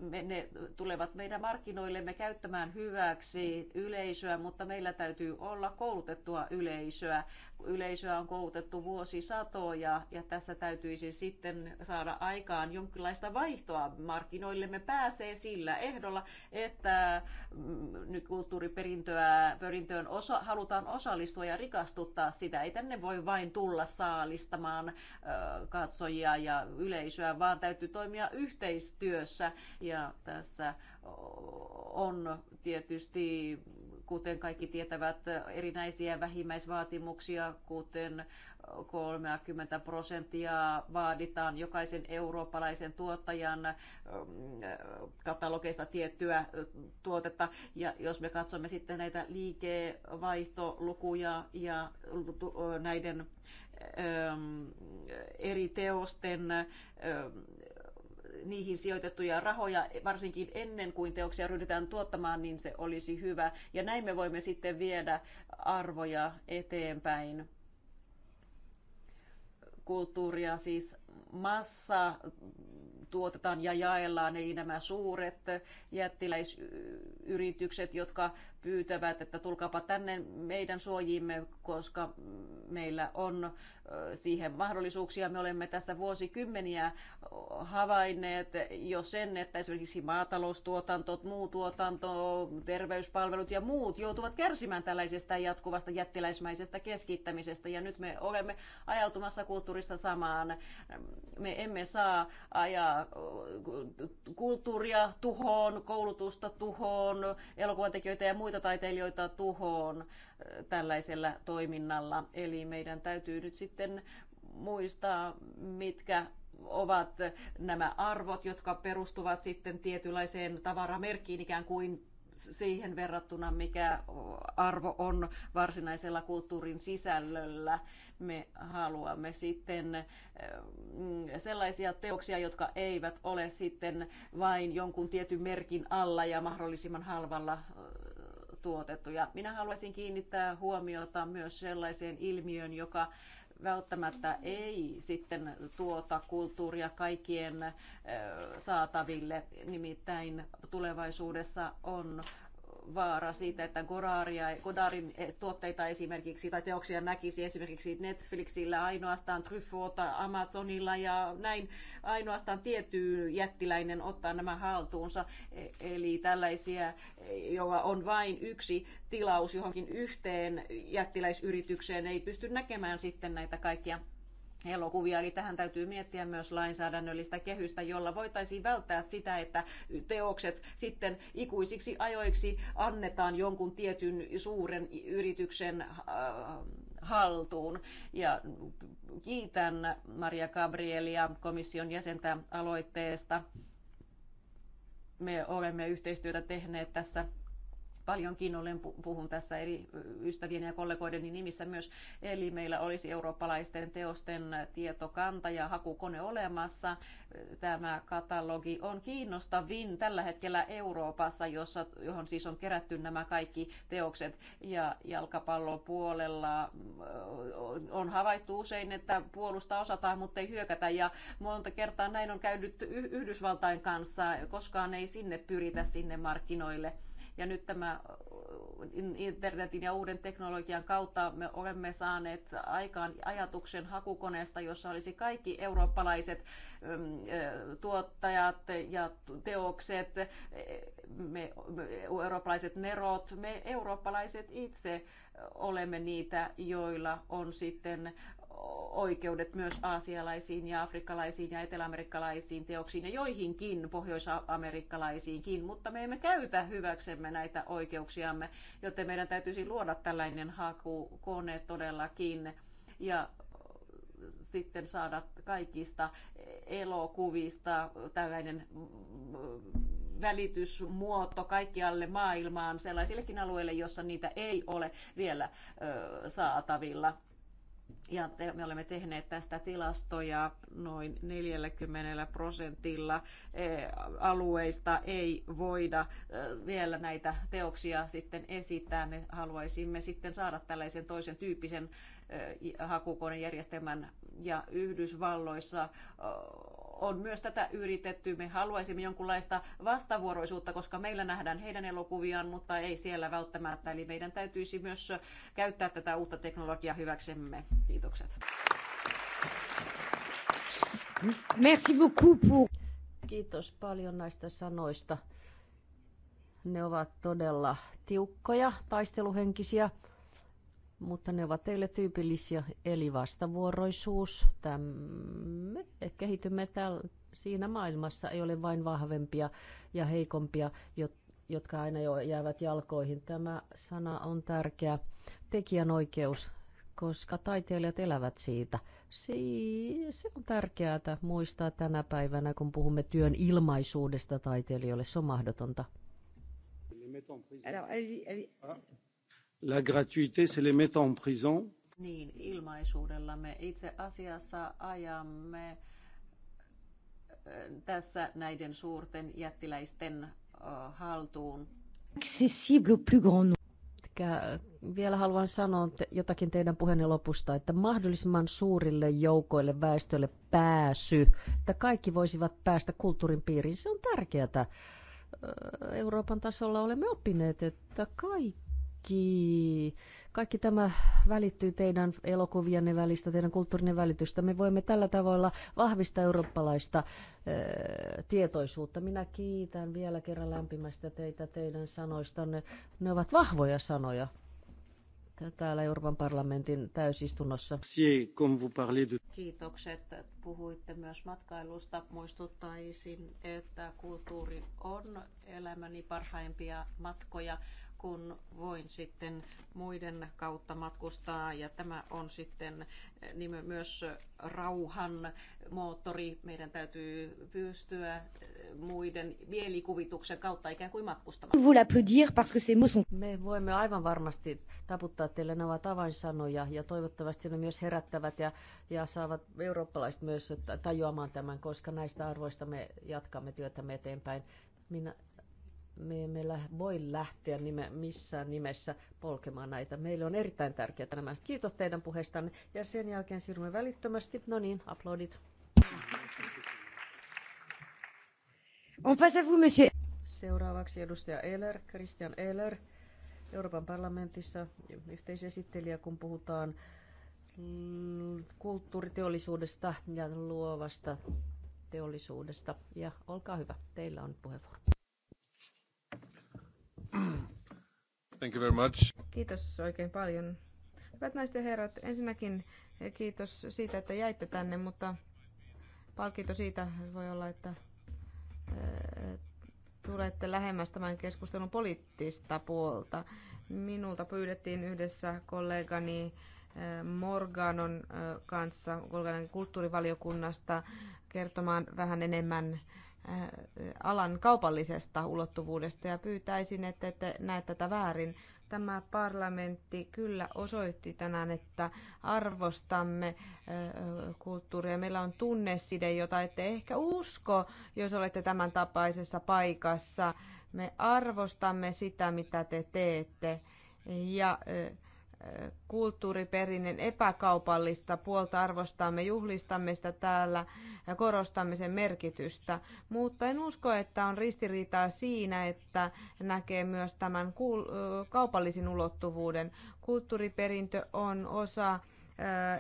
S6: me, ne tulevat meidän markkinoillemme käyttämään hyväksi yleisöä, mutta meillä täytyy olla koulutettua yleisöä. Yleisöä on koulutettu vuosisatoja ja tässä täytyisi sitten saada aikaan jonkinlaista vaihtoa. Markkinoillemme pääsee sillä ehdolla, että mm, nyt kulttuuriperintöä perintöön osa, halutaan osallistua ja rikastuttaa sitä. Ei tänne voi vain tulla saalistamaan katsojia ja yleisöä, vaan täytyy toimia yhteistyössä. Ja tässä on tietysti, kuten kaikki tietävät, erinäisiä vähimmäisvaatimuksia, kuten 30 prosenttia vaaditaan jokaisen eurooppalaisen tuottajan ähm, katalogeista tiettyä äh, tuotetta. Ja jos me katsomme sitten näitä liikevaihtolukuja ja näiden Ähm, eri teosten ähm, niihin sijoitettuja rahoja, varsinkin ennen kuin teoksia ryhdytään tuottamaan, niin se olisi hyvä. Ja näin me voimme sitten viedä arvoja eteenpäin. Kulttuuria siis massa tuotetaan ja jaellaan, eli nämä suuret jättiläisyritykset, jotka pyytävät, että tulkaapa tänne meidän suojiimme, koska meillä on siihen mahdollisuuksia. Me olemme tässä vuosikymmeniä havainneet jo sen, että esimerkiksi maataloustuotanto, muu tuotanto, terveyspalvelut ja muut joutuvat kärsimään tällaisesta jatkuvasta jättiläismäisestä keskittämisestä. Ja nyt me olemme ajautumassa kulttuurista samaan. Me emme saa ajaa kulttuuria tuhoon, koulutusta tuhoon, elokuvantekijöitä ja muita muita taiteilijoita tuhoon tällaisella toiminnalla. Eli meidän täytyy nyt sitten muistaa, mitkä ovat nämä arvot, jotka perustuvat sitten tietynlaiseen tavaramerkkiin ikään kuin siihen verrattuna, mikä arvo on varsinaisella kulttuurin sisällöllä. Me haluamme sitten sellaisia teoksia, jotka eivät ole sitten vain jonkun tietyn merkin alla ja mahdollisimman halvalla tuotettuja. Minä haluaisin kiinnittää huomiota myös sellaiseen ilmiöön, joka välttämättä ei sitten tuota kulttuuria kaikkien saataville. Nimittäin tulevaisuudessa on vaara siitä, että Goraria, Godarin eh, tuotteita esimerkiksi tai teoksia näkisi esimerkiksi Netflixillä ainoastaan Truffauta, Amazonilla ja näin ainoastaan tietty jättiläinen ottaa nämä haltuunsa. E, eli tällaisia, joilla on vain yksi tilaus johonkin yhteen jättiläisyritykseen, ei pysty näkemään sitten näitä kaikkia elokuvia, eli tähän täytyy miettiä myös lainsäädännöllistä kehystä, jolla voitaisiin välttää sitä, että teokset sitten ikuisiksi ajoiksi annetaan jonkun tietyn suuren yrityksen äh, haltuun. Ja kiitän Maria Gabrielia, komission jäsentä, aloitteesta. Me olemme yhteistyötä tehneet tässä paljonkin olen, puhun tässä eri ystävien ja kollegoideni nimissä myös, eli meillä olisi eurooppalaisten teosten tietokanta ja hakukone olemassa. Tämä katalogi on kiinnostavin tällä hetkellä Euroopassa, jossa, johon siis on kerätty nämä kaikki teokset ja jalkapallopuolella on havaittu usein, että puolusta osataan, mutta ei hyökätä ja monta kertaa näin on käynyt Yhdysvaltain kanssa, koskaan ei sinne pyritä sinne markkinoille. Ja nyt tämä internetin ja uuden teknologian kautta me olemme saaneet aikaan ajatuksen hakukoneesta, jossa olisi kaikki eurooppalaiset tuottajat ja teokset, e, me, e, eurooppalaiset nerot, me eurooppalaiset itse olemme niitä, joilla on sitten oikeudet myös aasialaisiin ja afrikkalaisiin ja eteläamerikkalaisiin teoksiin ja joihinkin pohjoisamerikkalaisiinkin, mutta me emme käytä hyväksemme näitä oikeuksiamme, joten meidän täytyisi luoda tällainen hakukone todellakin ja sitten saada kaikista elokuvista tällainen välitysmuoto kaikkialle maailmaan sellaisillekin alueille, jossa niitä ei ole vielä saatavilla ja te, me olemme tehneet tästä tilastoja noin 40 prosentilla e, alueista ei voida e, vielä näitä teoksia sitten esittää. Me haluaisimme sitten saada tällaisen toisen tyyppisen e, hakukonejärjestelmän ja Yhdysvalloissa on myös tätä yritetty. Me haluaisimme jonkunlaista vastavuoroisuutta, koska meillä nähdään heidän elokuviaan, mutta ei siellä välttämättä. Eli meidän täytyisi myös käyttää tätä uutta teknologiaa hyväksemme. Kiitokset.
S3: Merci beaucoup pour...
S6: Kiitos paljon näistä sanoista. Ne ovat todella tiukkoja, taisteluhenkisiä mutta ne ovat teille tyypillisiä, eli vastavuoroisuus. Täm, me kehitymme täällä, siinä maailmassa, ei ole vain vahvempia ja heikompia, jotka aina jo jäävät jalkoihin. Tämä sana on tärkeä tekijänoikeus, koska taiteilijat elävät siitä. Se on tärkeää muistaa tänä päivänä, kun puhumme työn ilmaisuudesta taiteilijoille. Se on mahdotonta. Alors, allez, allez. Ah.
S1: La gratuité, c'est les mettre en prison.
S6: Niin, ilmaisuudella me itse asiassa ajamme äh, tässä näiden suurten jättiläisten äh, haltuun. Accessible au plus grand nombre. Äh, vielä haluan sanoa jotakin teidän puheenne lopusta, että mahdollisimman suurille joukoille väestölle pääsy, että kaikki voisivat päästä kulttuurin piiriin, se on tärkeää. Euroopan tasolla olemme oppineet, että kaikki kaikki, kaikki tämä välittyy teidän elokuvienne välistä, teidän kulttuurinne välitystä. Me voimme tällä tavalla vahvistaa eurooppalaista ö, tietoisuutta. Minä kiitän vielä kerran lämpimästä teitä teidän sanoista, Ne ovat vahvoja sanoja täällä Euroopan parlamentin täysistunnossa. Kiitokset. Puhuitte myös matkailusta. Muistuttaisin, että kulttuuri on elämäni parhaimpia matkoja kun voin sitten muiden kautta matkustaa. Ja tämä on sitten eh, myös rauhan moottori. Meidän täytyy pystyä eh, muiden mielikuvituksen kautta ikään kuin matkustamaan. Me voimme aivan varmasti taputtaa teille nämä tavansanoja ja toivottavasti ne myös herättävät ja, ja saavat eurooppalaiset myös tajuamaan tämän, koska näistä arvoista me jatkamme työtämme eteenpäin. Minä me emme voi lähteä nime, missään nimessä polkemaan näitä. Meille on erittäin tärkeää nämä. Kiitos teidän puheestanne ja sen jälkeen siirrymme välittömästi. No niin, aplodit.
S7: On passe vous, monsieur.
S6: Seuraavaksi edustaja Eller, Christian Eller, Euroopan parlamentissa yhteisesittelijä, kun puhutaan kulttuuriteollisuudesta ja luovasta teollisuudesta. Ja olkaa hyvä, teillä on puheenvuoro.
S4: Thank you very much.
S6: Kiitos oikein
S7: paljon. Hyvät naiset ja herrat, ensinnäkin kiitos siitä, että jäitte tänne, mutta palkinto siitä voi olla, että eh, tulette lähemmäs tämän keskustelun poliittista puolta. Minulta pyydettiin yhdessä kollegani eh, Morganon eh, kanssa kulttuurivaliokunnasta kertomaan vähän enemmän Äh, alan kaupallisesta ulottuvuudesta ja pyytäisin, että ette näe tätä väärin. Tämä parlamentti kyllä osoitti tänään, että arvostamme äh, kulttuuria. Meillä on tunneside, jota ette ehkä usko, jos olette tämän tapaisessa paikassa. Me arvostamme sitä, mitä te teette. Ja äh, kulttuuriperinnön epäkaupallista puolta arvostamme, juhlistamme sitä täällä ja korostamme sen merkitystä. Mutta en usko, että on ristiriitaa siinä, että näkee myös tämän kaupallisen ulottuvuuden. Kulttuuriperintö on osa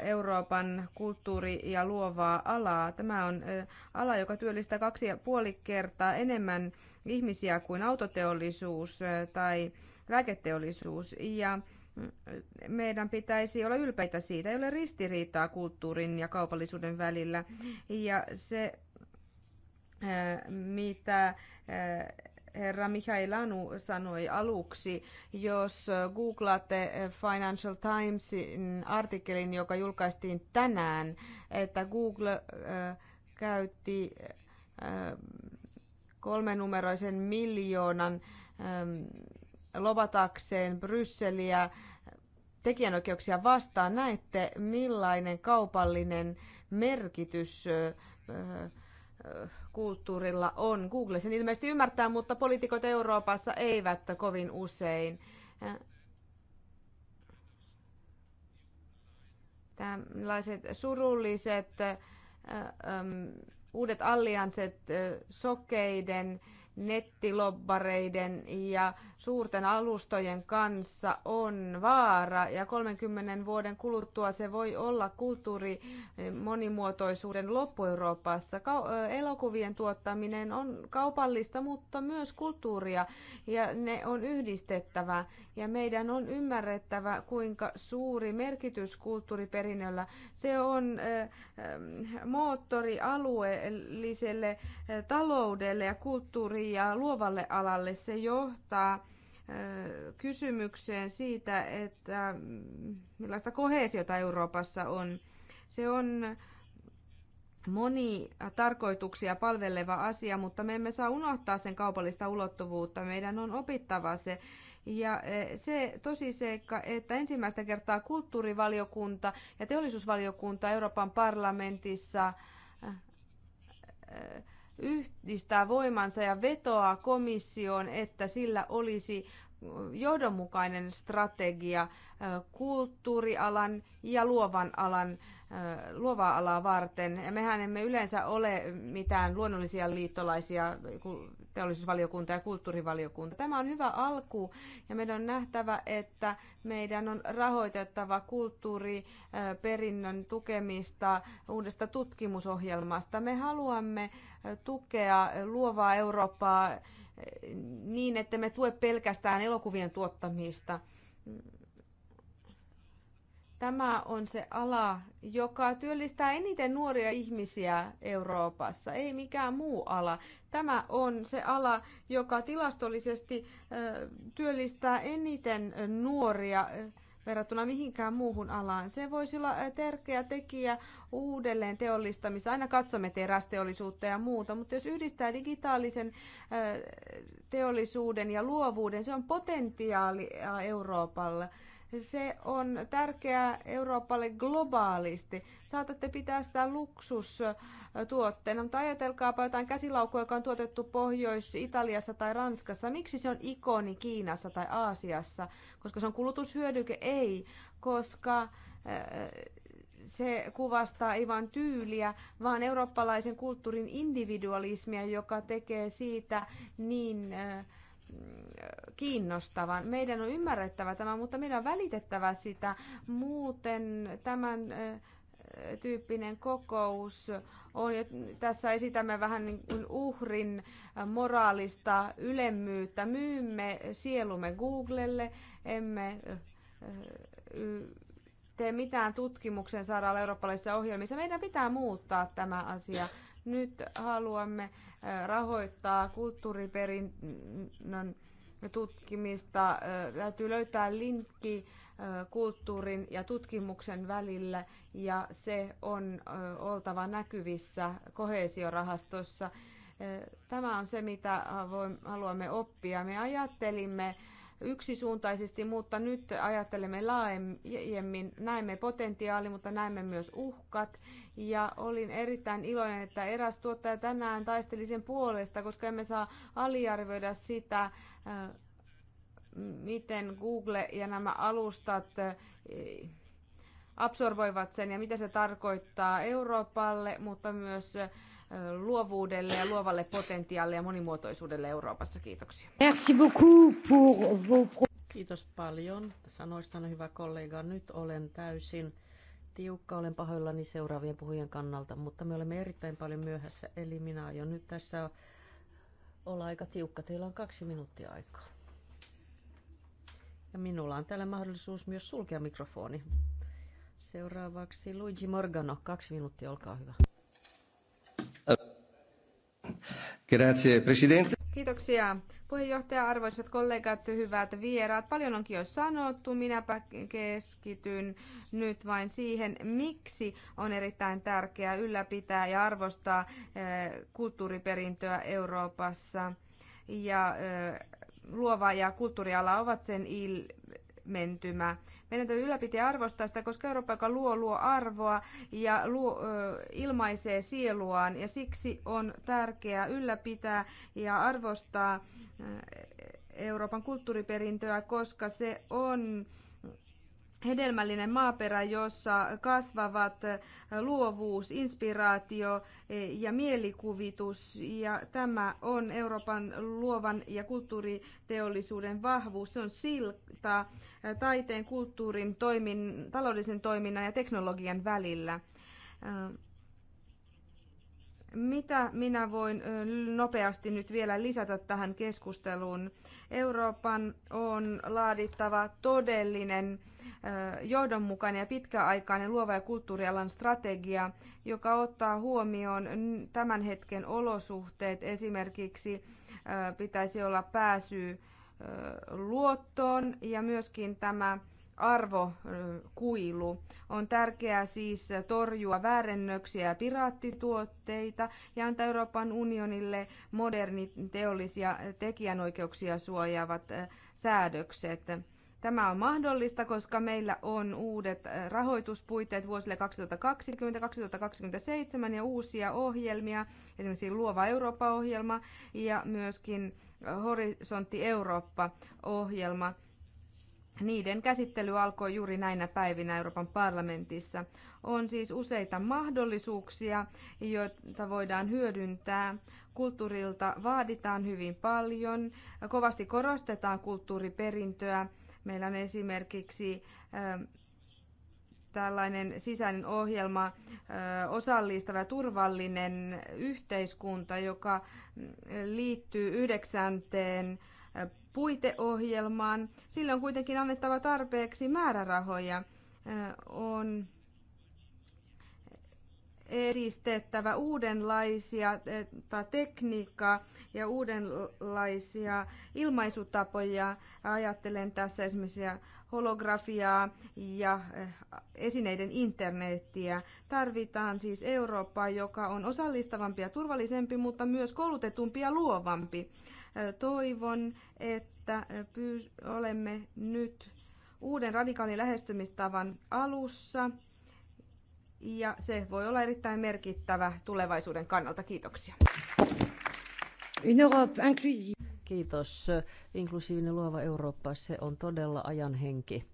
S7: Euroopan kulttuuri- ja luovaa alaa. Tämä on ala, joka työllistää kaksi ja puoli kertaa enemmän ihmisiä kuin autoteollisuus tai lääketeollisuus. Ja meidän pitäisi olla ylpeitä siitä. Ei ole ristiriitaa kulttuurin ja kaupallisuuden välillä. Ja se, äh, mitä äh, herra Mihail Anu sanoi aluksi, jos googlaatte Financial Timesin artikkelin, joka julkaistiin tänään, että Google äh, käytti kolmenumeroisen miljoonan ähm, lobatakseen Brysseliä tekijänoikeuksia vastaan. Näette, millainen kaupallinen merkitys kulttuurilla on. Google sen ilmeisesti ymmärtää, mutta poliitikot Euroopassa eivät kovin usein. Tällaiset surulliset uudet alliansset sokeiden nettilobbareiden ja suurten alustojen kanssa on vaara ja 30 vuoden kuluttua se voi olla kulttuuri eh, monimuotoisuuden loppu Euroopassa. Eh, elokuvien tuottaminen on kaupallista, mutta myös kulttuuria ja ne on yhdistettävä ja meidän on ymmärrettävä, kuinka suuri merkitys kulttuuriperinnöllä se on eh, moottori alueelliselle taloudelle ja kulttuuri ja luovalle alalle. Se johtaa kysymykseen siitä, että mm, millaista kohesiota Euroopassa on. Se on moni tarkoituksia palveleva asia, mutta me emme saa unohtaa sen kaupallista ulottuvuutta. Meidän on opittava se. Ja e, se tosi seikka, että ensimmäistä kertaa kulttuurivaliokunta ja teollisuusvaliokunta Euroopan parlamentissa äh, äh, yhdistää voimansa ja vetoaa komissioon, että sillä olisi johdonmukainen strategia kulttuurialan ja luovan alan luovaa alaa varten. Ja mehän emme yleensä ole mitään luonnollisia liittolaisia teollisuusvaliokunta ja kulttuurivaliokunta. Tämä on hyvä alku ja meidän on nähtävä, että meidän on rahoitettava kulttuuriperinnön tukemista uudesta tutkimusohjelmasta. Me haluamme tukea luovaa Eurooppaa niin, että me tue pelkästään elokuvien tuottamista Tämä on se ala, joka työllistää eniten nuoria ihmisiä Euroopassa, ei mikään muu ala. Tämä on se ala, joka tilastollisesti työllistää eniten nuoria verrattuna mihinkään muuhun alaan. Se voisi olla tärkeä tekijä uudelleen teollistamista. Aina katsomme terästeollisuutta ja muuta, mutta jos yhdistää digitaalisen teollisuuden ja luovuuden, se on potentiaalia Euroopalle. Se on tärkeää Euroopalle globaalisti. Saatatte pitää sitä luksustuotteena, mutta ajatelkaapa jotain käsilaukua, joka on tuotettu Pohjois-Italiassa tai Ranskassa. Miksi se on ikoni Kiinassa tai Aasiassa? Koska se on kulutushyödyke? Ei, koska eh, se kuvastaa ei vain tyyliä, vaan eurooppalaisen kulttuurin individualismia, joka tekee siitä niin äh, kiinnostavan. Meidän on ymmärrettävä tämä, mutta meidän on välitettävä sitä. Muuten tämän tyyppinen kokous on, tässä esitämme vähän niin kuin uhrin moraalista ylemmyyttä. Myymme sielumme Googlelle, emme tee mitään tutkimuksen saralla eurooppalaisissa ohjelmissa. Meidän pitää muuttaa tämä asia. Nyt haluamme rahoittaa kulttuuriperinnön tutkimista. Täytyy löytää linkki kulttuurin ja tutkimuksen välillä ja se on oltava näkyvissä kohesiorahastossa. Tämä on se, mitä haluamme oppia. Me ajattelimme yksisuuntaisesti, mutta nyt ajattelemme laajemmin, näemme potentiaali, mutta näemme myös uhkat. Ja olin erittäin iloinen, että eräs tuottaja tänään taisteli sen puolesta, koska emme saa aliarvioida sitä, äh, miten Google ja nämä alustat äh, absorboivat sen ja mitä se tarkoittaa Euroopalle, mutta myös äh, luovuudelle ja luovalle potentiaalille ja monimuotoisuudelle Euroopassa. Kiitoksia.
S3: Merci beaucoup pour vos...
S6: Kiitos paljon sanoistanne, hyvä kollega. Nyt olen täysin tiukka, olen pahoillani seuraavien puhujien kannalta, mutta me olemme erittäin paljon myöhässä, eli minä aion nyt tässä olla aika tiukka. Teillä on kaksi minuuttia aikaa. Ja minulla on täällä mahdollisuus myös sulkea mikrofoni. Seuraavaksi Luigi Morgano, kaksi minuuttia, olkaa hyvä.
S1: Grazie, presidente.
S7: Kiitoksia puheenjohtaja, arvoisat kollegat, hyvät vieraat. Paljon onkin jo sanottu, minäpä keskityn nyt vain siihen, miksi on erittäin tärkeää ylläpitää ja arvostaa eh, kulttuuriperintöä Euroopassa. Ja eh, luova ja kulttuuriala ovat sen il, Mentymä. Meidän täytyy ylläpitää arvostaa sitä, koska Eurooppa, joka luo, luo arvoa ja luo, ilmaisee sieluaan. Ja siksi on tärkeää ylläpitää ja arvostaa Euroopan kulttuuriperintöä, koska se on hedelmällinen maaperä, jossa kasvavat luovuus, inspiraatio e, ja mielikuvitus. Ja tämä on Euroopan luovan ja kulttuuriteollisuuden vahvuus. Se on silta e, taiteen, kulttuurin, toimin, taloudellisen toiminnan ja teknologian välillä. E, mitä minä voin nopeasti nyt vielä lisätä tähän keskusteluun? Euroopan on laadittava todellinen johdonmukainen ja pitkäaikainen luova ja kulttuurialan strategia, joka ottaa huomioon tämän hetken olosuhteet. Esimerkiksi pitäisi olla pääsy luottoon ja myöskin tämä arvokuilu. On tärkeää siis torjua väärennöksiä ja piraattituotteita ja antaa Euroopan unionille modernit teollisia tekijänoikeuksia suojaavat säädökset. Tämä on mahdollista, koska meillä on uudet äh, rahoituspuitteet vuosille 2020-2027 ja uusia ohjelmia, esimerkiksi Luova Eurooppa-ohjelma ja myöskin äh, Horisontti Eurooppa-ohjelma. Niiden käsittely alkoi juuri näinä päivinä Euroopan parlamentissa. On siis useita mahdollisuuksia, joita voidaan hyödyntää. Kulttuurilta vaaditaan hyvin paljon, kovasti korostetaan kulttuuriperintöä Meillä on esimerkiksi tällainen sisäinen ohjelma, osallistava ja turvallinen yhteiskunta, joka mm, liittyy yhdeksänteen puiteohjelmaan. Sillä on kuitenkin annettava tarpeeksi määrärahoja. On edistettävä uudenlaisia tekniikkaa ja uudenlaisia ilmaisutapoja. Ajattelen tässä esimerkiksi holografiaa ja esineiden internettiä. Tarvitaan siis Eurooppaa, joka on osallistavampi ja turvallisempi, mutta myös koulutetumpi ja luovampi. Toivon, että olemme nyt uuden radikaalin lähestymistavan alussa ja se voi olla erittäin merkittävä tulevaisuuden kannalta. Kiitoksia.
S6: Une Europe inclusive. Kiitos. Inklusiivinen luova Eurooppa, se on todella ajan henki.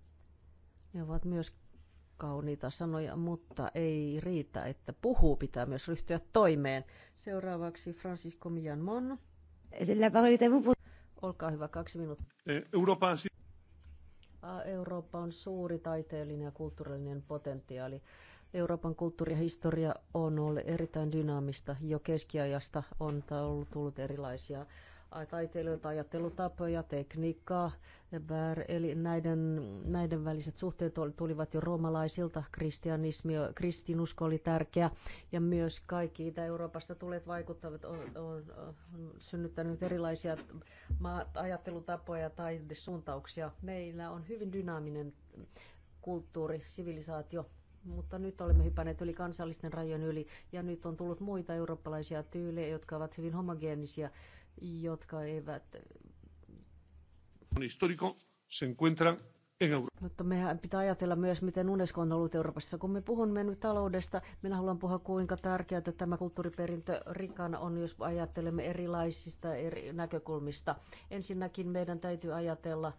S6: Ne ovat myös kauniita sanoja, mutta ei riitä, että puhuu, pitää myös ryhtyä toimeen. Seuraavaksi Francisco Mianmon. Olkaa hyvä, kaksi minuuttia. Eh, Euroopan... Ah, Eurooppa on suuri taiteellinen ja kulttuurillinen potentiaali. Euroopan kulttuuri ja historia on ollut erittäin dynaamista. Jo keskiajasta on tullut erilaisia taiteilijoita, ajattelutapoja, tekniikkaa, eli näiden, näiden väliset suhteet tulivat jo roomalaisilta, kristianismi, kristinusko oli tärkeä, ja myös kaikki Itä-Euroopasta tulleet vaikuttavat on, on, on synnyttänyt erilaisia ajattelutapoja tai suuntauksia. Meillä on hyvin dynaaminen kulttuuri, sivilisaatio, mutta nyt olemme hypänneet yli kansallisten rajojen yli ja nyt on tullut muita eurooppalaisia tyylejä, jotka ovat hyvin homogeenisia, jotka eivät... se mutta mehän pitää ajatella myös, miten Unesco on ollut Euroopassa. Kun me puhumme nyt taloudesta, minä haluan puhua kuinka tärkeää että tämä kulttuuriperintö rikana on, jos ajattelemme erilaisista eri näkökulmista. Ensinnäkin meidän täytyy ajatella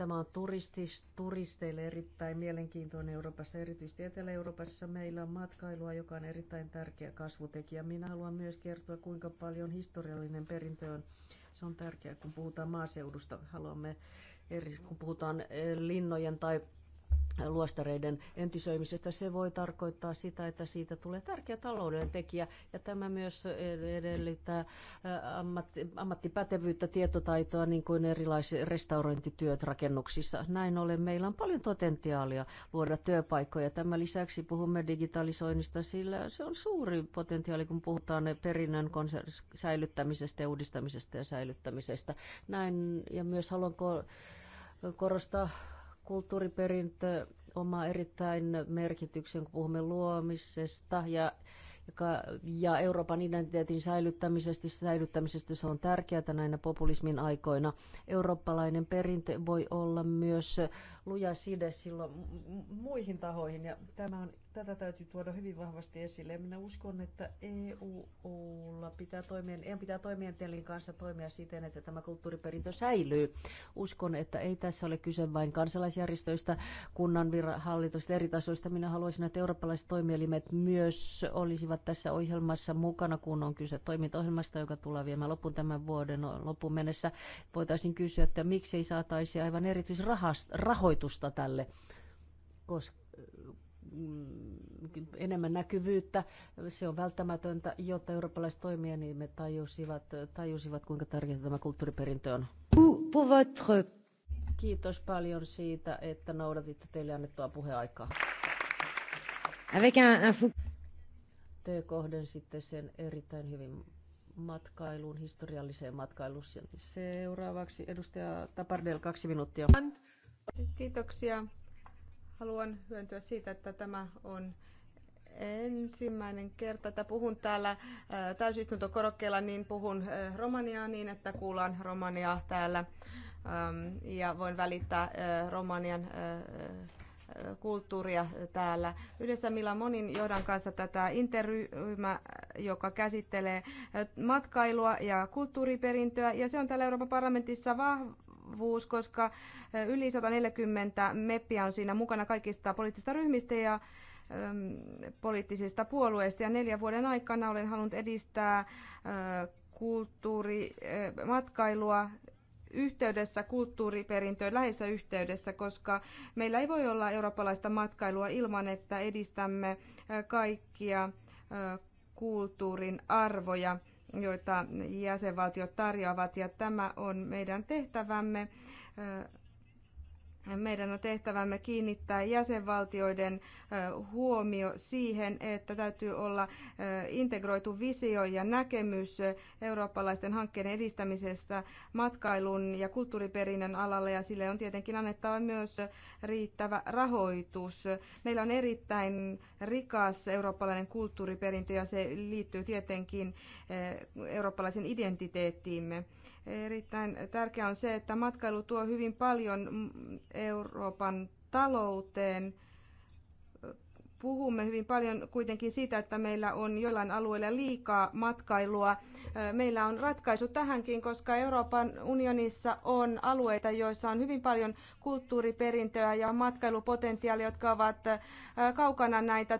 S6: Tämä on turistis, turisteille erittäin mielenkiintoinen Euroopassa, erityisesti Etelä-Euroopassa. Meillä on matkailua, joka on erittäin tärkeä kasvutekijä. Minä haluan myös kertoa, kuinka paljon historiallinen perintö on. Se on tärkeää, kun puhutaan maaseudusta. Haluamme, eri, kun puhutaan eh, linnojen tai luostareiden entisöimisestä, se voi tarkoittaa sitä, että siitä tulee tärkeä taloudellinen tekijä. Ja tämä myös edellyttää ammattipätevyyttä, tietotaitoa, niin kuin erilaiset restaurointityöt rakennuksissa. Näin ollen meillä on paljon potentiaalia luoda työpaikkoja. Tämän lisäksi puhumme digitalisoinnista, sillä se on suuri potentiaali, kun puhutaan perinnön säilyttämisestä ja uudistamisesta ja säilyttämisestä. Näin, ja myös haluan korostaa Kulttuuriperintö oma erittäin merkityksen, kun puhumme luomisesta ja ja Euroopan identiteetin säilyttämisestä. Säilyttämisestä se on tärkeää näinä populismin aikoina. Eurooppalainen perintö voi olla myös luja side silloin muihin tahoihin ja tämä on tätä täytyy tuoda hyvin vahvasti esille. Minä uskon, että EUlla pitää toimia, en e pitää toimientelin kanssa toimia siten, että tämä kulttuuriperintö säilyy. Uskon, että ei tässä ole kyse vain kansalaisjärjestöistä, kunnan hallitusta eri tasoista. Minä haluaisin, että eurooppalaiset toimielimet myös olisivat tässä ohjelmassa mukana, kun on kyse toimintaohjelmasta, joka tulee viemään lopun tämän vuoden lopun mennessä. Voitaisiin kysyä, että miksi ei saataisi aivan erityisrahoitusta tälle, koska Mm, enemmän näkyvyyttä. Se on välttämätöntä, jotta eurooppalaiset toimia, niin me tajusivat, tajusivat, kuinka tärkeää tämä kulttuuriperintö on. Kiitos paljon siitä, että noudatitte teille annettua puheaikaa. Te kohden sitten sen erittäin hyvin matkailuun, historialliseen matkailuun. Seuraavaksi edustaja Tapardel, kaksi minuuttia.
S7: Kiitoksia Haluan hyöntyä siitä, että tämä on ensimmäinen kerta, että puhun täällä äh, täysistuntokorokkeella, niin puhun äh, romaniaa niin, että kuullaan romaniaa täällä ähm, ja voin välittää äh, romanian kulttuuria täällä. Yhdessä Mila Monin johdan kanssa tätä interryhmä, joka käsittelee matkailua ja kulttuuriperintöä, ja se on täällä Euroopan parlamentissa vahva toimivuus, koska yli 140 meppiä on siinä mukana kaikista poliittisista ryhmistä ja poliittisista puolueista. Ja neljän vuoden aikana olen halunnut edistää kulttuurimatkailua yhteydessä kulttuuriperintöön läheisessä yhteydessä, koska meillä ei voi olla eurooppalaista matkailua ilman, että edistämme kaikkia kulttuurin arvoja joita jäsenvaltiot tarjoavat, ja tämä on meidän tehtävämme meidän on tehtävämme kiinnittää jäsenvaltioiden huomio siihen, että täytyy olla integroitu visio ja näkemys eurooppalaisten hankkeiden edistämisestä matkailun ja kulttuuriperinnön alalla ja sille on tietenkin annettava myös riittävä rahoitus. Meillä on erittäin rikas eurooppalainen kulttuuriperintö ja se liittyy tietenkin eurooppalaisen identiteettiimme. Erittäin tärkeää on se, että matkailu tuo hyvin paljon Euroopan talouteen puhumme hyvin paljon kuitenkin siitä, että meillä on jollain alueella liikaa matkailua. Meillä on ratkaisu tähänkin, koska Euroopan unionissa on alueita, joissa on hyvin paljon kulttuuriperintöä ja matkailupotentiaalia, jotka ovat kaukana näitä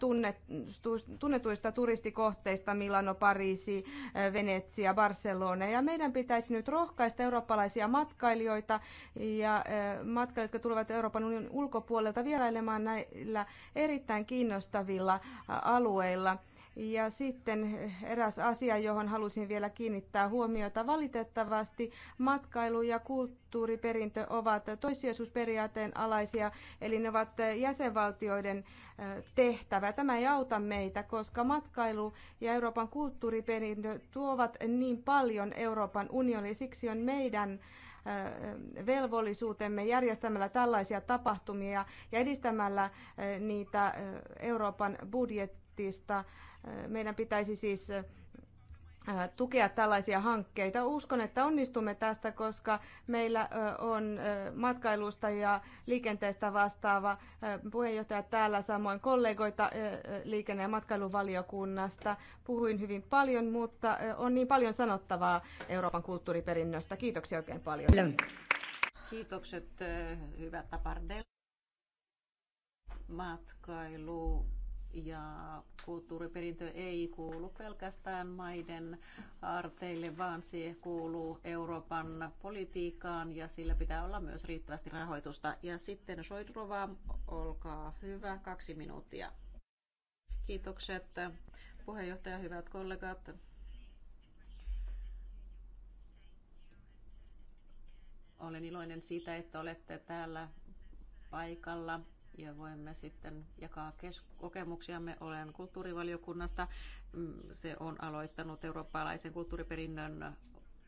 S7: tunnetuista turistikohteista, Milano, Pariisi, Venetsia, Barcelona. Ja meidän pitäisi nyt rohkaista eurooppalaisia matkailijoita ja matkailijoita, jotka tulevat Euroopan unionin ulkopuolelta vierailemaan näillä erittäin kiinnostavilla kiinnostavilla alueilla. Ja sitten eräs asia, johon halusin vielä kiinnittää huomiota. Valitettavasti matkailu ja kulttuuriperintö ovat toissijaisuusperiaatteen alaisia, eli ne ovat jäsenvaltioiden tehtävä. Tämä ei auta meitä, koska matkailu ja Euroopan kulttuuriperintö tuovat niin paljon Euroopan unionille. Siksi on meidän velvollisuutemme järjestämällä tällaisia tapahtumia ja edistämällä niitä Euroopan budjettista. Meidän pitäisi siis tukea tällaisia hankkeita. Uskon, että onnistumme tästä, koska meillä on matkailusta ja liikenteestä vastaava puheenjohtaja täällä, samoin kollegoita liikenne- ja matkailuvaliokunnasta. Puhuin hyvin paljon, mutta on niin paljon sanottavaa Euroopan kulttuuriperinnöstä. Kiitoksia oikein paljon.
S6: Kiitokset, hyvä Tapardel. Matkailu ja kulttuuriperintö ei kuulu pelkästään maiden arteille, vaan se kuuluu Euroopan politiikkaan ja sillä pitää olla myös riittävästi rahoitusta. Ja sitten Soidrova, olkaa hyvä, kaksi minuuttia. Kiitokset puheenjohtaja, hyvät kollegat. Olen iloinen siitä, että olette täällä paikalla ja voimme sitten jakaa kokemuksiamme. Olen kulttuurivaliokunnasta. Mm, se on aloittanut eurooppalaisen kulttuuriperinnön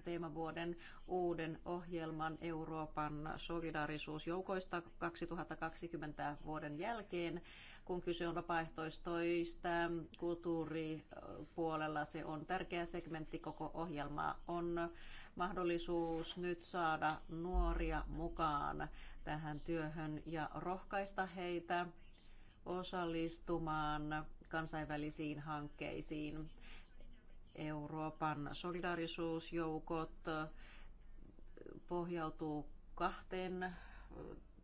S6: teemavuoden uuden ohjelman Euroopan solidaarisuusjoukoista 2020 vuoden jälkeen kun kyse on vapaaehtoistoista. Kulttuuripuolella se on tärkeä segmentti koko ohjelmaa. On mahdollisuus nyt saada nuoria mukaan tähän työhön ja rohkaista heitä osallistumaan kansainvälisiin hankkeisiin. Euroopan solidaarisuusjoukot pohjautuu kahteen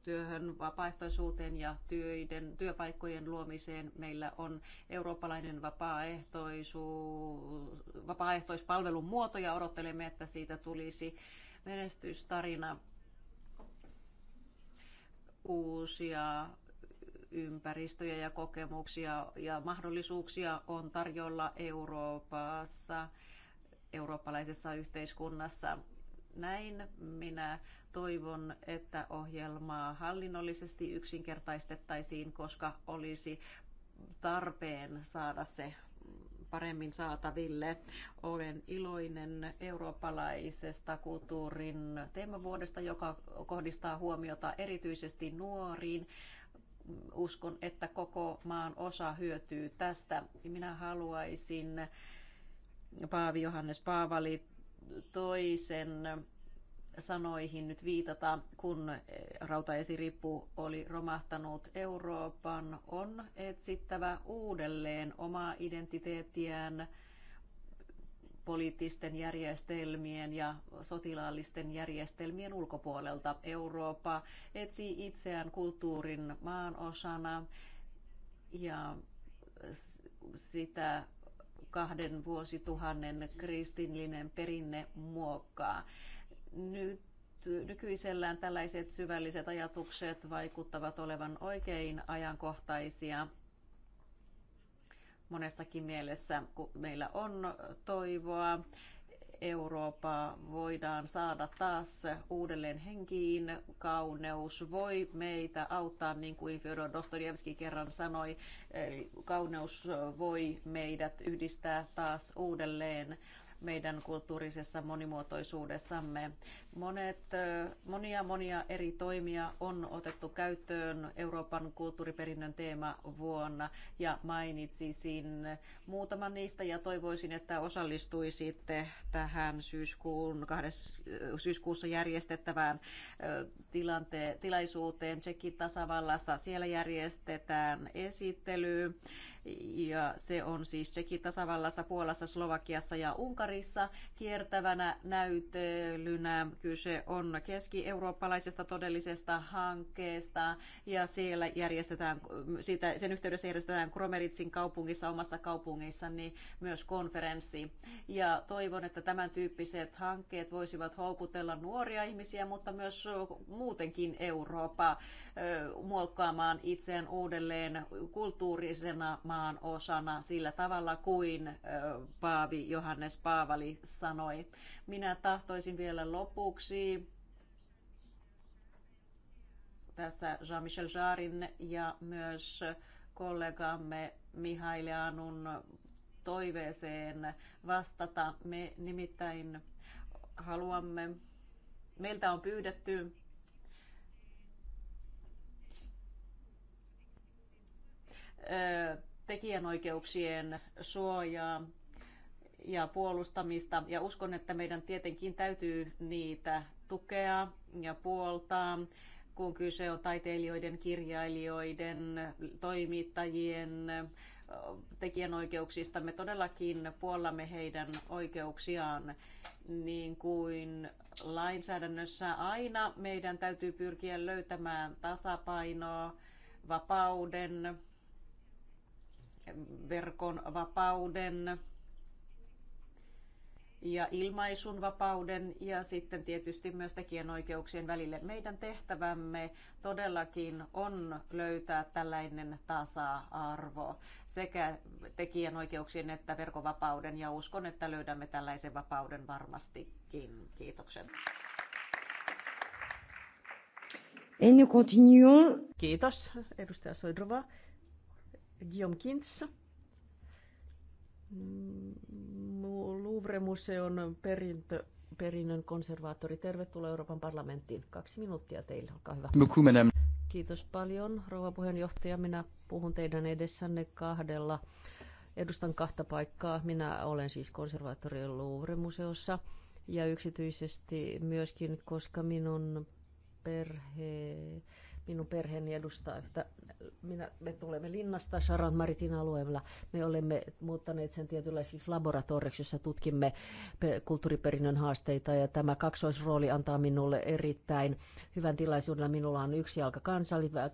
S6: työhön, vapaaehtoisuuteen ja työiden, työpaikkojen luomiseen. Meillä on eurooppalainen vapaaehtoisuus, vapaaehtoispalvelun muoto ja odottelemme, että siitä tulisi menestystarina uusia ympäristöjä ja kokemuksia ja mahdollisuuksia on tarjolla Euroopassa, eurooppalaisessa yhteiskunnassa. Näin minä toivon, että ohjelmaa hallinnollisesti yksinkertaistettaisiin, koska olisi tarpeen saada se paremmin saataville. Olen iloinen eurooppalaisesta kulttuurin teemavuodesta, joka kohdistaa huomiota erityisesti nuoriin uskon, että koko maan osa hyötyy tästä. Minä haluaisin Paavi Johannes Paavali toisen sanoihin nyt viitata, kun eh, rautaesirippu oli romahtanut. Euroopan on etsittävä uudelleen omaa identiteettiään poliittisten järjestelmien ja sotilaallisten järjestelmien ulkopuolelta. Eurooppa etsii itseään kulttuurin maan osana ja sitä kahden vuosituhannen kristillinen perinne muokkaa nyt nykyisellään tällaiset syvälliset ajatukset vaikuttavat olevan oikein ajankohtaisia monessakin mielessä, kun meillä on toivoa. Eurooppaa voidaan saada taas uudelleen henkiin. Kauneus voi meitä auttaa, niin kuin Fyodor Dostojevski kerran sanoi. Eli kauneus voi meidät yhdistää taas uudelleen meidän kulttuurisessa monimuotoisuudessamme. Monet, monia monia eri toimia on otettu käyttöön Euroopan kulttuuriperinnön teema vuonna ja mainitsisin muutaman niistä ja toivoisin, että osallistuisitte tähän syyskuun, kahdes, syyskuussa järjestettävään tilante, tilaisuuteen Tsekin tasavallassa. Siellä järjestetään esittely ja se on siis Tsekin tasavallassa, Puolassa, Slovakiassa ja Unkarissa kiertävänä näytelynä kyse on keski-eurooppalaisesta todellisesta hankkeesta ja siellä järjestetään, siitä, sen yhteydessä järjestetään Kromeritsin kaupungissa, omassa kaupungissa, niin myös konferenssi. Ja toivon, että tämän tyyppiset hankkeet voisivat houkutella nuoria ihmisiä, mutta myös muutenkin Eurooppa muokkaamaan itseään uudelleen kulttuurisena maan osana sillä tavalla kuin Paavi Johannes Paavali sanoi. Minä tahtoisin vielä lopuun vahvuuksia. tässä Jean-Michel Jarin ja myös kollegamme Mihaileanun toiveeseen vastata. Me nimittäin haluamme, meiltä on pyydetty tekijänoikeuksien suojaa ja puolustamista. Ja uskon, että meidän tietenkin täytyy niitä tukea ja puoltaa, kun kyse on taiteilijoiden, kirjailijoiden, toimittajien, tekijänoikeuksista. Me todellakin puollamme heidän oikeuksiaan niin kuin lainsäädännössä aina meidän täytyy pyrkiä löytämään tasapainoa vapauden, verkon vapauden ja ilmaisun vapauden ja sitten tietysti myös tekijänoikeuksien välille. Meidän tehtävämme todellakin on löytää tällainen tasa-arvo sekä tekijänoikeuksien että verkovapauden ja uskon, että löydämme tällaisen vapauden varmastikin. Kiitokset.
S3: Et nous continuons. Kiitos,
S6: edustaja Soidrova. Guillaume Kintz. Mm, mm, Louvre-museon perintö, perinnön konservaattori. Tervetuloa Euroopan parlamenttiin. Kaksi minuuttia teille, olkaa hyvä. Kiitos paljon, rouva puheenjohtaja. Minä puhun teidän edessänne kahdella. Edustan kahta paikkaa. Minä olen siis konservaattorien Louvre-museossa ja yksityisesti myöskin, koska minun perhe Minun perheeni edustaa että Minä, me tulemme linnasta Sharan Maritin alueella. Me olemme muuttaneet sen tietynlaisiksi laboratorioksi, jossa tutkimme kulttuuriperinnön haasteita. Ja tämä kaksoisrooli antaa minulle erittäin hyvän tilaisuuden. Minulla on yksi jalka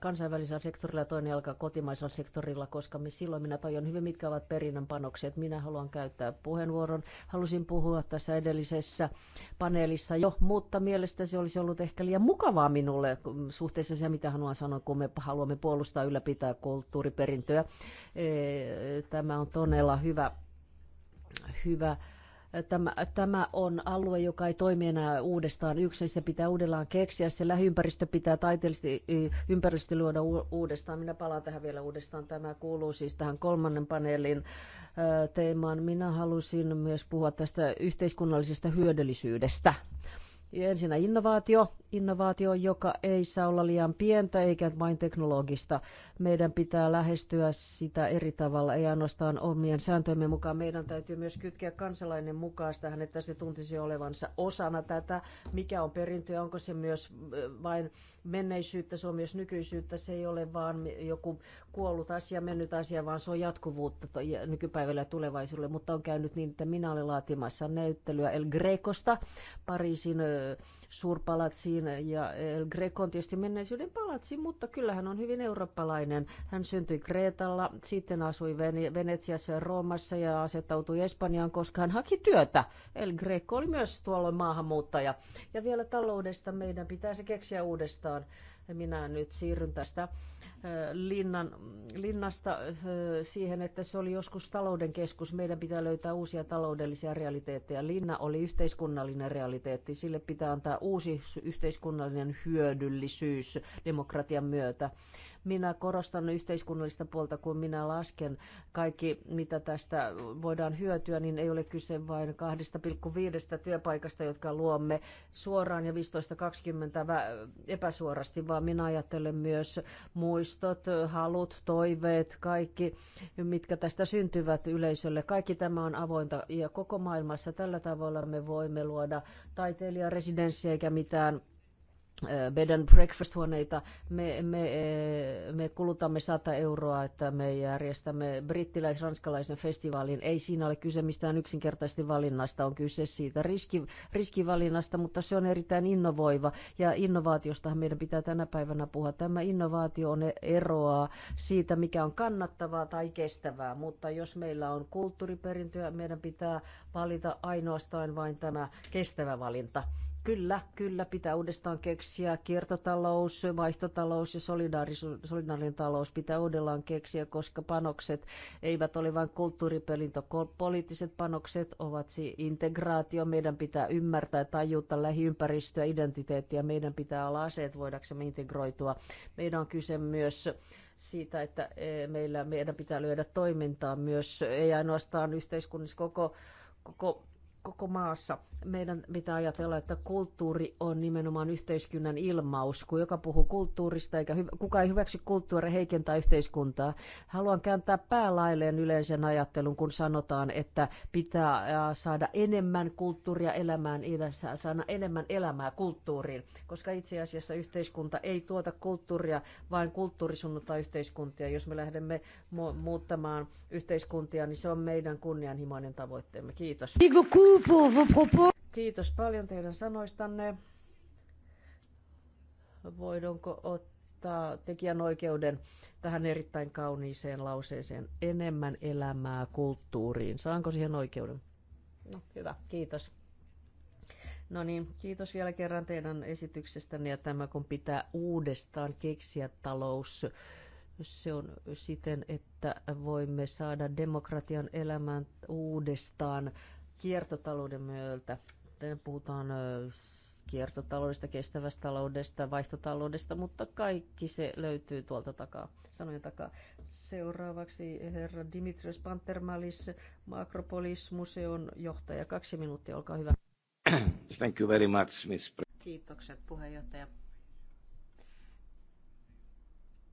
S6: kansainvälisellä sektorilla ja toinen jalka kotimaisella sektorilla, koska me silloin minä tajun hyvin, mitkä ovat perinnön panokset. Minä haluan käyttää puheenvuoron. Halusin puhua tässä edellisessä paneelissa jo, mutta mielestäni se olisi ollut ehkä liian mukavaa minulle suhteessa siihen, mitä mitä haluan sanoa, kun me haluamme puolustaa ylläpitää kulttuuriperintöä. Tämä on todella hyvä, hyvä Tämä, tämä on alue, joka ei toimi enää uudestaan yksin, se pitää uudellaan keksiä, se lähiympäristö pitää taiteellisesti ympäristö luoda uudestaan. Minä palaan tähän vielä uudestaan. Tämä kuuluu siis tähän kolmannen paneelin teemaan. Minä halusin myös puhua tästä yhteiskunnallisesta hyödyllisyydestä. Ensinnä innovaatio, innovaatio, joka ei saa olla liian pientä eikä vain teknologista. Meidän pitää lähestyä sitä eri tavalla, ei ainoastaan omien sääntöjemme mukaan. Meidän täytyy myös kytkeä kansalainen mukaan tähän, että se tuntisi olevansa osana tätä, mikä on perintöä, onko se myös vain menneisyyttä, se on myös nykyisyyttä, se ei ole vaan joku kuollut asia, mennyt asia, vaan se on jatkuvuutta nykypäivällä ja tulevaisuudelle. Mutta on käynyt niin, että minä olen laatimassa näyttelyä El Grecosta Pariisin suurpalatsiin ja El Grecon tietysti menneisyyden palatsiin, mutta kyllähän on hyvin eurooppalainen. Hän syntyi Kreetalla, sitten asui Venetsiassa ja Roomassa ja asettautui Espanjaan, koska hän haki työtä. El Greco oli myös tuolloin maahanmuuttaja. Ja vielä taloudesta meidän pitää se keksiä uudestaan. Minä nyt siirryn tästä linnan, linnasta siihen, että se oli joskus talouden keskus. Meidän pitää löytää uusia taloudellisia realiteetteja. Linna oli yhteiskunnallinen realiteetti. Sille pitää antaa uusi yhteiskunnallinen hyödyllisyys demokratian myötä. Minä korostan yhteiskunnallista puolta, kun minä lasken kaikki, mitä tästä voidaan hyötyä, niin ei ole kyse vain 2,5 työpaikasta, jotka luomme suoraan ja 15-20 epäsuorasti, vaan minä ajattelen myös muistot, halut, toiveet, kaikki, mitkä tästä syntyvät yleisölle. Kaikki tämä on avointa ja koko maailmassa tällä tavalla me voimme luoda taiteilijaresidenssiä eikä mitään Äh, bed and breakfast-huoneita. Me, me, äh, me kulutamme 100 euroa, että me järjestämme brittiläis-ranskalaisen festivaalin. Ei siinä ole kyse mistään yksinkertaisesti valinnasta, on kyse siitä riski, riskivalinnasta, mutta se on erittäin innovoiva. Ja innovaatiosta meidän pitää tänä päivänä puhua. Tämä innovaatio on eroa siitä, mikä on kannattavaa tai kestävää, mutta jos meillä on kulttuuriperintöä, meidän pitää valita ainoastaan vain tämä kestävä valinta. Kyllä, kyllä, pitää uudestaan keksiä. Kiertotalous, vaihtotalous ja solidaarinen talous pitää uudellaan keksiä, koska panokset eivät ole vain kulttuuripelintö. Poliittiset panokset ovat integraatio. Meidän pitää ymmärtää ja tajuta lähiympäristöä, identiteettiä. Meidän pitää olla aseet voidaksemme integroitua. Meidän on kyse myös siitä, että e, meillä, meidän pitää löydä toimintaa myös, ei ainoastaan yhteiskunnassa, koko, koko, koko maassa – meidän pitää ajatella, että kulttuuri on nimenomaan yhteiskunnan ilmaus. Kun joka puhuu kulttuurista, eikä hyvä, kuka ei hyväksy kulttuuria, heikentää yhteiskuntaa. Haluan kääntää päälailleen yleisen ajattelun, kun sanotaan, että pitää saada enemmän kulttuuria elämään, saada enemmän elämää kulttuuriin. Koska itse asiassa yhteiskunta ei tuota kulttuuria, vaan kulttuuri sunnuttaa yhteiskuntia. Jos me lähdemme mu- muuttamaan yhteiskuntia, niin se on meidän kunnianhimoinen tavoitteemme. Kiitos. Merci beaucoup pour vos propos. Kiitos paljon teidän sanoistanne. Voidaanko ottaa tekijänoikeuden tähän erittäin kauniiseen lauseeseen enemmän elämää kulttuuriin? Saanko siihen oikeuden? No, hyvä, kiitos. No niin, kiitos vielä kerran teidän esityksestänne ja tämä kun pitää uudestaan keksiä talous. Se on siten, että voimme saada demokratian elämään uudestaan kiertotalouden myötä. Puhutaan kiertotaloudesta, kestävästä taloudesta, vaihtotaloudesta, mutta kaikki se löytyy tuolta takaa, sanojen takaa. Seuraavaksi herra Dimitrios Pantermalis, Makropolis-museon johtaja. Kaksi minuuttia, olkaa hyvä.
S1: Thank you very much, Miss
S6: Kiitokset puheenjohtaja.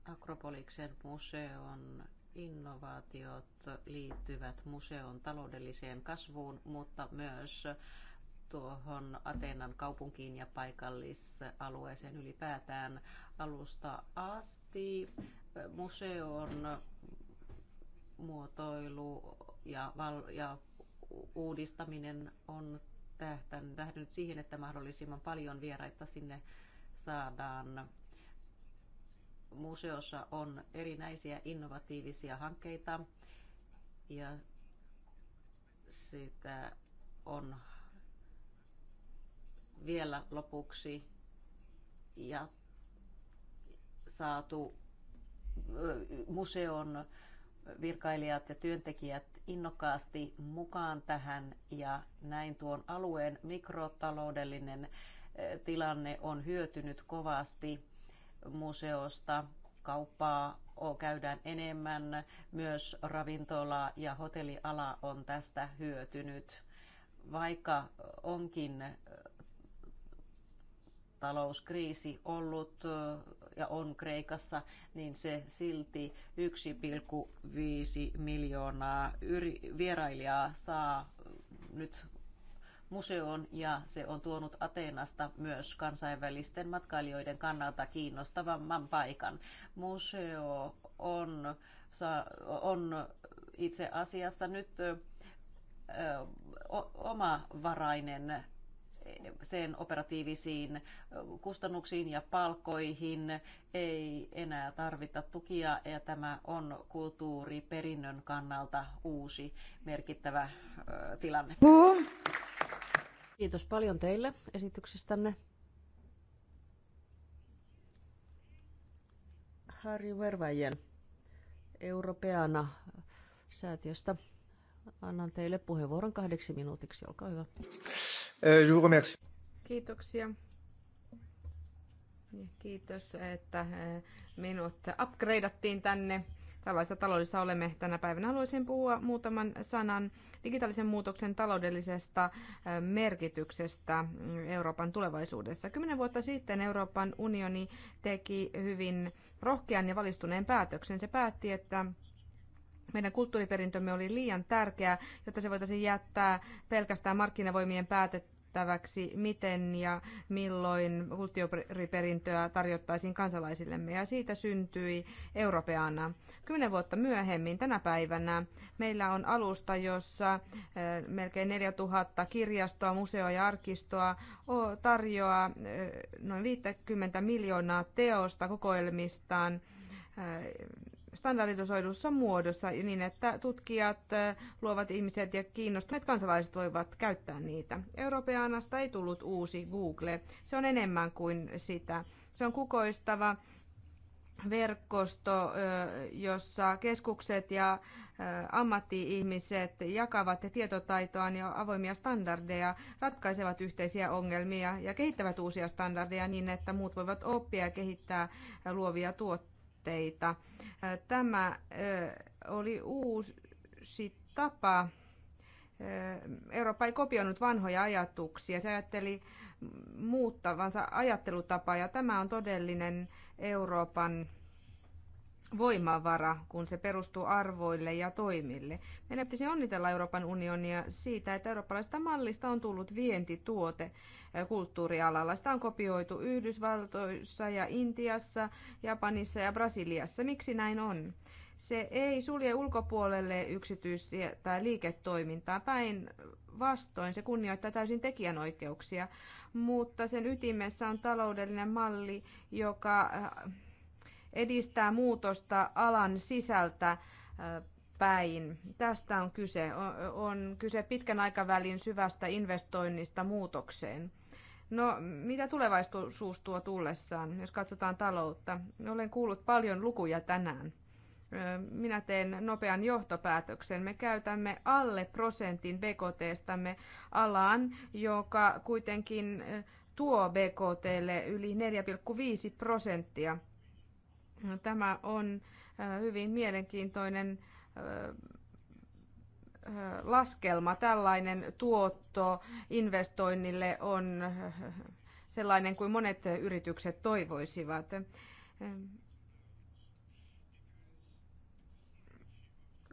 S6: Akropoliksen museon innovaatiot liittyvät museon taloudelliseen kasvuun, mutta myös tuohon Ateenan kaupunkiin ja paikallisalueeseen ylipäätään alusta asti. Museon muotoilu ja, val- ja uudistaminen on tähtänyt siihen, että mahdollisimman paljon vieraita sinne saadaan museossa on erinäisiä innovatiivisia hankkeita ja sitä on vielä lopuksi ja saatu museon virkailijat ja työntekijät innokkaasti mukaan tähän ja näin tuon alueen mikrotaloudellinen tilanne on hyötynyt kovasti museosta. Kauppaa käydään enemmän, myös ravintola- ja hotelliala on tästä hyötynyt. Vaikka onkin talouskriisi ollut ja on Kreikassa, niin se silti 1,5 miljoonaa vierailijaa saa nyt museoon ja se on tuonut Ateenasta myös kansainvälisten matkailijoiden kannalta kiinnostavamman paikan. Museo on, on itse asiassa nyt omavarainen e, sen operatiivisiin kustannuksiin ja palkkoihin ei enää tarvita tukia ja tämä on kulttuuriperinnön kannalta uusi merkittävä tilanne. Kiitos paljon teille esityksestänne. Harri Vervajen, Europeana säätiöstä. Annan teille puheenvuoron kahdeksi minuutiksi, olkaa hyvä. Eh,
S7: Kiitoksia. Kiitos, että eh, minut upgradeattiin tänne tällaista taloudessa olemme tänä päivänä. Haluaisin puhua muutaman sanan digitaalisen muutoksen taloudellisesta merkityksestä mm, Euroopan tulevaisuudessa. Kymmenen vuotta sitten Euroopan unioni teki hyvin rohkean ja valistuneen päätöksen. Se päätti, että meidän kulttuuriperintömme oli liian tärkeä, jotta se voitaisiin jättää pelkästään markkinavoimien päätet päätettäväksi, miten ja milloin kulttuuriperintöä tarjottaisiin kansalaisillemme. Ja siitä syntyi Europeana. Kymmenen vuotta myöhemmin tänä päivänä meillä on alusta, jossa eh, melkein 4000 kirjastoa, museoa ja arkistoa tarjoaa eh, noin 50 miljoonaa teosta kokoelmistaan eh, standardisoidussa muodossa niin, että tutkijat, äh, luovat ihmiset ja kiinnostuneet kansalaiset voivat käyttää niitä. Europeanasta ei tullut uusi Google. Se on enemmän kuin sitä. Se on kukoistava verkosto, äh, jossa keskukset ja äh, ammatti-ihmiset jakavat tietotaitoaan ja avoimia standardeja, ratkaisevat yhteisiä ongelmia ja kehittävät uusia standardeja niin, että muut voivat oppia ja kehittää luovia tuotteita tuotteita. Tämä oli uusi tapa. Eurooppa ei kopioinut vanhoja ajatuksia. Se ajatteli muuttavansa ajattelutapaa ja tämä on todellinen Euroopan voimavara, kun se perustuu arvoille ja toimille. Meidän pitäisi onnitella Euroopan unionia siitä, että eurooppalaista mallista on tullut vientituote kulttuurialalla. Sitä on kopioitu Yhdysvaltoissa ja Intiassa, Japanissa ja Brasiliassa. Miksi näin on? Se ei sulje ulkopuolelle yksityistä tai liiketoimintaa päin vastoin. Se kunnioittaa täysin tekijänoikeuksia, mutta sen ytimessä on taloudellinen malli, joka edistää muutosta alan sisältä päin. Tästä on kyse. On kyse pitkän aikavälin syvästä investoinnista muutokseen. No, mitä tulevaisuus tuo tullessaan, jos katsotaan taloutta? Olen kuullut paljon lukuja tänään. Minä teen nopean johtopäätöksen. Me käytämme alle prosentin BKTstamme alaan, joka kuitenkin tuo BKTlle yli 4,5 prosenttia – No, tämä on hyvin mielenkiintoinen laskelma. Tällainen tuotto investoinnille on sellainen kuin monet yritykset toivoisivat.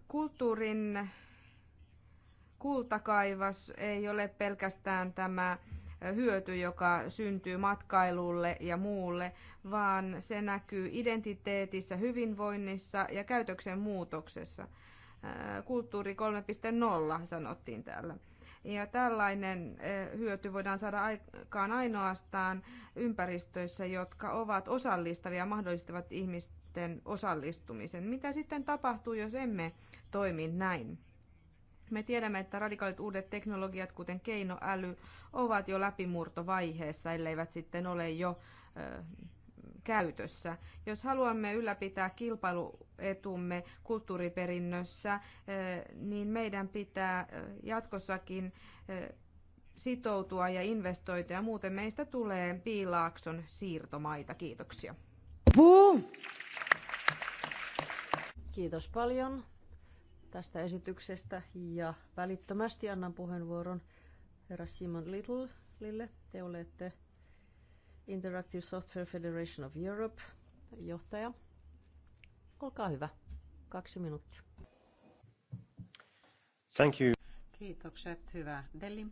S7: Kulttuurin kultakaivas ei ole pelkästään tämä hyöty, joka syntyy matkailulle ja muulle, vaan se näkyy identiteetissä, hyvinvoinnissa ja käytöksen muutoksessa. Äh, kulttuuri 3.0 sanottiin täällä. Ja tällainen äh, hyöty voidaan saada aikaan ainoastaan ympäristöissä, jotka ovat osallistavia ja mahdollistavat ihmisten osallistumisen. Mitä sitten tapahtuu, jos emme toimi näin? Me tiedämme, että radikaalit uudet teknologiat, kuten keinoäly, ovat jo läpimurtovaiheessa, elleivät sitten ole jo käytössä. Jos haluamme ylläpitää kilpailuetumme kulttuuriperinnössä, niin meidän pitää jatkossakin sitoutua ja investoida, ja muuten meistä tulee piilaakson
S6: siirtomaita. Kiitoksia. Puh! Kiitos paljon tästä esityksestä ja välittömästi annan puheenvuoron herra Simon Littlelle. Te olette Interactive Software Federation of Europe johtaja. Olkaa hyvä. Kaksi minuuttia. Thank you. Kiitokset, hyvä Deli.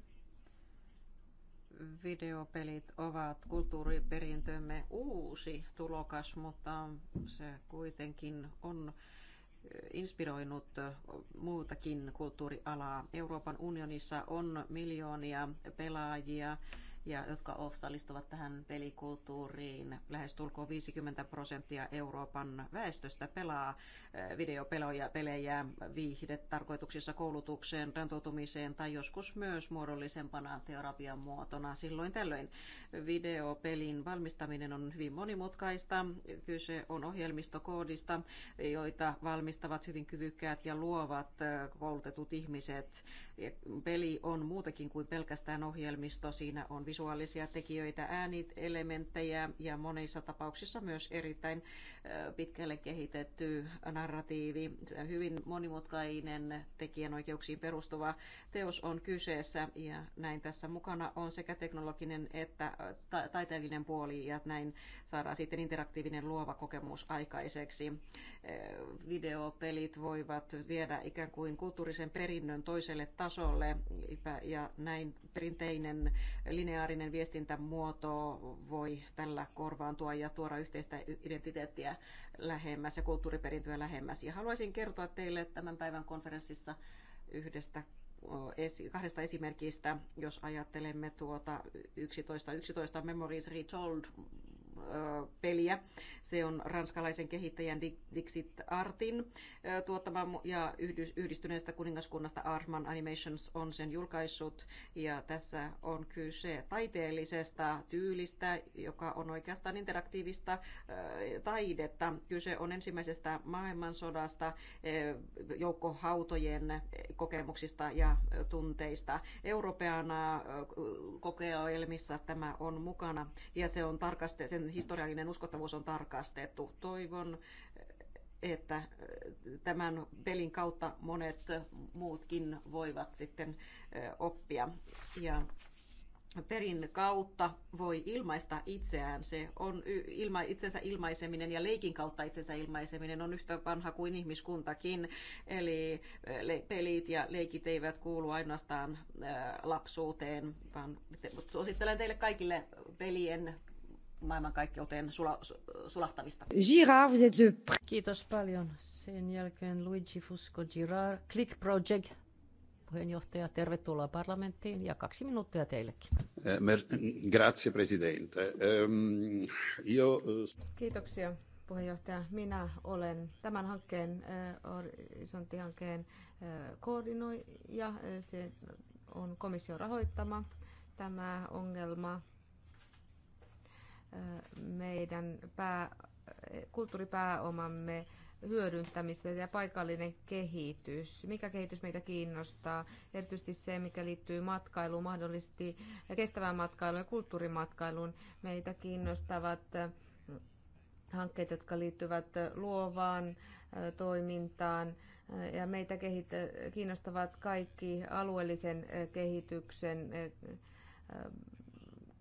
S6: Videopelit ovat kulttuuriperintömme uusi tulokas, mutta se kuitenkin on inspiroinut muutakin kulttuurialaa. Euroopan unionissa on miljoonia pelaajia ja jotka osallistuvat tähän pelikulttuuriin. tulkoon 50 prosenttia Euroopan väestöstä pelaa eh, videopeloja, pelejä, tarkoituksissa koulutukseen, rentoutumiseen tai joskus myös muodollisempana terapian muotona. Silloin tällöin videopelin valmistaminen on hyvin monimutkaista. Kyse on ohjelmistokoodista, joita valmistavat hyvin kyvykkäät ja luovat eh, koulutetut ihmiset. Peli on muutakin kuin pelkästään ohjelmisto. Siinä on visu- visuaalisia tekijöitä, äänielementtejä ja monissa tapauksissa myös erittäin pitkälle kehitetty narratiivi. Hyvin monimutkainen tekijänoikeuksiin perustuva teos on kyseessä ja näin tässä mukana on sekä teknologinen että taiteellinen puoli ja näin saadaan sitten interaktiivinen luova kokemus aikaiseksi. Videopelit voivat viedä ikään kuin kulttuurisen perinnön toiselle tasolle ja näin perinteinen lineaarinen autoritaarinen viestintämuoto voi tällä korvaantua ja tuoda yhteistä identiteettiä lähemmäs ja kulttuuriperintöä lähemmäs. Ja haluaisin kertoa teille tämän päivän konferenssissa yhdestä kahdesta esimerkistä, jos ajattelemme tuota 11.11 11 Memories Retold peliä. Se on ranskalaisen kehittäjän Dixit Artin tuottama ja yhdistyneestä kuningaskunnasta Arman Animations on sen julkaissut. Ja tässä on kyse taiteellisesta tyylistä, joka on oikeastaan interaktiivista taidetta. Kyse on ensimmäisestä maailmansodasta, joukkohautojen kokemuksista ja tunteista. Europeana kokeilmissa tämä on mukana ja se on tarkaste, sen historiallinen uskottavuus on tarkastettu. Toivon, että äh, tämän pelin kautta monet muutkin voivat sitten äh, oppia. Ja perin kautta voi ilmaista itseään. Se on ilma, itsensä ilmaiseminen ja leikin kautta itsensä ilmaiseminen on yhtä vanha kuin ihmiskuntakin. Eli äh, le, pelit ja leikit eivät kuulu ainoastaan ä, lapsuuteen, vaan te, suosittelen teille kaikille pelien maailmankaikkeuteen sula, sulahtavista. Girard, vous êtes le... Kiitos paljon. Sen jälkeen Luigi Fusco Girard, Click Project puheenjohtaja, tervetuloa parlamenttiin ja kaksi minuuttia teillekin.
S1: Eh, grazie, presidente. Ehm, eh,
S7: Kiitoksia, puheenjohtaja. Minä olen tämän hankkeen, eh, horisonttihankkeen koordinoija. Se on komission rahoittama tämä ongelma meidän pää, kulttuuripääomamme hyödyntämistä ja paikallinen kehitys. Mikä kehitys meitä kiinnostaa? Erityisesti se, mikä liittyy matkailuun, mahdollisesti kestävään matkailuun ja kulttuurimatkailuun. Meitä kiinnostavat hankkeet, jotka liittyvät luovaan toimintaan ja meitä kiinnostavat kaikki alueellisen kehityksen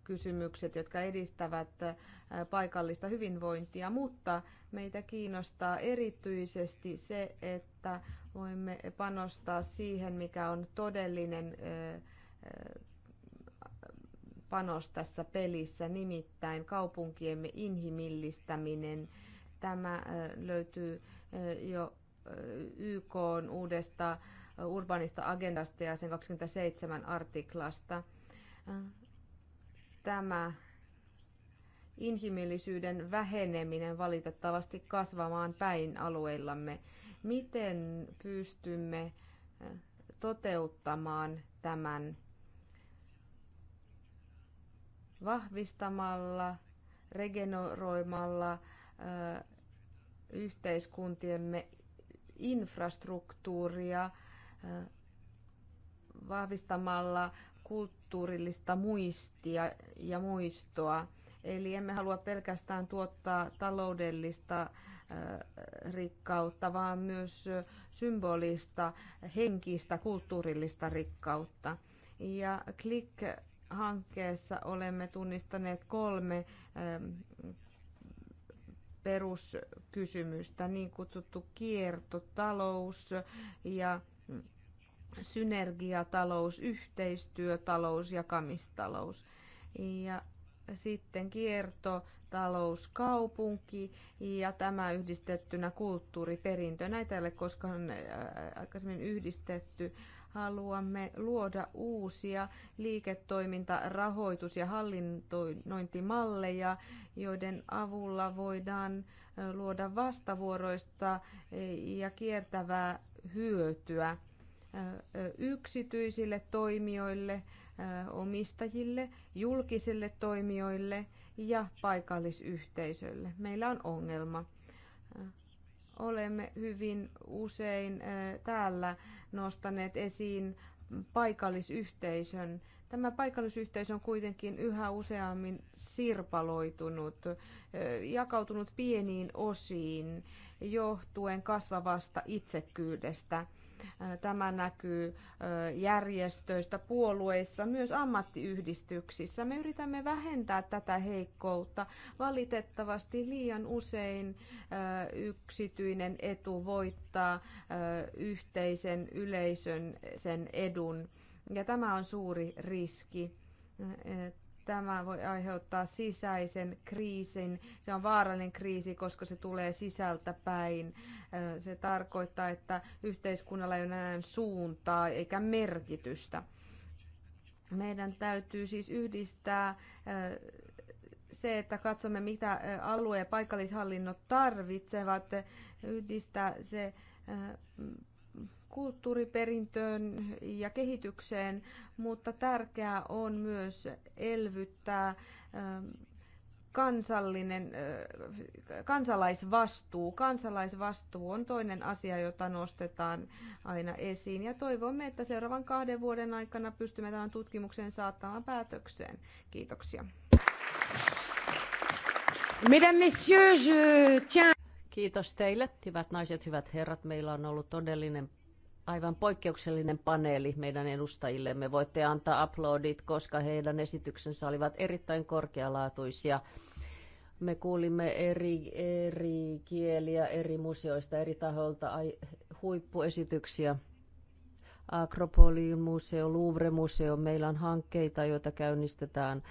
S7: kysymykset, jotka edistävät paikallista hyvinvointia, mutta meitä kiinnostaa erityisesti se, että voimme panostaa siihen, mikä on todellinen panos tässä pelissä, nimittäin kaupunkiemme inhimillistäminen. Tämä löytyy jo YK on uudesta urbanista agendasta ja sen 27 artiklasta tämä inhimillisyyden väheneminen valitettavasti kasvamaan päin alueillamme. Miten pystymme eh, toteuttamaan tämän vahvistamalla, regeneroimalla eh, yhteiskuntiemme infrastruktuuria, eh, vahvistamalla kulttuuria, kulttuurillista muistia ja muistoa. Eli emme halua pelkästään tuottaa taloudellista rikkautta, vaan myös symbolista, henkistä, kulttuurillista rikkautta. Ja Click-hankkeessa olemme tunnistaneet kolme peruskysymystä, niin kutsuttu kiertotalous ja synergiatalous, yhteistyötalous, jakamistalous. Ja sitten kierto, talous, kaupunki ja tämä yhdistettynä kulttuuriperintö. Näitä ei ole koskaan äh, aikaisemmin yhdistetty. Haluamme luoda uusia liiketoiminta-, rahoitus- ja hallinnointimalleja, joiden avulla voidaan äh, luoda vastavuoroista äh, ja kiertävää hyötyä yksityisille toimijoille, omistajille, julkisille toimijoille ja paikallisyhteisölle. Meillä on ongelma. Olemme hyvin usein täällä nostaneet esiin paikallisyhteisön. Tämä paikallisyhteisö on kuitenkin yhä useammin sirpaloitunut, jakautunut pieniin osiin johtuen kasvavasta itsekkyydestä. Tämä näkyy järjestöistä, puolueissa, myös ammattiyhdistyksissä. Me yritämme vähentää tätä heikkoutta. Valitettavasti liian usein yksityinen etu voittaa yhteisen yleisön sen edun. Ja tämä on suuri riski. Tämä voi aiheuttaa sisäisen kriisin. Se on vaarallinen kriisi, koska se tulee sisältä päin. Se tarkoittaa, että yhteiskunnalla ei ole enää suuntaa eikä merkitystä. Meidän täytyy siis yhdistää se, että katsomme, mitä alue- ja paikallishallinnot tarvitsevat, yhdistää se kulttuuriperintöön ja kehitykseen, mutta tärkeää on myös elvyttää ähm, kansallinen, äh, kansalaisvastuu. Kansalaisvastuu on toinen asia, jota nostetaan aina esiin. Ja toivomme, että seuraavan kahden vuoden aikana pystymme tämän tutkimuksen saattamaan päätökseen. Kiitoksia.
S5: je tiens...
S6: Kiitos teille, hyvät naiset, hyvät herrat. Meillä on ollut todellinen aivan poikkeuksellinen paneeli meidän edustajillemme. Voitte antaa uploadit, koska heidän esityksensä olivat erittäin korkealaatuisia. Me kuulimme eri, eri kieliä, eri museoista, eri taholta ai, huippuesityksiä. Akropolin museo, Louvre-museo. Meillä on hankkeita, joita käynnistetään.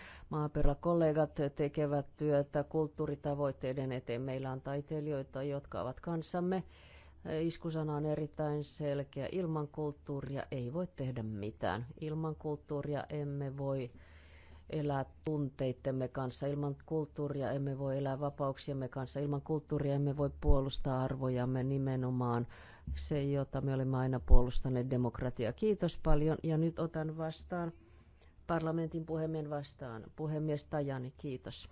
S6: kollegat tekevät työtä kulttuuritavoitteiden eteen. Meillä on taiteilijoita, jotka ovat kanssamme. Iskusana on erittäin selkeä. Ilman kulttuuria ei voi tehdä mitään. Ilman kulttuuria emme voi elää tunteittemme kanssa. Ilman kulttuuria emme voi elää vapauksiemme kanssa. Ilman kulttuuria emme voi puolustaa arvojamme nimenomaan se, jota me olemme aina puolustaneet demokratiaa. Kiitos paljon ja nyt otan vastaan parlamentin puhemien vastaan. Puhemies Tajani, kiitos.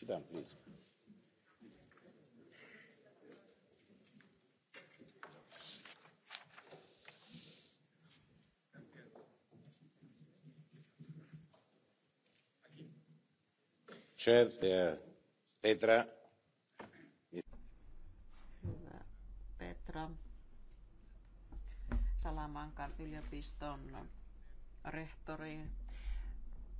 S1: Sit down, please. Chair, Petra.
S6: Petra. Salamankan yliopiston rehtori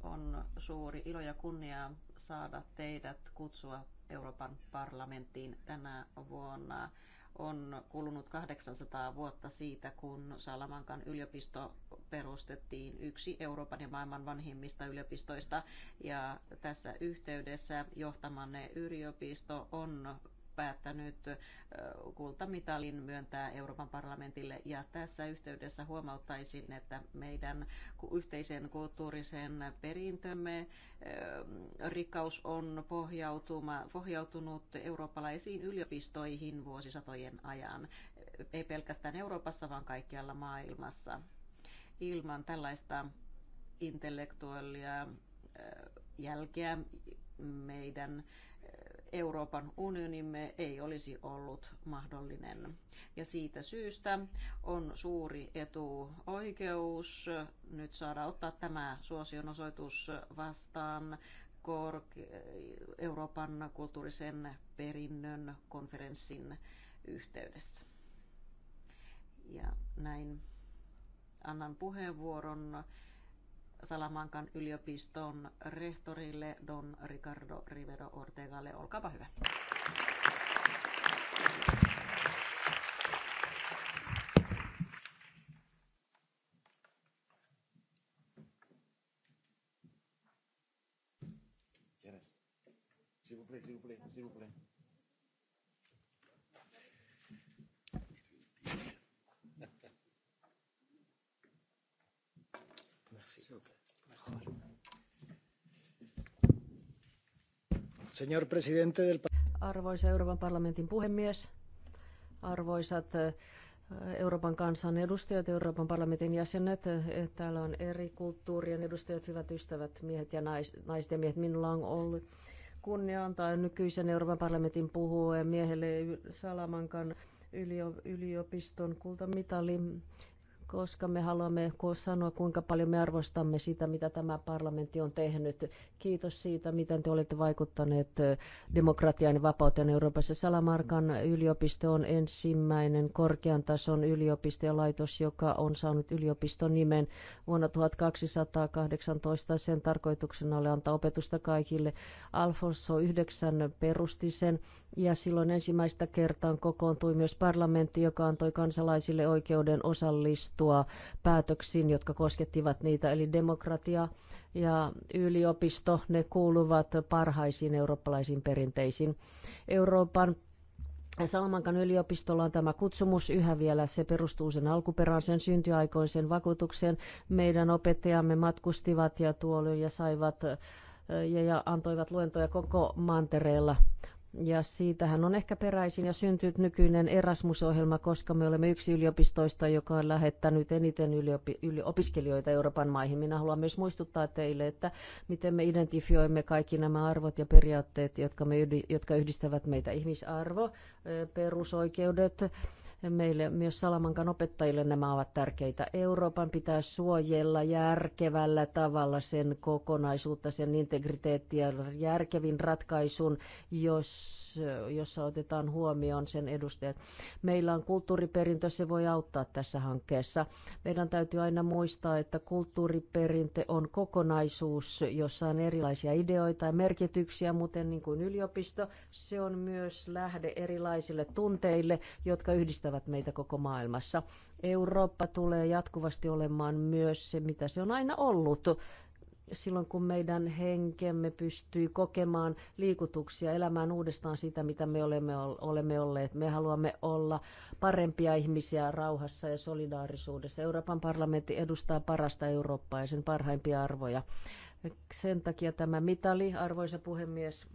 S6: on suuri ilo ja kunnia saada teidät kutsua Euroopan parlamenttiin tänä vuonna. On kulunut 800 vuotta siitä, kun Salamankan yliopisto perustettiin yksi Euroopan ja maailman vanhimmista yliopistoista. Ja tässä yhteydessä johtamanne yliopisto on päättänyt kultamitalin myöntää Euroopan parlamentille. Ja tässä yhteydessä huomauttaisin, että meidän yhteisen kulttuurisen perintömme rikkaus on pohjautunut eurooppalaisiin yliopistoihin vuosisatojen ajan. Ei pelkästään Euroopassa, vaan kaikkialla maailmassa. Ilman tällaista intellektuaalia jälkeä meidän Euroopan unionimme ei olisi ollut mahdollinen. Ja siitä syystä on suuri etuoikeus nyt saada ottaa tämä suosionosoitus vastaan Euroopan kulttuurisen perinnön konferenssin yhteydessä. Ja näin annan puheenvuoron Salamankan yliopiston rehtorille Don Ricardo Rivero Ortegalle. Olkaapa hyvä.
S1: S'il vous plaît, s'il vous plaît, s'il vous plaît. Merci. Señor
S6: Arvoisa Euroopan parlamentin puhemies, arvoisat eh, Euroopan kansan edustajat, Euroopan parlamentin jäsenet. Eh, täällä on eri kulttuurien edustajat, hyvät ystävät, miehet ja nais, naiset ja miehet. Minulla on ollut kunnia antaa nykyisen Euroopan parlamentin puhuen miehelle Salamankan yliopiston kultamitali koska me haluamme sanoa, kuinka paljon me arvostamme sitä, mitä tämä parlamentti on tehnyt. Kiitos siitä, miten te olette vaikuttaneet demokratian ja vapauteen Euroopassa. Salamarkan yliopisto on ensimmäinen korkean tason yliopisto ja laitos, joka on saanut yliopiston nimen vuonna 1218. Sen tarkoituksena oli antaa opetusta kaikille. Alfonso 9 perusti sen ja silloin ensimmäistä kertaa kokoontui myös parlamentti, joka antoi kansalaisille oikeuden osallistua johdattua päätöksiin, jotka koskettivat niitä, eli demokratia ja yliopisto, ne kuuluvat parhaisiin eurooppalaisiin perinteisiin. Euroopan Salmankan yliopistolla on tämä kutsumus yhä vielä. Se perustuu sen alkuperään, sen syntyaikoin, vakuutukseen. Meidän opettajamme matkustivat ja tuolin ja saivat ja, ja antoivat luentoja koko mantereella ja siitähän on ehkä peräisin ja syntynyt nykyinen Erasmus-ohjelma, koska me olemme yksi yliopistoista, joka on lähettänyt eniten yliopi- yli- opiskelijoita Euroopan maihin. Minä haluan myös muistuttaa teille, että miten me identifioimme kaikki nämä arvot ja periaatteet, jotka, me yhdi- jotka yhdistävät meitä ihmisarvo, perusoikeudet, Meille myös Salamankan opettajille nämä ovat tärkeitä. Euroopan pitää suojella järkevällä tavalla sen kokonaisuutta, sen integriteettiä järkevin ratkaisun, jos jossa otetaan huomioon sen edustajat. Meillä on kulttuuriperintö, se voi auttaa tässä hankkeessa. Meidän täytyy aina muistaa, että kulttuuriperintö on kokonaisuus, jossa on erilaisia ideoita ja merkityksiä, muuten niin kuin yliopisto. Se on myös lähde erilaisille tunteille, jotka yhdistävät yhdistävät meitä koko maailmassa. Eurooppa tulee jatkuvasti olemaan myös se, mitä se on aina ollut. Silloin kun meidän henkemme pystyy kokemaan liikutuksia, elämään uudestaan sitä, mitä me olemme, olemme olleet. Me haluamme olla parempia ihmisiä rauhassa ja solidaarisuudessa. Euroopan parlamentti edustaa parasta Eurooppaa ja sen parhaimpia arvoja. Sen takia tämä mitali, arvoisa puhemies,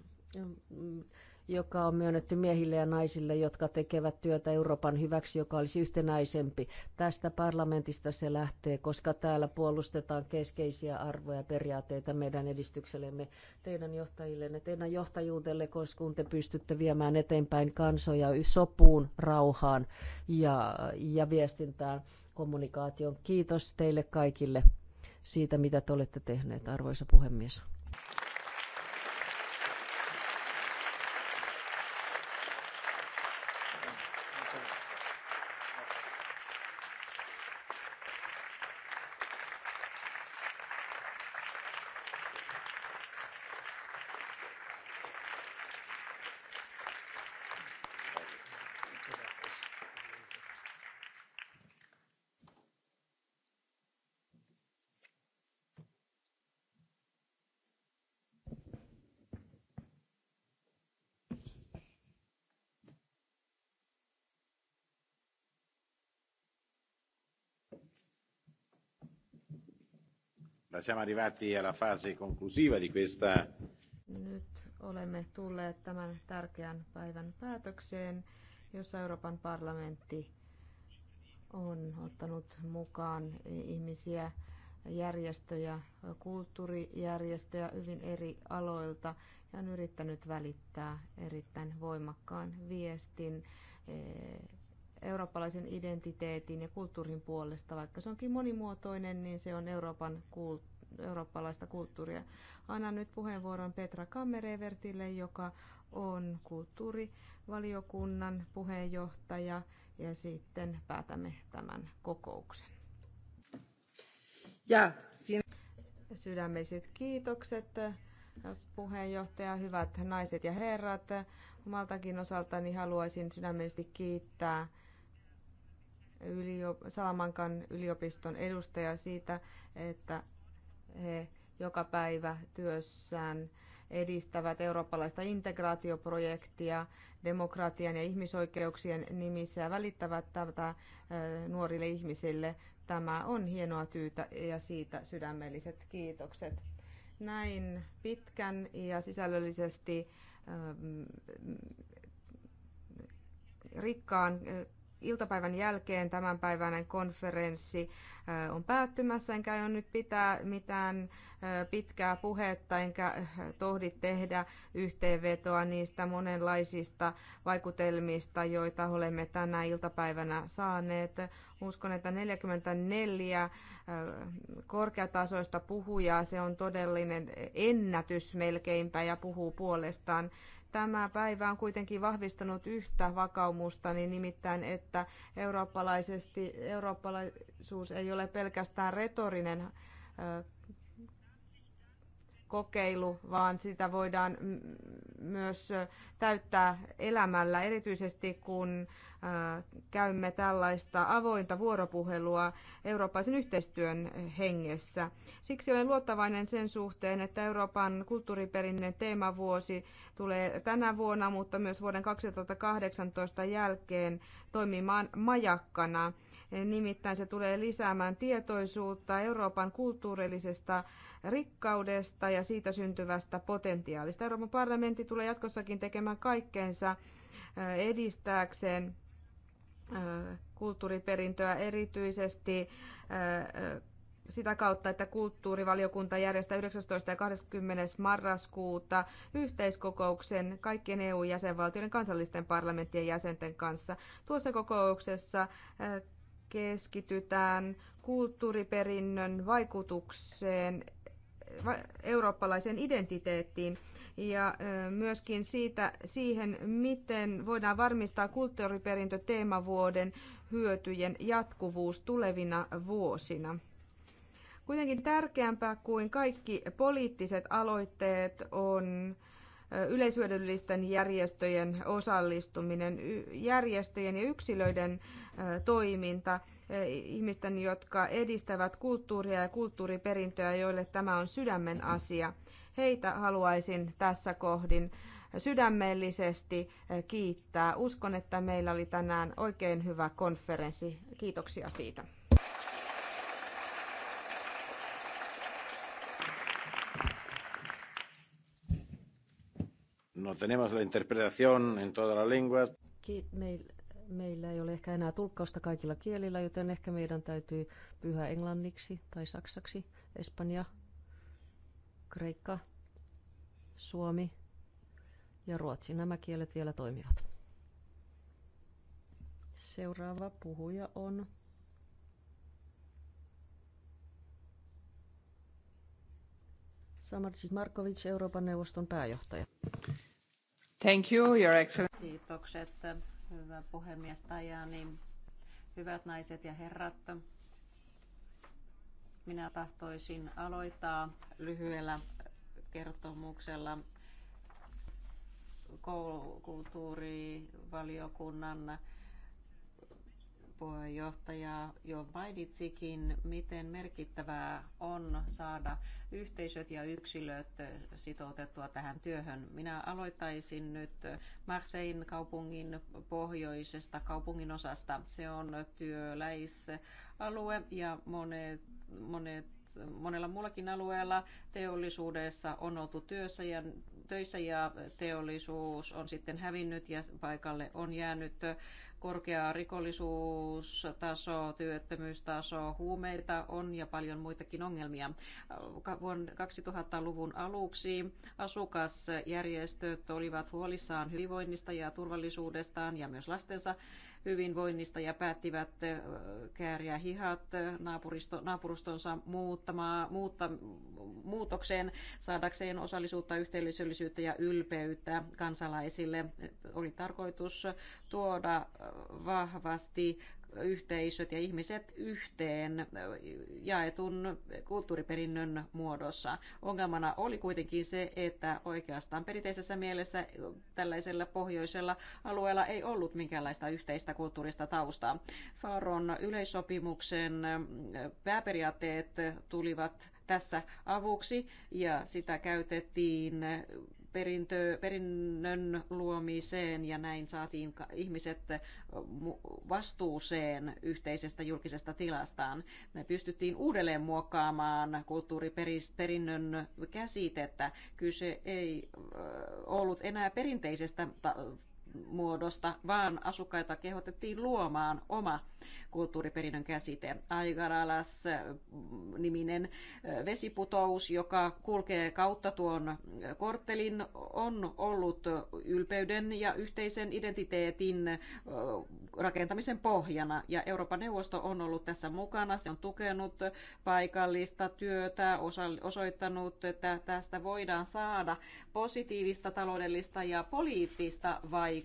S6: joka on myönnetty miehille ja naisille, jotka tekevät työtä Euroopan hyväksi, joka olisi yhtenäisempi. Tästä parlamentista se lähtee, koska täällä puolustetaan keskeisiä arvoja ja periaatteita meidän edistyksellemme teidän johtajillenne, teidän johtajuudelle, koska kun te pystytte viemään eteenpäin kansoja sopuun, rauhaan ja, ja viestintään, kommunikaation. Kiitos teille kaikille siitä, mitä te olette tehneet, arvoisa puhemies.
S1: siamo arrivati alla fase conclusiva di questa...
S7: Nyt olemme tulleet tämän tärkeän päivän päätökseen, jossa Euroopan parlamentti on ottanut mukaan ihmisiä, järjestöjä, kulttuurijärjestöjä hyvin eri aloilta ja on yrittänyt välittää erittäin voimakkaan viestin eh, eurooppalaisen identiteetin ja kulttuurin puolesta. Vaikka se onkin monimuotoinen, niin se on Euroopan kulttuuri eurooppalaista kulttuuria. Annan nyt puheenvuoron Petra Kammerevertille, joka on kulttuurivaliokunnan puheenjohtaja ja sitten päätämme tämän kokouksen. Ja, Sydämelliset kiitokset puheenjohtaja, hyvät naiset ja herrat. Omaltakin osaltani haluaisin sydämellisesti kiittää ylio- Salamankan yliopiston edustajaa siitä, että he joka päivä työssään edistävät eurooppalaista integraatioprojektia demokratian ja ihmisoikeuksien nimissä ja välittävät tätä nuorille ihmisille. Tämä on hienoa työtä ja siitä sydämelliset kiitokset. Näin pitkän ja sisällöllisesti rikkaan iltapäivän jälkeen tämänpäiväinen konferenssi äh, on päättymässä, enkä on nyt pitää mitään äh, pitkää puhetta, enkä äh, tohdi tehdä yhteenvetoa niistä monenlaisista vaikutelmista, joita olemme tänä iltapäivänä saaneet. Uskon, että 44 korkeatasoista puhujaa, se on todellinen ennätys melkeinpä ja puhuu puolestaan. Tämä päivä on kuitenkin vahvistanut yhtä niin nimittäin että eurooppalaisesti, eurooppalaisuus ei ole pelkästään retorinen kokeilu, vaan sitä voidaan myös täyttää elämällä, erityisesti kun käymme tällaista avointa vuoropuhelua eurooppalaisen yhteistyön hengessä. Siksi olen luottavainen sen suhteen, että Euroopan kulttuuriperinnön teemavuosi tulee tänä vuonna, mutta myös vuoden 2018 jälkeen toimimaan majakkana. Nimittäin se tulee lisäämään tietoisuutta Euroopan kulttuurillisesta rikkaudesta ja siitä syntyvästä potentiaalista. Euroopan parlamentti tulee jatkossakin tekemään kaikkeensa edistääkseen kulttuuriperintöä erityisesti sitä kautta, että kulttuurivaliokunta järjestää 19. ja 20. marraskuuta yhteiskokouksen kaikkien EU-jäsenvaltioiden kansallisten parlamenttien jäsenten kanssa. Tuossa kokouksessa keskitytään kulttuuriperinnön vaikutukseen eurooppalaiseen identiteettiin ja myöskin siitä, siihen, miten voidaan varmistaa kulttuuriperintöteemavuoden hyötyjen jatkuvuus tulevina vuosina. Kuitenkin tärkeämpää kuin kaikki poliittiset aloitteet on yleisyödyllisten järjestöjen osallistuminen, järjestöjen ja yksilöiden toiminta – Eh, ihmisten, jotka edistävät kulttuuria ja kulttuuriperintöä, joille tämä on sydämen asia. Heitä haluaisin tässä kohdin sydämellisesti eh, kiittää. Uskon, että meillä oli tänään oikein hyvä konferenssi. Kiitoksia siitä.
S1: No tenemos la interpretación en todas las lenguas.
S6: Meillä meillä ei ole ehkä enää tulkkausta kaikilla kielillä, joten ehkä meidän täytyy pyhä englanniksi tai saksaksi, espanja, kreikka, suomi ja ruotsi. Nämä kielet vielä toimivat. Seuraava puhuja on Samarcis Markovic, Euroopan neuvoston pääjohtaja. Thank you, Your Excellency. Kiitokset, hyvä puhemies Tajani, hyvät naiset ja herrat. Minä tahtoisin aloittaa lyhyellä kertomuksella kulttuurivaliokunnan puheenjohtaja jo mainitsikin, miten merkittävää on saada yhteisöt ja yksilöt sitoutettua tähän työhön. Minä aloittaisin nyt Marsein kaupungin pohjoisesta kaupunginosasta. Se on työläisalue ja monet, monet monella muullakin alueella teollisuudessa on oltu työssä ja, töissä ja teollisuus on sitten hävinnyt ja paikalle on jäänyt korkea rikollisuustaso, työttömyystaso, huumeita on ja paljon muitakin ongelmia. Vuonna 2000-luvun aluksi asukasjärjestöt olivat huolissaan hyvinvoinnista ja turvallisuudestaan ja myös lastensa hyvinvoinnista ja päättivät kääriä hihat naapuristo, naapurustonsa muuttamaa, muutta, muutokseen saadakseen osallisuutta, yhteisöllisyyttä ja ylpeyttä kansalaisille. Oli tarkoitus tuoda vahvasti yhteisöt ja ihmiset yhteen jaetun kulttuuriperinnön muodossa. Ongelmana oli kuitenkin se, että oikeastaan perinteisessä mielessä tällaisella pohjoisella alueella ei ollut minkäänlaista yhteistä kulttuurista taustaa. Faron yleissopimuksen pääperiaatteet tulivat tässä avuksi ja sitä käytettiin perintö, perinnön luomiseen ja näin saatiin ihmiset äh, vastuuseen yhteisestä julkisesta tilastaan. Me pystyttiin uudelleen muokkaamaan kulttuuriperinnön käsitettä. Kyse ei äh, ollut enää perinteisestä muodosta, vaan asukkaita kehotettiin luomaan oma kulttuuriperinnön käsite. Aigaralas mm, niminen vesiputous, joka kulkee kautta tuon korttelin, on ollut ylpeyden ja yhteisen identiteetin rakentamisen pohjana. Ja Euroopan neuvosto on ollut tässä mukana. Se on tukenut paikallista työtä, osoittanut, että tästä voidaan saada positiivista taloudellista ja poliittista vaikutusta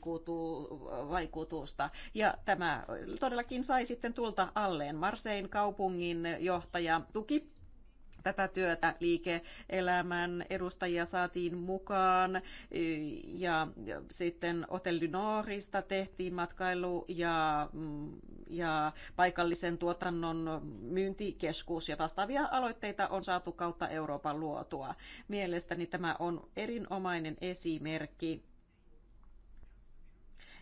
S6: vaikutusta. Ja tämä todellakin sai sitten tulta alleen. Marsein kaupungin johtaja tuki tätä työtä liike-elämän edustajia saatiin mukaan ja sitten Hotel du Nordista tehtiin matkailu ja, ja paikallisen tuotannon myyntikeskus ja vastaavia aloitteita on saatu kautta Euroopan luotua. Mielestäni tämä on erinomainen esimerkki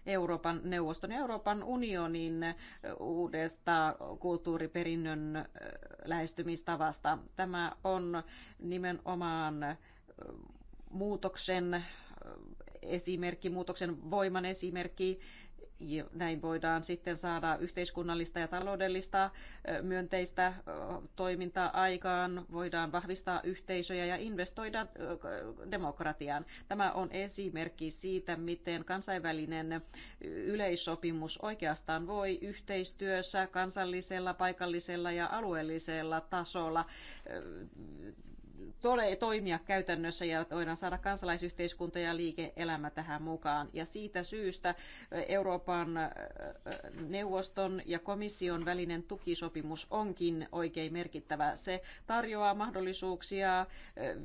S6: Euroopan neuvoston ja Euroopan unionin uudesta kulttuuriperinnön lähestymistavasta. Tämä on nimenomaan muutoksen esimerkki, muutoksen voiman esimerkki näin voidaan sitten saada yhteiskunnallista ja taloudellista myönteistä toimintaa aikaan, voidaan vahvistaa yhteisöjä ja investoida demokratiaan. Tämä on esimerkki siitä, miten kansainvälinen yleissopimus oikeastaan voi yhteistyössä kansallisella, paikallisella ja alueellisella tasolla tole, toimia käytännössä ja voidaan saada kansalaisyhteiskunta ja liike-elämä tähän mukaan. Ja siitä syystä Euroopan neuvoston ja komission välinen tukisopimus onkin oikein merkittävä. Se tarjoaa mahdollisuuksia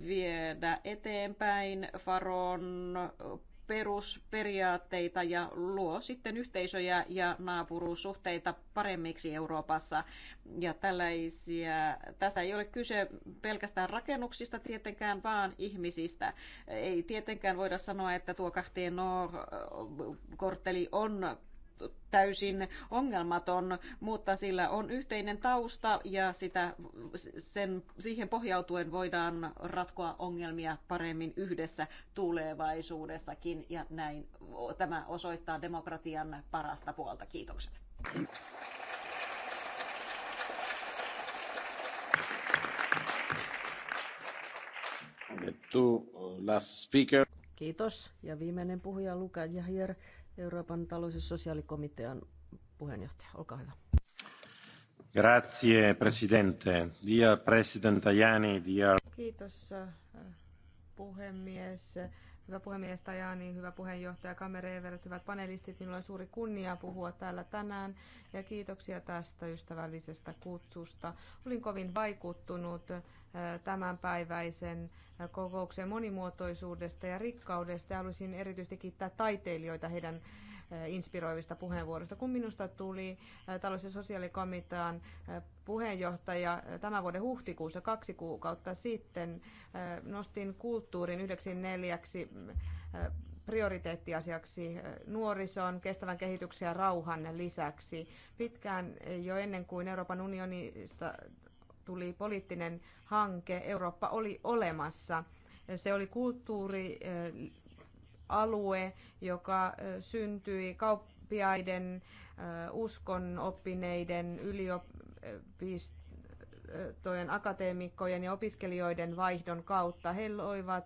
S6: viedä eteenpäin Faron perusperiaatteita ja luo sitten yhteisöjä ja naapuruussuhteita paremmiksi Euroopassa. Ja tällaisia, tässä ei ole kyse pelkästään rakennuksista tietenkään, vaan ihmisistä. Ei tietenkään voida sanoa, että tuo nord kortteli on täysin ongelmaton, mutta sillä on yhteinen tausta ja sitä, sen, siihen pohjautuen voidaan ratkoa ongelmia paremmin yhdessä tulevaisuudessakin ja näin tämä osoittaa demokratian parasta puolta. Kiitokset. Kiitos. Ja viimeinen puhuja Luka Jahjer Euroopan talous- ja sosiaalikomitean puheenjohtaja. Olkaa hyvä.
S1: Grazie, presidente. Dear president Tajani, dear...
S7: Kiitos, puhemies. Hyvä puhemies Tajani, hyvä puheenjohtaja Kamerevert, hyvät panelistit. Minulla on suuri kunnia puhua täällä tänään ja kiitoksia tästä ystävällisestä kutsusta. Olin kovin vaikuttunut tämänpäiväisen kokouksen monimuotoisuudesta ja rikkaudesta. Haluaisin erityisesti kiittää taiteilijoita heidän inspiroivista puheenvuoroista. Kun minusta tuli talous- ja sosiaalikomitean puheenjohtaja tämän vuoden huhtikuussa kaksi kuukautta sitten, nostin kulttuurin yhdeksi neljäksi prioriteettiasiaksi nuorison, kestävän kehityksen ja rauhan lisäksi. Pitkään jo ennen kuin Euroopan unionista tuli poliittinen hanke, Eurooppa oli olemassa. Se oli kulttuurialue, eh, joka eh, syntyi kauppiaiden, eh, uskonoppineiden, yliopistojen, akateemikkojen ja opiskelijoiden vaihdon kautta. He loivat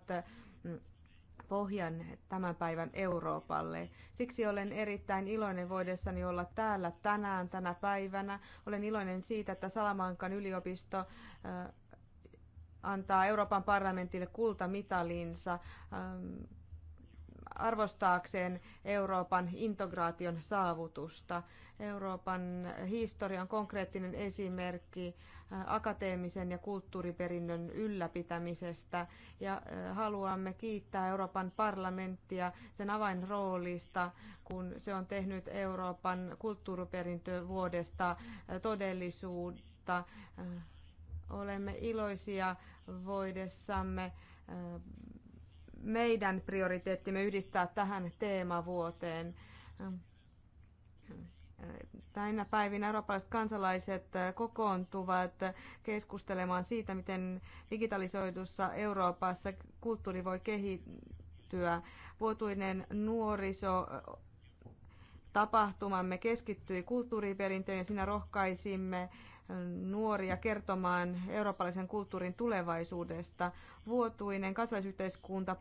S7: mm, pohjan tämän päivän Euroopalle. Siksi olen erittäin iloinen voidessani olla täällä tänään, tänä päivänä. Olen iloinen siitä, että Salamankan yliopisto äh, antaa Euroopan parlamentille kultamitalinsa ähm, arvostaakseen Euroopan integraation saavutusta. Euroopan historian konkreettinen esimerkki akateemisen ja kulttuuriperinnön ylläpitämisestä ja haluamme kiittää Euroopan parlamenttia sen avainroolista, kun se on tehnyt Euroopan kulttuuriperintövuodesta todellisuutta. Olemme iloisia voidessamme meidän prioriteettimme yhdistää tähän teemavuoteen. Näinä päivinä eurooppalaiset kansalaiset äh, kokoontuvat keskustelemaan siitä, miten digitalisoidussa Euroopassa kulttuuri voi kehittyä. Vuotuinen nuoriso äh, tapahtumamme keskittyi kulttuuriperintöön ja siinä rohkaisimme nuoria kertomaan eurooppalaisen kulttuurin tulevaisuudesta. Vuotuinen kansalaisyhteiskunta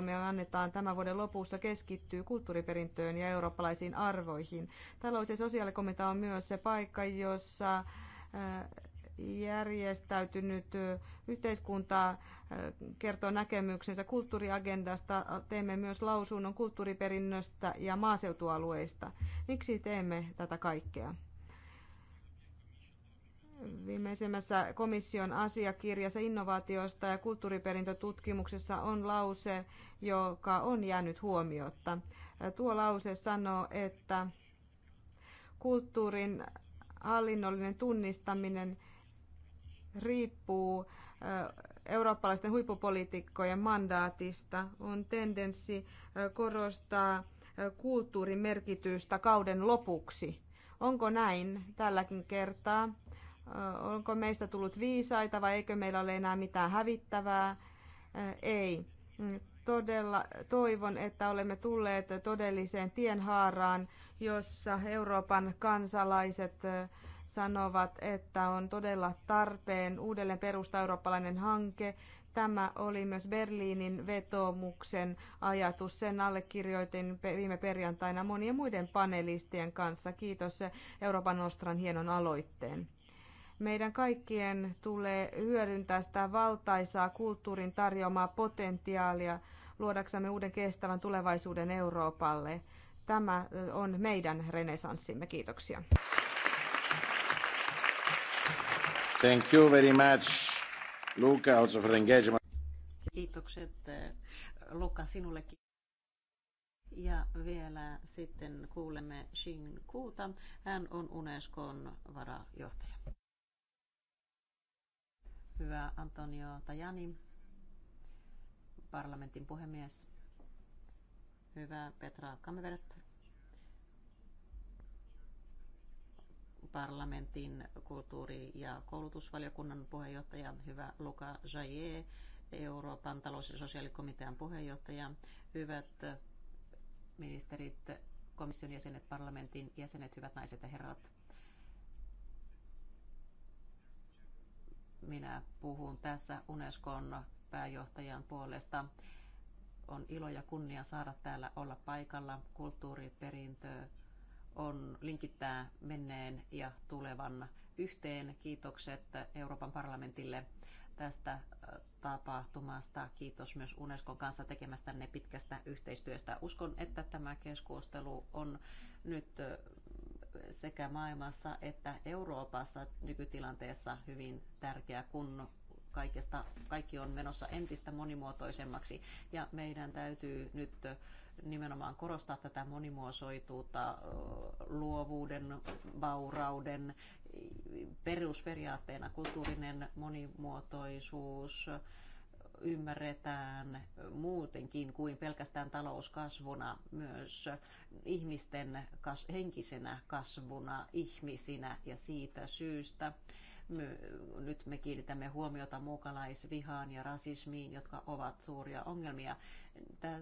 S7: me annetaan tämän vuoden lopussa keskittyy kulttuuriperintöön ja eurooppalaisiin arvoihin. Talous- ja sosiaalikomita on myös se paikka, jossa äh, järjestäytynyt äh, yhteiskunta äh, kertoo näkemyksensä kulttuuriagendasta. Teemme myös lausunnon kulttuuriperinnöstä ja maaseutualueista. Miksi teemme tätä kaikkea? viimeisimmässä komission asiakirjassa innovaatioista ja kulttuuriperintötutkimuksessa on lause, joka on jäänyt huomiotta. Tuo lause sanoo, että kulttuurin hallinnollinen tunnistaminen riippuu eurooppalaisten huippupoliitikkojen mandaatista. On tendenssi korostaa kulttuurin merkitystä kauden lopuksi. Onko näin tälläkin kertaa? onko meistä tullut viisaita vai eikö meillä ole enää mitään hävittävää? Ei. Mm, todella toivon, että olemme tulleet todelliseen tienhaaraan, jossa Euroopan kansalaiset sanovat, että on todella tarpeen uudelleen perusta eurooppalainen hanke. Tämä oli myös Berliinin vetomuksen ajatus. Sen allekirjoitin viime perjantaina monien muiden panelistien kanssa. Kiitos Euroopan Ostran hienon aloitteen. Meidän kaikkien tulee hyödyntää sitä valtaisaa kulttuurin tarjoamaa potentiaalia luodaksemme uuden kestävän tulevaisuuden Euroopalle. Tämä on meidän renesanssimme. Kiitoksia.
S1: Thank you very much, Luca, also for the engagement.
S6: Kiitokset Luka sinullekin. Ja vielä sitten kuulemme Shin Kuuta. Hän on Unescon varajohtaja. Hyvä Antonio Tajani, parlamentin puhemies. Hyvä Petra Kamiveret, parlamentin kulttuuri- ja koulutusvaliokunnan puheenjohtaja, hyvä Luka Jaye, Euroopan talous- ja sosiaalikomitean puheenjohtaja, hyvät ministerit, komission jäsenet, parlamentin jäsenet, hyvät naiset ja herrat. Minä puhun tässä Unescon pääjohtajan puolesta. On ilo ja kunnia saada täällä olla paikalla. Kulttuuriperintö on linkittää menneen ja tulevan yhteen. Kiitokset Euroopan parlamentille tästä äh, tapahtumasta. Kiitos myös Unescon kanssa tekemästänne pitkästä yhteistyöstä. Uskon, että tämä keskustelu on nyt äh, sekä maailmassa että Euroopassa nykytilanteessa hyvin tärkeä, kun kaikesta, kaikki on menossa entistä monimuotoisemmaksi ja meidän täytyy nyt nimenomaan korostaa tätä monimuotoisuutta luovuuden, vaurauden perusperiaatteena kulttuurinen monimuotoisuus ymmärretään muutenkin kuin pelkästään talouskasvuna, myös ihmisten kas- henkisenä kasvuna, ihmisinä ja siitä syystä My, nyt me kiinnitämme huomiota muukalaisvihaan ja rasismiin, jotka ovat suuria ongelmia. Tämä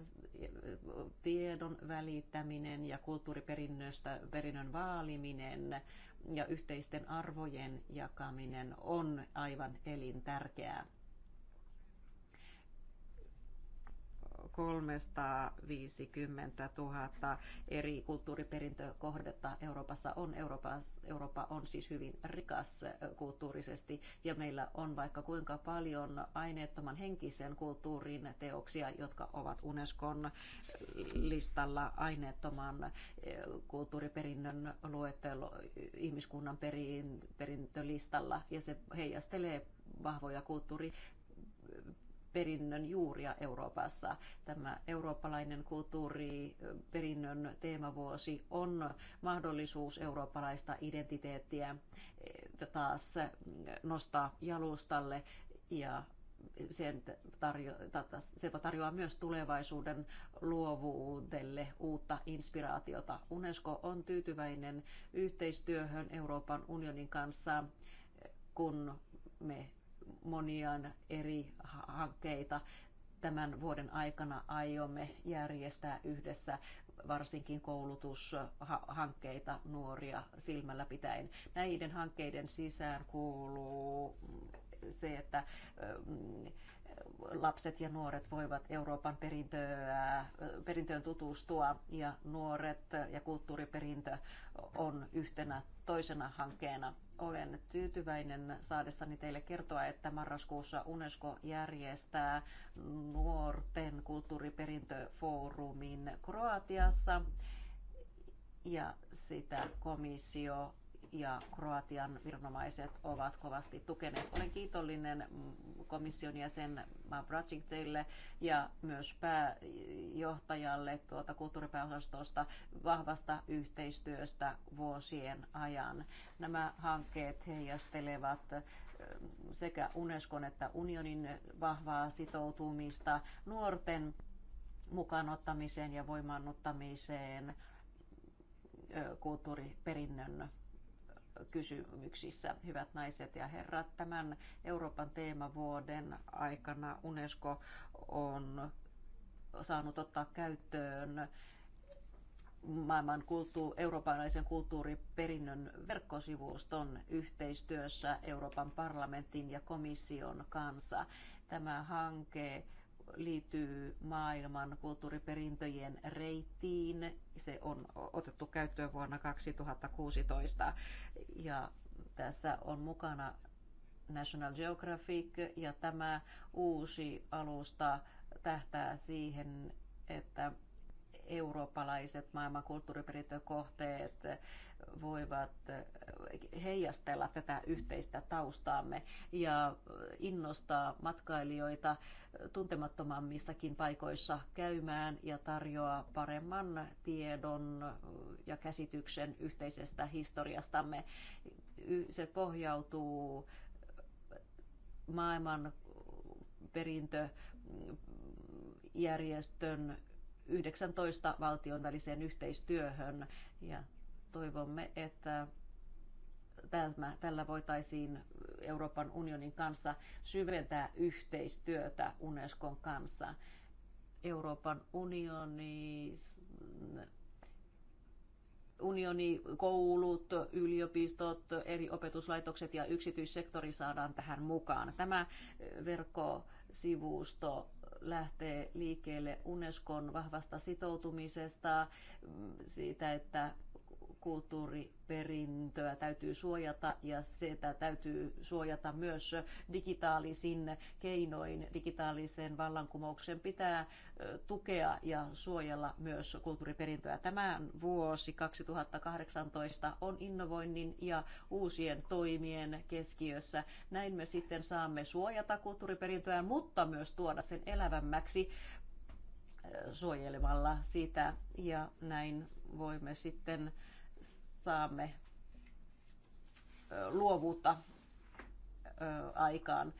S6: tiedon välittäminen ja kulttuuriperinnöstä perinnön vaaliminen ja yhteisten arvojen jakaminen on aivan elintärkeää. 350 000 eri kulttuuriperintökohdetta Euroopassa on. Eurooppa, Eurooppa on siis hyvin rikas kulttuurisesti ja meillä on vaikka kuinka paljon aineettoman henkisen kulttuurin teoksia, jotka ovat Unescon listalla aineettoman kulttuuriperinnön luettelo ihmiskunnan perin, perintölistalla ja se heijastelee vahvoja kulttuuri perinnön juuria Euroopassa. Tämä eurooppalainen kulttuuriperinnön teemavuosi on mahdollisuus eurooppalaista identiteettiä eh, taas mm, nostaa jalustalle ja sen tarjo- ta- se tarjoaa myös tulevaisuuden luovuudelle uutta inspiraatiota. UNESCO on tyytyväinen yhteistyöhön Euroopan unionin kanssa, kun me monia eri hankkeita tämän vuoden aikana aiomme järjestää yhdessä varsinkin koulutushankkeita nuoria silmällä pitäen. Näiden hankkeiden sisään kuuluu se, että mm, lapset ja nuoret voivat Euroopan perintöä, perintöön tutustua ja nuoret ja kulttuuriperintö on yhtenä toisena hankkeena. Olen tyytyväinen saadessani teille kertoa, että marraskuussa UNESCO järjestää nuorten kulttuuriperintöfoorumin Kroatiassa ja sitä komissio ja Kroatian viranomaiset ovat kovasti tukeneet. Olen kiitollinen komission jäsen Mavracicille ja myös pääjohtajalle tuota kulttuuripääosastosta vahvasta yhteistyöstä vuosien ajan. Nämä hankkeet heijastelevat sekä Unescon että unionin vahvaa sitoutumista nuorten mukaanottamiseen ja voimaannuttamiseen kulttuuriperinnön kysymyksissä. Hyvät naiset ja herrat, tämän Euroopan teemavuoden aikana UNESCO on saanut ottaa käyttöön maailman kulttuur, eurooppalaisen kulttuuriperinnön verkkosivuston yhteistyössä Euroopan parlamentin ja komission kanssa. Tämä hanke liittyy maailman kulttuuriperintöjen reittiin. Se on otettu käyttöön vuonna 2016 ja tässä on mukana National Geographic ja tämä uusi alusta tähtää siihen, että eurooppalaiset maailman kulttuuriperintökohteet voivat heijastella tätä yhteistä taustaamme ja innostaa matkailijoita tuntemattomammissakin paikoissa käymään ja tarjoaa paremman tiedon ja käsityksen yhteisestä historiastamme. Se pohjautuu maailman perintöjärjestön 19 valtion väliseen yhteistyöhön ja toivomme, että tämä, tällä voitaisiin Euroopan unionin kanssa syventää yhteistyötä Unescon kanssa. Euroopan unioni, unioni, koulut, yliopistot, eri opetuslaitokset ja yksityissektori saadaan tähän mukaan. Tämä verkkosivusto lähtee liikkeelle Unescon vahvasta sitoutumisesta, mm, siitä, että kulttuuriperintöä täytyy suojata ja sitä täytyy suojata myös digitaalisin keinoin. Digitaalisen vallankumouksen pitää tukea ja suojella myös kulttuuriperintöä. Tämä vuosi 2018 on innovoinnin ja uusien toimien keskiössä. Näin me sitten saamme suojata kulttuuriperintöä, mutta myös tuoda sen elävämmäksi suojelemalla sitä ja näin voimme sitten saamme luovuutta aikaan.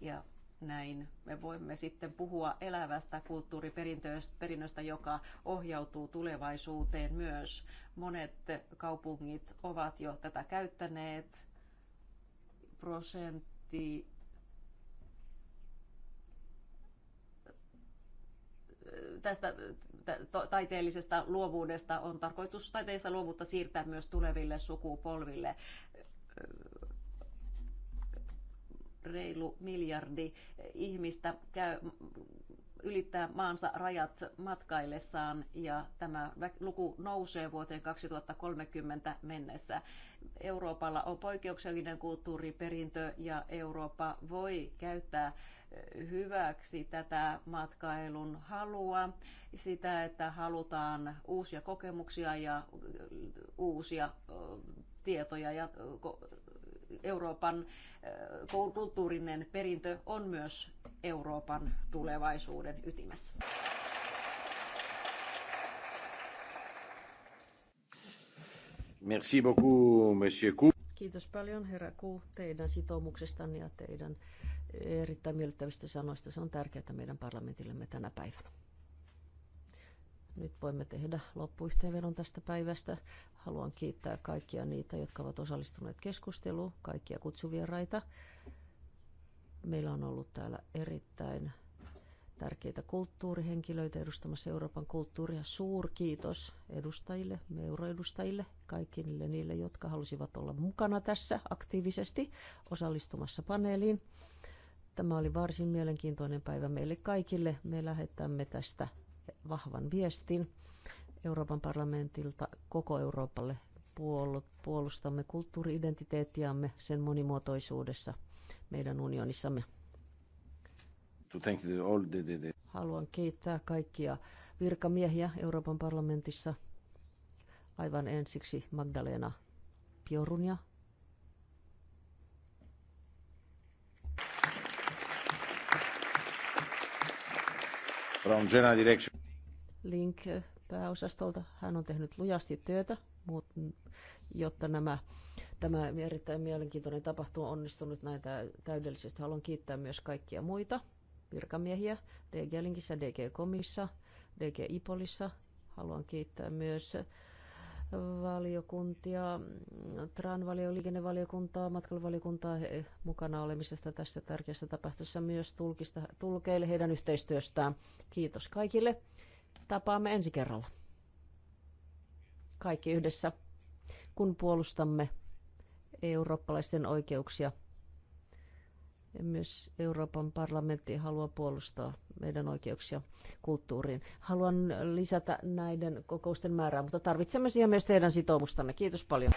S6: Ja näin me voimme sitten puhua elävästä kulttuuriperinnöstä, joka ohjautuu tulevaisuuteen myös. Monet kaupungit ovat jo tätä käyttäneet. Prosentti tästä taiteellisesta luovuudesta on tarkoitus taiteellista luovuutta siirtää myös tuleville sukupolville reilu miljardi ihmistä käy, ylittää maansa rajat matkaillessaan ja tämä luku nousee vuoteen 2030 mennessä. Euroopalla on poikkeuksellinen kulttuuriperintö ja Eurooppa voi käyttää hyväksi tätä matkailun halua, sitä, että halutaan uusia kokemuksia ja uusia tietoja ja Euroopan kulttuurinen perintö on myös Euroopan tulevaisuuden ytimessä.
S1: Merci beaucoup, monsieur Kuh.
S6: Kiitos paljon herra Ku teidän sitoumuksestanne ja teidän eh, erittäin miellyttävistä sanoista. Se on tärkeää meidän parlamentillemme tänä päivänä. Nyt voimme tehdä loppuyhteenvedon tästä päivästä. Haluan kiittää kaikkia niitä, jotka ovat osallistuneet keskusteluun, kaikkia kutsuvieraita. Meillä on ollut täällä erittäin tärkeitä kulttuurihenkilöitä edustamassa Euroopan kulttuuria. Suurkiitos edustajille, euroedustajille, kaikille niille, jotka halusivat olla mukana tässä aktiivisesti osallistumassa paneeliin. Tämä oli varsin mielenkiintoinen päivä meille kaikille. Me lähetämme tästä vahvan viestin Euroopan parlamentilta koko Euroopalle. Puolustamme kulttuuriidentiteettiamme sen monimuotoisuudessa meidän unionissamme. Haluan kiittää kaikkia virkamiehiä Euroopan parlamentissa. Aivan ensiksi Magdalena Piorunia.
S1: From General Direction.
S6: Link pääosastolta. Hän on tehnyt lujasti työtä, mutta jotta nämä, tämä erittäin mielenkiintoinen tapahtuma on onnistunut näitä täydellisesti. Haluan kiittää myös kaikkia muita virkamiehiä DG Linkissä, DG Komissa, DG Ipolissa. Haluan kiittää myös valiokuntia, TRAN-valio, liikennevaliokuntaa, matkailuvaliokuntaa mukana olemisesta tässä tärkeässä tapahtumassa myös tulkista, tulkeille heidän yhteistyöstään. Kiitos kaikille. Tapaamme ensi kerralla. Kaikki yhdessä, kun puolustamme eurooppalaisten oikeuksia. Myös Euroopan parlamentti haluaa puolustaa meidän oikeuksia kulttuuriin. Haluan lisätä näiden kokousten määrää, mutta tarvitsemme siihen myös teidän sitoumustanne. Kiitos paljon.